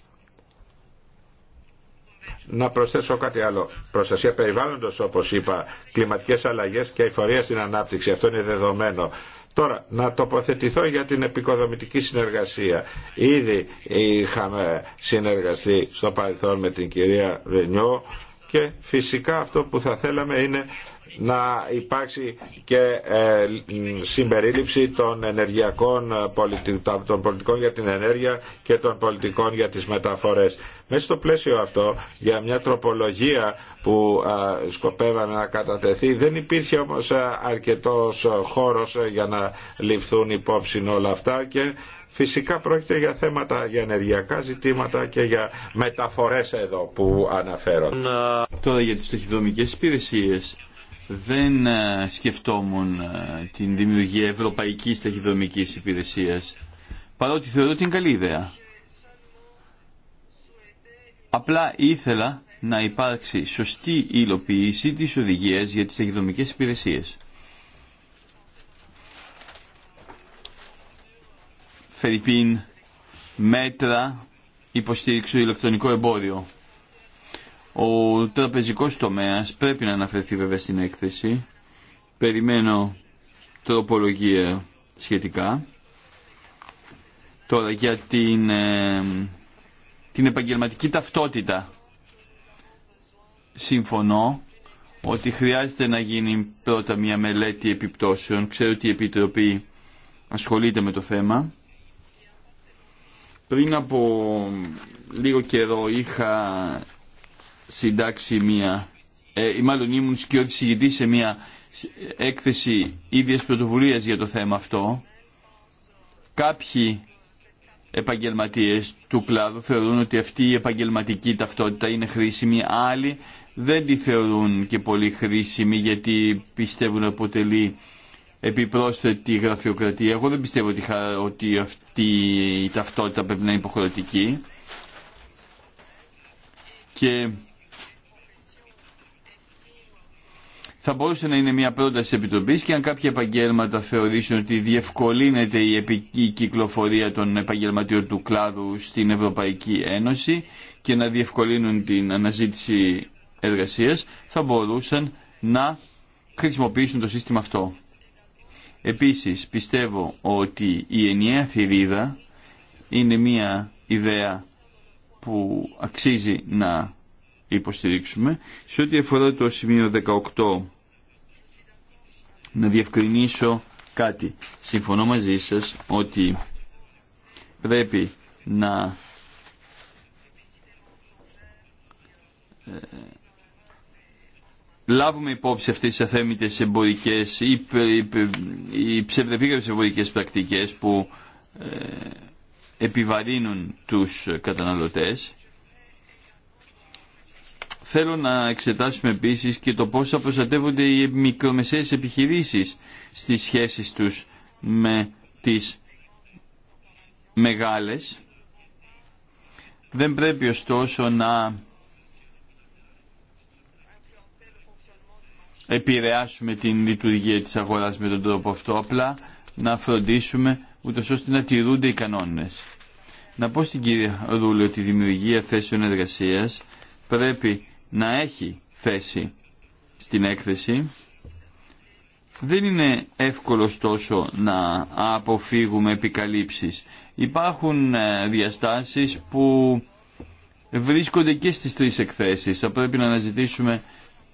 Να προσθέσω κάτι άλλο. Προστασία περιβάλλοντος, όπως είπα, κλιματικές αλλαγές και αηφορία στην ανάπτυξη. Αυτό είναι δεδομένο. Τώρα, να τοποθετηθώ για την επικοδομητική συνεργασία. Ήδη είχαμε συνεργαστεί στο παρελθόν με την κυρία Ρενιό και φυσικά αυτό που θα θέλαμε είναι να υπάρξει και ε, συμπερίληψη των ενεργειακών ε, πολιτικών για την ενέργεια και των πολιτικών για τις μεταφορές. Μέσα στο πλαίσιο αυτό, για μια τροπολογία που ε, σκοπεύαμε να κατατεθεί, δεν υπήρχε όμως αρκετός χώρος για να ληφθούν υπόψη όλα αυτά και Φυσικά πρόκειται για θέματα, για ενεργειακά ζητήματα και για μεταφορές εδώ που αναφέρω. Τώρα για τις τοχυδρομικές υπηρεσίες δεν ε, σκεφτόμουν ε, την δημιουργία Ευρωπαϊκής Ταχυδρομικής Υπηρεσίας, παρότι θεωρώ ότι είναι καλή ιδέα. Απλά ήθελα να υπάρξει σωστή υλοποίηση της οδηγίας για τις ταχυδρομικές υπηρεσίες. Φερρυπίν, μέτρα, υποστήριξη του ηλεκτρονικό ο τραπεζικός τομέας πρέπει να αναφερθεί βέβαια στην έκθεση. Περιμένω τροπολογία σχετικά. Τώρα για την, ε, την επαγγελματική ταυτότητα. Συμφωνώ ότι χρειάζεται να γίνει πρώτα μια μελέτη επιπτώσεων. Ξέρω ότι η Επιτροπή ασχολείται με το θέμα. Πριν από λίγο καιρό είχα συντάξει μια, ε, μάλλον ήμουν σκιώδη σε μια έκθεση ίδιας πρωτοβουλία για το θέμα αυτό. Κάποιοι επαγγελματίες του κλάδου θεωρούν ότι αυτή η επαγγελματική ταυτότητα είναι χρήσιμη, άλλοι δεν τη θεωρούν και πολύ χρήσιμη γιατί πιστεύουν αποτελεί επιπρόσθετη γραφειοκρατία. Εγώ δεν πιστεύω ότι αυτή η ταυτότητα πρέπει να είναι υποχρεωτική. Και θα μπορούσε να είναι μια πρόταση επιτροπής και αν κάποια επαγγέλματα θεωρήσουν ότι διευκολύνεται η κυκλοφορία των επαγγελματιών του κλάδου στην Ευρωπαϊκή Ένωση και να διευκολύνουν την αναζήτηση εργασίας, θα μπορούσαν να χρησιμοποιήσουν το σύστημα αυτό. Επίσης, πιστεύω ότι η ενιαία θηρίδα είναι μια ιδέα που αξίζει να υποστηρίξουμε. Σε ό,τι αφορά το σημείο 18 να διευκρινίσω κάτι. Συμφωνώ μαζί σας ότι πρέπει να ε, λάβουμε υπόψη αυτές τις αθέμητες εμπορικές ή, ή, εμπορικές πρακτικές που ε, επιβαρύνουν τους καταναλωτές Θέλω να εξετάσουμε επίσης και το πώς θα οι μικρομεσαίες επιχειρήσεις στις σχέσεις τους με τις μεγάλες. Δεν πρέπει ωστόσο να επηρεάσουμε την λειτουργία της αγοράς με τον τρόπο αυτό, απλά να φροντίσουμε ούτω ώστε να τηρούνται οι κανόνες. Να πω στην κυρία Ρούλη ότι η δημιουργία θέσεων εργασίας πρέπει να έχει θέση στην έκθεση. Δεν είναι εύκολο τόσο να αποφύγουμε επικαλύψεις. Υπάρχουν ε, διαστάσεις που βρίσκονται και στις τρεις εκθέσεις. Θα πρέπει να αναζητήσουμε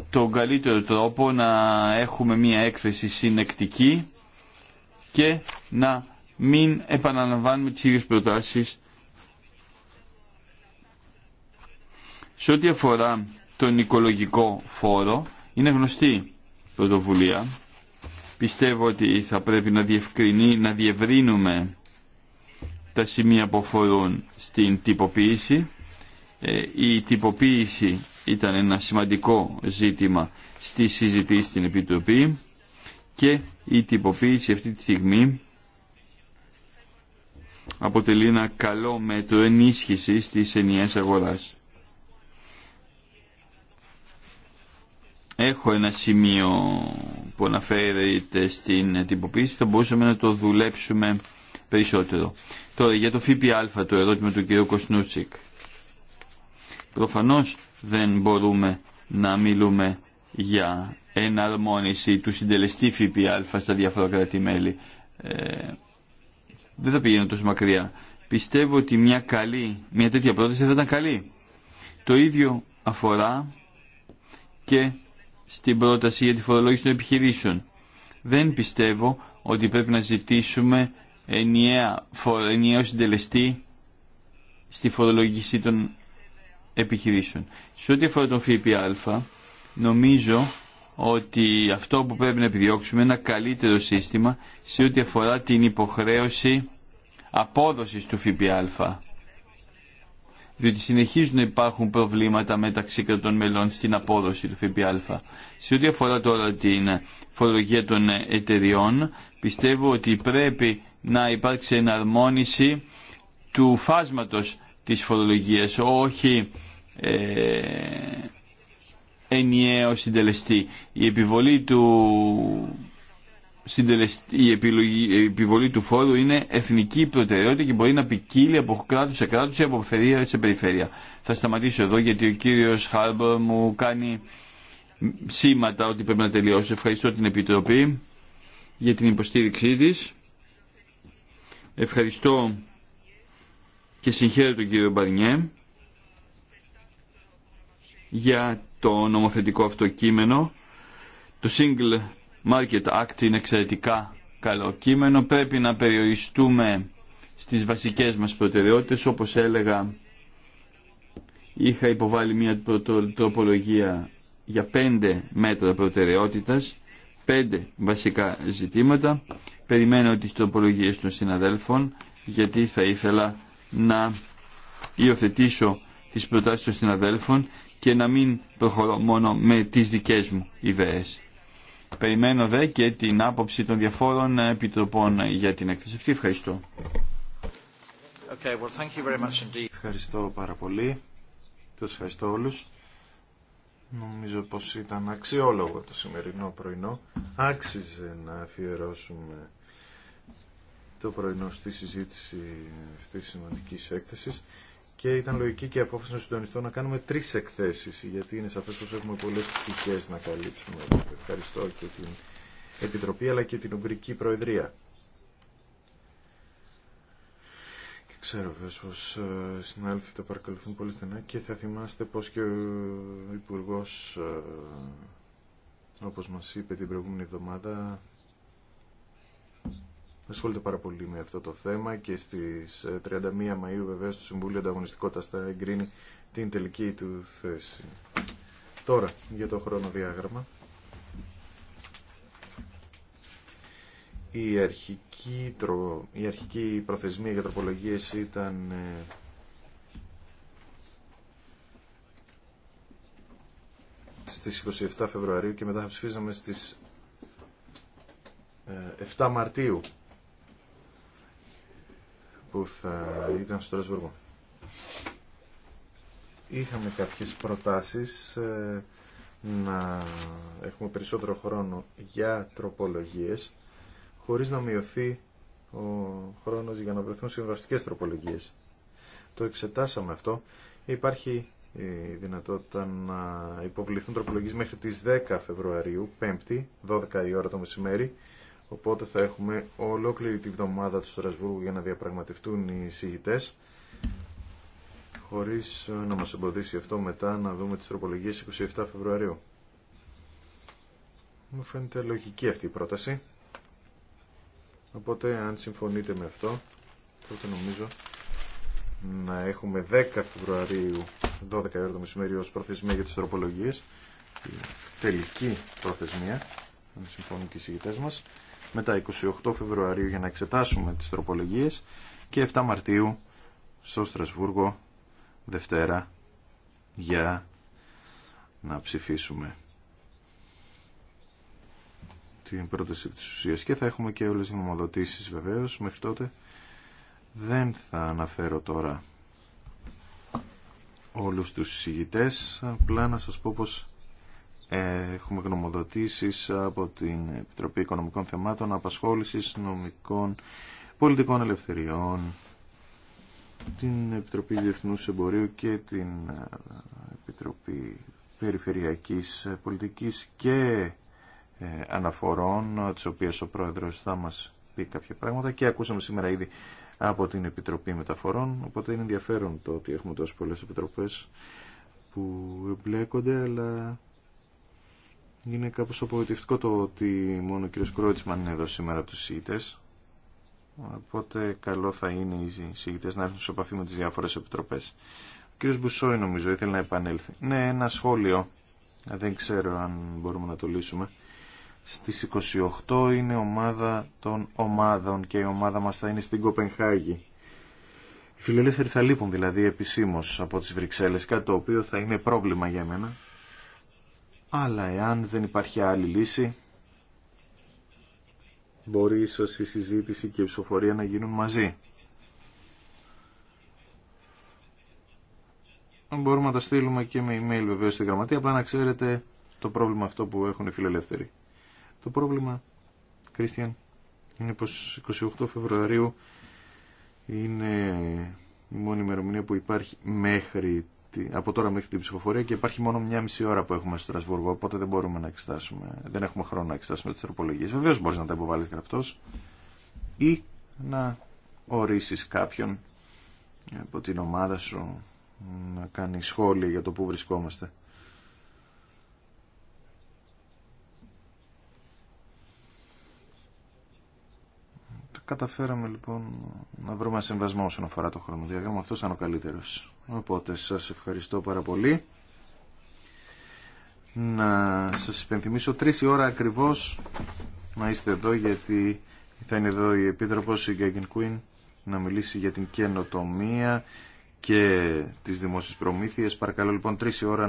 τον καλύτερο τρόπο να έχουμε μια έκθεση συνεκτική και να μην επαναλαμβάνουμε τις ίδιες προτάσεις. Σε ό,τι αφορά τον οικολογικό φόρο. Είναι γνωστή πρωτοβουλία. Πιστεύω ότι θα πρέπει να, διευκρινεί, να διευρύνουμε τα σημεία που αφορούν στην τυποποίηση. Ε, η τυποποίηση ήταν ένα σημαντικό ζήτημα στη συζητήση στην Επιτροπή και η τυποποίηση αυτή τη στιγμή αποτελεί ένα καλό μέτρο ενίσχυσης της ενιαίας αγοράς. Έχω ένα σημείο που αναφέρεται στην τυποποίηση, θα μπορούσαμε να το δουλέψουμε περισσότερο. Τώρα για το ΦΠΑ το ερώτημα του κ. Κοσνούτσικ. Προφανώς δεν μπορούμε να μιλούμε για εναρμόνιση του συντελεστή ΦΠΑ στα διάφορα κράτη-μέλη. Ε, δεν θα πηγαίνω τόσο μακριά. Πιστεύω ότι μια, καλή, μια τέτοια πρόταση θα ήταν καλή. Το ίδιο αφορά και στην πρόταση για τη φορολόγηση των επιχειρήσεων. Δεν πιστεύω ότι πρέπει να ζητήσουμε ενιαία, ενιαίο συντελεστή στη φορολογική των επιχειρήσεων. Σε ό,τι αφορά τον ΦΠΑ, νομίζω ότι αυτό που πρέπει να επιδιώξουμε είναι ένα καλύτερο σύστημα σε ό,τι αφορά την υποχρέωση απόδοσης του ΦΠΑ διότι συνεχίζουν να υπάρχουν προβλήματα μεταξύ κρατών μελών στην απόδοση του ΦΠΑ. Σε ό,τι αφορά τώρα την φορολογία των εταιριών, πιστεύω ότι πρέπει να υπάρξει εναρμόνιση του φάσματος της φορολογίας, όχι ε, ενιαίο συντελεστή. Η επιβολή του η, η επιβολή του φόρου είναι εθνική προτεραιότητα και μπορεί να ποικίλει από κράτο σε κράτο ή από περιφέρεια σε περιφέρεια. Θα σταματήσω εδώ γιατί ο κύριος Χάρμπορ μου κάνει σήματα ότι πρέπει να τελειώσω. Ευχαριστώ την Επιτροπή για την υποστήριξή τη. Ευχαριστώ και συγχαίρω τον κύριο Μπαρνιέ για το νομοθετικό αυτό κείμενο. Το single Market Act είναι εξαιρετικά καλό κείμενο. Πρέπει να περιοριστούμε στις βασικές μας προτεραιότητες. Όπως έλεγα, είχα υποβάλει μια τροπολογία για πέντε μέτρα προτεραιότητας, πέντε βασικά ζητήματα. Περιμένω τις τροπολογίες των συναδέλφων, γιατί θα ήθελα να υιοθετήσω τις προτάσεις των συναδέλφων και να μην προχωρώ μόνο με τις δικές μου ιδέες. Περιμένω δε και την άποψη των διαφόρων επιτροπών για την έκθεση αυτή. Ευχαριστώ. Okay, well, thank you very much indeed. Ευχαριστώ πάρα πολύ. Τους ευχαριστώ όλου. Νομίζω πως ήταν αξιόλογο το σημερινό πρωινό. Άξιζε να αφιερώσουμε το πρωινό στη συζήτηση αυτή τη σημαντικής έκθεσης και ήταν λογική και η απόφαση των συντονιστών να κάνουμε τρει εκθέσει γιατί είναι σαφέ πω έχουμε πολλέ πτυχέ να καλύψουμε. Ευχαριστώ και την Επιτροπή αλλά και την Ουγγρική Προεδρία. Και ξέρω βέβαια πω οι ε, συνάδελφοι το παρακολουθούν πολύ στενά και θα θυμάστε πω και ο υπουργό, ε, όπω μα είπε την προηγούμενη εβδομάδα ασχολείται πάρα πολύ με αυτό το θέμα και στις 31 ε, Μαΐου βεβαίως το Συμβούλιο Ανταγωνιστικότητας θα εγκρίνει την τελική του θέση. Τώρα για το χρονοδιάγραμμα. Η αρχική, τρο... η αρχική προθεσμία για τροπολογίες ήταν ε, στις 27 Φεβρουαρίου και μετά θα ψηφίσαμε στις 7 ε, Μαρτίου που θα ήταν στο Στρασβουργό. Είχαμε κάποιες προτάσεις ε, να έχουμε περισσότερο χρόνο για τροπολογίες χωρίς να μειωθεί ο χρόνος για να βρεθούν συμβαστικές τροπολογίες. Το εξετάσαμε αυτό. Υπάρχει η δυνατότητα να υποβληθούν τροπολογίες μέχρι τις 10 Φεβρουαρίου, 5η, 12 η ώρα το μεσημέρι Οπότε θα έχουμε ολόκληρη τη βδομάδα του Στρασβούργου για να διαπραγματευτούν οι συγητές χωρίς ε, να μας εμποδίσει αυτό μετά να δούμε τις τροπολογίες 27 Φεβρουαρίου. Μου φαίνεται λογική αυτή η πρόταση. Οπότε αν συμφωνείτε με αυτό, τότε νομίζω να έχουμε 10 Φεβρουαρίου 12 ώρα το μεσημέρι ως προθεσμία για τις τροπολογίες. τελική προθεσμία, αν συμφωνούν και οι συγητές μας μετά 28 Φεβρουαρίου για να εξετάσουμε τις τροπολογίες και 7 Μαρτίου στο Στρασβούργο Δευτέρα για να ψηφίσουμε την πρόταση της ουσίας και θα έχουμε και όλες τις νομοδοτήσεις βεβαίως μέχρι τότε δεν θα αναφέρω τώρα όλους τους συγητές απλά να σας πω πως Έχουμε γνωμοδοτήσεις από την Επιτροπή Οικονομικών Θεμάτων, Απασχόλησης, Νομικών, Πολιτικών Ελευθεριών, την Επιτροπή Διεθνούς Εμπορίου και την ε, Επιτροπή Περιφερειακής Πολιτικής και ε, Αναφορών, τις οποίες ο Πρόεδρος θα μας πει κάποια πράγματα και ακούσαμε σήμερα ήδη από την Επιτροπή Μεταφορών, οπότε είναι ενδιαφέρον το ότι έχουμε τόσο πολλές επιτροπές που εμπλέκονται, αλλά είναι κάπως απογοητευτικό το ότι μόνο ο κ. Κρότσμαν είναι εδώ σήμερα από τους ΣΥΙΤΕΣ. Οπότε καλό θα είναι οι ΣΥΙΤΕΣ να έρθουν σε επαφή με τις διάφορες επιτροπές. Ο κ. Μπουσόη νομίζω ήθελε να επανέλθει. Ναι, ένα σχόλιο. Δεν ξέρω αν μπορούμε να το λύσουμε. Στις 28 είναι ομάδα των ομάδων και η ομάδα μας θα είναι στην Κοπενχάγη. Οι φιλελεύθεροι θα λείπουν δηλαδή επισήμως από τις Βρυξέλλες, κάτι το οποίο θα είναι πρόβλημα για μένα αλλά εάν δεν υπάρχει άλλη λύση μπορεί ίσως η συζήτηση και η ψηφοφορία να γίνουν μαζί. Μπορούμε να τα στείλουμε και με email βεβαίως στη γραμματεία, απλά να ξέρετε το πρόβλημα αυτό που έχουν οι φιλελεύθεροι. Το πρόβλημα, Κρίστιαν, είναι πως 28 Φεβρουαρίου είναι η μόνη ημερομηνία που υπάρχει μέχρι από τώρα μέχρι την ψηφοφορία και υπάρχει μόνο μια μισή ώρα που έχουμε στο Στρασβούργο, οπότε δεν μπορούμε να εξετάσουμε, δεν έχουμε χρόνο να εξετάσουμε τι τροπολογίε. Βεβαίω μπορεί να τα υποβάλει γραπτό ή να ορίσεις κάποιον από την ομάδα σου να κάνει σχόλια για το που βρισκόμαστε. Καταφέραμε λοιπόν να βρούμε ένα συμβασμό όσον αφορά το χρονοδιάγραμμα. Αυτό ήταν ο καλύτερο. Οπότε σα ευχαριστώ πάρα πολύ. Να σας υπενθυμίσω τρει η ώρα ακριβώς να είστε εδώ γιατί θα είναι εδώ η Επίτροπο, η Γκάγκεν Κουίν να μιλήσει για την καινοτομία και τις δημόσιες προμήθειες. Παρακαλώ λοιπόν τρεις η ώρα